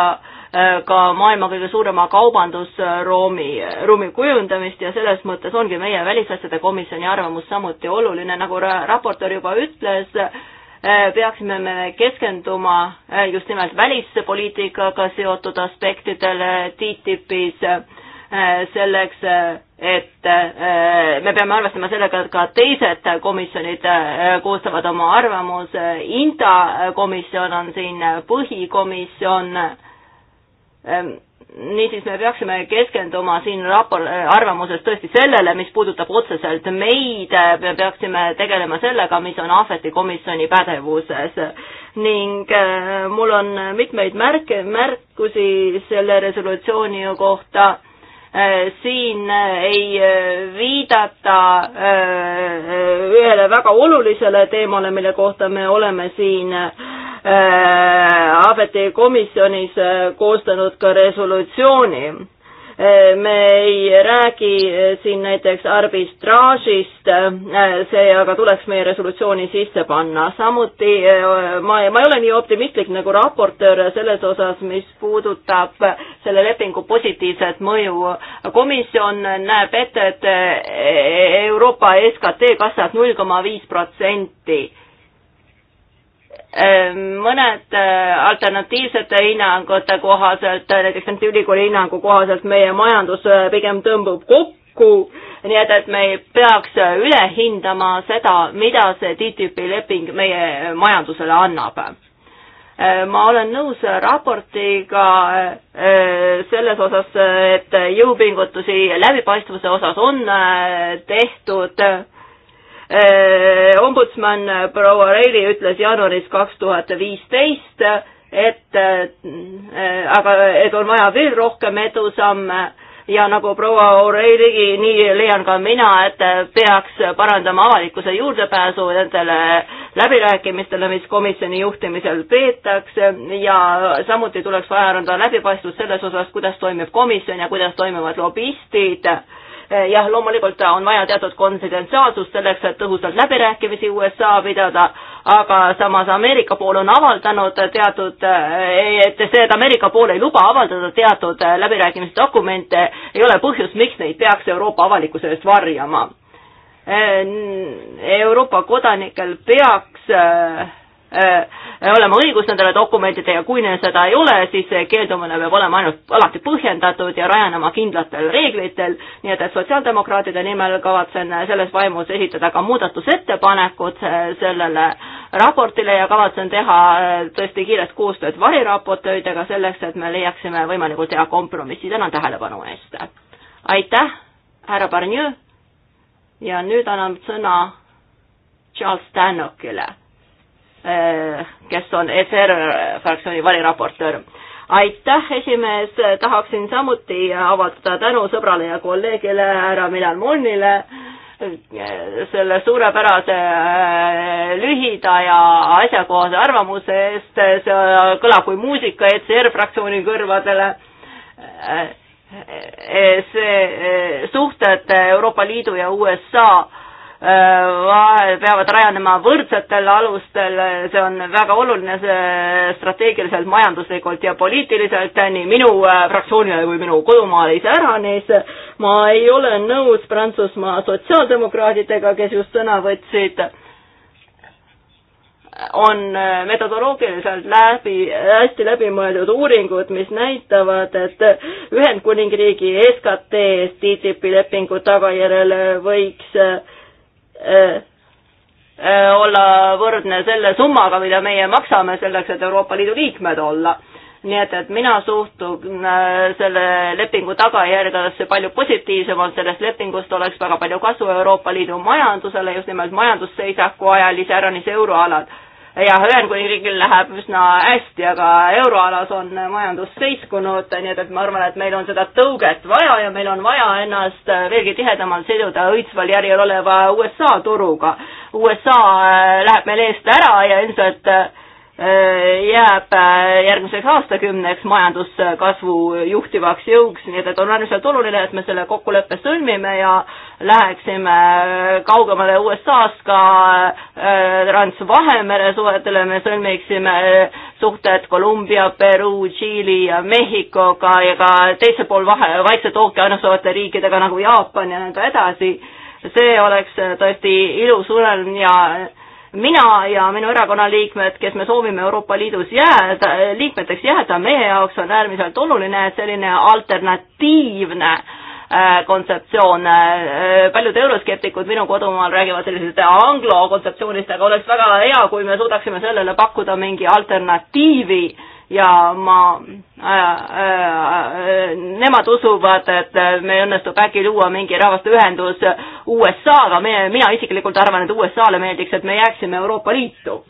Äh, ka maailma kõige suurema kaubandusruumi, ruumi kujundamist ja selles mõttes ongi meie välisasjade komisjoni arvamus samuti oluline, nagu raportöör juba ütles, äh, peaksime me keskenduma äh, just nimelt välispoliitikaga seotud aspektidele TTIP-is selleks, et me peame arvestama sellega, et ka teised komisjonid koostavad oma arvamuse, INTA komisjon on siin põhikomisjon Ehm, niisiis me peaksime keskenduma siin rapor-, äh, arvamuses tõesti sellele, mis puudutab otseselt meid, äh, me peaksime tegelema sellega, mis on Ahveti komisjoni pädevuses. ning äh, mul on mitmeid märke, märkusi selle resolutsiooni kohta, siin ei viidata ühele väga olulisele teemale, mille kohta me oleme siin äh, Äh, ABT komisjonis äh, koostanud ka resolutsiooni. Äh, me ei räägi siin näiteks arbitraažist, see aga tuleks meie resolutsiooni sisse panna. samuti ma, ma ei ole nii optimistlik nagu raportöör selles osas, mis puudutab selle lepingu positiivset mõju. komisjon näeb ette, et Euroopa SKT kasvab null koma viis protsenti Ehm, mõned äh, alternatiivsete hinnangute kohaselt, äh, näiteks nende ülikooli hinnangu kohaselt meie majandus äh, pigem tõmbub kokku, nii et, et me ei peaks üle hindama seda, mida see TTIP-i leping meie majandusele annab. ma olen nõus raportiga selles osas, et jõupingutusi läbipaistvuse osas on tehtud Äh, ombudsman äh, proua Reili ütles jaanuaris kaks tuhat viisteist, et äh, aga, et on vaja veel rohkem edusamme ja nagu proua Oreiligi, nii leian ka mina, et peaks parandama avalikkuse juurdepääsu nendele läbirääkimistele, mis komisjoni juhtimisel peetakse ja samuti tuleks vaja anda läbipaistvust selles osas, kuidas toimib komisjon ja kuidas toimivad lobistid Eh, jah, loomulikult on vaja teatud konfidentsiaalsust selleks, et tõhusalt läbirääkimisi USA pidada, aga samas Ameerika pool on avaldanud teatud, eh, et see, et Ameerika pool ei luba avaldada teatud eh, läbirääkimisdokumente, ei ole põhjus, miks neid peaks Euroopa avalikkuse eest varjama. Euroopa kodanikel peaks Äh, olema õigus nendele dokumentidele ja kui neil seda ei ole, siis see keeldumine peab olema ainult alati põhjendatud ja rajanema kindlatel reeglitel, nii et, et sotsiaaldemokraatide nimel kavatsen selles vaimus esitada ka muudatusettepanekud äh, sellele raportile ja kavatsen teha äh, tõesti kiiret koostööd variraportööridega selleks, et me leiaksime võimalikult hea kompromissi, tänan tähelepanu eest. aitäh, härra Barnier ja nüüd annan sõna Charles Stanokile kes on SR e fraktsiooni valiraportöör. aitäh, esimees, tahaksin samuti avaldada tänu sõbrale ja kolleegile härra Milan Munnile selle suurepärase äh, lühida ja asjakohase arvamuse eest, see kõlab kui muusika ECR fraktsiooni kõrvadele äh, äh, see suhted Euroopa Liidu ja USA Äh, peavad rajanema võrdsetel alustel, see on väga oluline strateegiliselt, majanduslikult ja poliitiliselt nii minu äh, fraktsioonile kui minu kodumaale iseäranis. ma ei ole nõus Prantsusmaa sotsiaaldemokraadidega, kes just sõna võtsid, on äh, metodoloogiliselt läbi, hästi läbimõeldud uuringud, mis näitavad, et Ühendkuningriigi SKT-st TTIP-i lepingu tagajärjel võiks äh, Äh, äh, olla võrdne selle summaga, mida meie maksame selleks, et Euroopa Liidu liikmed olla. nii et, et mina suhtun äh, selle lepingu tagajärgedesse palju positiivsemalt, sellest lepingust oleks väga palju kasu Euroopa Liidu majandusele, just nimelt majandusseisaku ajal, iseäranis euroalal jah, Ühendkuningriigil läheb üsna hästi, aga euroalas on majandus seiskunud, nii et, et ma arvan, et meil on seda tõuget vaja ja meil on vaja ennast veelgi tihedamalt siduda õitsval järjel oleva USA turuga. USA äh, läheb meil eest ära ja ilmselt äh, Äh, jääb äh, järgmiseks aastakümneks majanduskasvu juhtivaks jõuks, nii et, et on äärmiselt oluline, et me selle kokkuleppe sõlmime ja läheksime äh, kaugemale USA-st ka Transvahemere suhetele, me sõlmiksime suhted Kolumbia, Peruu, Tšiili ja Mehhikoga ja ka teisel pool vahe, Vaikset ookeani asuvate riikidega nagu Jaapan ja nõnda edasi. see oleks tõesti ilus unelm ja mina ja minu erakonna liikmed, kes me soovime Euroopa Liidus jääda, liikmeteks jääda, meie jaoks on äärmiselt oluline, et selline alternatiivne äh, kontseptsioon, äh, paljud euroskeptikud minu kodumaal räägivad sellisest anglo kontseptsioonist, aga oleks väga hea, kui me suudaksime sellele pakkuda mingi alternatiivi äh, ja ma äh,, äh, nemad usuvad, et meil õnnestub äkki luua mingi rahvaste ühendus USA-ga, mina isiklikult arvan, et USA-le meeldiks, et me jääksime Euroopa Liitu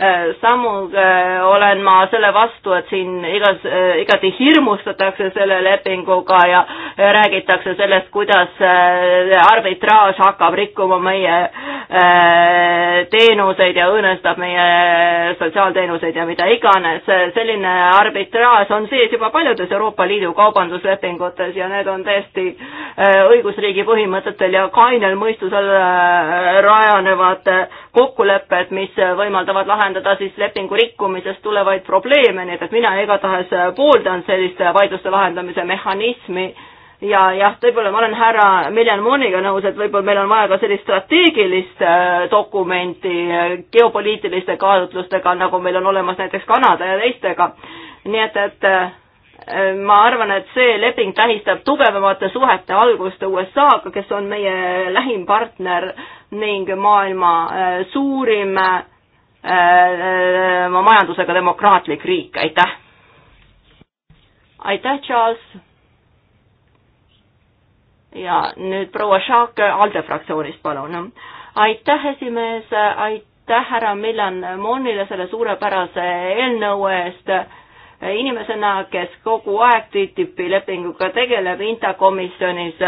Äh, samu äh, olen ma selle vastu, et siin igas, äh, igati hirmustatakse selle lepinguga ja räägitakse sellest, kuidas arbitraaž hakkab rikkuma meie teenuseid ja õõnestab meie sotsiaalteenuseid ja mida iganes. selline arbitraaž on sees juba paljudes Euroopa Liidu kaubanduslepingutes ja need on tõesti õigusriigi põhimõtetel ja kainel mõistusel rajanevad kokkulepped, mis võimaldavad lahendada lahendada siis lepingu rikkumisest tulevaid probleeme, nii et, et mina igatahes pooldan selliste vaidluste lahendamise mehhanismi ja jah, võib-olla ma olen härra Miljan Mooniga nõus, et võib-olla meil on vaja ka sellist strateegilist äh, dokumenti äh, geopoliitiliste kaalutlustega, nagu meil on olemas näiteks Kanada ja teistega. nii et, et äh, ma arvan, et see leping tähistab tugevamate suhete algust USA-ga, kes on meie lähim partner ning maailma suurim äh, oma äh, äh, äh, majandusega demokraatlik riik, aitäh! aitäh, Charles! ja nüüd proua Šaak ALDE fraktsioonist, palun! aitäh, esimees, aitäh härra Millan Monile selle suurepärase eelnõu eest inimesena, kes kogu aeg TTIP-i lepinguga tegeleb Inta komisjonis,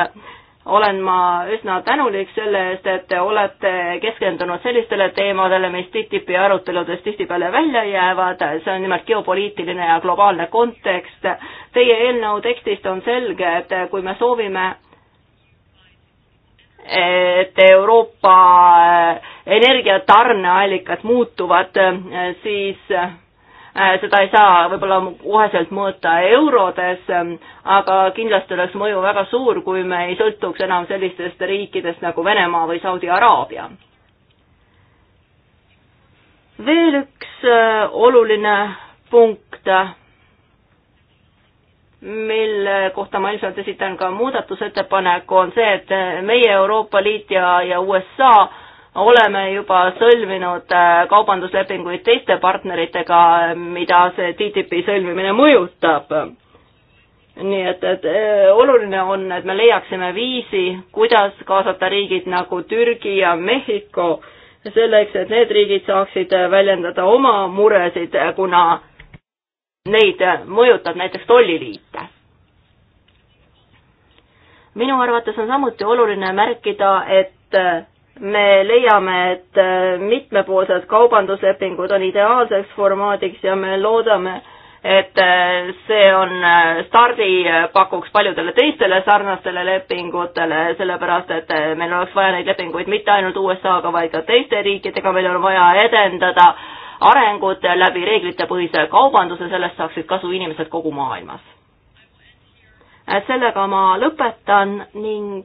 olen ma üsna tänulik selle eest, et te olete keskendunud sellistele teemadele, mis TTIP-i aruteludes tihtipeale välja jäävad, see on nimelt geopoliitiline ja globaalne kontekst. Teie eelnõu tekstist on selge, et kui me soovime et Euroopa energiatarneallikad muutuvad, siis Äh, seda ei saa võib-olla koheselt mõõta eurodes, ähm, aga kindlasti oleks mõju väga suur, kui me ei sõltuks enam sellistest riikidest nagu Venemaa või Saudi Araabia. veel üks äh, oluline punkt, mille kohta ma ilmselt esitan ka muudatusettepaneku, on see, et äh, meie Euroopa Liit ja, ja USA oleme juba sõlminud äh, kaubanduslepinguid teiste partneritega, äh, mida see TTIP-i sõlmimine mõjutab. nii et, et äh, oluline on, et me leiaksime viisi, kuidas kaasata riigid nagu Türgi ja Mehhiko selleks, et need riigid saaksid väljendada oma muresid, kuna neid mõjutab näiteks tolliliit. minu arvates on samuti oluline märkida, et me leiame, et äh, mitmepoolsed kaubanduslepingud on ideaalseks formaadiks ja me loodame, et äh, see on äh, stardipakuks paljudele teistele sarnastele lepingutele, sellepärast et meil oleks vaja neid lepinguid mitte ainult USA-ga, vaid ka teiste riikidega, meil on vaja edendada arengut läbi reeglitepõhise kaubanduse, sellest saaksid kasu inimesed kogu maailmas. sellega ma lõpetan ning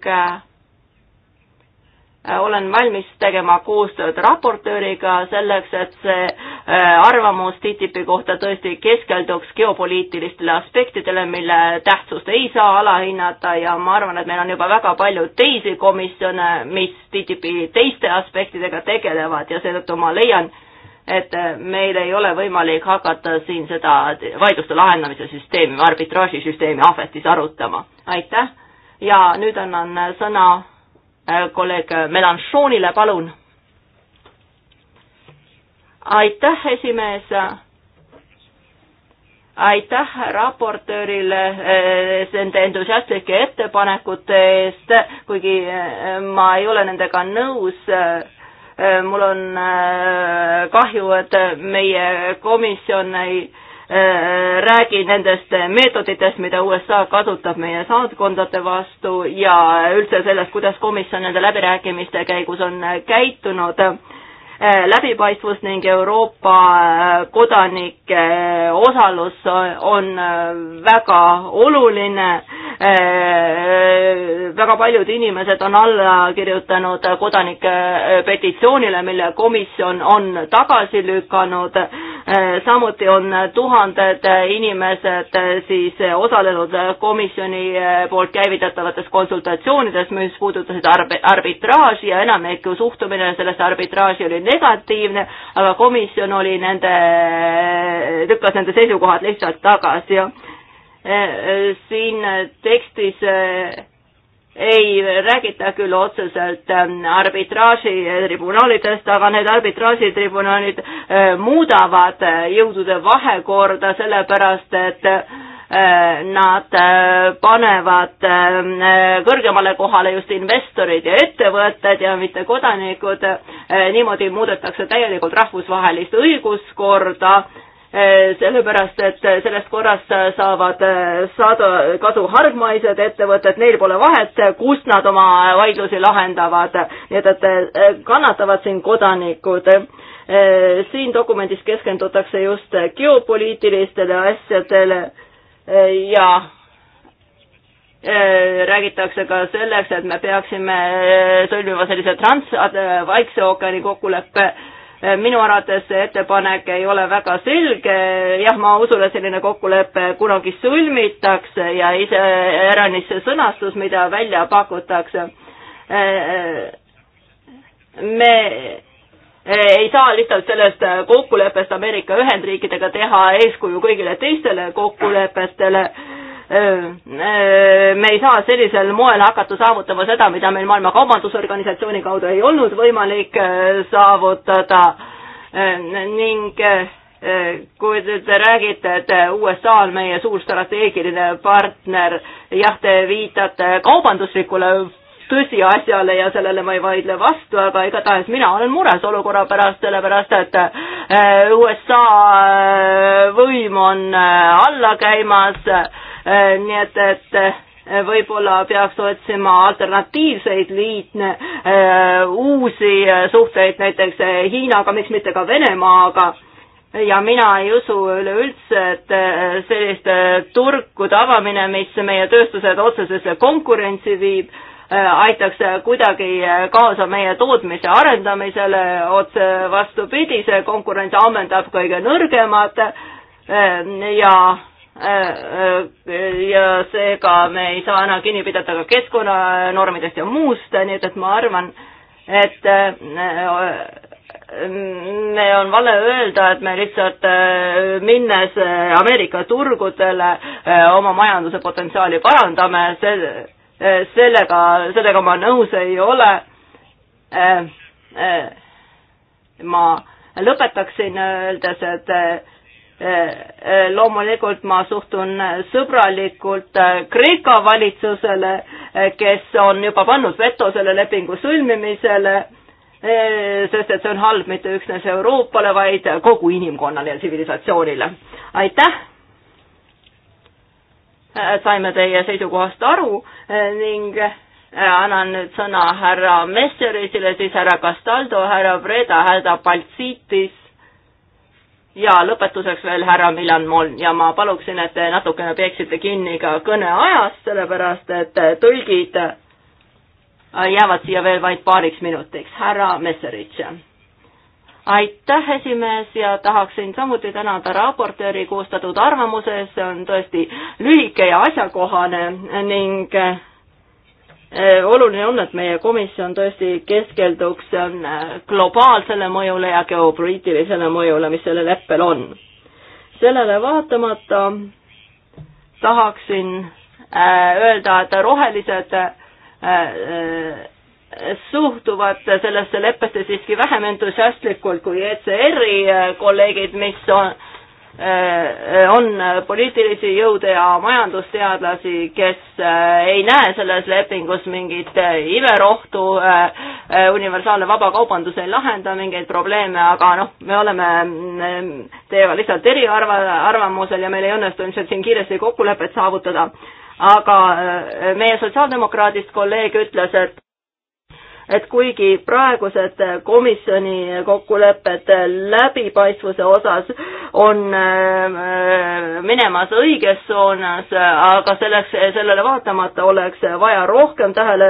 Äh, olen valmis tegema koostööd raportööriga selleks, et see äh, arvamus TTIP-i kohta tõesti keskelduks geopoliitilistele aspektidele, mille tähtsust ei saa alahinnata ja ma arvan, et meil on juba väga palju teisi komisjone, mis TTIP-i teiste aspektidega tegelevad ja seetõttu ma leian, et äh, meil ei ole võimalik hakata siin seda vaidluste lahendamise süsteemi, arbitraažisüsteemi ahvetis arutama. aitäh ja nüüd annan sõna Äh, kolleeg Melanchonile, palun. aitäh, esimees. aitäh raportöörile äh, nende entusiastlike ettepanekute eest, kuigi äh, ma ei ole nendega nõus mul on kahju, et meie komisjon ei Äh, äh, räägi nendest meetoditest, mida USA kasutab meie saatkondade vastu ja üldse sellest, kuidas komisjon nende läbirääkimiste käigus on käitunud Äh, läbipaistvus ning Euroopa äh, kodanike äh, osalus on väga oluline. väga paljud inimesed on alla kirjutanud kodanike petitsioonile, mille komisjon on tagasi lükanud. samuti on tuhanded inimesed siis osalenud komisjoni poolt käivitatavates konsultatsioonides, mis puudutasid arbitraaži ja enamiku suhtumine sellesse arbitraaži oli negatiivne, aga komisjon oli nende, lükkas nende seisukohad lihtsalt tagasi ja e, e, siin tekstis e, ei räägita küll otseselt arbitraaži tribunaalidest, aga need arbitraažitribunaalid muudavad jõudude vahekorda, sellepärast et äh, Äh, nad äh, panevad äh, kõrgemale kohale just investorid ja ettevõtted ja mitte kodanikud. niimoodi muudetakse täielikult rahvusvahelist õiguskorda, sellepärast et sellest korrast saavad saada kasu hargmaised ettevõtted, neil pole vahet, kust nad oma vaidlusi lahendavad, nii et, et kannatavad siin kodanikud siin dokumendis keskendutakse just geopoliitilistele asjadele Eh, ja eh, räägitakse ka selleks, et me peaksime eh, sõlmima sellise trans-, Vaikse ookeani kokkuleppe. minu arvates see ettepanek ei ole väga selge, jah, ma usun, et selline kokkulepe kunagi sõlmitakse ja iseäranis see sõnastus, mida välja pakutakse, me Eh, ei saa lihtsalt sellest eh, kokkuleppest Ameerika Ühendriikidega teha eeskuju kõigile teistele kokkulepetele. Eh, me ei saa sellisel moel hakata saavutama seda, mida meil Maailma Kaubandusorganisatsiooni kaudu ei olnud võimalik saavutada ning kui te räägite, et USA on meie suur strateegiline partner, jah, te viitate kaubanduslikule tõsiasjale ja sellele ma ei vaidle vastu, aga igatahes mina olen mures olukorra pärast, sellepärast et äh, USA äh, võim on äh, alla käimas, nii et, et võib-olla peaks otsima alternatiivseid liitne, uusi suhteid näiteks Hiinaga, miks mitte ka Venemaaga. ja mina ei usu üleüldse, et selliste turgude avamine, mis meie tööstused otsesesse konkurentsi viib Äh, aitaks kuidagi äh, kaasa meie tootmise arendamisele, otse vastupidi, see konkurents ammendab kõige nõrgemad äh, ja ja seega me ei saa enam kinni pidada ka keskkonnanormidest ja muust, nii et, et ma arvan, et me on vale öelda, et me lihtsalt minnes Ameerika turgudele oma majanduse potentsiaali parandame, see Eh, sellega, sellega ma nõus ei ole. Eh, eh, ma lõpetaksin öeldes, et loomulikult ma suhtun sõbralikult Kreeka valitsusele, kes on juba pannud veto selle lepingu sõlmimisele, sest et see on halb mitte üksnes Euroopale, vaid kogu inimkonnale ja tsivilisatsioonile. aitäh! Äh, saime teie seisukohast aru äh, ning äh, annan nüüd sõna härra Messerisile, siis härra Castaldo, härra Breda, härra Paltsiitis ja lõpetuseks veel härra Milan Moln ja ma paluksin, et te natukene peeksite kinni ka kõneajast, sellepärast et tõlgid jäävad siia veel vaid paariks minutiks. härra Messerich aitäh, esimees, ja tahaksin samuti tänada raportööri koostatud arvamuse, see on tõesti lühike ja asjakohane ning eh, oluline on, et meie komisjon tõesti keskelduks eh, globaalsele mõjule ja geopoliitilisele mõjule, mis sellel leppel on. sellele vaatamata tahaksin eh, öelda, et rohelised suhtuvad sellesse leppesse siiski vähem entusiastlikult kui ECR-i äh, kolleegid, mis on, äh, on poliitilisi jõude ja majandusteadlasi, kes äh, ei näe selles lepingus mingit imerohtu, universaalne vabakaubandus ei lahenda mingeid probleeme, aga noh, me oleme mm, teiega lihtsalt eriarva-, arvamusel ja meil ei õnnestu ilmselt siin kiiresti kokkulepet saavutada. aga meie sotsiaaldemokraadist kolleeg ütles, et et kuigi praegused komisjoni kokkulepped läbipaistvuse osas on äh, minemas õiges suunas, aga selleks, sellele vaatamata oleks vaja rohkem tähele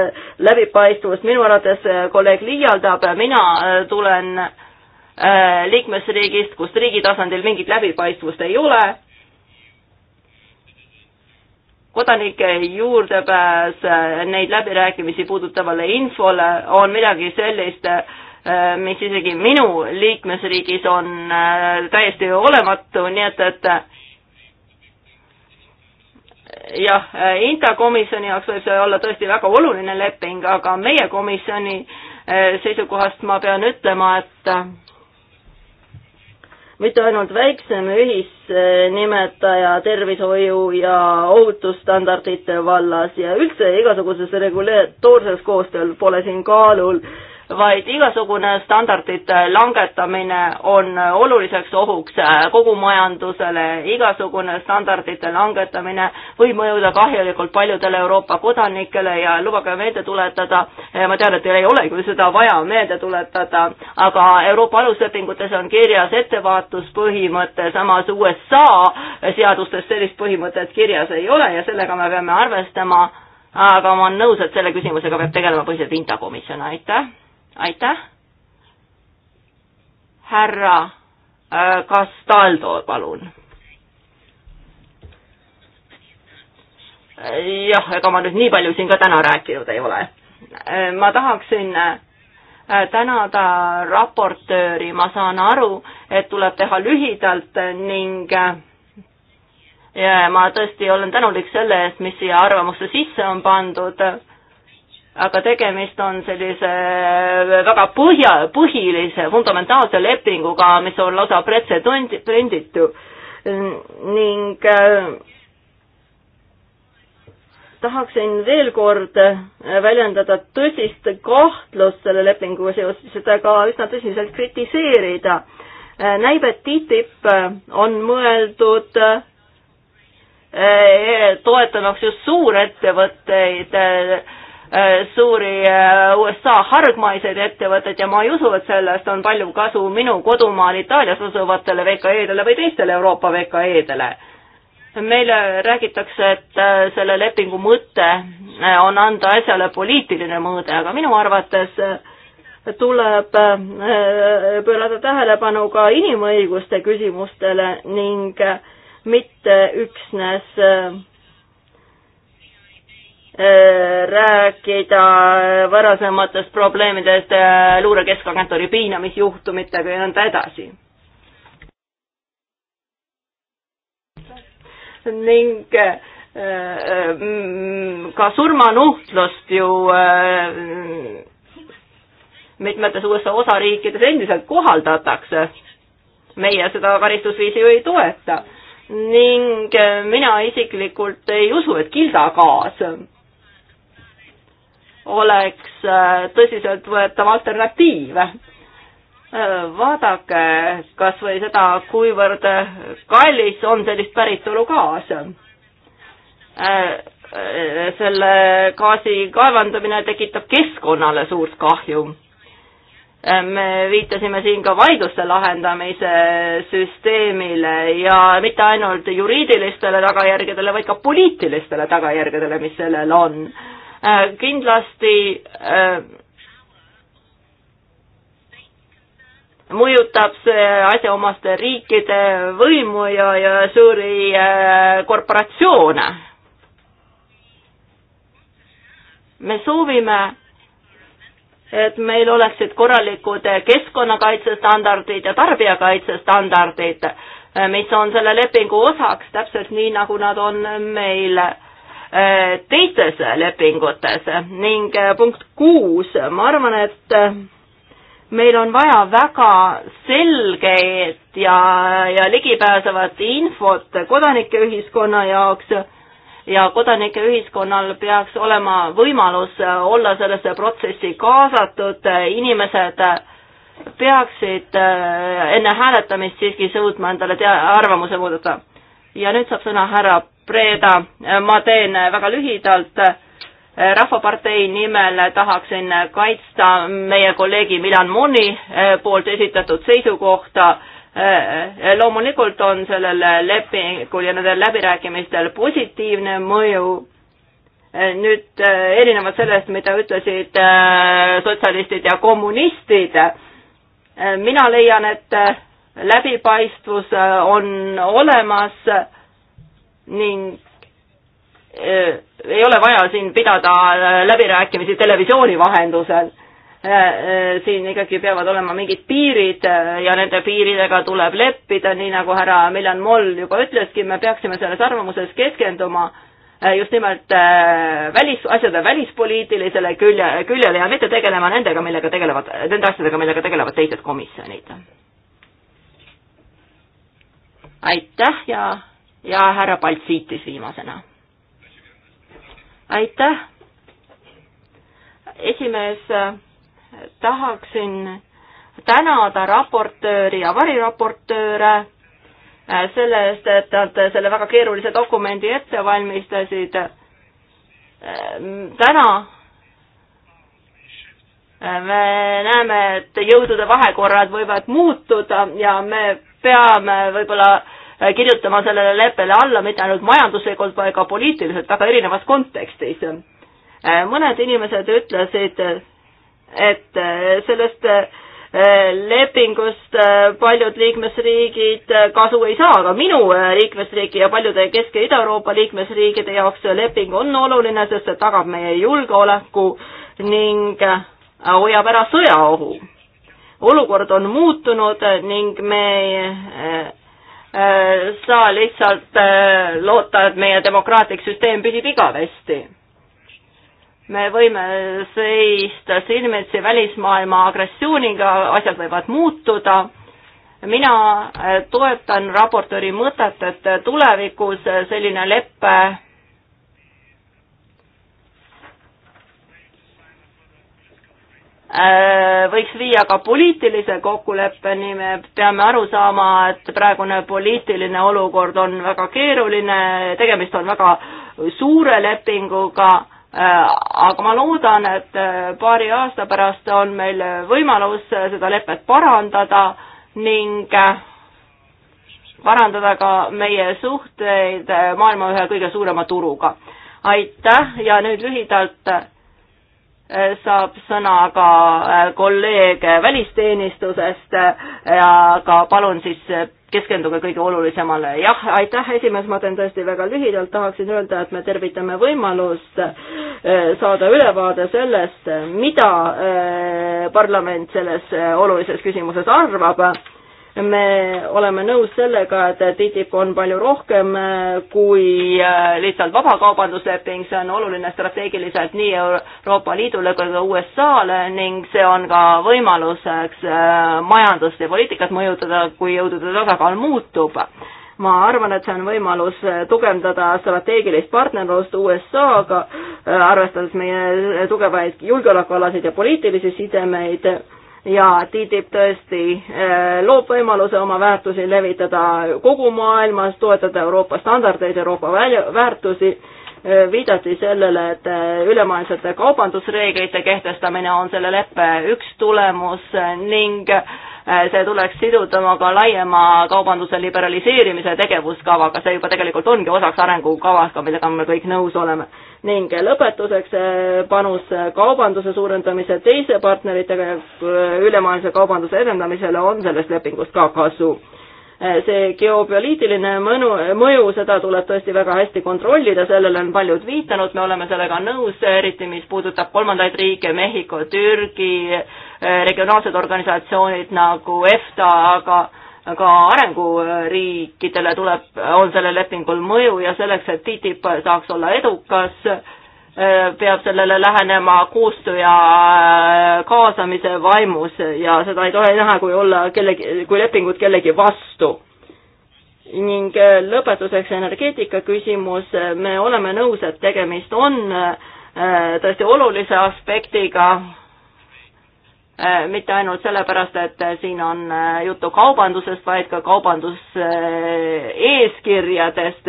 läbipaistvust, minu arvates kolleeg liialdab, mina äh, tulen äh, liikmesriigist, kus riigi tasandil mingit läbipaistvust ei ole kodanike juurdepääs neid läbirääkimisi puudutavale infole on midagi sellist, mis isegi minu liikmesriigis on äh, täiesti olematu, nii et, et jah, äh, Inta komisjoni jaoks võib see olla tõesti väga oluline leping, aga meie komisjoni äh, seisukohast ma pean ütlema, et mitte ainult väiksem ühisnimetaja tervishoiu ja ohutusstandardite vallas ja üldse igasuguses regulatoorses koostööl pole siin kaalul äh, vaid igasugune standardite langetamine on oluliseks ohuks äh, kogu majandusele, igasugune standardite langetamine võib mõjuda kahjulikult paljudele Euroopa kodanikele ja lubage meelde tuletada, äh, ma tean, et teil ei ole küll seda vaja meelde tuletada, aga Euroopa aluslepingutes on kirjas ettevaatuspõhimõte, samas USA seadustes sellist põhimõtet kirjas ei ole ja sellega me peame arvestama, aga ma olen nõus, et selle küsimusega peab tegelema põhiliselt Inta komisjon, aitäh! aitäh. härra Castaldo, äh, palun. Äh, jah, ega ma nüüd nii palju siin ka täna rääkinud ei ole. Äh, ma tahaksin tänada raportööri, ma saan aru, et tuleb teha lühidalt ning ja ma tõesti olen tänulik selle eest, mis siia arvamusse sisse on pandud aga tegemist on sellise äh, väga põhja, põhilise fundamentaalse lepinguga, mis on lausa pretsedenditu mm, ning äh, tahaksin veel kord äh, väljendada tõsist kahtlust selle lepinguga seoses, seda ka üsna tõsiselt kritiseerida. näib, et TTIP on mõeldud toetamaks just suurettevõtteid Äh, suuri äh, USA hargmaiseid ettevõtteid ja ma ei usu, et sellest on palju kasu minu kodumaal Itaalias asuvatele VKE-dele või teistele Euroopa VKE-dele. meile räägitakse, et äh, selle lepingu mõte on anda asjale poliitiline mõõde, aga minu arvates tuleb pöörata tähelepanu ka inimõiguste küsimustele ning mitte üksnes Eh, rääkida varasematest probleemidest eh, luure keskagentuuri piinamisjuhtumitega ja nõnda edasi. ning eh, ka surmanuhtlust ju mitmetes USA osariikides endiselt kohaldatakse. meie seda karistusviisi ju ei toeta ning mina isiklikult ei usu, et kildagaas oleks äh, tõsiseltvõetav alternatiiv. Äh, vaadake kas või seda, kuivõrd kallis on sellist päritolu gaas. Äh, selle gaasi kaevandamine tekitab keskkonnale suurt kahju me viitasime siin ka vaidluste lahendamise süsteemile ja mitte ainult juriidilistele tagajärgedele, vaid ka poliitilistele tagajärgedele, mis sellel on. Äh, kindlasti äh, mõjutab see asjaomaste riikide võimu ja, ja suuri äh, korporatsioone. me soovime, et meil oleksid korralikud keskkonnakaitsestandardid ja tarbijakaitsestandardid, mis on selle lepingu osaks, täpselt nii, nagu nad on meil teistes lepingutes ning äh, punkt kuus, ma arvan, et äh, meil on vaja väga selgeid ja, ja ligipääsevat infot kodanikeühiskonna jaoks ja kodanikeühiskonnal peaks olema võimalus äh, olla sellesse protsessi kaasatud, inimesed peaksid enne hääletamist siiski suutma endale tea-, arvamuse muuta. ja nüüd saab sõna härra Preda, ma teen väga lühidalt. rahvapartei nimel tahaksin kaitsta meie kolleegi Milan Muni eh, poolt esitatud seisukohta eh, eh, loomulikult on sellel lepingul ja nendel läbirääkimistel positiivne mõju. nüüd erinevalt sellest, mida ütlesid sotsialistid ja kommunistid, mina leian, et läbipaistvus on olemas ning eh, ei ole vaja siin pidada eh, läbirääkimisi televisiooni vahendusel. Eh, siin ikkagi peavad olema mingid piirid ja nende piiridega tuleb leppida, nii nagu härra Miljan Moll juba ütleski, me peaksime selles arvamuses keskenduma just nimelt välis, asjade välispoliitilisele külje, küljele ja mitte tegelema nendega, millega tegelevad, nende asjadega, millega tegelevad teised komisjonid. aitäh ja ja härra Paltsiitis viimasena. aitäh! esimees, tahaksin tänada raportööri ja variraportööre selle eest, et nad selle väga keerulise dokumendi ette valmistasid. täna me näeme, et jõudude vahekorrad võivad muutuda ja me peame võib-olla Äh, kirjutama sellele leppele alla mitte ainult majanduslikult, vaid ka poliitiliselt väga erinevas kontekstis. Äh, mõned inimesed ütlesid, et äh, sellest lepingust paljud liikmesriigid kasu ei saa, aga minu liikmesriigi ja paljude Kesk- ja Ida-Euroopa liikmesriikide jaoks leping on oluline, sest see tagab meie julgeoleku ning hoiab ära sõjaohu. olukord on muutunud ning me Äh, saa lihtsalt äh, loota, et meie demokraatlik süsteem püsib igavesti. me võime seista silmitsi välismaailma agressiooniga, asjad võivad muutuda mina äh, toetan raportööri mõtet, et tulevikus selline lepe Äh, võiks viia ka poliitilise kokkuleppeni, me peame aru saama, et praegune poliitiline olukord on väga keeruline, tegemist on väga suure lepinguga, äh, aga ma loodan, et äh, paari aasta pärast on meil võimalus seda lepet parandada ning parandada ka meie suhteid maailma ühe kõige suurema turuga. aitäh ja nüüd lühidalt Äh, saab sõna ka äh, kolleeg välisteenistusest äh, ja ka palun siis keskenduge kõige olulisemale. jah, aitäh, esimees, ma teen tõesti väga lühidalt, tahaksin öelda, et me tervitame võimalust saada ülevaade sellest, mida parlament selles olulises küsimuses arvab me oleme nõus sellega, et TTIP on palju rohkem äh, kui äh, lihtsalt vabakaubandusleping, see on oluline strateegiliselt nii Euroopa Liidule kui ka USA-le ning see on ka võimaluseks äh, majandust ja poliitikat mõjutada, kui jõudude tasakaal muutub. ma arvan, et see on võimalus tugevdada strateegilist partnerlust USA-ga, arvestades meie tugevaid julgeolekualaseid ja poliitilisi sidemeid ja TTIP tõesti eh, loob võimaluse oma väärtusi levitada kogu maailmas, toetada Euroopa standardeid, Euroopa väärtusi, eh, viidati sellele, et eh, ülemaailmsete kaubandusreeglite kehtestamine on selle leppe üks tulemus ning äh, Eh, see tuleks sidutama ka laiema kaubanduse liberaliseerimise tegevuskavaga, see juba tegelikult ongi osaks arengukavast, millega me kõik nõus oleme. ning lõpetuseks eh, panus kaubanduse suurendamise teiste partneritega eh, ülemaailmse kaubanduse edendamisele on sellest lepingust ka kasu see geopoliitiline mõnu, mõju, seda tuleb tõesti väga hästi kontrollida, sellele on paljud viitanud, me oleme sellega nõus, eriti mis puudutab kolmandaid riike, Mehhiko, Türgi, Äh, regionaalsed organisatsioonid nagu EFTA, aga aga arenguriikidele tuleb, on sellel lepingul mõju ja selleks, et TTIP saaks olla edukas, äh, peab sellele lähenema koostöö ja äh, kaasamise vaimus ja seda ei tohi näha, kui olla kellegi, kui lepingud kellegi vastu ning lõpetuseks energeetika küsimus, me oleme nõus, et tegemist on tõesti olulise aspektiga, Äh, mitte ainult sellepärast, et äh, siin on äh, juttu kaubandusest, vaid ka kaubanduseeskirjadest.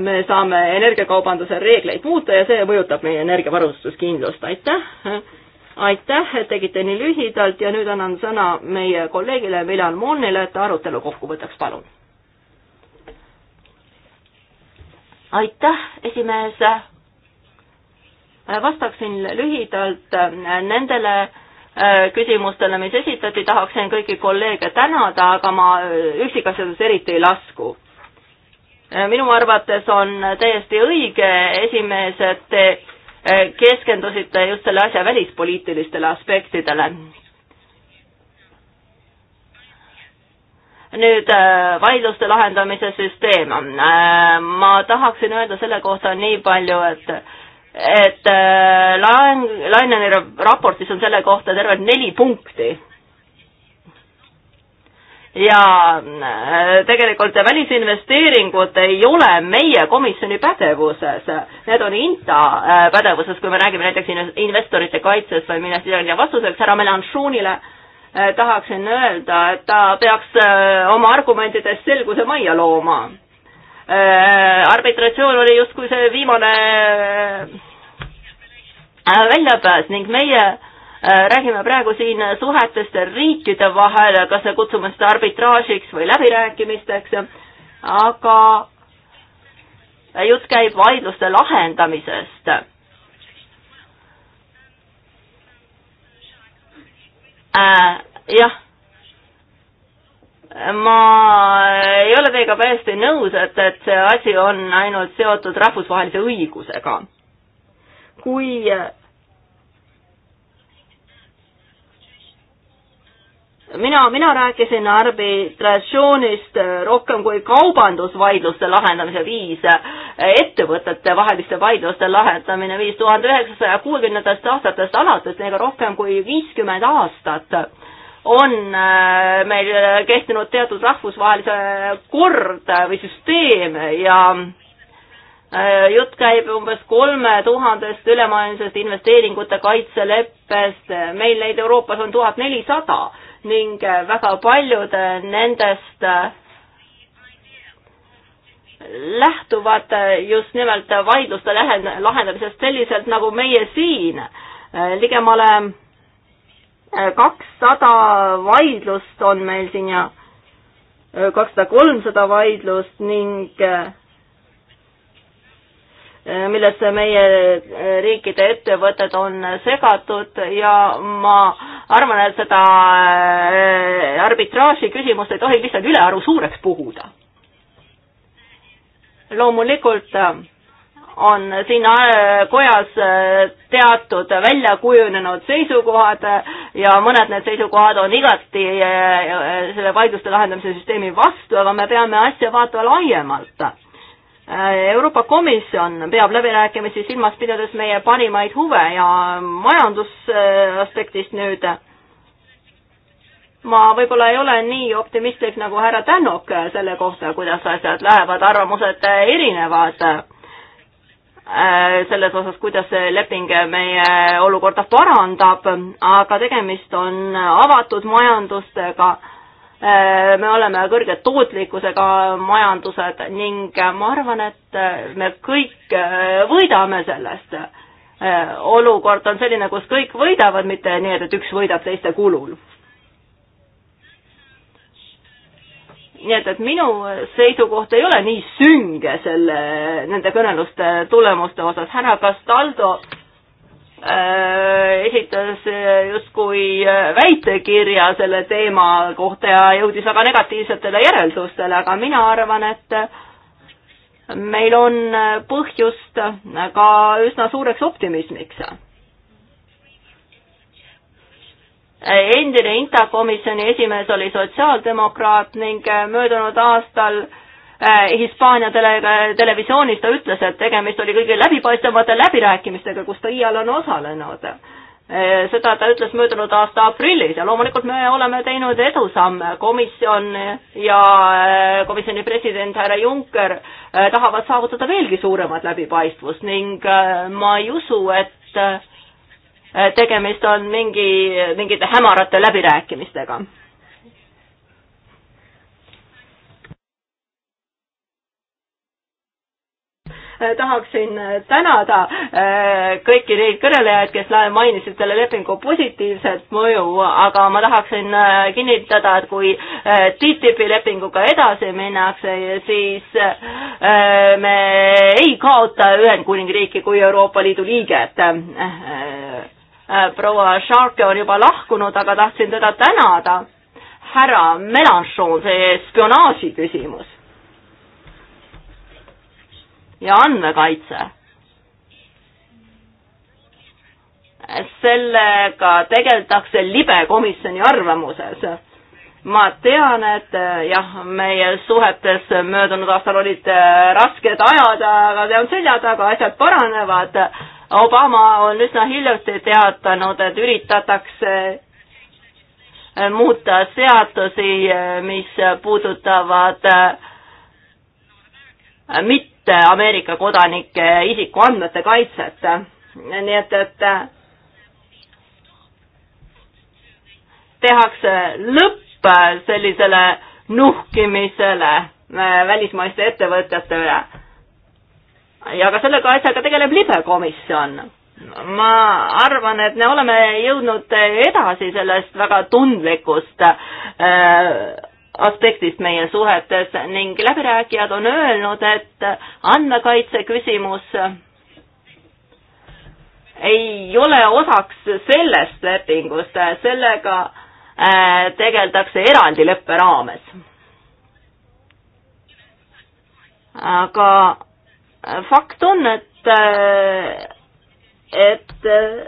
me saame energiakaubanduse reegleid muuta ja see mõjutab meie energiavarustuskindlust, aitäh! aitäh, et tegite nii lühidalt ja nüüd annan sõna meie kolleegile Milan Moonile, et ta arutelu kokku võtaks, palun. aitäh, esimees. vastaksin lühidalt nendele Äh, küsimustele, mis esitati, tahaksin kõiki kolleege tänada, aga ma äh, üksikasjades eriti ei lasku. Äh, minu arvates on täiesti õige, esimees, et te keskendusite just selle asja välispoliitilistele aspektidele. nüüd vaidluste lahendamise süsteem. ma tahaksin öelda selle kohta nii palju, et et äh, laen, Laineni raportis on selle kohta tervelt neli punkti. ja äh, tegelikult välisinvesteeringud ei ole meie komisjoni pädevuses, need on INTA äh, pädevuses, kui me räägime näiteks investorite kaitsest või millest midagi ja vastuseks härra Melanchonile tahaksin öelda, et ta peaks oma argumentides selguse majja looma Äh, arbitratsioon oli justkui see viimane äh, väljapääs ning meie äh, räägime praegu siin suhetest riikide vahel, kas me kutsume seda arbitraažiks või läbirääkimisteks, aga jutt käib vaidluste lahendamisest. jah ma ei ole teiega täiesti nõus, et, et see asi on ainult seotud rahvusvahelise õigusega. kui äh, mina, mina rääkisin arbitratsioonist rohkem kui kaubandusvaidluste lahendamise viis, äh, ettevõtete vaheliste vaidluste lahendamine viis tuhande üheksasaja kuuekümnendatest aastatest alates, seega rohkem kui viiskümmend aastat on äh, meil äh, kehtinud teatud rahvusvahelise äh, kord või süsteem ja jutt käib umbes kolme tuhandest ülemaailmsest investeeringute kaitseleppest, meil neid Euroopas on tuhat nelisada ning väga paljud nendest lähtuvad just nimelt vaidluste lahendamisest selliselt, nagu meie siin ligemale Eh, kakssada vaidlust on meil siin ja eh, kakssada kolmsada vaidlust ning eh, millesse meie riikide ettevõtted on segatud ja ma arvan, et seda arbitraaži küsimust ei tohi lihtsalt ülearu suureks puhuda. loomulikult on siin äh, kojas äh, teatud väljakujunenud seisukohad ja mõned need seisukohad on igati äh, selle vaidluste lahendamise süsteemi vastu, aga me peame asja vaatama laiemalt. Euroopa Komisjon peab läbirääkimisi silmas pidades meie parimaid huve ja majandusaspektist nüüd ma võib-olla ei ole nii optimistlik nagu härra Tänok selle kohta, kuidas asjad lähevad, arvamused erinevad Äh, selles osas, kuidas see leping meie olukorda parandab, aga tegemist on avatud majandustega, äh, me oleme kõrge tootlikkusega majandused ning ma arvan, et me kõik äh, võidame sellest. olukord on selline, kus kõik võidavad, mitte nii, et üks võidab teiste kulul nii et, et minu seisukoht ei ole nii sünge selle, nende kõneluste tulemuste osas. härra Castaldo äh, esitas äh, justkui äh, väitekirja selle teema kohta ja jõudis väga negatiivsetele järeldustele, aga mina arvan, et äh, meil on põhjust ka üsna suureks optimismiks Äh, endine INTA komisjoni esimees oli sotsiaaldemokraat ning äh, möödunud aastal äh, Hispaania tele, televisioonis ta ütles, et tegemist oli kõige läbipaistvamate läbirääkimistega, kus ta iial on osalenud. seda ta ütles möödunud aasta aprillis ja loomulikult me oleme teinud edusamme, komisjon ja komisjoni president härra Juncker tahavad saavutada veelgi suuremat läbipaistvust ning ma ei usu, et Äh, tegemist on mingi, mingite hämarate läbirääkimistega. Äh, tahaksin äh, tänada kõiki neid kõnelejaid, kes mainisid selle lepingu positiivset mõju, aga ma tahaksin kinnitada, et kui TTIP-i lepinguga edasi minnakse, siis me ei kaota Ühendkuningriiki kui Euroopa Liidu liiget Äh, proua Sharke on juba lahkunud, aga tahtsin teda tänada, härra Melanchon, see spionaaži küsimus ja andmekaitse. sellega tegeldakse libe komisjoni arvamuses. ma tean, et äh, jah, meie suhetes möödunud aastal olid äh, rasked ajad, aga see on selja taga, asjad paranevad Obama on üsna hiljuti teatanud, et üritatakse äh, muuta seadusi, äh, mis puudutavad äh, mitte Ameerika kodanike isikuandmete kaitset. nii et, et tehakse lõpp sellisele nuhkimisele välismaiste ettevõtjate üle ja ka selle asjaga tegeleb libekomisjon. ma arvan, et me oleme jõudnud edasi sellest väga tundlikust äh, aspektist meie suhetes ning läbirääkijad on öelnud, et andmekaitse küsimus ei ole osaks sellest lepingust, sellega äh, tegeldakse eraldi leppe raames. aga fakt on, et, äh, et äh,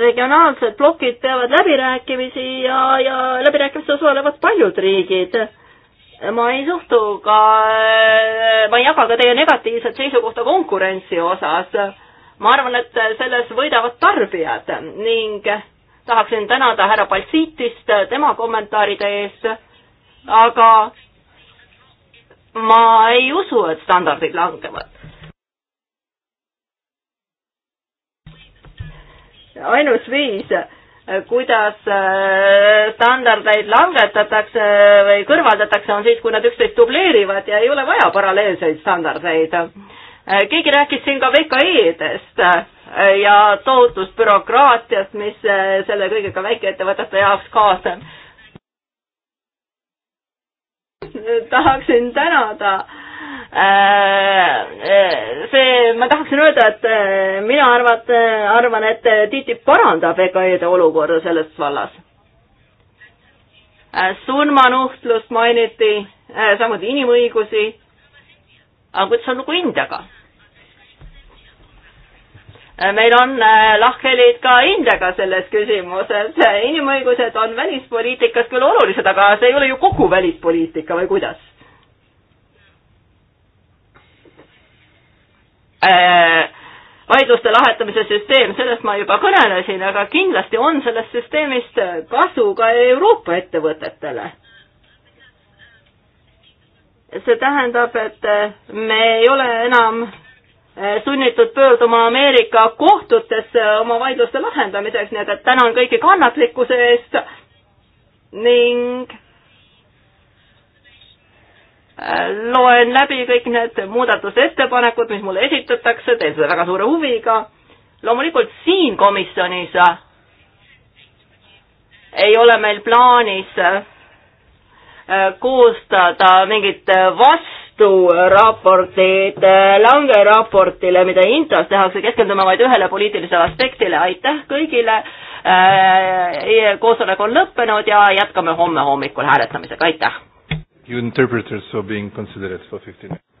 regionaalsed plokid peavad läbirääkimisi ja, ja läbirääkimistes osalevad paljud riigid ma ei suhtu ka, äh, ma ei jaga ka teie negatiivset seisukohta konkurentsi osas. ma arvan, et selles võidavad tarbijad ning tahaksin tänada härra Baltsiitist tema kommentaaride eest, aga ma ei usu, et standardid langevad. ainus viis, kuidas äh, standardeid langetatakse või kõrvaldatakse, on siis, kui nad üksteist dubleerivad ja ei ole vaja paralleelseid standardeid. Äh, keegi rääkis siin ka VKE-dest äh, ja tohutust bürokraatiast, mis selle kõigega väikeettevõtete jaoks kaasneb tahaksin tänada äh, äh, see, ma tahaksin öelda, et äh, mina arvat-, arvan, et TTIP parandab EKA-de olukorda selles vallas. surmanuhtlust mainiti, samuti inimõigusi. aga kuidas on lugu Indiaga? Äh, meil on äh, lahkhelid ka Indiaga selles küsimuses. Äh, inimõigused on välispoliitikas küll olulised, aga see ei ole ju kogu välispoliitika või kuidas? vaidluste lahetamise süsteem, sellest ma juba kõnelesin, aga kindlasti on sellest süsteemist kasu ka Euroopa ettevõtetele see tähendab, et me ei ole enam Eh, sunnitud pöörduma Ameerika kohtutesse oma vaidluste lahendamiseks, nii et, et tänan kõiki kannatlikkuse eest ning eh, loen läbi kõik need muudatusettepanekud, mis mulle esitatakse, teen seda väga suure huviga. loomulikult siin komisjonis eh, ei ole meil plaanis koostada mingit vastu vastu raportid langeraportile, mida Intas tehakse, keskendume vaid ühele poliitilisele aspektile, aitäh kõigile, äh, e, koosolek on lõppenud ja jätkame homme hommikul hääletamisega, aitäh! You interpreters are being considerate for 15 minutes.